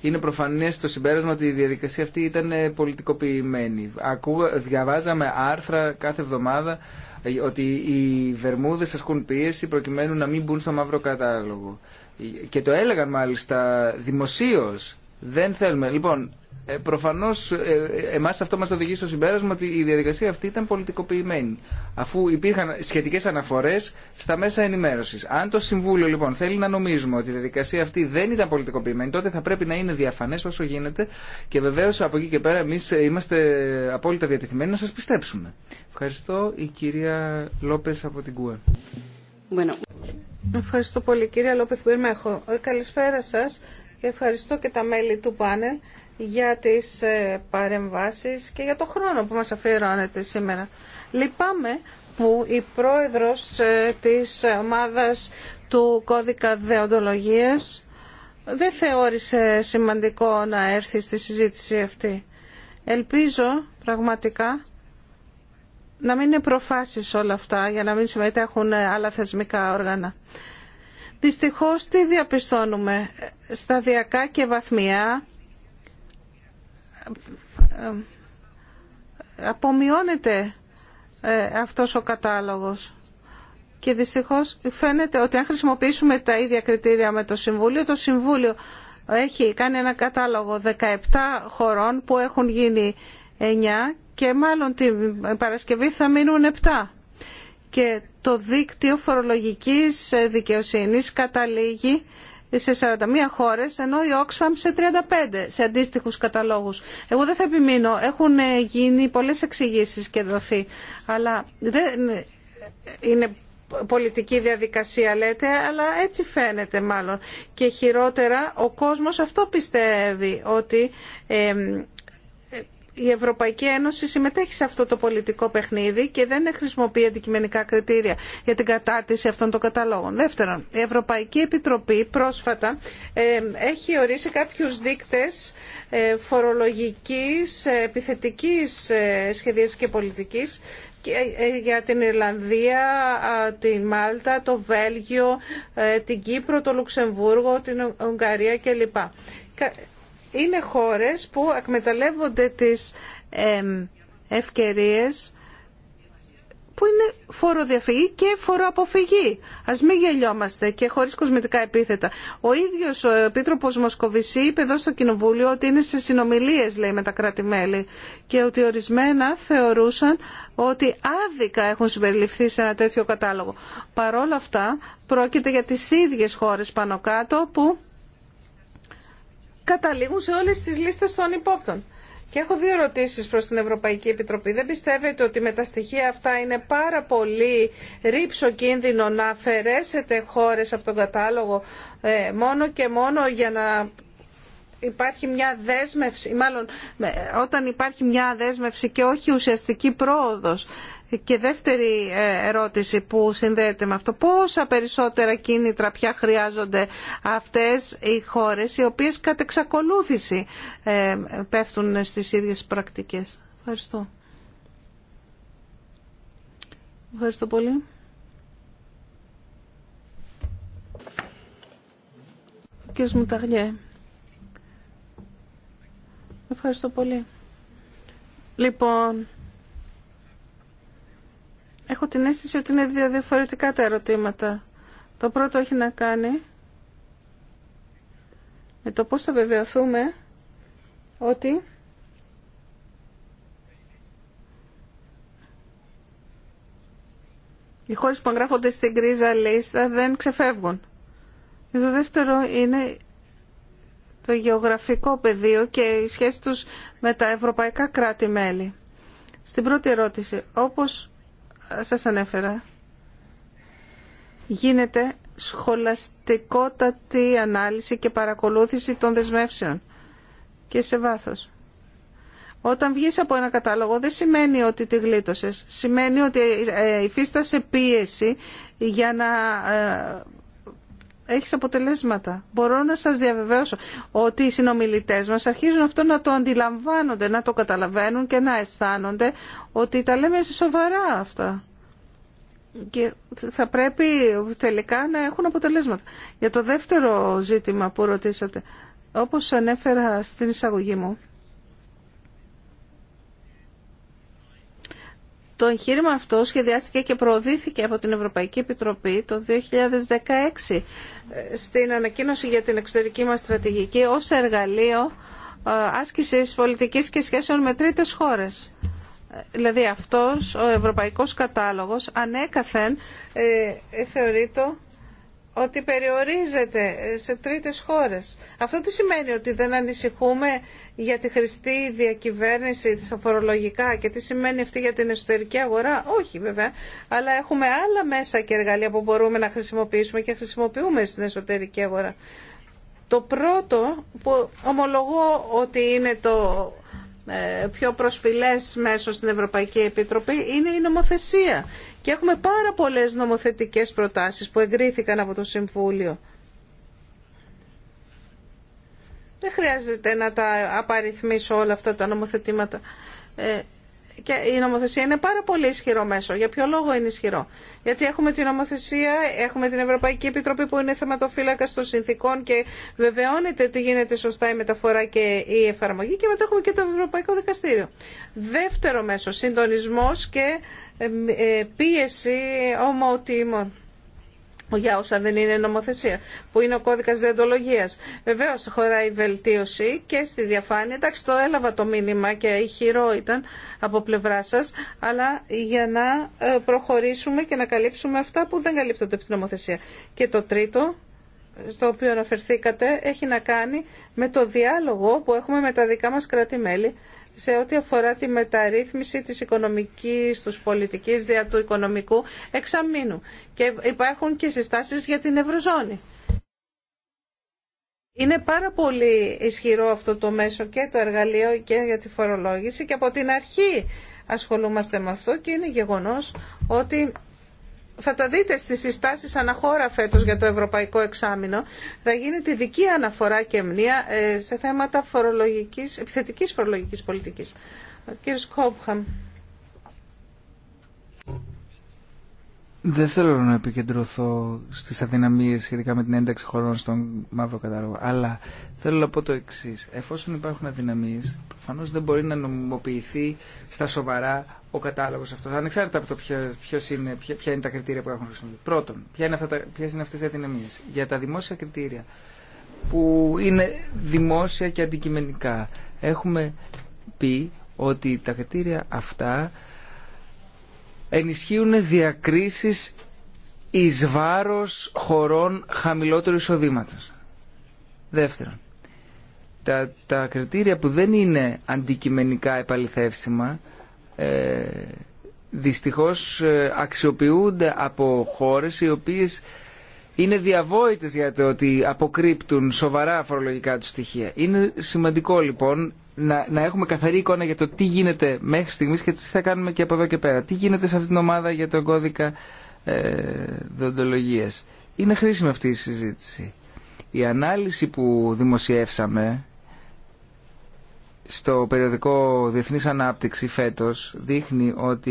είναι προφανέ το συμπέρασμα ότι η διαδικασία αυτή ήταν ε, πολιτικοποιημένη. Ακού, διαβάζαμε άρθρα κάθε εβδομάδα ε, ότι οι Βερμούδε ασκούν πίεση προκειμένου να μην μπουν στο μαύρο κατάλογο. Ε, και το έλεγαν μάλιστα δημοσίω. Δεν θέλουμε. Λοιπόν, ε, προφανώ ε, ε, εμά αυτό μα οδηγεί στο συμπέρασμα ότι η διαδικασία αυτή ήταν πολιτικοποιημένη. Αφού υπήρχαν σχετικέ αναφορέ στα μέσα ενημέρωση. Αν το Συμβούλιο λοιπόν θέλει να νομίζουμε ότι η διαδικασία αυτή δεν ήταν πολιτικοποιημένη, τότε θα πρέπει να είναι διαφανέ όσο γίνεται και βεβαίω από εκεί και πέρα εμεί είμαστε απόλυτα διατεθειμένοι να σα πιστέψουμε. Ευχαριστώ η κυρία Λόπε από την ΚΟΥΑ.
Bueno. Ευχαριστώ πολύ κύριε Λόπεθ Μπερμέχο. Καλησπέρα σας. Ευχαριστώ και τα μέλη του πάνελ για τις ε, παρεμβάσεις και για το χρόνο που μας αφιερώνετε σήμερα. Λυπάμαι που η πρόεδρος ε, της ομάδας του κώδικα δεοντολογίας δεν θεώρησε σημαντικό να έρθει στη συζήτηση αυτή. Ελπίζω πραγματικά να μην είναι προφάσεις όλα αυτά για να μην συμμετέχουν άλλα θεσμικά όργανα. Δυστυχώς τι διαπιστώνουμε σταδιακά και βαθμιά απομειώνεται ε, αυτός ο κατάλογος. Και δυστυχώς φαίνεται ότι αν χρησιμοποιήσουμε τα ίδια κριτήρια με το Συμβούλιο, το Συμβούλιο έχει κάνει ένα κατάλογο 17 χωρών που έχουν γίνει 9 και μάλλον την Παρασκευή θα μείνουν 7 και το δίκτυο φορολογικής ε, δικαιοσύνης καταλήγει σε 41 χώρες, ενώ η Oxfam σε 35, σε αντίστοιχους καταλόγους. Εγώ δεν θα επιμείνω, έχουν ε, γίνει πολλές εξηγήσεις και δοθεί, αλλά δεν ε, είναι πολιτική διαδικασία λέτε, αλλά έτσι φαίνεται μάλλον. Και χειρότερα ο κόσμος αυτό πιστεύει, ότι η Ευρωπαϊκή Ένωση συμμετέχει σε αυτό το πολιτικό παιχνίδι και δεν χρησιμοποιεί αντικειμενικά κριτήρια για την κατάρτιση αυτών των καταλόγων. Δεύτερον, η Ευρωπαϊκή Επιτροπή πρόσφατα ε, έχει ορίσει κάποιους δείκτες ε, φορολογικής, ε, επιθετικής σχεδίας και πολιτικής για την Ιρλανδία, τη Μάλτα, το Βέλγιο, την Κύπρο, το Λουξεμβούργο, την Ουγγαρία κλπ είναι χώρες που εκμεταλλεύονται τις ευκαιρίες που είναι φοροδιαφυγή και φοροαποφυγή. Ας μην γελιόμαστε και χωρίς κοσμητικά επίθετα. Ο ίδιος ο Επίτροπος Μοσκοβισή είπε εδώ στο Κοινοβούλιο ότι είναι σε συνομιλίες λέει με τα κράτη-μέλη και ότι ορισμένα θεωρούσαν ότι άδικα έχουν συμπεριληφθεί σε ένα τέτοιο κατάλογο. Παρόλα αυτά πρόκειται για τις ίδιες χώρες πάνω κάτω που καταλήγουν σε όλες τις λίστες των υπόπτων. Και έχω δύο ερωτήσεις προς την Ευρωπαϊκή Επιτροπή. Δεν πιστεύετε ότι με τα στοιχεία αυτά είναι πάρα πολύ ρήψο κίνδυνο να αφαιρέσετε χώρες από τον κατάλογο ε, μόνο και μόνο για να υπάρχει μια δέσμευση, μάλλον όταν υπάρχει μια δέσμευση και όχι ουσιαστική πρόοδος και δεύτερη ε, ερώτηση που συνδέεται με αυτό. Πόσα περισσότερα κίνητρα πια χρειάζονται αυτές οι χώρες οι οποίες κατ' εξακολούθηση ε, πέφτουν στις ίδιες πρακτικές. Ευχαριστώ. Ευχαριστώ πολύ. Ο κύριος Μουταγλιέ. Ευχαριστώ πολύ. Λοιπόν, Έχω την αίσθηση ότι είναι δύο διαφορετικά τα ερωτήματα. Το πρώτο έχει να κάνει με το πώς θα βεβαιωθούμε ότι οι χώρε που εγγράφονται στην κρίζα λίστα δεν ξεφεύγουν. Το δεύτερο είναι το γεωγραφικό πεδίο και η σχέση τους με τα ευρωπαϊκά κράτη-μέλη. Στην πρώτη ερώτηση, όπως σας ανέφερα γίνεται σχολαστικότατη ανάλυση και παρακολούθηση των δεσμεύσεων και σε βάθος. Όταν βγεις από ένα κατάλογο δεν σημαίνει ότι τη γλίτωσες. Σημαίνει ότι ε, υφίστασε πίεση για να ε, έχεις αποτελέσματα. Μπορώ να σας διαβεβαίωσω ότι οι συνομιλητές μας αρχίζουν αυτό να το αντιλαμβάνονται, να το καταλαβαίνουν και να αισθάνονται ότι τα λέμε σοβαρά αυτά. Και θα πρέπει τελικά να έχουν αποτελέσματα. Για το δεύτερο ζήτημα που ρωτήσατε, όπως ανέφερα στην εισαγωγή μου, Το εγχείρημα αυτό σχεδιάστηκε και προωθήθηκε από την Ευρωπαϊκή Επιτροπή το 2016 ε, στην ανακοίνωση για την εξωτερική μας στρατηγική ως εργαλείο ε, άσκησης πολιτικής και σχέσεων με τρίτες χώρες. Ε, δηλαδή αυτός ο ευρωπαϊκός κατάλογος ανέκαθεν ε, θεωρείται ότι περιορίζεται σε τρίτες χώρες. Αυτό τι σημαίνει ότι δεν ανησυχούμε για τη χρηστή διακυβέρνηση στα φορολογικά και τι σημαίνει αυτή για την εσωτερική αγορά. Όχι βέβαια, αλλά έχουμε άλλα μέσα και εργαλεία που μπορούμε να χρησιμοποιήσουμε και χρησιμοποιούμε στην εσωτερική αγορά. Το πρώτο που ομολογώ ότι είναι το ε, πιο προσφυλές μέσω στην Ευρωπαϊκή Επιτροπή είναι η νομοθεσία και έχουμε πάρα πολλές νομοθετικές προτάσεις που εγκρίθηκαν από το Συμβούλιο. Δεν χρειάζεται να τα απαριθμίσω όλα αυτά τα νομοθετήματα. Ε, και η νομοθεσία είναι πάρα πολύ ισχυρό μέσο. Για ποιο λόγο είναι ισχυρό. Γιατί έχουμε την νομοθεσία, έχουμε την Ευρωπαϊκή Επιτροπή που είναι θεματοφύλακα των συνθήκων και βεβαιώνεται ότι γίνεται σωστά η μεταφορά και η εφαρμογή και μετά έχουμε και το Ευρωπαϊκό Δικαστήριο. Δεύτερο μέσο, συντονισμός και ε, ε, πίεση ομοτήμων για όσα δεν είναι νομοθεσία, που είναι ο κώδικας διοντολογίας. Βεβαίως χωράει βελτίωση και στη διαφάνεια. Εντάξει, το έλαβα το μήνυμα και ηχηρό ήταν από πλευρά σας, αλλά για να ε, προχωρήσουμε και να καλύψουμε αυτά που δεν καλύπτονται από την νομοθεσία. Και το τρίτο, στο οποίο αναφερθήκατε, έχει να κάνει με το διάλογο που έχουμε με τα δικά μας κράτη-μέλη σε ό,τι αφορά τη μεταρρύθμιση της οικονομικής, τους πολιτικής δια του οικονομικού εξαμήνου. Και υπάρχουν και συστάσεις για την Ευρωζώνη. Είναι πάρα πολύ ισχυρό αυτό το μέσο και το εργαλείο και για τη φορολόγηση και από την αρχή ασχολούμαστε με αυτό και είναι γεγονός ότι θα τα δείτε στι συστάσει αναχώρα φέτο για το Ευρωπαϊκό Εξάμεινο, θα γίνει τη δική αναφορά και μνήμα ε, σε θέματα φορολογικής, επιθετικής φορολογικής πολιτικής.
Δεν θέλω να επικεντρωθώ στις αδυναμίες σχετικά με την ένταξη χωρών στον Μαύρο Κατάλογο, αλλά θέλω να πω το εξή. Εφόσον υπάρχουν αδυναμίες, προφανώς δεν μπορεί να νομιμοποιηθεί στα σοβαρά ο κατάλογος αυτός, ανεξάρτητα από το ποιος είναι, ποια είναι τα κριτήρια που έχουν χρησιμοποιηθεί. Πρώτον, ποια είναι αυτά τα, ποιες είναι αυτές οι αδυναμίες. Για τα δημόσια κριτήρια, που είναι δημόσια και αντικειμενικά, έχουμε πει ότι τα κριτήρια αυτά ενισχύουν διακρίσεις εις βάρος χωρών χαμηλότερου εισοδήματο. Δεύτερον, τα, τα κριτήρια που δεν είναι αντικειμενικά επαληθεύσιμα ε, δυστυχώς ε, αξιοποιούνται από χώρες οι οποίες είναι διαβόητες για το ότι αποκρύπτουν σοβαρά αφορολογικά τους στοιχεία. Είναι σημαντικό λοιπόν να, να έχουμε καθαρή εικόνα για το τι γίνεται μέχρι στιγμή και τι θα κάνουμε και από εδώ και πέρα. Τι γίνεται σε αυτή την ομάδα για τον κώδικα ε, δοντολογίας. Είναι χρήσιμη αυτή η συζήτηση. Η ανάλυση που δημοσιεύσαμε στο περιοδικό Διεθνής Ανάπτυξη φέτος δείχνει ότι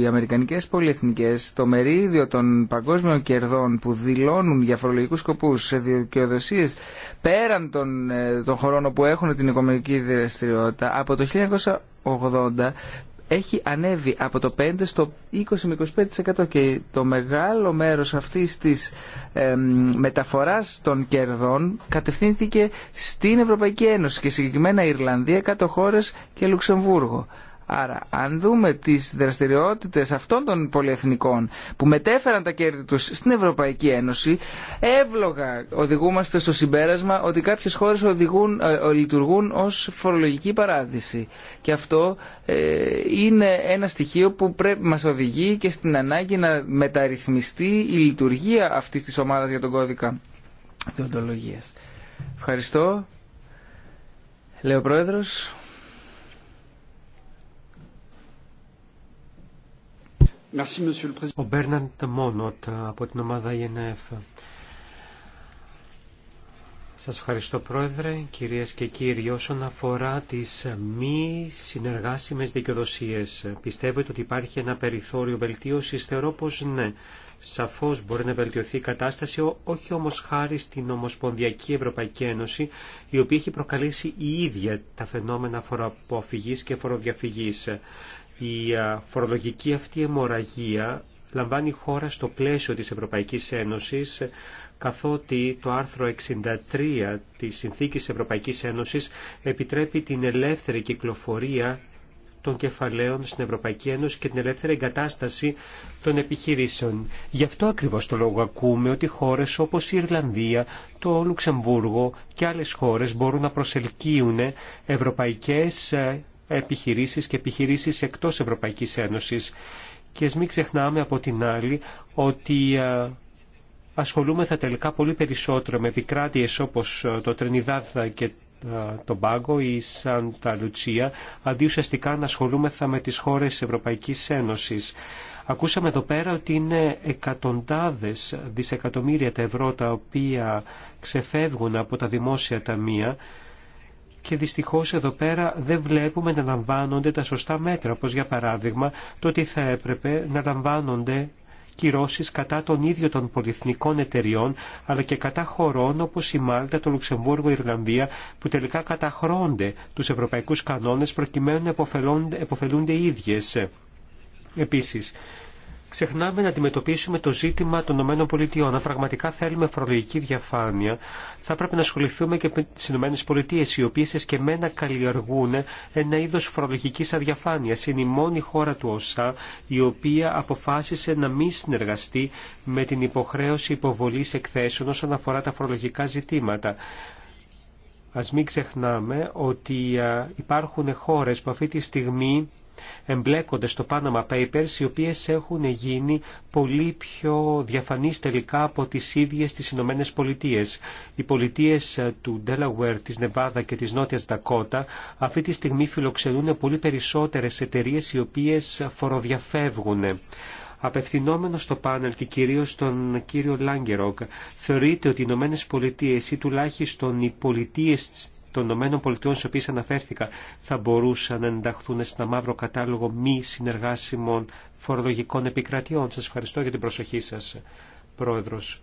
οι αμερικανικές πολυεθνικές το μερίδιο των παγκόσμιων κερδών που δηλώνουν για φορολογικούς σκοπούς σε δικαιοδοσίες πέραν των, ε, των χωρών όπου έχουν την οικονομική δραστηριότητα από το 1980 έχει ανέβει από το 5% στο 20-25% και το μεγάλο μέρος αυτής της ε, μεταφοράς των κερδών κατευθύνθηκε στην Ευρωπαϊκή Ένωση και συγκεκριμένα Ιρλανδία, κάτω χώρες και Λουξεμβούργο. Άρα, αν δούμε τις δραστηριότητες αυτών των πολυεθνικών που μετέφεραν τα κέρδη τους στην Ευρωπαϊκή Ένωση, εύλογα οδηγούμαστε στο συμπέρασμα ότι κάποιες χώρες ε, ε, λειτουργούν ως φορολογική παράδειση. Και αυτό ε, είναι ένα στοιχείο που πρέπει, μας οδηγεί και στην ανάγκη να μεταρρυθμιστεί η λειτουργία αυτής της ομάδας για τον κώδικα διοντολογίας. Ευχαριστώ.
Λέω Πρόεδρος. Ο Μπέρναντ Μόνοτ από την ομάδα INF. Σας ευχαριστώ Πρόεδρε, κυρίες και κύριοι. Όσον αφορά τις μη συνεργάσιμες δικαιοδοσίες, πιστεύετε ότι υπάρχει ένα περιθώριο βελτίωσης, θεωρώ πως ναι. Σαφώς μπορεί να βελτιωθεί η κατάσταση, όχι όμως χάρη στην Ομοσπονδιακή Ευρωπαϊκή Ένωση, η οποία έχει προκαλέσει η ίδια τα φαινόμενα φοροαποφυγής και φοροδιαφυγής. Η φορολογική αυτή αιμορραγία λαμβάνει χώρα στο πλαίσιο της Ευρωπαϊκής Ένωσης καθότι το άρθρο 63 της Συνθήκης Ευρωπαϊκής Ένωσης επιτρέπει την ελεύθερη κυκλοφορία των κεφαλαίων στην Ευρωπαϊκή Ένωση και την ελεύθερη εγκατάσταση των επιχειρήσεων. Γι' αυτό ακριβώς το λόγο ακούμε ότι χώρες όπως η Ιρλανδία, το Λουξεμβούργο και άλλες χώρες μπορούν να προσελκύουν ευρωπαϊκές ε, επιχειρήσεις και επιχειρήσεις εκτός Ευρωπαϊκής Ένωσης. Και ας μην ξεχνάμε από την άλλη ότι ε, ασχολούμεθα τελικά πολύ περισσότερο με επικράτειες όπως ε, το Τρενιδάδ και ε, το Πάγκο ή Σαντα Λουτσία, αντί ουσιαστικά να ασχολούμεθα με τις χώρες της Ευρωπαϊκής Ένωσης. Ακούσαμε εδώ πέρα ότι είναι εκατοντάδες δισεκατομμύρια τα ευρώ τα οποία ξεφεύγουν από τα δημόσια ταμεία και δυστυχώς εδώ πέρα δεν βλέπουμε να λαμβάνονται τα σωστά μέτρα, όπως για παράδειγμα το ότι θα έπρεπε να λαμβάνονται κυρώσεις κατά των ίδιο των πολυεθνικών εταιριών, αλλά και κατά χωρών όπως η Μάλτα, το Λουξεμβούργο, η Ιρλανδία, που τελικά καταχρώνται τους ευρωπαϊκούς κανόνες προκειμένου να επωφελούνται οι ίδιες. Επίσης, ξεχνάμε να αντιμετωπίσουμε το ζήτημα των ΗΠΑ. Αν πραγματικά θέλουμε φορολογική διαφάνεια, θα πρέπει να ασχοληθούμε και με τι ΗΠΑ, οι οποίε εσκεμμένα καλλιεργούν ένα είδο φορολογική αδιαφάνεια. Είναι η μόνη χώρα του ΩΣΑ η οποία αποφάσισε να μην συνεργαστεί με την υποχρέωση υποβολή εκθέσεων όσον αφορά τα φορολογικά ζητήματα. Ας μην ξεχνάμε ότι υπάρχουν χώρες που αυτή τη στιγμή εμπλέκονται στο Panama Papers, οι οποίες έχουν γίνει πολύ πιο διαφανείς τελικά από τις ίδιες τις Ηνωμένε Πολιτείε. Οι πολιτείες ε, του Delaware, της Νεβάδα και της Νότιας Δακότα αυτή τη στιγμή φιλοξενούν πολύ περισσότερες εταιρείες οι οποίες φοροδιαφεύγουν απευθυνόμενο στο πάνελ και κυρίως στον κύριο Λάγκεροκ, θεωρείται ότι οι Ηνωμένε Πολιτείε ή τουλάχιστον οι πολιτείε των Πολιτειών, στις οποίες αναφέρθηκα θα μπορούσαν να ενταχθούν σε ένα μαύρο κατάλογο μη συνεργάσιμων φορολογικών επικρατιών. Σας ευχαριστώ για την προσοχή σας, Πρόεδρος.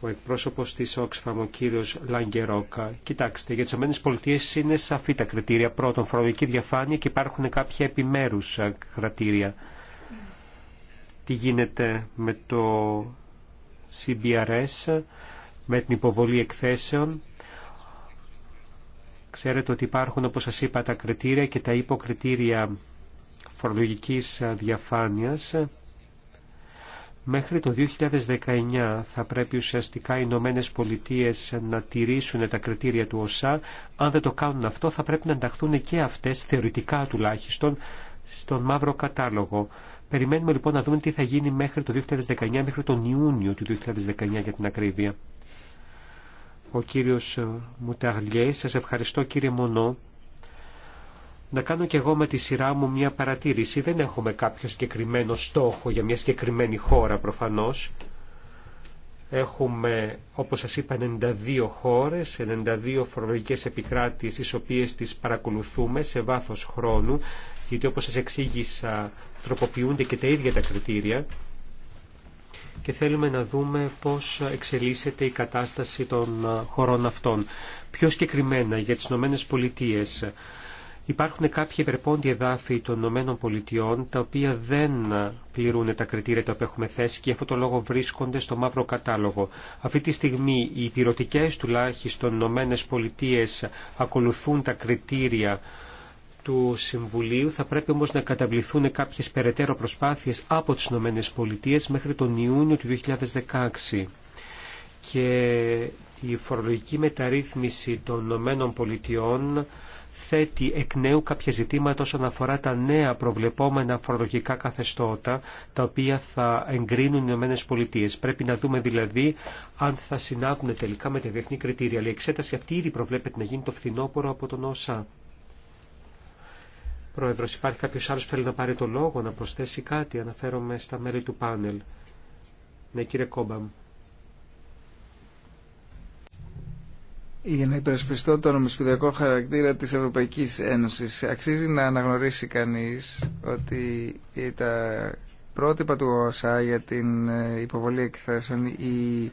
Ο εκπρόσωπο τη Oxfam, ο κύριο Λαγκερόκα. Κοιτάξτε, για τι ΗΠΑ είναι σαφή τα κριτήρια. Πρώτον, φορολογική διαφάνεια και υπάρχουν κάποια επιμέρου κρατήρια. Τι γίνεται με το CBRS, με την υποβολή εκθέσεων. Ξέρετε ότι υπάρχουν, όπως σας είπα, τα κριτήρια και τα υποκριτήρια φορολογικής διαφάνειας. Μέχρι το 2019 θα πρέπει ουσιαστικά οι Ηνωμένε Πολιτείε να τηρήσουν τα κριτήρια του ΩΣΑ. Αν δεν το κάνουν αυτό θα πρέπει να ενταχθούν και αυτές, θεωρητικά τουλάχιστον, στον μαύρο κατάλογο. Περιμένουμε λοιπόν να δούμε τι θα γίνει μέχρι το 2019, μέχρι τον Ιούνιο του 2019 για την ακρίβεια ο κύριος Μουταγλιέ. Σας ευχαριστώ κύριε Μονό. Να κάνω κι εγώ με τη σειρά μου μια παρατήρηση. Δεν έχουμε κάποιο συγκεκριμένο στόχο για μια συγκεκριμένη χώρα προφανώς. Έχουμε, όπως σας είπα, 92 χώρες, 92 φορολογικές επικράτειες τις οποίες τις παρακολουθούμε σε βάθος χρόνου, γιατί όπως σας εξήγησα τροποποιούνται και τα ίδια τα κριτήρια και θέλουμε να δούμε πώς εξελίσσεται η κατάσταση των χωρών αυτών. Πιο συγκεκριμένα για τις Ηνωμένες Πολιτείες. Υπάρχουν κάποιοι υπερπόντια εδάφοι των Ηνωμένων Πολιτειών τα οποία δεν πληρούν τα κριτήρια τα οποία έχουμε θέσει και αυτό το λόγο βρίσκονται στο μαύρο κατάλογο. Αυτή τη στιγμή οι πυρωτικές τουλάχιστον Ηνωμένε Πολιτείες ακολουθούν τα κριτήρια του Συμβουλίου θα πρέπει όμως να καταβληθούν κάποιες περαιτέρω προσπάθειες από τις Ηνωμένες Πολιτείες μέχρι τον Ιούνιο του 2016 και η φορολογική μεταρρύθμιση των Ηνωμένων Πολιτειών θέτει εκ νέου κάποια ζητήματα όσον αφορά τα νέα προβλεπόμενα φορολογικά καθεστώτα τα οποία θα εγκρίνουν οι Ηνωμένες Πολιτείες. Πρέπει να δούμε δηλαδή αν θα συνάδουν τελικά με τα διεθνή κριτήρια. Αλλά η εξέταση αυτή ήδη προβλέπεται να γίνει το φθινόπωρο από τον ΩΣΑ. Πρόεδρος, υπάρχει κάποιος άλλος που θέλει να πάρει το λόγο, να προσθέσει κάτι. Αναφέρομαι στα μέλη του πάνελ. Ναι, κύριε Κόμπαμ.
Για να υπερασπιστώ το νομοσπιδιακό χαρακτήρα της Ευρωπαϊκής Ένωσης, αξίζει να αναγνωρίσει κανείς ότι τα πρότυπα του ΩΣΑ για την υποβολή εκθέσεων, η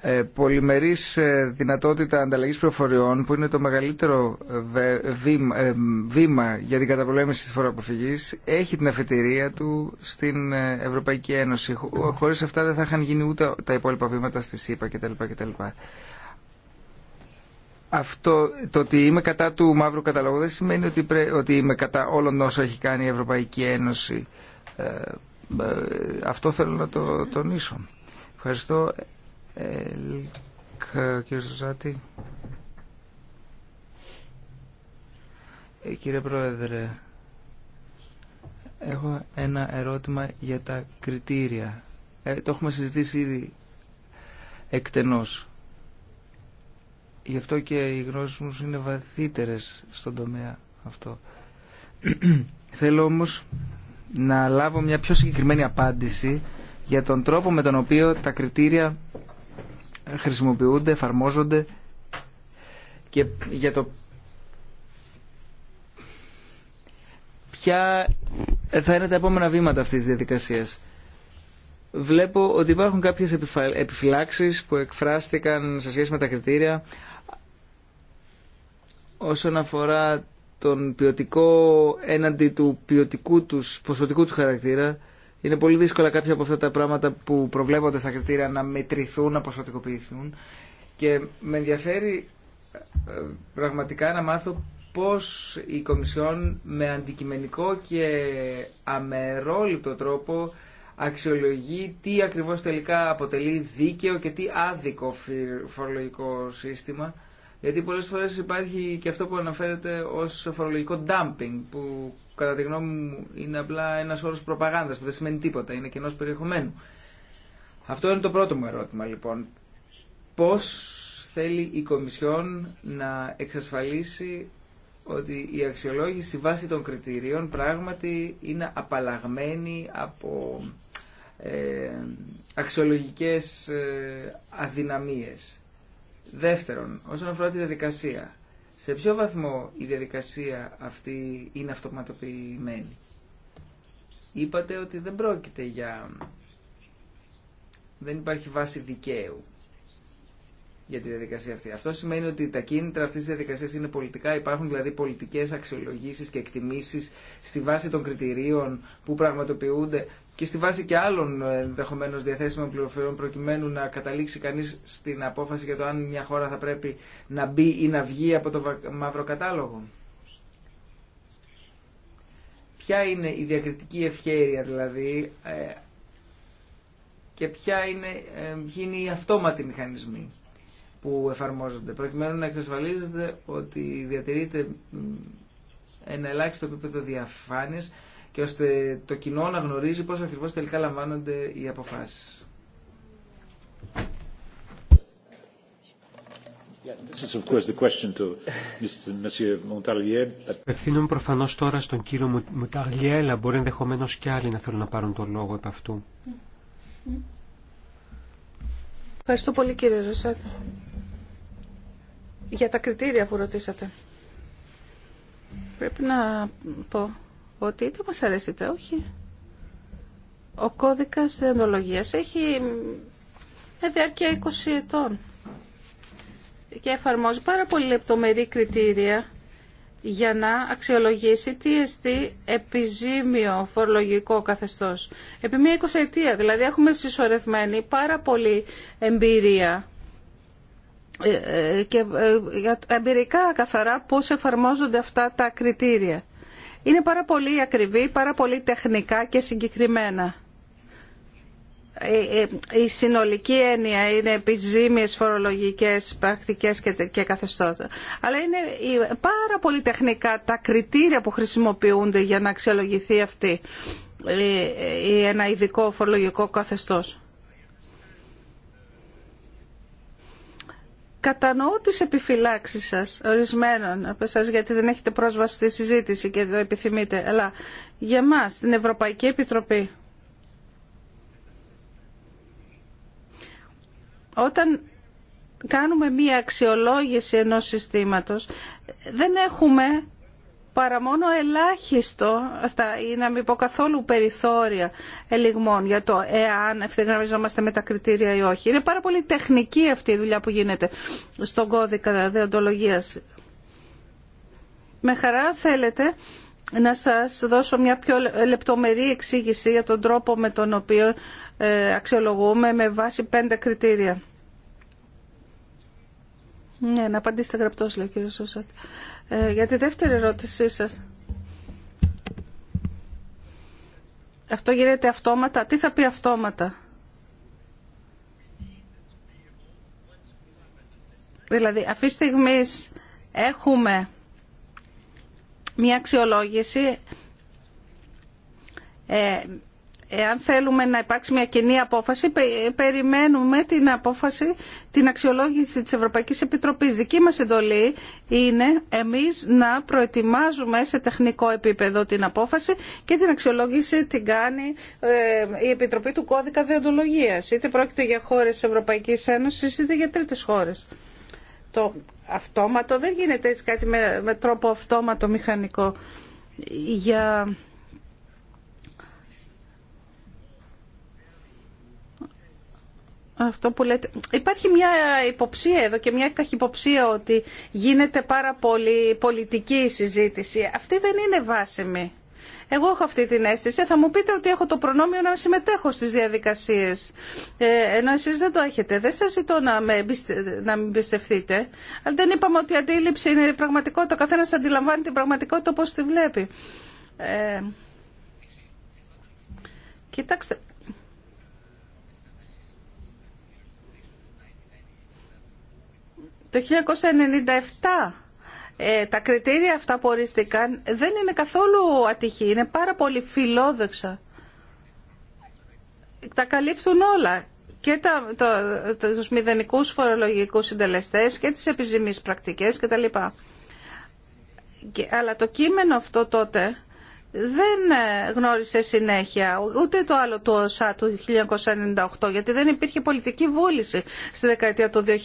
ε, πολυμερής ε, δυνατότητα ανταλλαγής προφοριών που είναι το μεγαλύτερο ε, βήμα για την καταπολέμηση της φοροαποφυγής έχει την αφετηρία του στην Ευρωπαϊκή Ένωση. Χωρίς αυτά δεν θα είχαν γίνει ούτε τα υπόλοιπα βήματα στη ΣΥΠΑ κτλ. κτλ. Αυτό, το ότι είμαι κατά του μαύρου καταλόγου δεν σημαίνει ότι, είμαι κατά όλων όσων έχει κάνει η Ευρωπαϊκή Ένωση. αυτό θέλω να το τονίσω. Ευχαριστώ. Κύριε ε, Κύριε Πρόεδρε, έχω ένα ερώτημα για τα κριτήρια. Ε, το έχουμε συζητήσει ήδη εκτενώς. Γι' αυτό και οι γνώσεις μου είναι βαθύτερες στον τομέα αυτό. Θέλω όμως να λάβω μια πιο συγκεκριμένη απάντηση για τον τρόπο με τον οποίο τα κριτήρια χρησιμοποιούνται, εφαρμόζονται και για το ποια θα είναι τα επόμενα βήματα αυτής της διαδικασίας. Βλέπω ότι υπάρχουν κάποιες επιφυλάξεις που εκφράστηκαν σε σχέση με τα κριτήρια όσον αφορά τον ποιοτικό έναντι του ποιοτικού τους, ποσοτικού του χαρακτήρα είναι πολύ δύσκολα κάποια από αυτά τα πράγματα που προβλέπονται στα κριτήρια να μετρηθούν, να ποσοτικοποιηθούν και με ενδιαφέρει ε, πραγματικά να μάθω πώς η Κομισιόν με αντικειμενικό και αμερόληπτο τρόπο αξιολογεί τι ακριβώς τελικά αποτελεί δίκαιο και τι άδικο φορολογικό σύστημα. Γιατί πολλές φορές υπάρχει και αυτό που αναφέρεται ως φορολογικό dumping που κατά τη γνώμη μου είναι απλά ένας όρο προπαγάνδας που δεν σημαίνει τίποτα, είναι κενός περιεχομένου. Αυτό είναι το πρώτο μου ερώτημα λοιπόν. Πώς θέλει η Κομισιόν να εξασφαλίσει ότι η αξιολόγηση βάσει των κριτηρίων πράγματι είναι απαλλαγμένη από ε, αξιολογικές ε, αδυναμίες. Δεύτερον, όσον αφορά τη διαδικασία, σε ποιο βαθμό η διαδικασία αυτή είναι αυτοματοποιημένη. Είπατε ότι δεν πρόκειται για... δεν υπάρχει βάση δικαίου για τη διαδικασία αυτή. Αυτό σημαίνει ότι τα κίνητρα αυτής της διαδικασίας είναι πολιτικά, υπάρχουν δηλαδή πολιτικές αξιολογήσεις και εκτιμήσεις στη βάση των κριτηρίων που πραγματοποιούνται και στη βάση και άλλων ενδεχομένω διαθέσιμων πληροφοριών προκειμένου να καταλήξει κανείς στην απόφαση για το αν μια χώρα θα πρέπει να μπει ή να βγει από το μαύρο κατάλογο. Ποια είναι η διακριτική ευχέρεια δηλαδή ε, και ποια είναι, ε, είναι οι αυτόματοι μηχανισμοί που εφαρμόζονται προκειμένου να εξασφαλίζεται ότι διατηρείται ένα ελάχιστο επίπεδο διαφάνειας και ώστε το κοινό να γνωρίζει πώς ακριβώς τελικά λαμβάνονται οι αποφάσεις.
Ευθύνομαι προφανώ τώρα στον κύριο Μουταγλιέ, αλλά μπορεί ενδεχομένω και άλλοι να θέλουν να πάρουν τον λόγο επ' αυτού.
Ευχαριστώ πολύ κύριε Ρωσάτη. Για τα κριτήρια που ρωτήσατε. Πρέπει να πω ότι είτε μας αρέσει είτε όχι. Ο κώδικας δεοντολογίας έχει μια διάρκεια 20 ετών και εφαρμόζει πάρα πολύ λεπτομερή κριτήρια για να αξιολογήσει τι εστί επιζήμιο φορολογικό καθεστώς. Επί μία 20 ετία, δηλαδή έχουμε συσσωρευμένη πάρα πολύ εμπειρία ε, ε, και ε, εμπειρικά καθαρά πώς εφαρμόζονται αυτά τα κριτήρια είναι πάρα πολύ ακριβή, πάρα πολύ τεχνικά και συγκεκριμένα. Ε, ε, η συνολική έννοια είναι επιζήμιες φορολογικές πρακτικές και καθεστώτα. Αλλά είναι πάρα πολύ τεχνικά τα κριτήρια που χρησιμοποιούνται για να αξιολογηθεί αυτή ή ε, ένα ειδικό φορολογικό καθεστώς. Κατανοώ τι επιφυλάξει σας, ορισμένων από εσάς, γιατί δεν έχετε πρόσβαση στη συζήτηση και το επιθυμείτε, αλλά για εμά, την Ευρωπαϊκή Επιτροπή, όταν κάνουμε μία αξιολόγηση ενός συστήματος, δεν έχουμε παρά μόνο ελάχιστο, αυτά, ή να μην πω καθόλου περιθώρια ελιγμών για το εάν ευθυγραμμιζόμαστε με τα κριτήρια ή όχι. Είναι πάρα πολύ τεχνική αυτή η δουλειά που γίνεται στον κώδικα δεοντολογίας. Με χαρά θέλετε να σας δώσω μια πιο λεπτομερή εξήγηση για τον τρόπο με τον οποίο ε, αξιολογούμε με βάση πέντε κριτήρια. Ναι, να απαντήσετε γραπτός, λέει ο κύριος ε, για τη δεύτερη ερώτησή σας. Αυτό γίνεται αυτόματα. Τι θα πει αυτόματα. Δηλαδή, αυτή τη στιγμή έχουμε μια αξιολόγηση ε, εάν θέλουμε να υπάρξει μια κοινή απόφαση, περιμένουμε την απόφαση, την αξιολόγηση της Ευρωπαϊκής Επιτροπής. Δική μας εντολή είναι εμείς να προετοιμάζουμε σε τεχνικό επίπεδο την απόφαση και την αξιολόγηση την κάνει ε, η Επιτροπή του Κώδικα Διοντολογίας. Είτε πρόκειται για χώρες της Ευρωπαϊκής Ένωσης, είτε για τρίτες χώρες. Το αυτόματο δεν γίνεται έτσι κάτι με, με τρόπο αυτόματο μηχανικό. Για αυτό που λέτε. Υπάρχει μια υποψία εδώ και μια καχυποψία ότι γίνεται πάρα πολύ πολιτική η συζήτηση. Αυτή δεν είναι βάσιμη. Εγώ έχω αυτή την αίσθηση. Θα μου πείτε ότι έχω το προνόμιο να συμμετέχω στις διαδικασίες. Ε, ενώ εσείς δεν το έχετε. Δεν σας ζητώ να με, Αλλά δεν είπαμε ότι η αντίληψη είναι η πραγματικότητα. Ο καθένας αντιλαμβάνει την πραγματικότητα όπως τη βλέπει. Ε, κοιτάξτε, Το 1997 ε, τα κριτήρια αυτά που ορίστηκαν δεν είναι καθόλου ατυχή, είναι πάρα πολύ φιλόδοξα. Τα καλύπτουν όλα και τα, το, το, τους μηδενικούς φορολογικούς συντελεστές και τις επιζημιες πρακτικές κτλ. Και, αλλά το κείμενο αυτό τότε δεν ε, γνώρισε συνέχεια ούτε το άλλο του ΩΣΑ του 1998 γιατί δεν υπήρχε πολιτική βούληση στη δεκαετία του 2000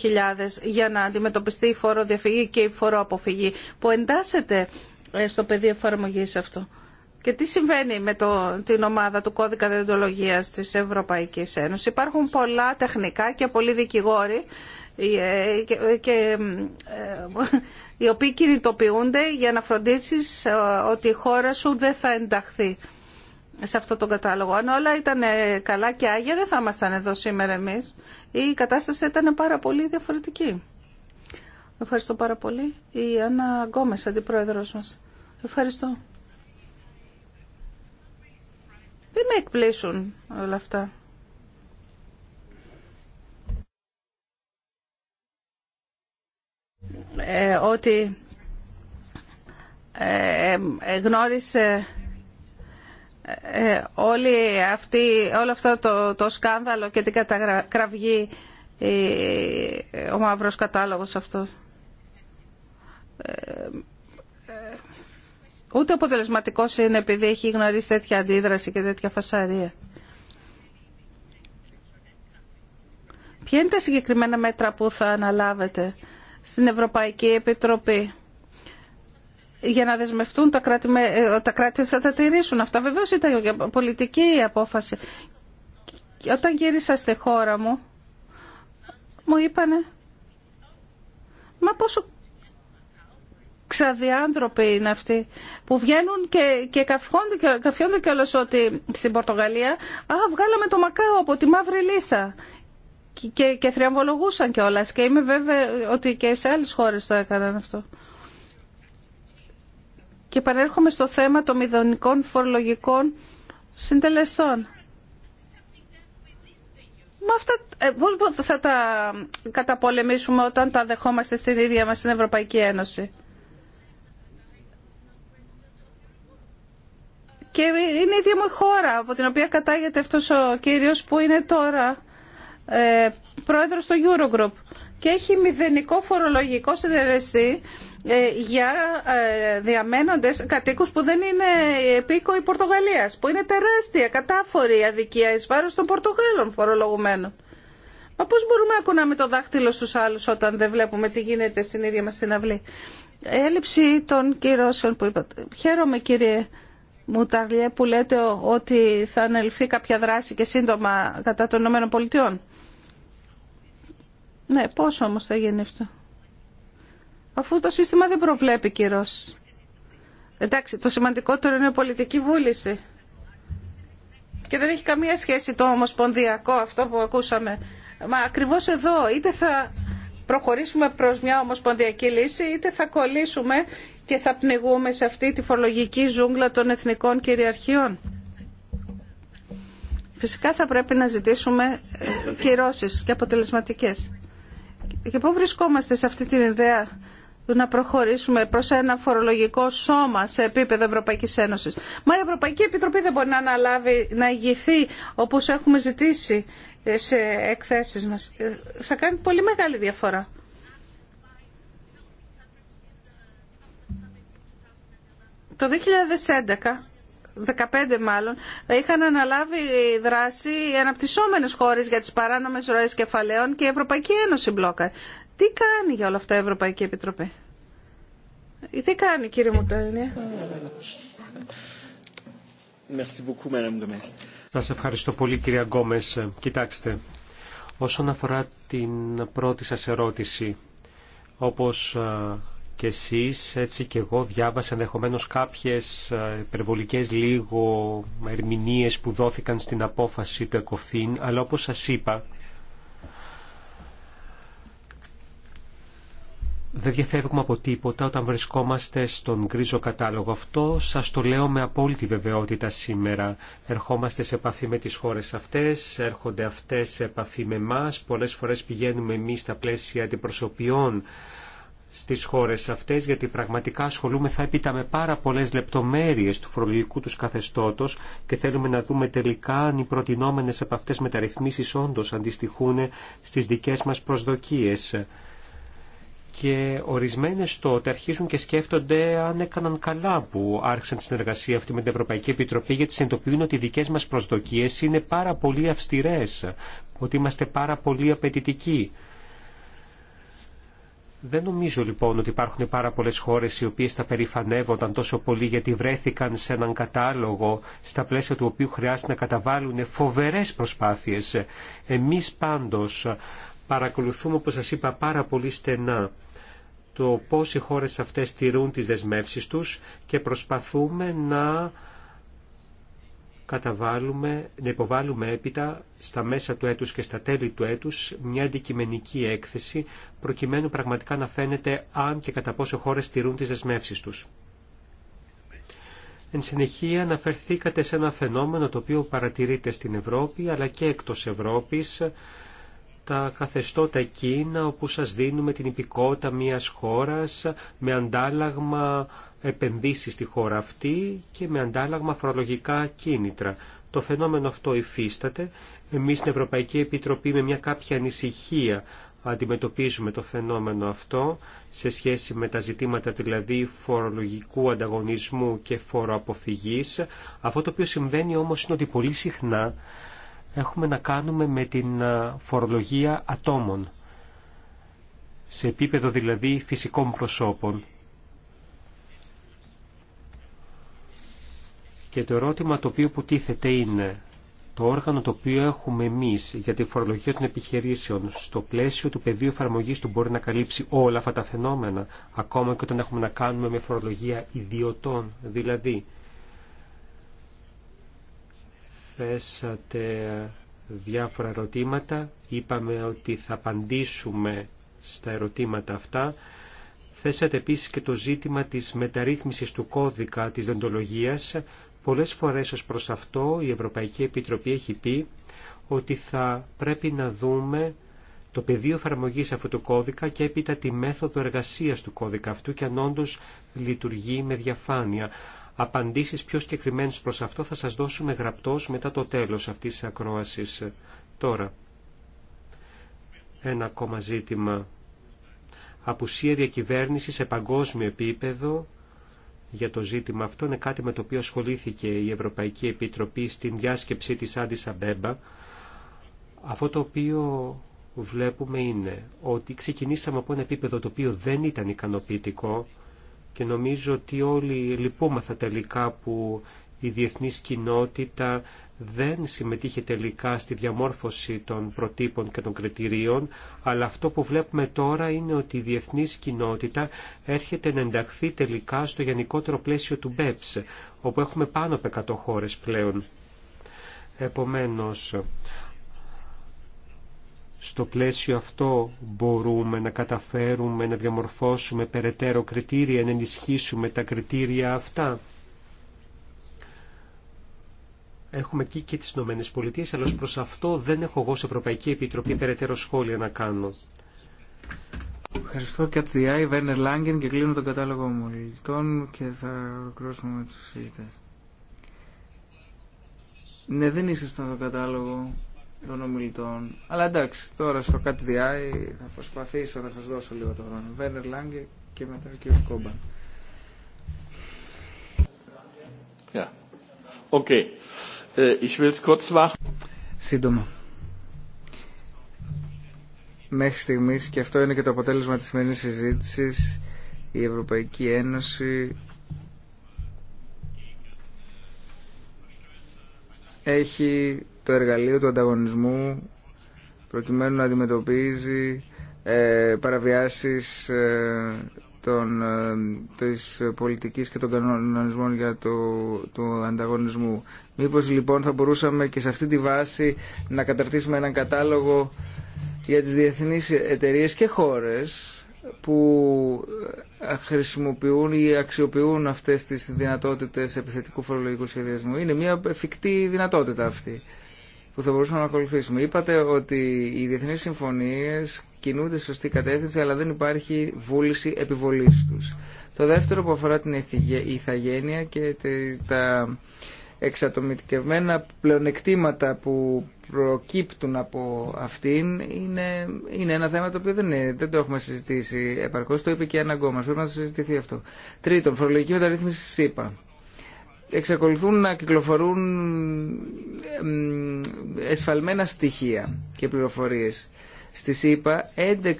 για να αντιμετωπιστεί η φοροδιαφυγή και η φοροαποφυγή που εντάσσεται ε, στο πεδίο εφαρμογής αυτό. Και τι συμβαίνει με το, την ομάδα του κώδικα διοντολογίας της Ευρωπαϊκής Ένωσης. Υπάρχουν πολλά τεχνικά και πολλοί δικηγόροι ε, και ε, ε, οι οποίοι κινητοποιούνται για να φροντίσεις ότι η χώρα σου δεν θα ενταχθεί σε αυτό τον κατάλογο. Αν όλα ήταν καλά και άγια δεν θα ήμασταν εδώ σήμερα εμείς. Η κατάσταση ήταν πάρα πολύ διαφορετική. Ευχαριστώ πάρα πολύ. Η Άννα Γκόμες, αντιπρόεδρος μας. Ευχαριστώ. Δεν με εκπλήσουν όλα αυτά. Ε, ότι ε, ε, γνώρισε όλη αυτή, όλο αυτό το, το σκάνδαλο και την καταγραφή ο μαύρος κατάλογος αυτός. Ούτε αποτελεσματικός είναι επειδή έχει γνωρίσει τέτοια αντίδραση και τέτοια φασαρία. Ποια είναι τα συγκεκριμένα μέτρα που θα αναλάβετε στην Ευρωπαϊκή Επιτροπή για να δεσμευτούν τα κράτη, ε, τα κράτη θα τα τηρήσουν αυτά. Βεβαίως ήταν πολιτική η απόφαση. Και όταν γύρισα στη χώρα μου, μου είπανε, μα πόσο ξαδιάνθρωποι είναι αυτοί που βγαίνουν και, και και κιόλας ότι στην Πορτογαλία α, βγάλαμε το Μακάο από τη μαύρη λίστα και, και θριαμβολογούσαν κιόλα. Και είμαι βέβαια ότι και σε άλλε χώρε το έκαναν αυτό. Και επανέρχομαι στο θέμα των μηδονικών φορολογικών συντελεστών. Μα αυτά ε, πώς θα τα καταπολεμήσουμε όταν τα δεχόμαστε στην ίδια μας την Ευρωπαϊκή Ένωση. Και είναι η ίδια μου χώρα από την οποία κατάγεται αυτός ο κύριος που είναι τώρα ε, πρόεδρος του Eurogroup και έχει μηδενικό φορολογικό συντελεστή ε, για ε, διαμένοντες κατοίκους που δεν είναι επίκοοι Πορτογαλίας, που είναι τεράστια κατάφορη αδικία εις βάρος των Πορτογάλων φορολογουμένων. Μα πώς μπορούμε να ακούναμε το δάχτυλο στους άλλους όταν δεν βλέπουμε τι γίνεται στην ίδια μας την αυλή. Έλλειψη των κυρώσεων που είπατε. Χαίρομαι κύριε Μουταρλιέ που λέτε ότι θα αναλυφθεί κάποια δράση και σύντομα κατά των ΗΠΑ. Ναι, πώς όμως θα γίνει αυτό. Αφού το σύστημα δεν προβλέπει κυρώσεις. Εντάξει, το σημαντικότερο είναι η πολιτική βούληση. Και δεν έχει καμία σχέση το ομοσπονδιακό αυτό που ακούσαμε. Μα ακριβώς εδώ είτε θα προχωρήσουμε προς μια ομοσπονδιακή λύση είτε θα κολλήσουμε και θα πνιγούμε σε αυτή τη φορολογική ζούγκλα των εθνικών κυριαρχιών. Φυσικά θα πρέπει να ζητήσουμε ε, κυρώσεις και αποτελεσματικές. Και πού βρισκόμαστε σε αυτή την ιδέα να προχωρήσουμε προς ένα φορολογικό σώμα σε επίπεδο Ευρωπαϊκής Ένωσης. Μα η Ευρωπαϊκή Επιτροπή δεν μπορεί να αναλάβει, να ηγηθεί όπως έχουμε ζητήσει ε, σε εκθέσεις μας. Ε, θα κάνει πολύ μεγάλη διαφορά. Το 2011 15 μάλλον, είχαν αναλάβει δράση οι αναπτυσσόμενες χώρες για τις παράνομες ροές κεφαλαίων και η Ευρωπαϊκή Ένωση μπλόκα. Τι κάνει για όλα αυτά η Ευρωπαϊκή Επιτροπή. Τι κάνει κύριε Μουτέλνια?
Σας ευχαριστώ πολύ κυρία Γκόμε. Κοιτάξτε, όσον αφορά την πρώτη σα ερώτηση, όπως και εσείς έτσι και εγώ διάβασα ενδεχομένω κάποιες ε, υπερβολικές λίγο ερμηνείε που δόθηκαν στην απόφαση του ΕΚΟΦΗΝ αλλά όπως σας είπα δεν διαφεύγουμε από τίποτα όταν βρισκόμαστε στον γκρίζο κατάλογο. Αυτό σας το λέω με απόλυτη βεβαιότητα σήμερα. Ερχόμαστε σε επαφή με τις χώρες αυτές, έρχονται αυτές σε επαφή με εμά. Πολλές φορές πηγαίνουμε εμείς στα πλαίσια αντιπροσωπιών στις χώρες αυτές γιατί πραγματικά ασχολούμεθα έπειτα με πάρα πολλές λεπτομέρειες του φορολογικού τους καθεστώτος και θέλουμε να δούμε τελικά αν οι προτινόμενες από αυτές μεταρρυθμίσεις όντως αντιστοιχούν στις δικές μας προσδοκίες. Και ορισμένες τότε αρχίζουν και σκέφτονται αν έκαναν καλά που άρχισαν τη συνεργασία αυτή με την Ευρωπαϊκή Επιτροπή γιατί συνειδητοποιούν ότι οι δικές μας προσδοκίες είναι πάρα πολύ αυστηρές, ότι είμαστε πάρα πολύ απαιτητικοί δεν νομίζω λοιπόν ότι υπάρχουν πάρα πολλέ χώρες οι οποίες θα περηφανεύονταν τόσο πολύ γιατί βρέθηκαν σε έναν κατάλογο στα πλαίσια του οποίου χρειάζεται να καταβάλουν φοβερές προσπάθειες. Εμείς πάντω, παρακολουθούμε όπω σα είπα πάρα πολύ στενά το πώς οι χώρες αυτές τηρούν τις δεσμεύσεις τους και προσπαθούμε να καταβάλουμε, να υποβάλουμε έπειτα στα μέσα του έτους και στα τέλη του έτους μια αντικειμενική έκθεση προκειμένου πραγματικά να φαίνεται αν και κατά πόσο χώρες στηρούν τις δεσμεύσεις τους. Εν συνεχεία αναφερθήκατε σε ένα φαινόμενο το οποίο παρατηρείται στην Ευρώπη αλλά και εκτός Ευρώπης τα καθεστώτα εκείνα όπου σας δίνουμε την υπηκότητα μιας χώρας με αντάλλαγμα επενδύσει στη χώρα αυτή και με αντάλλαγμα φορολογικά κίνητρα. Το φαινόμενο αυτό υφίσταται. Εμείς στην Ευρωπαϊκή Επιτροπή με μια κάποια ανησυχία αντιμετωπίζουμε το φαινόμενο αυτό σε σχέση με τα ζητήματα δηλαδή φορολογικού ανταγωνισμού και φοροαποφυγής. Αυτό το οποίο συμβαίνει όμως είναι ότι πολύ συχνά έχουμε να κάνουμε με την φορολογία ατόμων, σε επίπεδο δηλαδή φυσικών προσώπων. Και το ερώτημα το οποίο που τίθεται είναι το όργανο το οποίο έχουμε εμείς για τη φορολογία των επιχειρήσεων στο πλαίσιο του πεδίου εφαρμογής του μπορεί να καλύψει όλα αυτά τα φαινόμενα, ακόμα και όταν έχουμε να κάνουμε με φορολογία ιδιωτών, δηλαδή. Θέσατε διάφορα ερωτήματα, είπαμε ότι θα απαντήσουμε στα ερωτήματα αυτά. Θέσατε επίσης και το ζήτημα της μεταρρύθμισης του κώδικα της δεντολογίας, Πολλές φορές ως προς αυτό η Ευρωπαϊκή Επιτροπή έχει πει ότι θα πρέπει να δούμε το πεδίο εφαρμογή αυτού του κώδικα και έπειτα τη μέθοδο εργασίας του κώδικα αυτού και αν όντω λειτουργεί με διαφάνεια. Απαντήσεις πιο συγκεκριμένες προς αυτό θα σας δώσουμε γραπτός μετά το τέλος αυτής της ακρόασης. Τώρα, ένα ακόμα ζήτημα. Απουσία διακυβέρνηση σε παγκόσμιο επίπεδο για το ζήτημα αυτό είναι κάτι με το οποίο ασχολήθηκε η Ευρωπαϊκή Επιτροπή στην διάσκεψη της Άντι Σαμπέμπα. Αυτό το οποίο βλέπουμε είναι ότι ξεκινήσαμε από ένα επίπεδο το οποίο δεν ήταν ικανοποιητικό και νομίζω ότι όλοι λυπούμαθα τελικά που η διεθνής κοινότητα δεν συμμετείχε τελικά στη διαμόρφωση των προτύπων και των κριτηρίων, αλλά αυτό που βλέπουμε τώρα είναι ότι η διεθνής κοινότητα έρχεται να ενταχθεί τελικά στο γενικότερο πλαίσιο του BEPS, όπου έχουμε πάνω από 100 χώρες πλέον. Επομένως, στο πλαίσιο αυτό μπορούμε να καταφέρουμε να διαμορφώσουμε περαιτέρω κριτήρια, να ενισχύσουμε τα κριτήρια αυτά. Έχουμε εκεί και τις Ηνωμένες Πολιτείες, αλλά ως προς αυτό δεν έχω εγώ σε Ευρωπαϊκή Επιτροπή περαιτέρω σχόλια να κάνω.
Ευχαριστώ και Βέρνερ Λάγκεν και κλείνω τον κατάλογο ομιλητών και θα ολοκληρώσουμε με τους συζητές. Ναι, δεν ήσασταν στον κατάλογο των ομιλητών. Αλλά εντάξει, τώρα στο HDI θα προσπαθήσω να σας δώσω λίγο το χρόνο. Βέρνερ Λάγκεν και μετά ο κ. Κόμπαν.
Yeah. Okay. Ε,
Σύντομα. Μέχρι στιγμής, και αυτό είναι και το αποτέλεσμα της σημερινής συζήτηση η Ευρωπαϊκή Ένωση έχει το εργαλείο του ανταγωνισμού προκειμένου να αντιμετωπίζει ε, παραβιάσεις ε, των, ε, πολιτικής και των κανονισμών για το, του ανταγωνισμού. Μήπως λοιπόν θα μπορούσαμε και σε αυτή τη βάση να καταρτήσουμε έναν κατάλογο για τις διεθνείς εταιρείες και χώρες που ε, χρησιμοποιούν ή αξιοποιούν αυτές τις δυνατότητες επιθετικού φορολογικού σχεδιασμού. Είναι μια εφικτή δυνατότητα αυτή που θα μπορούσαμε να ακολουθήσουμε. Είπατε ότι οι διεθνείς συμφωνίες κινούνται σε σωστή κατεύθυνση αλλά δεν υπάρχει βούληση επιβολής τους. Το δεύτερο που αφορά την ηθαγένεια και τα εξατομικευμένα πλεονεκτήματα που προκύπτουν από αυτήν είναι, είναι ένα θέμα το οποίο δεν, είναι, δεν το έχουμε συζητήσει επαρκώς. Το είπε και ένα ακόμα. Πρέπει να το συζητηθεί αυτό. Τρίτον, φορολογική μεταρρύθμιση ΣΥΠΑ. Εξακολουθούν να κυκλοφορούν εσφαλμένα στοιχεία και πληροφορίες. Στη ΣΥΠΑ 11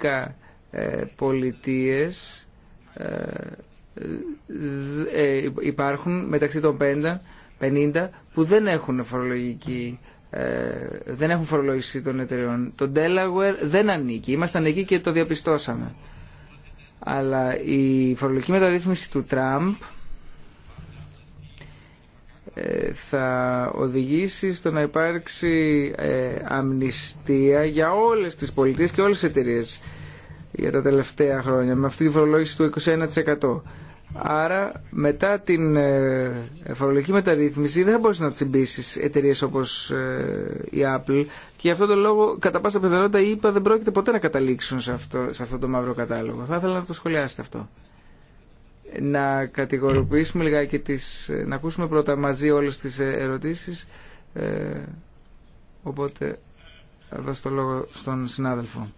ε, πολιτείες ε, ε, υπάρχουν μεταξύ των 5 50 που δεν έχουν φορολογική ε, δεν έχουν φορολογήσει των εταιρεών. Το Delaware δεν ανήκει. Ήμασταν εκεί και το διαπιστώσαμε. Αλλά η φορολογική μεταρρύθμιση του Τραμπ ε, θα οδηγήσει στο να υπάρξει ε, αμνηστία για όλες τις πολιτείες και όλες τις εταιρείες για τα τελευταία χρόνια με αυτή τη φορολόγηση του 21%. Άρα μετά την ε, φορολογική μεταρρύθμιση δεν θα μπορείς να τσιμπήσεις εταιρείες όπως ε, η Apple και γι' αυτόν τον λόγο κατά πάσα πιθανότητα είπα δεν πρόκειται ποτέ να καταλήξουν σε αυτό, σε αυτό το μαύρο κατάλογο. Θα ήθελα να το σχολιάσετε αυτό. Να κατηγορουποιήσουμε λιγάκι τις... Ε, να ακούσουμε πρώτα μαζί όλες τις ερωτήσεις. Ε, οπότε θα δώσω το λόγο στον συνάδελφο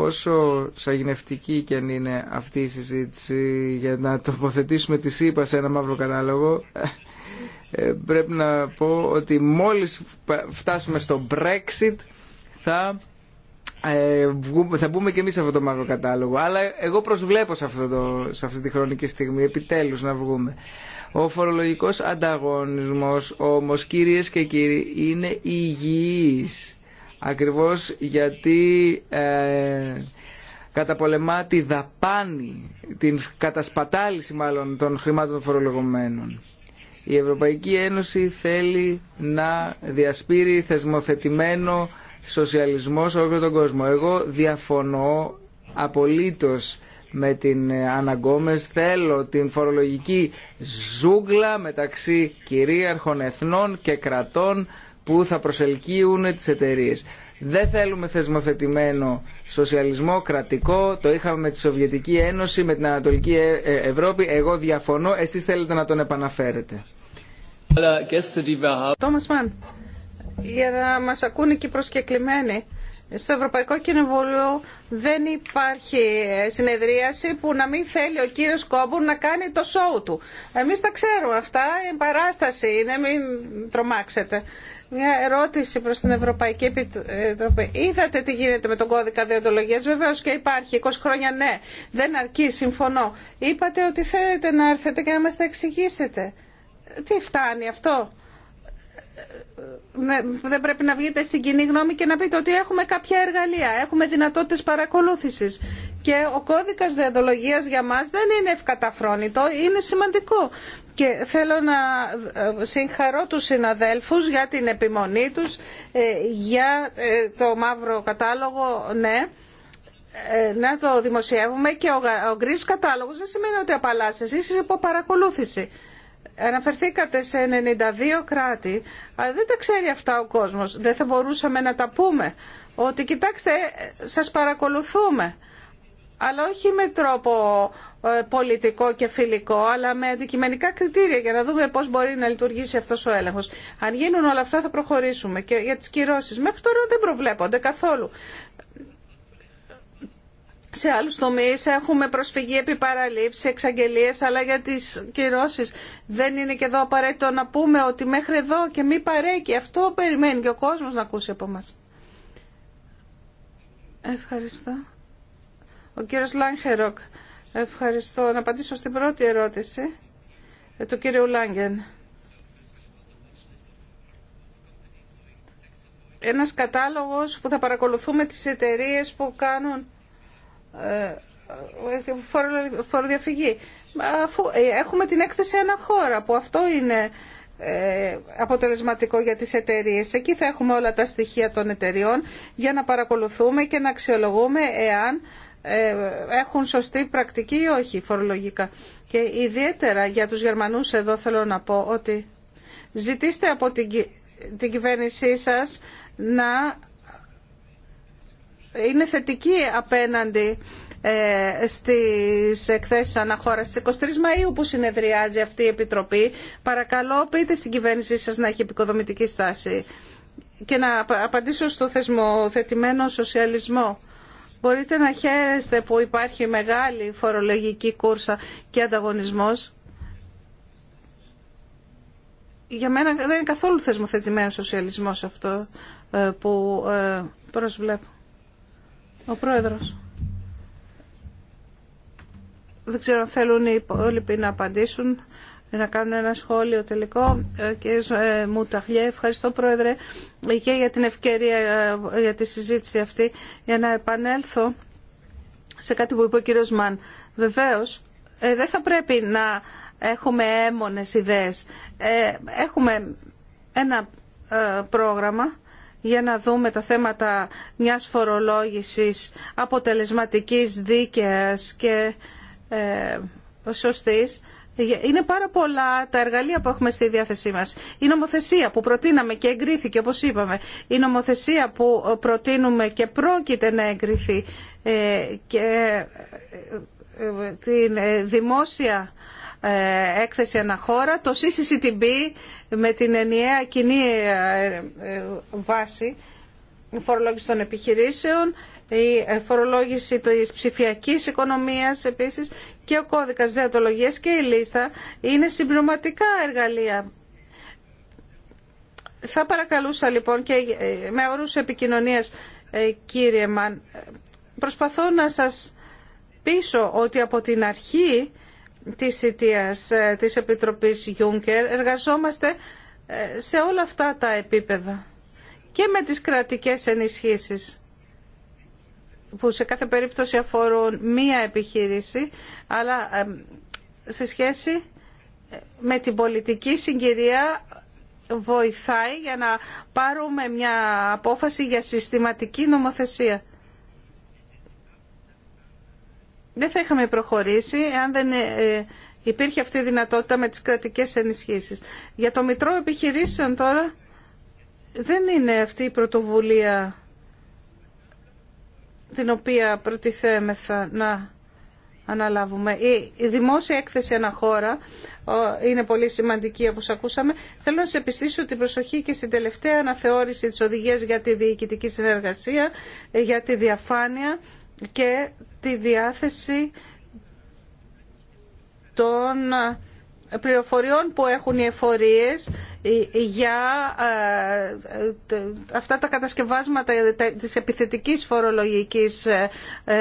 όσο σαγηνευτική και αν είναι αυτή η συζήτηση για να τοποθετήσουμε τη ΣΥΠΑ σε ένα μαύρο κατάλογο ε, πρέπει να πω ότι μόλις φτάσουμε στο Brexit θα, ε, θα μπούμε και εμείς σε αυτό το μαύρο κατάλογο αλλά εγώ προσβλέπω σε, αυτό το, σε αυτή τη χρονική στιγμή επιτέλους να βγούμε ο φορολογικός ανταγωνισμός όμως κυρίες και κύριοι είναι υγιής Ακριβώς γιατί ε, καταπολεμά τη δαπάνη, την κατασπατάληση μάλλον των χρημάτων των φορολογωμένων. Η Ευρωπαϊκή Ένωση θέλει να διασπείρει θεσμοθετημένο σοσιαλισμό σε όλο τον κόσμο. Εγώ διαφωνώ απολύτως με την Αναγκόμες ε, θέλω την φορολογική ζούγκλα μεταξύ κυρίαρχων εθνών και κρατών που θα προσελκύουν τις εταιρείε. Δεν θέλουμε θεσμοθετημένο σοσιαλισμό κρατικό, το είχαμε με τη Σοβιετική Ένωση, με την Ανατολική ε- ε- Ευρώπη, εγώ διαφωνώ, εσείς θέλετε να τον επαναφέρετε. Τόμας Μαν,
για να μας ακούνε και προσκεκλημένοι, στο Ευρωπαϊκό Κοινοβούλιο δεν υπάρχει ε, συνεδρίαση που να μην θέλει ο κύριος Κόμπουρ να κάνει το σόου του. Εμείς τα ξέρουμε αυτά, η παράσταση είναι, μην τρομάξετε. Μια ερώτηση προς την Ευρωπαϊκή Επιτροπή. Είδατε τι γίνεται με τον κώδικα διοντολογίας. Βεβαίως και υπάρχει. 20 χρόνια ναι. Δεν αρκεί. Συμφωνώ. Είπατε ότι θέλετε να έρθετε και να μας τα εξηγήσετε. Τι φτάνει αυτό. Ε, ε, ε, δεν πρέπει να βγείτε στην κοινή γνώμη και να πείτε ότι έχουμε κάποια εργαλεία, έχουμε δυνατότητες παρακολούθησης. Και ο κώδικας διοντολογίας για μας δεν είναι ευκαταφρόνητο, είναι σημαντικό. Και θέλω να συγχαρώ τους συναδέλφους για την επιμονή τους, ε, για ε, το μαύρο κατάλογο, ναι ε, να το δημοσιεύουμε και ο, ο γκρίζος κατάλογος δεν σημαίνει ότι απαλλάσσει εσείς είσαι από παρακολούθηση. Αναφερθήκατε σε 92 κράτη, αλλά δεν τα ξέρει αυτά ο κόσμος. Δεν θα μπορούσαμε να τα πούμε. Ότι κοιτάξτε, σας παρακολουθούμε, αλλά όχι με τρόπο ε, πολιτικό και φιλικό, αλλά με αντικειμενικά κριτήρια για να δούμε πώ μπορεί να λειτουργήσει αυτό ο έλεγχο. Αν γίνουν όλα αυτά θα προχωρήσουμε και για τι κυρώσει Μέχρι τώρα δεν προβλέπονται καθόλου. Σε άλλου τομεί έχουμε προσφυγή επί παραλήψη, εξαγγελίε, αλλά για τι κυρώσει δεν είναι και εδώ απαραίτητο να πούμε ότι μέχρι εδώ και μη παρέκει. Αυτό περιμένει και ο κόσμο να ακούσει από εμά. Ευχαριστώ. Ο κύριος Λάνχεροκ. Ευχαριστώ. Να απαντήσω στην πρώτη ερώτηση ε, του κύριου Λάγκεν. Ένας κατάλογος που θα παρακολουθούμε τις εταιρείες που κάνουν ε, ε, φοροδιαφυγή. έχουμε την έκθεση ένα χώρα που αυτό είναι αποτελεσματικό για τις εταιρείε. Εκεί θα έχουμε όλα τα στοιχεία των εταιριών για να παρακολουθούμε και να αξιολογούμε εάν ε, έχουν σωστή πρακτική ή όχι φορολογικά. Και ιδιαίτερα για τους Γερμανούς εδώ θέλω να πω ότι ζητήστε από την, την κυβέρνησή σας να είναι θετική απέναντι ε, στις εκθέσεις αναχώρας. Στις 23 Μαΐου που συνεδριάζει αυτή η Επιτροπή, παρακαλώ πείτε στην κυβέρνησή σας να έχει επικοδομητική στάση και να απαντήσω στο θεσμοθετημένο σοσιαλισμό. Μπορείτε να χαίρεστε που υπάρχει μεγάλη φορολογική κούρσα και ανταγωνισμός. Για μένα δεν είναι καθόλου θεσμοθετημένο σοσιαλισμός αυτό ε, που ε, προσβλέπω. Ο Πρόεδρος. Δεν ξέρω αν θέλουν οι υπόλοιποι να απαντήσουν να κάνω ένα σχόλιο τελικό. Ε, κύριε ε, Μουταχλιέ, ευχαριστώ Πρόεδρε και για την ευκαιρία ε, για τη συζήτηση αυτή για να επανέλθω σε κάτι που είπε ο κύριος Μαν. Βεβαίως, δεν θα πρέπει να έχουμε έμονες ιδέες. Έχουμε ένα πρόγραμμα για να δούμε τα θέματα μιας φορολόγησης αποτελεσματικής, δίκαιας και σωστής είναι πάρα πολλά τα εργαλεία που έχουμε στη διάθεσή μας. Η νομοθεσία που προτείναμε και εγκρίθηκε, όπως είπαμε, η νομοθεσία που προτείνουμε και πρόκειται να εγκριθεί ε, και ε, ε, την δημόσια έκθεση αναχώρα, το CCCTB με την ενιαία κοινή βάση φορολόγηση των επιχειρήσεων, η φορολόγηση της ψηφιακής οικονομίας επίσης και ο κώδικας διατολογία και η λίστα είναι συμπληρωματικά εργαλεία. Θα παρακαλούσα λοιπόν και με όρους επικοινωνίας ε, κύριε Μαν, προσπαθώ να σας πείσω ότι από την αρχή της θητείας ε, της Επιτροπής Juncker εργαζόμαστε ε, σε όλα αυτά τα επίπεδα και με τις κρατικές ενισχύσεις που σε κάθε περίπτωση αφορούν μία επιχείρηση, αλλά σε σχέση ε, με την πολιτική συγκυρία βοηθάει για να πάρουμε μια απόφαση για συστηματική νομοθεσία. Δεν θα είχαμε προχωρήσει αν δεν ε, ε, υπήρχε αυτή η δυνατότητα με τις κρατικές ενισχύσεις. Για το Μητρό Επιχειρήσεων τώρα δεν είναι αυτή η πρωτοβουλία την οποία προτιθέμεθα να αναλάβουμε. Η, δημόσια έκθεση αναχώρα είναι πολύ σημαντική όπως ακούσαμε. Θέλω να σε επιστήσω την προσοχή και στην τελευταία αναθεώρηση της οδηγίας για τη διοικητική συνεργασία, για τη διαφάνεια και τη διάθεση των πληροφοριών που έχουν οι εφορίες ε, για ε, αυτά τα κατασκευάσματα ε, της επιθετικής φορολογικής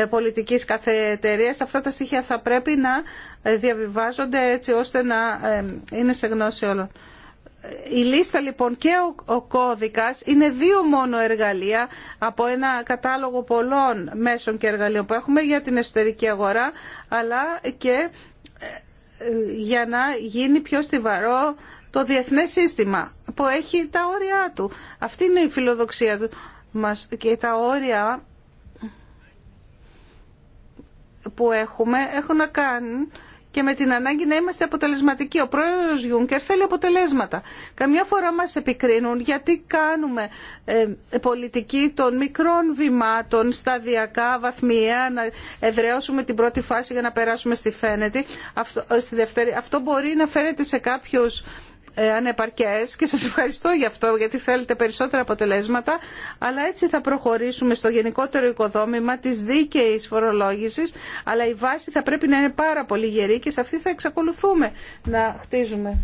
πολιτικής κάθε Αυτά τα στοιχεία θα πρέπει να διαβιβάζονται έτσι ώστε να είναι σε γνώση όλων. Η λίστα λοιπόν και ο κώδικας είναι δύο μόνο εργαλεία από ένα κατάλογο πολλών μέσων και εργαλείων που έχουμε για την εσωτερική αγορά αλλά και για να γίνει πιο στιβαρό το διεθνές σύστημα που έχει τα όρια του. Αυτή είναι η φιλοδοξία του μας και τα όρια που έχουμε έχουν να κάνουν και με την ανάγκη να είμαστε αποτελεσματικοί. Ο πρόεδρος Γιούνκερ θέλει αποτελέσματα. Καμιά φορά μας επικρίνουν γιατί κάνουμε ε, πολιτική των μικρών βημάτων σταδιακά, βαθμιαία, να εδραιώσουμε την πρώτη φάση για να περάσουμε στη φαίνεται. Αυτό, ε, Αυτό μπορεί να φέρεται σε κάποιους ε, ανεπαρκές και σας ευχαριστώ για αυτό γιατί θέλετε περισσότερα αποτελέσματα αλλά έτσι θα προχωρήσουμε στο γενικότερο οικοδόμημα της δίκαιης φορολόγησης αλλά η βάση θα πρέπει να είναι πάρα πολύ γερή και σε αυτή θα εξακολουθούμε να χτίζουμε.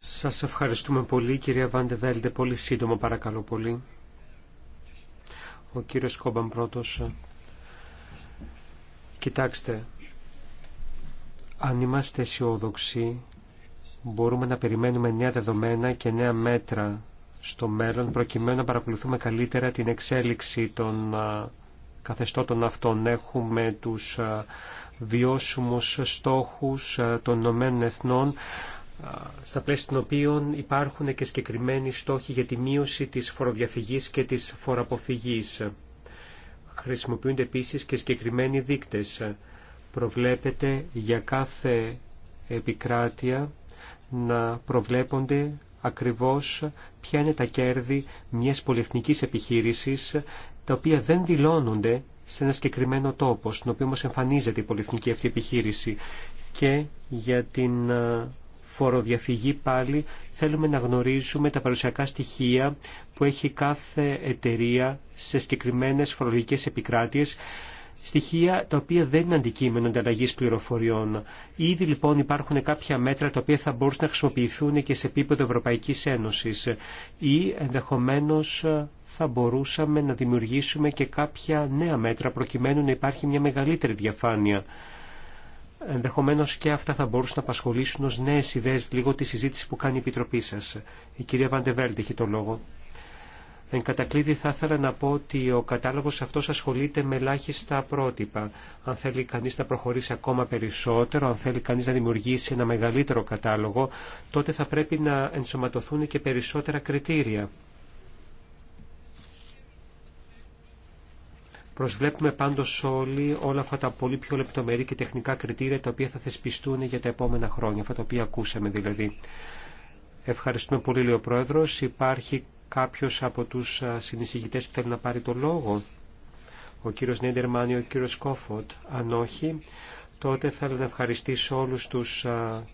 Σας ευχαριστούμε πολύ κυρία Βάντεβέλτε Πολύ σύντομα παρακαλώ πολύ. Ο κύριος Κόμπαν πρώτος. Κοιτάξτε, αν είμαστε αισιόδοξοι μπορούμε να περιμένουμε νέα δεδομένα και νέα μέτρα στο μέλλον προκειμένου να παρακολουθούμε καλύτερα την εξέλιξη των καθεστώτων αυτών. Έχουμε τους βιώσιμους στόχους των Ηνωμένων Εθνών στα πλαίσια των οποίων υπάρχουν και συγκεκριμένοι στόχοι για τη μείωση της φοροδιαφυγής και της φοροαποφυγής. Χρησιμοποιούνται επίσης και συγκεκριμένοι δείκτες. Προβλέπεται για κάθε επικράτεια να προβλέπονται ακριβώς ποια είναι τα κέρδη μιας πολυεθνικής επιχείρησης τα οποία δεν δηλώνονται σε ένα συγκεκριμένο τόπο, στον οποίο όμως εμφανίζεται η πολυεθνική αυτή επιχείρηση και για την φοροδιαφυγή πάλι θέλουμε να γνωρίζουμε τα παρουσιακά στοιχεία που έχει κάθε εταιρεία σε συγκεκριμένες φορολογικές επικράτειες στοιχεία τα οποία δεν είναι αντικείμενο ανταλλαγή πληροφοριών. Ήδη λοιπόν υπάρχουν κάποια μέτρα τα οποία θα μπορούσαν να χρησιμοποιηθούν και σε επίπεδο Ευρωπαϊκής Ένωσης ή ενδεχομένως θα μπορούσαμε να δημιουργήσουμε και κάποια νέα μέτρα προκειμένου να υπάρχει μια μεγαλύτερη διαφάνεια. Ενδεχομένω και αυτά θα μπορούσαν να απασχολήσουν ω νέε ιδέε λίγο τη συζήτηση που κάνει η ενδεχομενω θα μπορουσαμε να δημιουργησουμε και καποια νεα μετρα προκειμενου να υπαρχει μια μεγαλυτερη διαφανεια ενδεχομενω και αυτα θα μπορουσαν να απασχολησουν ω νεε ιδεε λιγο τη συζητηση που κανει η επιτροπη σα. Η κυρία Βαντεβέλτ έχει το λόγο. Εν κατακλείδη θα ήθελα να πω ότι ο κατάλογος αυτός ασχολείται με ελάχιστα πρότυπα. Αν θέλει κανείς να προχωρήσει ακόμα περισσότερο, αν θέλει κανείς να δημιουργήσει ένα μεγαλύτερο κατάλογο, τότε θα πρέπει να ενσωματωθούν και περισσότερα κριτήρια. Προσβλέπουμε πάντως όλοι όλα αυτά τα πολύ πιο λεπτομερή και τεχνικά κριτήρια τα οποία θα θεσπιστούν για τα επόμενα χρόνια, αυτά τα οποία ακούσαμε δηλαδή. Ευχαριστούμε πολύ, λέει ο Πρόεδρος. Υπάρχει κάποιος από τους συνεισηγητές που θέλει να πάρει το λόγο. Ο κύριος Νέντερμαν ή ο κύριος Κόφοντ. Αν όχι, τότε θέλω να ευχαριστήσω όλους τους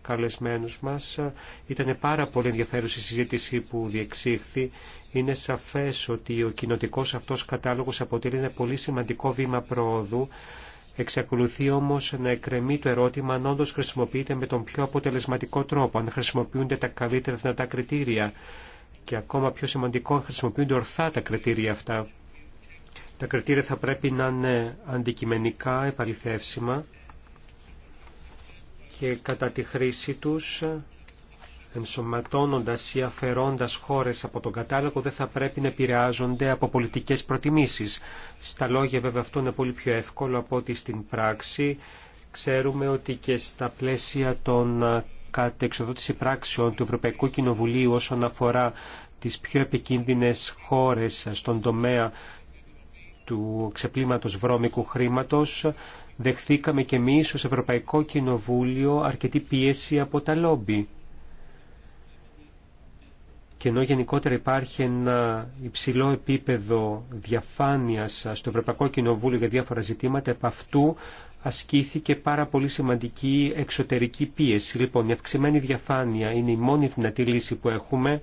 καλεσμένους μας. Ήταν πάρα πολύ ενδιαφέρουσα η συζήτηση που διεξήχθη. Είναι σαφές ότι ο κοινοτικό αυτός κατάλογος αποτελεί ένα πολύ σημαντικό βήμα πρόοδου. Εξακολουθεί όμως να εκκρεμεί το ερώτημα αν όντως χρησιμοποιείται με τον πιο αποτελεσματικό τρόπο, αν χρησιμοποιούνται τα καλύτερα δυνατά κριτήρια και ακόμα πιο σημαντικό χρησιμοποιούνται ορθά τα κριτήρια αυτά. Τα κριτήρια θα πρέπει να είναι αντικειμενικά επαληθεύσιμα και κατά τη χρήση τους ενσωματώνοντας ή αφαιρώντας χώρες από τον κατάλογο δεν θα πρέπει να επηρεάζονται από πολιτικές προτιμήσεις. Στα λόγια βέβαια αυτό είναι πολύ πιο εύκολο από ότι στην πράξη. Ξέρουμε ότι και στα πλαίσια των εξοδότηση πράξεων του Ευρωπαϊκού Κοινοβουλίου όσον αφορά τις πιο επικίνδυνες χώρες στον τομέα του ξεπλήματος βρώμικου χρήματος, δεχθήκαμε και εμείς ως Ευρωπαϊκό Κοινοβούλιο αρκετή πίεση από τα λόμπι. Και ενώ γενικότερα υπάρχει ένα υψηλό επίπεδο διαφάνειας στο Ευρωπαϊκό Κοινοβούλιο για διάφορα ζητήματα, επ' ασκήθηκε πάρα πολύ σημαντική εξωτερική πίεση. Λοιπόν, η αυξημένη διαφάνεια είναι η μόνη δυνατή λύση που έχουμε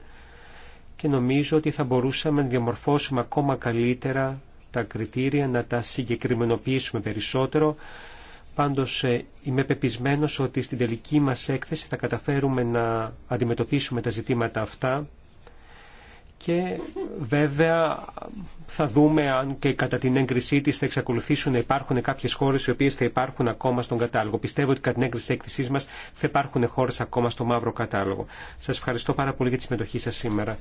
και νομίζω ότι θα μπορούσαμε να διαμορφώσουμε ακόμα καλύτερα τα κριτήρια, να τα συγκεκριμενοποιήσουμε περισσότερο. Πάντως ε, είμαι πεπισμένος ότι στην τελική μας έκθεση θα καταφέρουμε να αντιμετωπίσουμε τα ζητήματα αυτά και βέβαια θα δούμε αν και κατά την έγκρισή της θα εξακολουθήσουν να υπάρχουν κάποιες χώρες οι οποίες θα υπάρχουν ακόμα στον κατάλογο. Πιστεύω ότι κατά την έγκριση της έκθεσής μας θα υπάρχουν χώρες ακόμα στο μαύρο κατάλογο. Σας ευχαριστώ πάρα πολύ για τη συμμετοχή σας σήμερα.